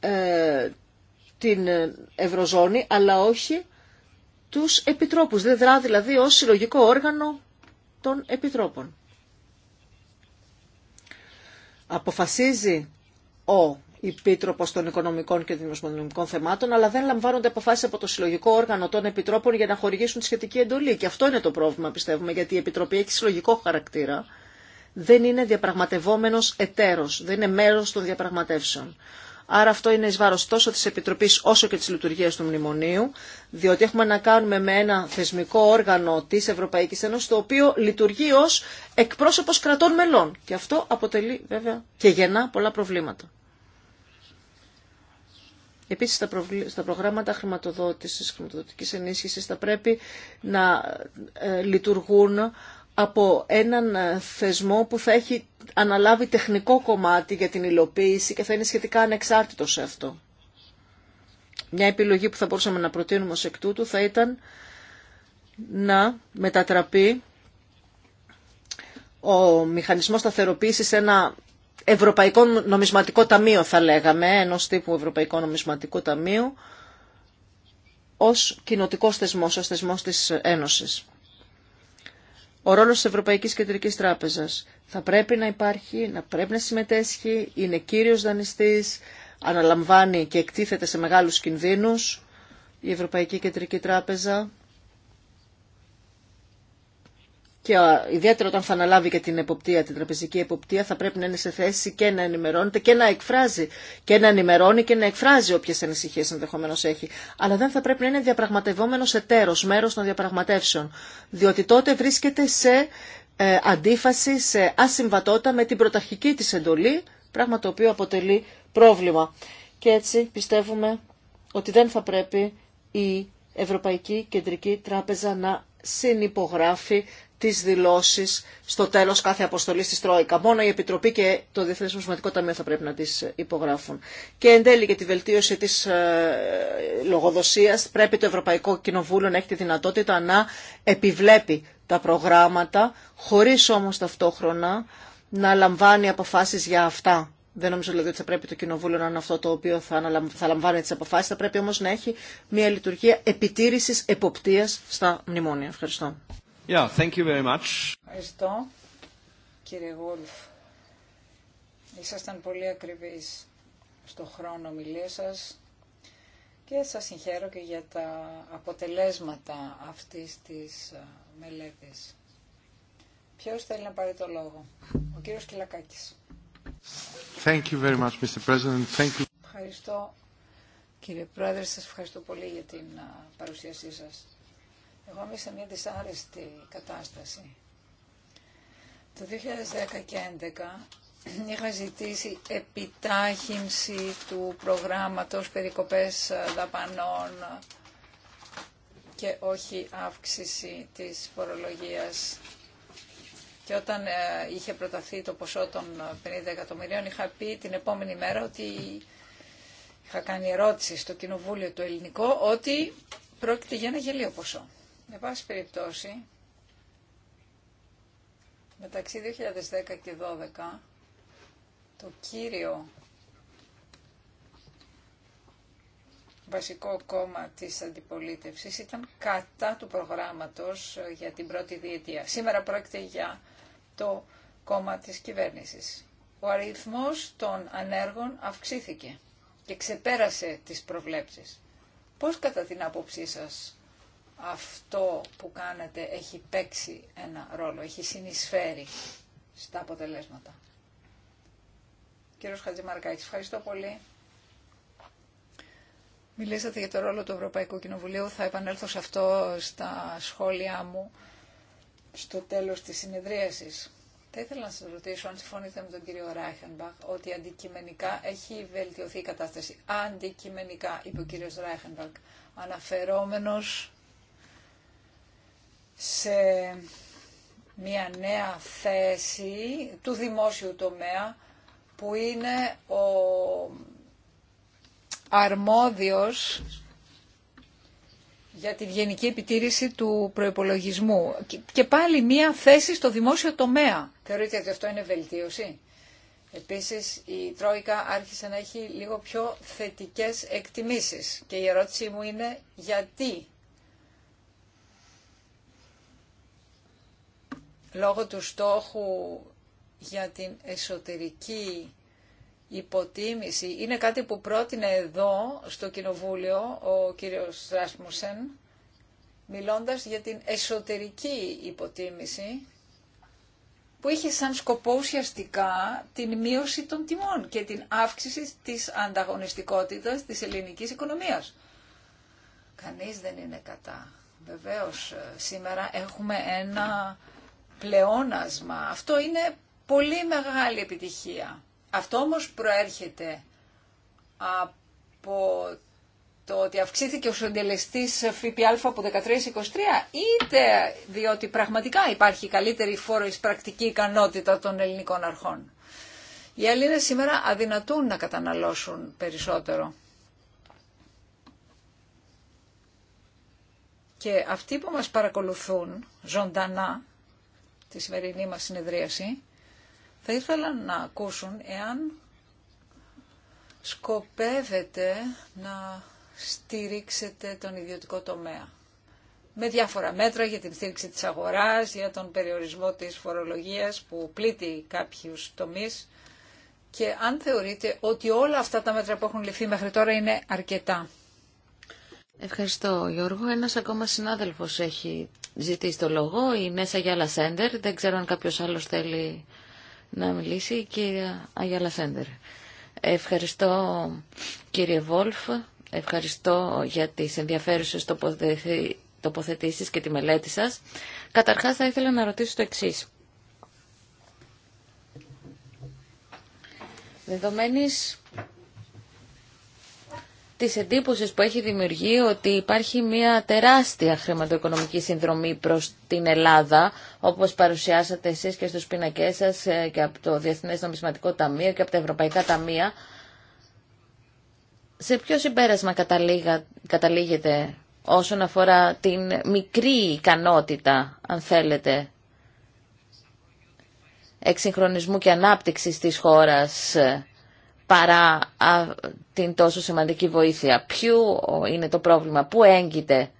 ε, την Ευρωζώνη, αλλά όχι τους επιτρόπους. Δεν δρά δηλαδή ως συλλογικό όργανο των επιτρόπων. Αποφασίζει ο Επίτροπο των Οικονομικών και Δημοσιονομικών Θεμάτων, αλλά δεν λαμβάνονται αποφάσει από το συλλογικό όργανο των Επιτρόπων για να χορηγήσουν τη σχετική εντολή. Και αυτό είναι το πρόβλημα, πιστεύουμε, γιατί η Επιτροπή έχει συλλογικό χαρακτήρα. Δεν είναι διαπραγματευόμενο εταίρο, δεν είναι μέρο των διαπραγματεύσεων. Άρα αυτό είναι εις βάρος τόσο της Επιτροπής όσο και της λειτουργίας του Μνημονίου, διότι έχουμε να κάνουμε με ένα θεσμικό όργανο της Ευρωπαϊκής Ένωσης, το οποίο λειτουργεί ως εκπρόσωπος κρατών μελών. Και αυτό αποτελεί βέβαια και γεννά πολλά προβλήματα. Επίσης στα, προγράμματα χρηματοδότησης, χρηματοδοτικής ενίσχυσης θα πρέπει να ε, λειτουργούν από έναν ε, θεσμό που θα έχει αναλάβει τεχνικό κομμάτι για την υλοποίηση και θα είναι σχετικά ανεξάρτητο σε αυτό. Μια επιλογή που θα μπορούσαμε να προτείνουμε ως εκ τούτου θα ήταν να μετατραπεί ο μηχανισμός σταθεροποίησης σε ένα ευρωπαϊκό νομισματικό ταμείο θα λέγαμε, ενός τύπου ευρωπαϊκό νομισματικό ταμείο, ως κοινοτικός θεσμός, ως θεσμός της Ένωσης ο ρόλος της Ευρωπαϊκής Κεντρική Τράπεζας. Θα πρέπει να υπάρχει, να πρέπει να συμμετέσχει, είναι κύριος δανειστής, αναλαμβάνει και εκτίθεται σε μεγάλους κινδύνους η Ευρωπαϊκή Κεντρική Τράπεζα και ιδιαίτερα όταν θα αναλάβει και την εποπτεία, την τραπεζική εποπτεία, θα πρέπει να είναι σε θέση και να ενημερώνεται και να εκφράζει. Και να ενημερώνει και να εκφράζει όποιε ανησυχίε ενδεχομένω έχει. Αλλά δεν θα πρέπει να είναι διαπραγματευόμενο εταίρο, μέρο των διαπραγματεύσεων. Διότι τότε βρίσκεται σε ε, αντίφαση, σε ασυμβατότητα με την πρωταρχική τη εντολή, πράγμα το οποίο αποτελεί πρόβλημα. Και έτσι πιστεύουμε ότι δεν θα πρέπει η Ευρωπαϊκή Κεντρική Τράπεζα να συνυπογράφει τι δηλώσει στο τέλο κάθε αποστολή τη Τρόικα. Μόνο η Επιτροπή και το Διεθνέ Προσματικό Ταμείο θα πρέπει να τι υπογράφουν. Και εν τέλει για τη βελτίωση της ε, λογοδοσία πρέπει το Ευρωπαϊκό Κοινοβούλιο να έχει τη δυνατότητα να επιβλέπει τα προγράμματα, χωρί όμω ταυτόχρονα να λαμβάνει αποφάσει για αυτά. Δεν νομίζω δηλαδή ότι θα πρέπει το Κοινοβούλιο να είναι αυτό το οποίο θα, θα λαμβάνει τι αποφάσει. Θα πρέπει όμω να έχει μια λειτουργία επιτήρηση εποπτεία στα μνημόνια. Ευχαριστώ. Yeah, Ευχαριστώ, κύριε Γούλφ. Ήσασταν πολύ ακριβείς στο χρόνο μιλία σας και σας συγχαίρω και για τα αποτελέσματα αυτής της ε, μελέτης. Ποιος θέλει να πάρει το λόγο. Ο κύριος Κυλακάκης. Ευχαριστώ, κύριε Πρόεδρε. Σας ευχαριστώ πολύ για την ε, παρουσίασή σας. Εγώ είμαι σε μια δυσάρεστη κατάσταση. Το 2010 και 2011 είχα ζητήσει επιτάχυνση του προγράμματος περικοπές δαπανών και όχι αύξηση της φορολογίας. Και όταν ε, είχε προταθεί το ποσό των 50 εκατομμυρίων είχα πει την επόμενη μέρα ότι είχα κάνει ερώτηση στο Κοινοβούλιο το Ελληνικό ότι πρόκειται για ένα γελίο ποσό. Με πάση περιπτώσει, μεταξύ 2010 και 2012, το κύριο βασικό κόμμα της αντιπολίτευσης ήταν κατά του προγράμματος για την πρώτη διετία. Σήμερα πρόκειται για το κόμμα της κυβέρνησης. Ο αριθμός των ανέργων αυξήθηκε και ξεπέρασε τις προβλέψεις. Πώς κατά την άποψή σας αυτό που κάνετε έχει παίξει ένα ρόλο, έχει συνεισφέρει στα αποτελέσματα. Κύριος Χατζημαρκάκης, ευχαριστώ πολύ. Μιλήσατε για το ρόλο του Ευρωπαϊκού Κοινοβουλίου. Θα επανέλθω σε αυτό στα σχόλιά μου στο τέλος της συνεδρίασης. Θα ήθελα να σας ρωτήσω αν συμφωνείτε με τον κύριο Ράιχενμπαχ ότι αντικειμενικά έχει βελτιωθεί η κατάσταση. Αντικειμενικά, είπε ο κύριος Ράιχενμπαχ, αναφερόμενος σε μια νέα θέση του δημόσιου τομέα που είναι ο αρμόδιος για τη γενική επιτήρηση του προϋπολογισμού. Και πάλι μία θέση στο δημόσιο τομέα. Θεωρείτε ότι αυτό είναι βελτίωση. Επίσης η Τρόικα άρχισε να έχει λίγο πιο θετικές εκτιμήσεις. Και η ερώτησή μου είναι γιατί λόγω του στόχου για την εσωτερική υποτίμηση είναι κάτι που πρότεινε εδώ στο Κοινοβούλιο ο κύριος Ράσμουσεν μιλώντας για την εσωτερική υποτίμηση που είχε σαν σκοπό ουσιαστικά την μείωση των τιμών και την αύξηση της ανταγωνιστικότητας της ελληνικής οικονομίας. Κανείς δεν είναι κατά. Βεβαίως ε, σήμερα έχουμε ένα πλεόνασμα. Αυτό είναι πολύ μεγάλη επιτυχία. Αυτό όμως προέρχεται από το ότι αυξήθηκε ο συντελεστής ΦΠΑ από 13-23, είτε διότι πραγματικά υπάρχει καλύτερη φόρο πρακτική ικανότητα των ελληνικών αρχών. Οι Έλληνες σήμερα αδυνατούν να καταναλώσουν περισσότερο. Και αυτοί που μας παρακολουθούν ζωντανά τη σημερινή μας συνεδρίαση, θα ήθελα να ακούσουν εάν σκοπεύετε να στηρίξετε τον ιδιωτικό τομέα. Με διάφορα μέτρα για την στήριξη της αγοράς, για τον περιορισμό της φορολογίας που πλήττει κάποιους τομείς και αν θεωρείτε ότι όλα αυτά τα μέτρα που έχουν ληφθεί μέχρι τώρα είναι αρκετά. Ευχαριστώ Γιώργο. Ένας ακόμα συνάδελφος έχει ζητήσει το λόγο, η Νέσα Γιάλα Σέντερ. Δεν ξέρω αν κάποιος άλλος θέλει να μιλήσει, η κυρία Αγιάλα Σέντερ. Ευχαριστώ κύριε Βόλφ, ευχαριστώ για τις ενδιαφέρουσες τοποθετήσεις και τη μελέτη σας. Καταρχάς θα ήθελα να ρωτήσω το εξής. Δεδομένης τις εντύπωση που έχει δημιουργεί ότι υπάρχει μια τεράστια χρηματοοικονομική συνδρομή προς την Ελλάδα, όπως παρουσιάσατε εσείς και στους πίνακές σας ε, και από το Διεθνές Νομισματικό Ταμείο και από τα Ευρωπαϊκά Ταμεία. Σε ποιο συμπέρασμα καταλήγεται όσον αφορά την μικρή ικανότητα, αν θέλετε, εξυγχρονισμού και ανάπτυξης της χώρας ε, παρά την τόσο σημαντική βοήθεια. Ποιο είναι το πρόβλημα, πού έγκυται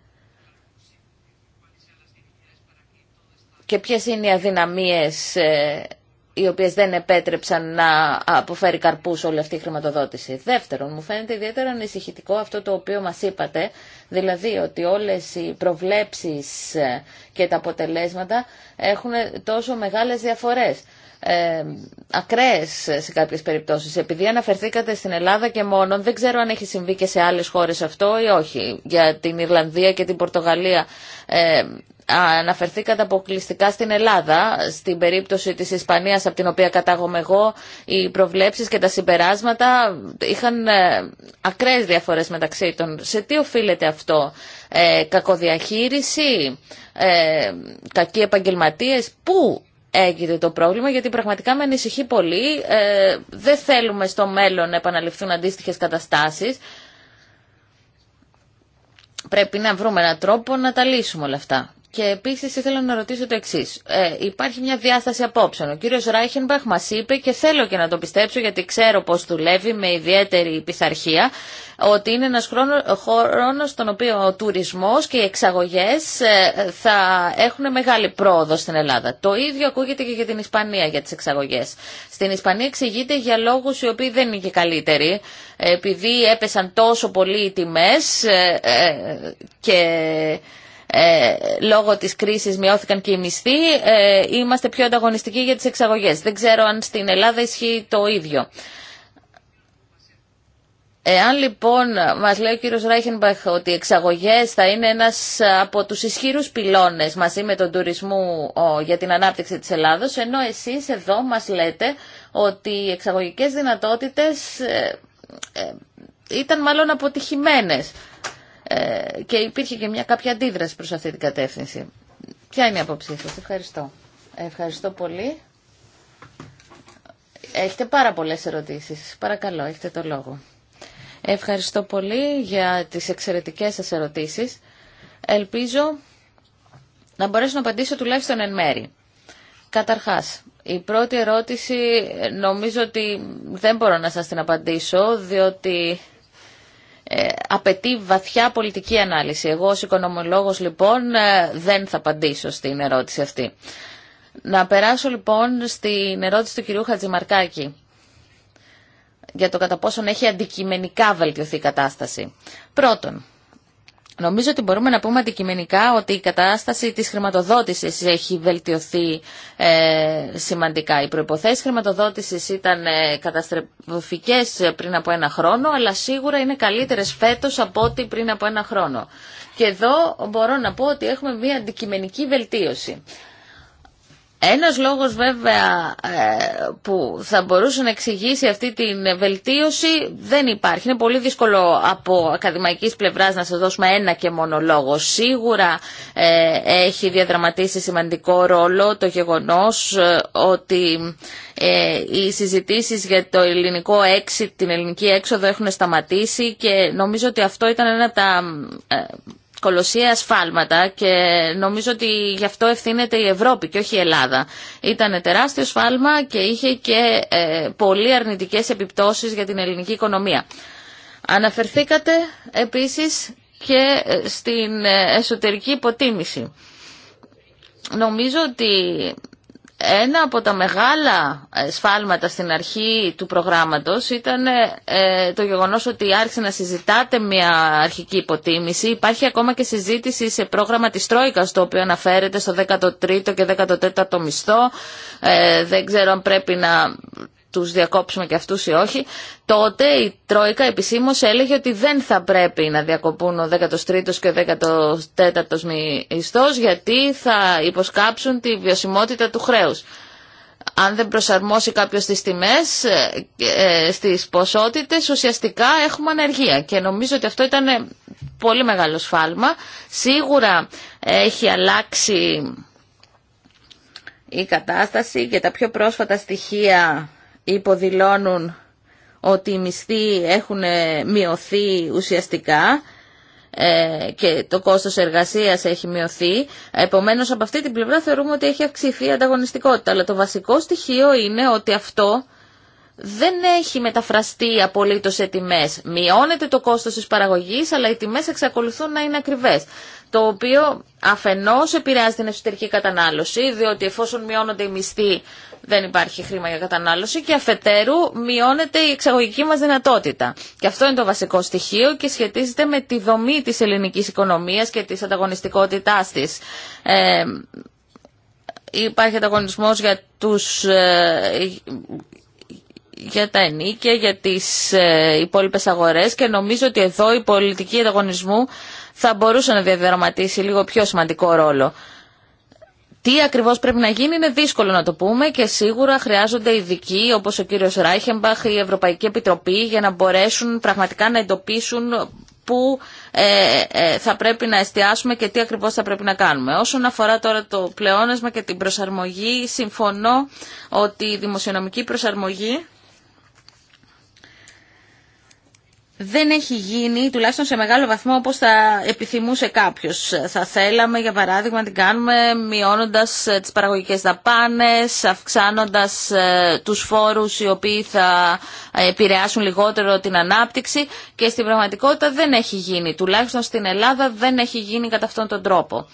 και ποιες είναι οι αδυναμίες ε, οι οποίες δεν επέτρεψαν να αποφέρει καρπούς όλη αυτή η χρηματοδότηση. Δεύτερον, μου φαίνεται ιδιαίτερα ανησυχητικό αυτό το οποίο μας είπατε, δηλαδή ότι όλες οι προβλέψεις και τα αποτελέσματα έχουν τόσο μεγάλες διαφορές. Ε, ακραίες σε κάποιες περιπτώσεις. Επειδή αναφερθήκατε στην Ελλάδα και μόνο, δεν ξέρω αν έχει συμβεί και σε άλλες χώρες αυτό ή όχι. Για την Ιρλανδία και την Πορτογαλία ε, αναφερθήκατε αποκλειστικά στην Ελλάδα. Στην περίπτωση της Ισπανίας, από την οποία κατάγομαι εγώ, οι προβλέψεις και τα συμπεράσματα είχαν ε, ακραίες διαφορές μεταξύ των. Σε τι οφείλεται αυτό, ε, κακοδιαχείριση, ε, κακοί επαγγελματίες, πού έγινε το πρόβλημα, γιατί πραγματικά με ανησυχεί πολύ. Ε, δεν θέλουμε στο μέλλον να επαναληφθούν αντίστοιχες καταστάσεις. Πρέπει να βρούμε έναν τρόπο να τα λύσουμε όλα αυτά. Και επίση ήθελα να ρωτήσω το εξή. Ε, υπάρχει μια διάσταση απόψεων. Ο κύριο Ράιχενμπαχ μα είπε και θέλω και να το πιστέψω γιατί ξέρω πώ δουλεύει με ιδιαίτερη πειθαρχία ότι είναι ένας χρόνος στον οποίο ο τουρισμός και οι εξαγωγές ε, θα έχουν μεγάλη πρόοδο στην Ελλάδα. Το ίδιο ακούγεται και για την Ισπανία για τις εξαγωγές. Στην Ισπανία εξηγείται για λόγους οι οποίοι δεν είναι και καλύτεροι επειδή έπεσαν τόσο πολύ οι ε, ε, και ε, λόγω της κρίσης μειώθηκαν και οι μισθοί, ε, είμαστε πιο ανταγωνιστικοί για τις εξαγωγές. Δεν ξέρω αν στην Ελλάδα ισχύει το ίδιο. Εάν λοιπόν μας λέει ο κύριος Ράιχενμπαχ ότι οι εξαγωγές θα είναι ένας από τους ισχυρούς πυλώνες μαζί με τον τουρισμό για την ανάπτυξη της Ελλάδος, ενώ εσείς εδώ μας λέτε ότι οι εξαγωγικές δυνατότητες ε, ήταν μάλλον αποτυχημένες. Ε, και υπήρχε και μια κάποια αντίδραση προς αυτή την κατεύθυνση. Ποια είναι η απόψη σας. Ευχαριστώ. Ευχαριστώ πολύ. Έχετε πάρα πολλές ερωτήσεις. Παρακαλώ, έχετε το λόγο. Ευχαριστώ πολύ για τις εξαιρετικές σας ερωτήσεις. Ελπίζω να μπορέσω να απαντήσω τουλάχιστον εν μέρη. Καταρχάς, η πρώτη ερώτηση νομίζω ότι δεν μπορώ να σας την απαντήσω, διότι ε, απαιτεί βαθιά πολιτική ανάλυση. Εγώ ως οικονομολόγος λοιπόν ε, δεν θα απαντήσω στην ερώτηση αυτή. Να περάσω λοιπόν στην ερώτηση του κυρίου Χατζημαρκάκη για το κατά πόσον έχει αντικειμενικά βελτιωθεί η κατάσταση. Πρώτον, Νομίζω ότι μπορούμε να πούμε αντικειμενικά ότι η κατάσταση της χρηματοδότησης έχει βελτιωθεί ε, σημαντικά. Οι προϋποθέσεις χρηματοδότησης ήταν ε, καταστροφικές ε, πριν από ένα χρόνο, αλλά σίγουρα είναι καλύτερες φέτος από ό,τι πριν από ένα χρόνο. Και εδώ μπορώ να πω ότι έχουμε μια αντικειμενική βελτίωση. Ένας λόγος βέβαια ε, που θα μπορούσε να εξηγήσει αυτή την βελτίωση δεν υπάρχει. Είναι πολύ δύσκολο από ακαδημαϊκής πλευράς να σας δώσουμε ένα και μόνο λόγο. Σίγουρα ε, έχει διαδραματίσει σημαντικό ρόλο το γεγονός ε, ότι οι συζητήσεις για το ελληνικό exit, την ελληνική έξοδο έχουν σταματήσει και νομίζω ότι αυτό ήταν ένα από τα κολοσσία σφάλματα και νομίζω ότι γι' αυτό ευθύνεται η Ευρώπη και όχι η Ελλάδα. Ήταν τεράστιο σφάλμα και είχε και ε, πολύ αρνητικές επιπτώσεις για την ελληνική οικονομία. Αναφερθήκατε επίσης και ε, στην ε, εσωτερική υποτίμηση. Νομίζω ότι ένα από τα μεγάλα ε, σφάλματα στην αρχή του προγράμματος ήταν ε, ε, το γεγονός ότι άρχισε να συζητάτε μια αρχική υποτίμηση. Υπάρχει ακόμα και συζήτηση σε πρόγραμμα της Τρόικας, το οποίο αναφέρεται στο 13ο και 14ο μισθό. Δεν ξέρω αν πρέπει να τους διακόψουμε και αυτούς ή όχι, τότε η Τρόικα επισήμως έλεγε ότι δεν θα πρέπει να διακοπούν ο 13 ο και ο 14 ο μισθός γιατί θα υποσκάψουν τη βιωσιμότητα του χρέους. Αν δεν προσαρμόσει κάποιος τις τιμές, ε, ε, στις ποσότητες, ουσιαστικά έχουμε ανεργία. Και νομίζω ότι αυτό ήταν ε, πολύ μεγάλο σφάλμα. Σίγουρα έχει αλλάξει η κατάσταση και τα πιο πρόσφατα στοιχεία υποδηλώνουν ότι οι μισθοί έχουν ε, μειωθεί ουσιαστικά ε, και το κόστος εργασίας έχει μειωθεί. Επομένως, από αυτή την πλευρά θεωρούμε ότι έχει αυξηθεί η ανταγωνιστικότητα. Αλλά το βασικό στοιχείο είναι ότι αυτό δεν έχει μεταφραστεί απολύτως σε τιμές. Μειώνεται το κόστος της παραγωγής, αλλά οι τιμές εξακολουθούν να είναι ακριβές. Το οποίο αφενός επηρεάζει την εσωτερική κατανάλωση, διότι εφόσον μειώνονται οι μισθοί, δεν υπάρχει χρήμα για κατανάλωση και αφετέρου μειώνεται η εξαγωγική μας δυνατότητα. Και αυτό είναι το βασικό στοιχείο και σχετίζεται με τη δομή της ελληνικής οικονομίας και της ανταγωνιστικότητάς της. Ε, υπάρχει ανταγωνισμός για, τους, ε, για τα ενίκια, για τις ε, υπόλοιπες αγορές και νομίζω ότι εδώ η πολιτική ανταγωνισμού θα μπορούσε να διαδραματίσει λίγο πιο σημαντικό ρόλο τι ακριβώς πρέπει να γίνει είναι δύσκολο να το πούμε και σίγουρα χρειάζονται ειδικοί όπως ο κύριος Ράιχενμπαχ ή η Ευρωπαϊκή Επιτροπή για να μπορέσουν πραγματικά να εντοπίσουν πού ε, ε, θα πρέπει να εστιάσουμε και τι ακριβώς θα πρέπει να κάνουμε. Όσον αφορά τώρα το πλεόνασμα και την προσαρμογή, συμφωνώ ότι η δημοσιονομική προσαρμογή δεν έχει γίνει, τουλάχιστον σε μεγάλο βαθμό, όπως θα επιθυμούσε κάποιος. Θα θέλαμε, για παράδειγμα, να την κάνουμε μειώνοντας ε, τις παραγωγικές δαπάνες, αυξάνοντας ε, τους φόρους οι οποίοι θα επηρεάσουν λιγότερο την ανάπτυξη και στην πραγματικότητα δεν έχει γίνει. Τουλάχιστον στην Ελλάδα δεν έχει γίνει κατά αυτόν τον τρόπο.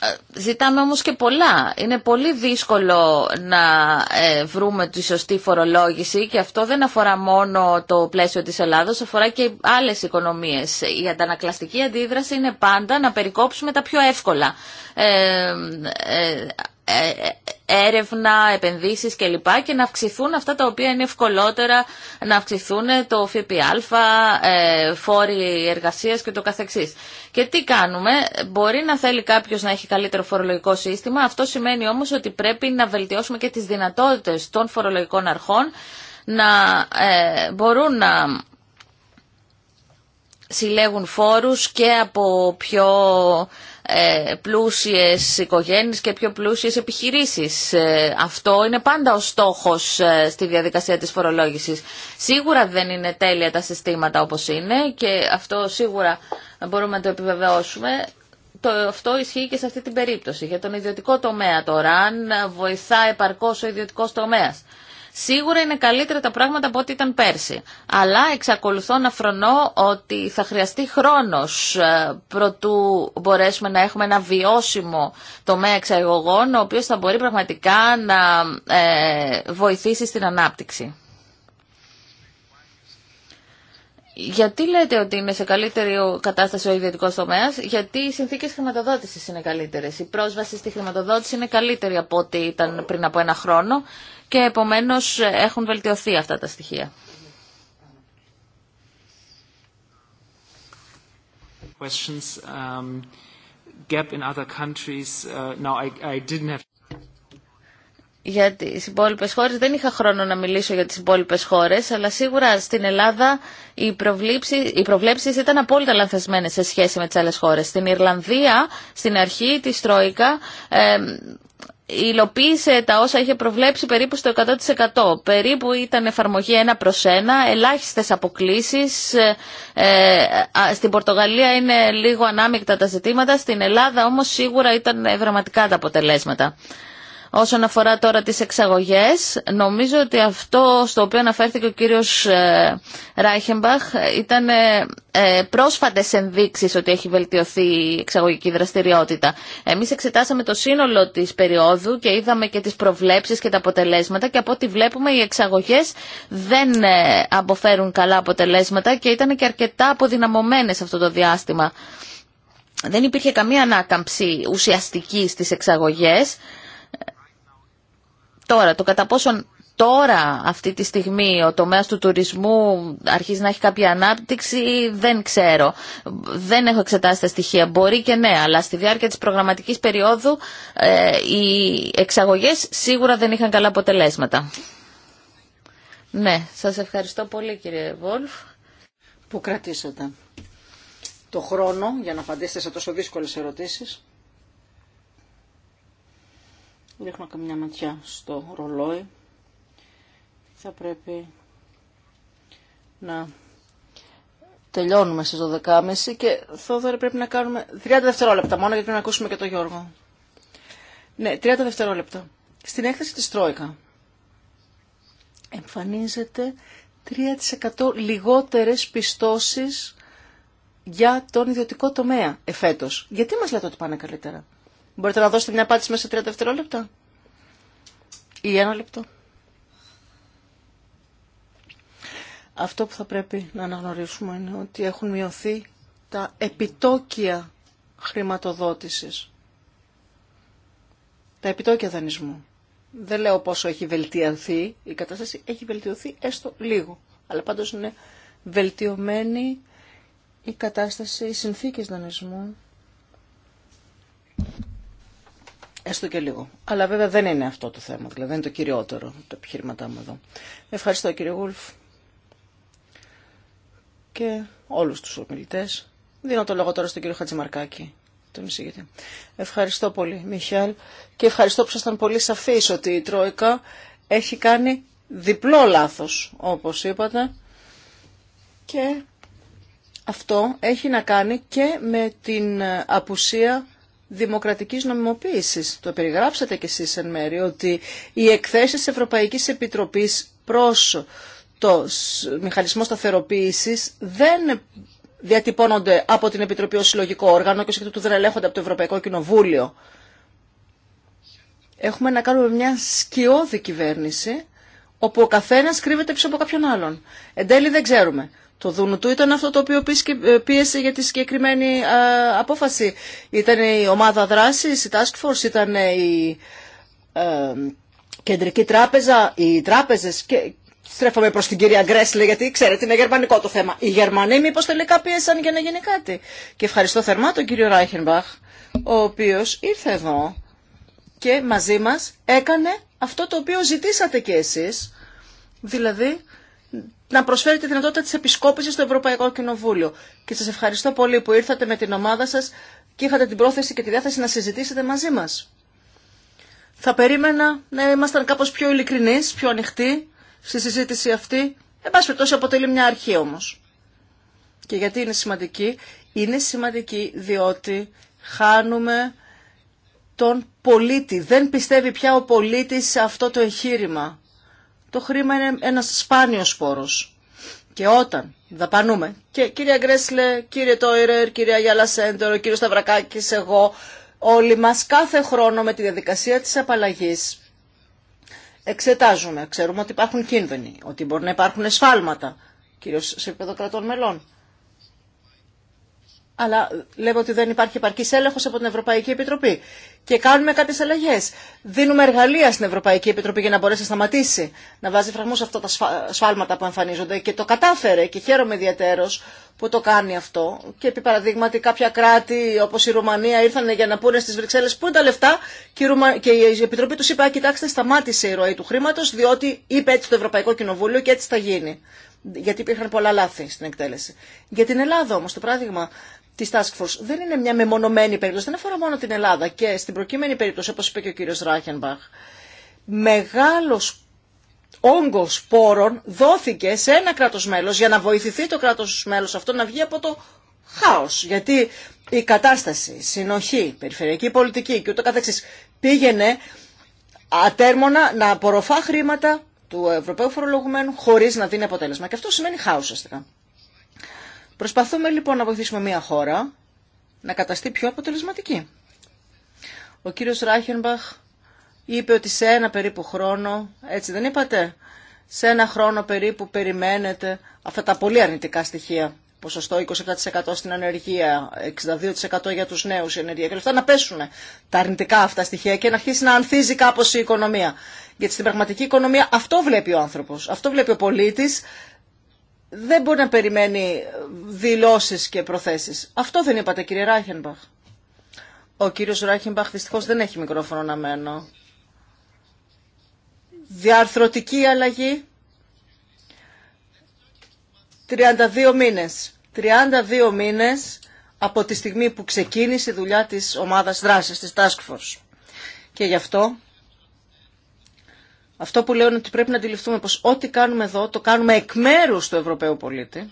Ε, Ζητάμε όμως και πολλά. Είναι πολύ δύσκολο να ε, βρούμε τη σωστή φορολόγηση και αυτό δεν αφορά μόνο το πλαίσιο της Ελλάδος, αφορά και άλλες οικονομίες. Η αντανακλαστική αντίδραση είναι πάντα να περικόψουμε τα πιο εύκολα. Ε, ε, έρευνα, επενδύσεις κλπ. και να αυξηθούν αυτά τα οποία είναι ευκολότερα να αυξηθούν το ΦΠΑ, φόροι εργασίας και το καθεξής. Και τι κάνουμε, μπορεί να θέλει κάποιος να έχει καλύτερο φορολογικό σύστημα. Αυτό σημαίνει όμως ότι πρέπει να βελτιώσουμε και τις δυνατότητες των φορολογικών αρχών να ε, μπορούν να συλλέγουν φόρους και από πιο ε, πλούσιες οικογένειες και πιο πλούσιες επιχειρήσεις. Ε, αυτό είναι πάντα ο στόχος ε, στη διαδικασία της φορολόγησης. Σίγουρα δεν είναι τέλεια τα συστήματα όπως είναι και αυτό σίγουρα μπορούμε να το επιβεβαιώσουμε το, αυτό ισχύει και σε αυτή την περίπτωση. Για τον ιδιωτικό τομέα τώρα, αν βοηθά επαρκώ ο ιδιωτικό τομέα, Σίγουρα είναι καλύτερα τα πράγματα από ό,τι ήταν πέρσι. Αλλά εξακολουθώ να φρονώ ότι θα χρειαστεί χρόνος ε, προτού μπορέσουμε να έχουμε ένα βιώσιμο τομέα εξαγωγών, ο οποίος θα μπορεί πραγματικά να ε, βοηθήσει στην ανάπτυξη. Γιατί λέτε ότι είναι σε καλύτερη κατάσταση ο ιδιωτικό τομέα, Γιατί οι συνθήκε χρηματοδότηση είναι καλύτερε. Η πρόσβαση στη χρηματοδότηση είναι καλύτερη από ό,τι ήταν πριν από ένα χρόνο και επομένω έχουν βελτιωθεί αυτά τα στοιχεία. Questions, um, gap in other countries. Uh, I, I didn't για τις υπόλοιπες χώρες. Δεν είχα χρόνο να μιλήσω για τις υπόλοιπες χώρες, αλλά σίγουρα στην Ελλάδα οι, οι προβλέψεις ήταν απόλυτα λανθασμένες σε σχέση με τις άλλες χώρες. Στην Ιρλανδία, στην αρχή της Τρόικα, ε, υλοποίησε τα όσα είχε προβλέψει περίπου στο 100%. Περίπου ήταν εφαρμογή ένα προς ένα, ελάχιστες αποκλήσεις. Ε, ε στην Πορτογαλία είναι λίγο ανάμεικτα τα ζητήματα, στην Ελλάδα όμως σίγουρα ήταν δραματικά τα αποτελέσματα. Όσον αφορά τώρα τις εξαγωγές, νομίζω ότι αυτό στο οποίο αναφέρθηκε ο κύριος Ράιχεμπαχ ήταν ε, ε, πρόσφατες ενδείξεις ότι έχει βελτιωθεί η εξαγωγική δραστηριότητα. Εμείς εξετάσαμε το σύνολο της περίοδου και είδαμε και τις προβλέψεις και τα αποτελέσματα και από ό,τι βλέπουμε οι εξαγωγές δεν ε, αποφέρουν καλά αποτελέσματα και ήταν και αρκετά αποδυναμωμένες αυτό το διάστημα. Δεν υπήρχε καμία ανάκαμψη ουσιαστική στις εξαγωγές Τώρα, το κατά πόσον τώρα αυτή τη στιγμή ο τομέας του τουρισμού αρχίζει να έχει κάποια ανάπτυξη δεν ξέρω. Δεν έχω εξετάσει τα στοιχεία. Μπορεί και ναι, αλλά στη διάρκεια της προγραμματικής περίοδου ε, οι εξαγωγές σίγουρα δεν είχαν καλά αποτελέσματα. Ναι, σας ευχαριστώ πολύ κύριε Βόλφ. Που κρατήσατε το χρόνο για να απαντήσετε σε τόσο δύσκολες ερωτήσεις. Ρίχνω καμιά ματιά στο ρολόι. Θα πρέπει να τελειώνουμε στις 12.30 και Θόδωρε πρέπει να κάνουμε 30 δευτερόλεπτα μόνο γιατί να ακούσουμε και τον Γιώργο. Ναι, 30 δευτερόλεπτα. Στην έκθεση της Τρόικα εμφανίζεται 3% λιγότερες πιστώσεις για τον ιδιωτικό τομέα εφέτος. Γιατί μας λέτε ότι πάνε καλύτερα. Μπορείτε να δώσετε μια απάντηση μέσα σε 30 δευτερόλεπτα ή ένα λεπτό. Αυτό που θα πρέπει να αναγνωρίσουμε είναι ότι έχουν μειωθεί τα επιτόκια χρηματοδότησης. Τα επιτόκια δανεισμού. Δεν λέω πόσο έχει βελτιωθεί η κατάσταση, έχει βελτιωθεί έστω λίγο. Αλλά πάντως είναι βελτιωμένη η κατάσταση, οι συνθήκες δανεισμού Έστω και λίγο. Αλλά βέβαια δεν είναι αυτό το θέμα, δηλαδή δεν είναι το κυριότερο το επιχείρηματά μου εδώ. Ευχαριστώ κύριε Γούλφ και όλους τους ομιλητές. Δίνω το λόγο τώρα στον κύριο Χατζημαρκάκη. Τον εισηγητή. Ευχαριστώ πολύ, Μιχάλ, και ευχαριστώ που ήσασταν πολύ σαφείς ότι η Τρόικα έχει κάνει διπλό λάθος, όπως είπατε, και αυτό έχει να κάνει και με την απουσία δημοκρατικής νομιμοποίησης. Το περιγράψατε κι εσείς εν μέρει ότι οι εκθέσεις της Ευρωπαϊκής Επιτροπής προς το μηχανισμό σταθεροποίηση δεν διατυπώνονται από την Επιτροπή ως συλλογικό όργανο και σχετικά του δεν ελέγχονται από το Ευρωπαϊκό Κοινοβούλιο. Έχουμε να κάνουμε μια σκιώδη κυβέρνηση όπου ο καθένας κρύβεται πίσω από κάποιον άλλον. Εν τέλει δεν ξέρουμε το Δούνου του ήταν αυτό το οποίο ε, πίεσε για τη συγκεκριμένη απόφαση. Ήταν η ομάδα δράσης, η Task Force, ήταν η ε, κεντρική τράπεζα, οι τράπεζες και... Στρέφομαι προ την κυρία Γκρέσλε, γιατί ξέρετε είναι γερμανικό το θέμα. Οι Γερμανοί μήπω τελικά πίεσαν για να γίνει κάτι. Και ευχαριστώ θερμά τον κύριο Ράιχενμπαχ, ο οποίο ήρθε εδώ και μαζί μα έκανε αυτό το οποίο ζητήσατε κι εσεί. Δηλαδή να προσφέρει τη δυνατότητα της επισκόπησης στο Ευρωπαϊκό Κοινοβούλιο. Και σας ευχαριστώ πολύ που ήρθατε με την ομάδα σας και είχατε την πρόθεση και τη διάθεση να συζητήσετε μαζί μας. Θα περίμενα να ήμασταν κάπως πιο ειλικρινείς, πιο ανοιχτοί στη συζήτηση αυτή. Εν αποτελεί μια αρχή όμως. Και γιατί είναι σημαντική. Είναι σημαντική διότι χάνουμε τον πολίτη. Δεν πιστεύει πια ο πολίτης σε αυτό το εγχείρημα το χρήμα είναι ένας σπάνιος πόρος. Και όταν δαπανούμε, και κύριε Γκρέσλε, κύριε Τόιρερ, κυρία Γιάλα Σέντερο, κύριο Σταυρακάκης, εγώ, όλοι μας κάθε χρόνο με τη διαδικασία της απαλλαγής εξετάζουμε, ξέρουμε ότι υπάρχουν κίνδυνοι, ότι μπορεί να υπάρχουν εσφάλματα, κυρίως σε επίπεδο κρατών μελών αλλά λέμε ότι δεν υπάρχει επαρκή έλεγχο από την Ευρωπαϊκή Επιτροπή. Και κάνουμε κάποιε αλλαγέ. Δίνουμε εργαλεία στην Ευρωπαϊκή Επιτροπή για να μπορέσει να σταματήσει να βάζει φραγμού σε αυτά τα σφάλματα που εμφανίζονται. Και το κατάφερε και χαίρομαι ιδιαίτερω που το κάνει αυτό. Και επί παραδείγματι, κάποια κράτη όπω η Ρουμανία ήρθαν για να πούνε στι Βρυξέλλε πού είναι τα λεφτά και η, Ρουμα... Επιτροπή του είπε: Α, κοιτάξτε, σταμάτησε η ροή του χρήματο, διότι είπε έτσι το Ευρωπαϊκό Κοινοβούλιο και έτσι θα γίνει γιατί υπήρχαν πολλά λάθη στην εκτέλεση. Για την Ελλάδα όμω, το παράδειγμα τη Task Force δεν είναι μια μεμονωμένη περίπτωση, δεν αφορά μόνο την Ελλάδα και στην προκείμενη περίπτωση, όπως είπε και ο κύριος Ράχενμπαχ, μεγάλος όγκος πόρων δόθηκε σε ένα κράτος μέλος για να βοηθηθεί το κράτος μέλος αυτό να βγει από το χάος. Γιατί η κατάσταση, συνοχή, περιφερειακή πολιτική και ούτω καθεξής πήγαινε ατέρμονα να απορροφά χρήματα του Ευρωπαίου Φορολογουμένου χωρίς να δίνει αποτέλεσμα. Και αυτό σημαίνει χάος αστικά. Προσπαθούμε λοιπόν να βοηθήσουμε μια χώρα να καταστεί πιο αποτελεσματική. Ο κύριος Ράχενμπαχ είπε ότι σε ένα περίπου χρόνο, έτσι δεν είπατε, σε ένα χρόνο περίπου περιμένετε αυτά τα πολύ αρνητικά στοιχεία, ποσοστό 27% στην ανεργία, 62% για τους νέους η ενεργεία και λεφτά να πέσουν τα αρνητικά αυτά στοιχεία και να αρχίσει να ανθίζει κάπως η οικονομία. Γιατί στην πραγματική οικονομία αυτό βλέπει ο άνθρωπος, αυτό βλέπει ο πολίτης, δεν μπορεί να περιμένει δηλώσεις και προθέσεις. Αυτό δεν είπατε κύριε Ράχενμπαχ. Ο κύριος Ράχενμπαχ δυστυχώς δεν έχει μικρόφωνο να μένω. Διαρθρωτική αλλαγή. 32 μήνες. 32 μήνες από τη στιγμή που ξεκίνησε η δουλειά της ομάδας δράσης, της Task Force. Και γι' αυτό αυτό που λέω είναι ότι πρέπει να αντιληφθούμε πως ό,τι κάνουμε εδώ το κάνουμε εκ μέρου του Ευρωπαίου πολίτη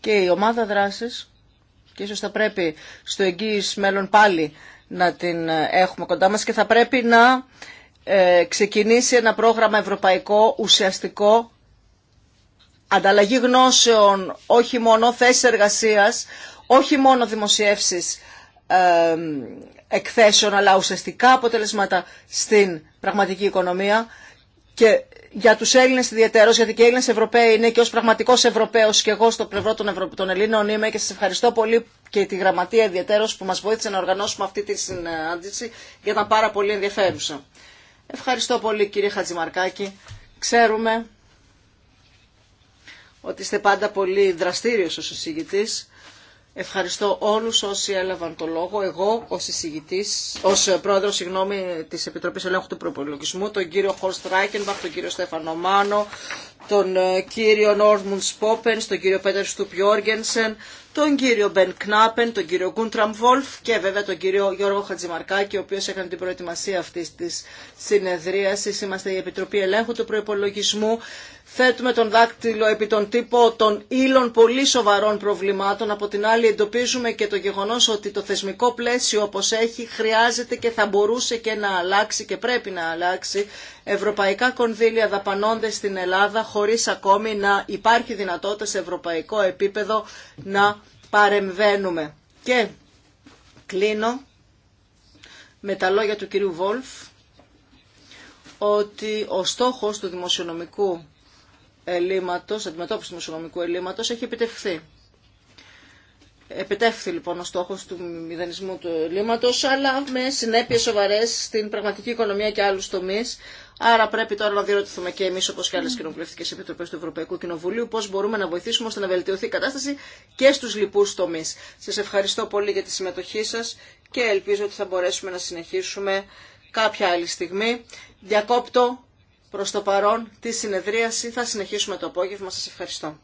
και η ομάδα δράσης και ίσως θα πρέπει στο εγγύης μέλλον πάλι να την ε, έχουμε κοντά μας και θα πρέπει να ε, ξεκινήσει ένα πρόγραμμα ευρωπαϊκό ουσιαστικό ανταλλαγή γνώσεων, όχι μόνο θέσεις εργασίας, όχι μόνο δημοσιεύσεις ε, εκθέσεων αλλά ουσιαστικά αποτελέσματα στην πραγματική οικονομία και για τους Έλληνες ιδιαίτερως, γιατί και οι Έλληνες Ευρωπαίοι είναι και ως πραγματικός Ευρωπαίος και εγώ στο πλευρό των, Ευρω... των Ελλήνων είμαι και σας ευχαριστώ πολύ και τη Γραμματεία ιδιαίτερως που μας βοήθησε να οργανώσουμε αυτή τη συνάντηση γιατί τα πάρα πολύ ενδιαφέρουσα. Ευχαριστώ πολύ κύριε Χατζημαρκάκη. Ξέρουμε ότι είστε πάντα πολύ δραστήριος ως εισηγητής Ευχαριστώ όλους όσοι έλαβαν το λόγο. Εγώ ως, εισηγητής, ως πρόεδρος συγγνώμη, της Επιτροπής Ελέγχου του Προπολογισμού, τον κύριο Χόρστ Ράικενμπαχ, τον κύριο Στέφανο Μάνο, τον ε, κύριο Νόρμουν Σπόπεν, τον κύριο Πέτερ Στουπ Γιόργενσεν, τον κύριο Μπεν Κνάπεν, τον κύριο Γκούντραμ Βόλφ και βέβαια τον κύριο Γιώργο Χατζημαρκάκη, ο οποίο έκανε την προετοιμασία αυτή τη συνεδρίασης. Είμαστε η Επιτροπή Ελέγχου του προπολογισμού θέτουμε τον δάκτυλο επί τον τύπο των ύλων πολύ σοβαρών προβλημάτων. Από την άλλη εντοπίζουμε και το γεγονός ότι το θεσμικό πλαίσιο όπως έχει χρειάζεται και θα μπορούσε και να αλλάξει και πρέπει να αλλάξει. Ευρωπαϊκά κονδύλια δαπανώνται στην Ελλάδα χωρίς ακόμη να υπάρχει δυνατότητα σε ευρωπαϊκό επίπεδο να παρεμβαίνουμε. Και κλείνω με τα λόγια του κυρίου Βόλφ ότι ο στόχος του δημοσιονομικού ελλείμματος, αντιμετώπιση του μεσονομικού ελλείμματος έχει επιτευχθεί. Επιτεύχθη λοιπόν ο στόχος του μηδενισμού του ελλείμματος, αλλά με συνέπειες σοβαρές στην πραγματική οικονομία και άλλους τομείς. Άρα πρέπει τώρα να διερωτηθούμε και εμείς όπως και άλλες κοινοβουλευτικές επιτροπές του Ευρωπαϊκού Κοινοβουλίου πώς μπορούμε να βοηθήσουμε ώστε να βελτιωθεί η κατάσταση και στους λοιπούς τομείς. Σας ευχαριστώ πολύ για τη συμμετοχή σας και ελπίζω ότι θα μπορέσουμε να συνεχίσουμε κάποια άλλη στιγμή. Διακόπτω προς το παρόν τη συνεδρίαση. Θα συνεχίσουμε το απόγευμα. Σας ευχαριστώ.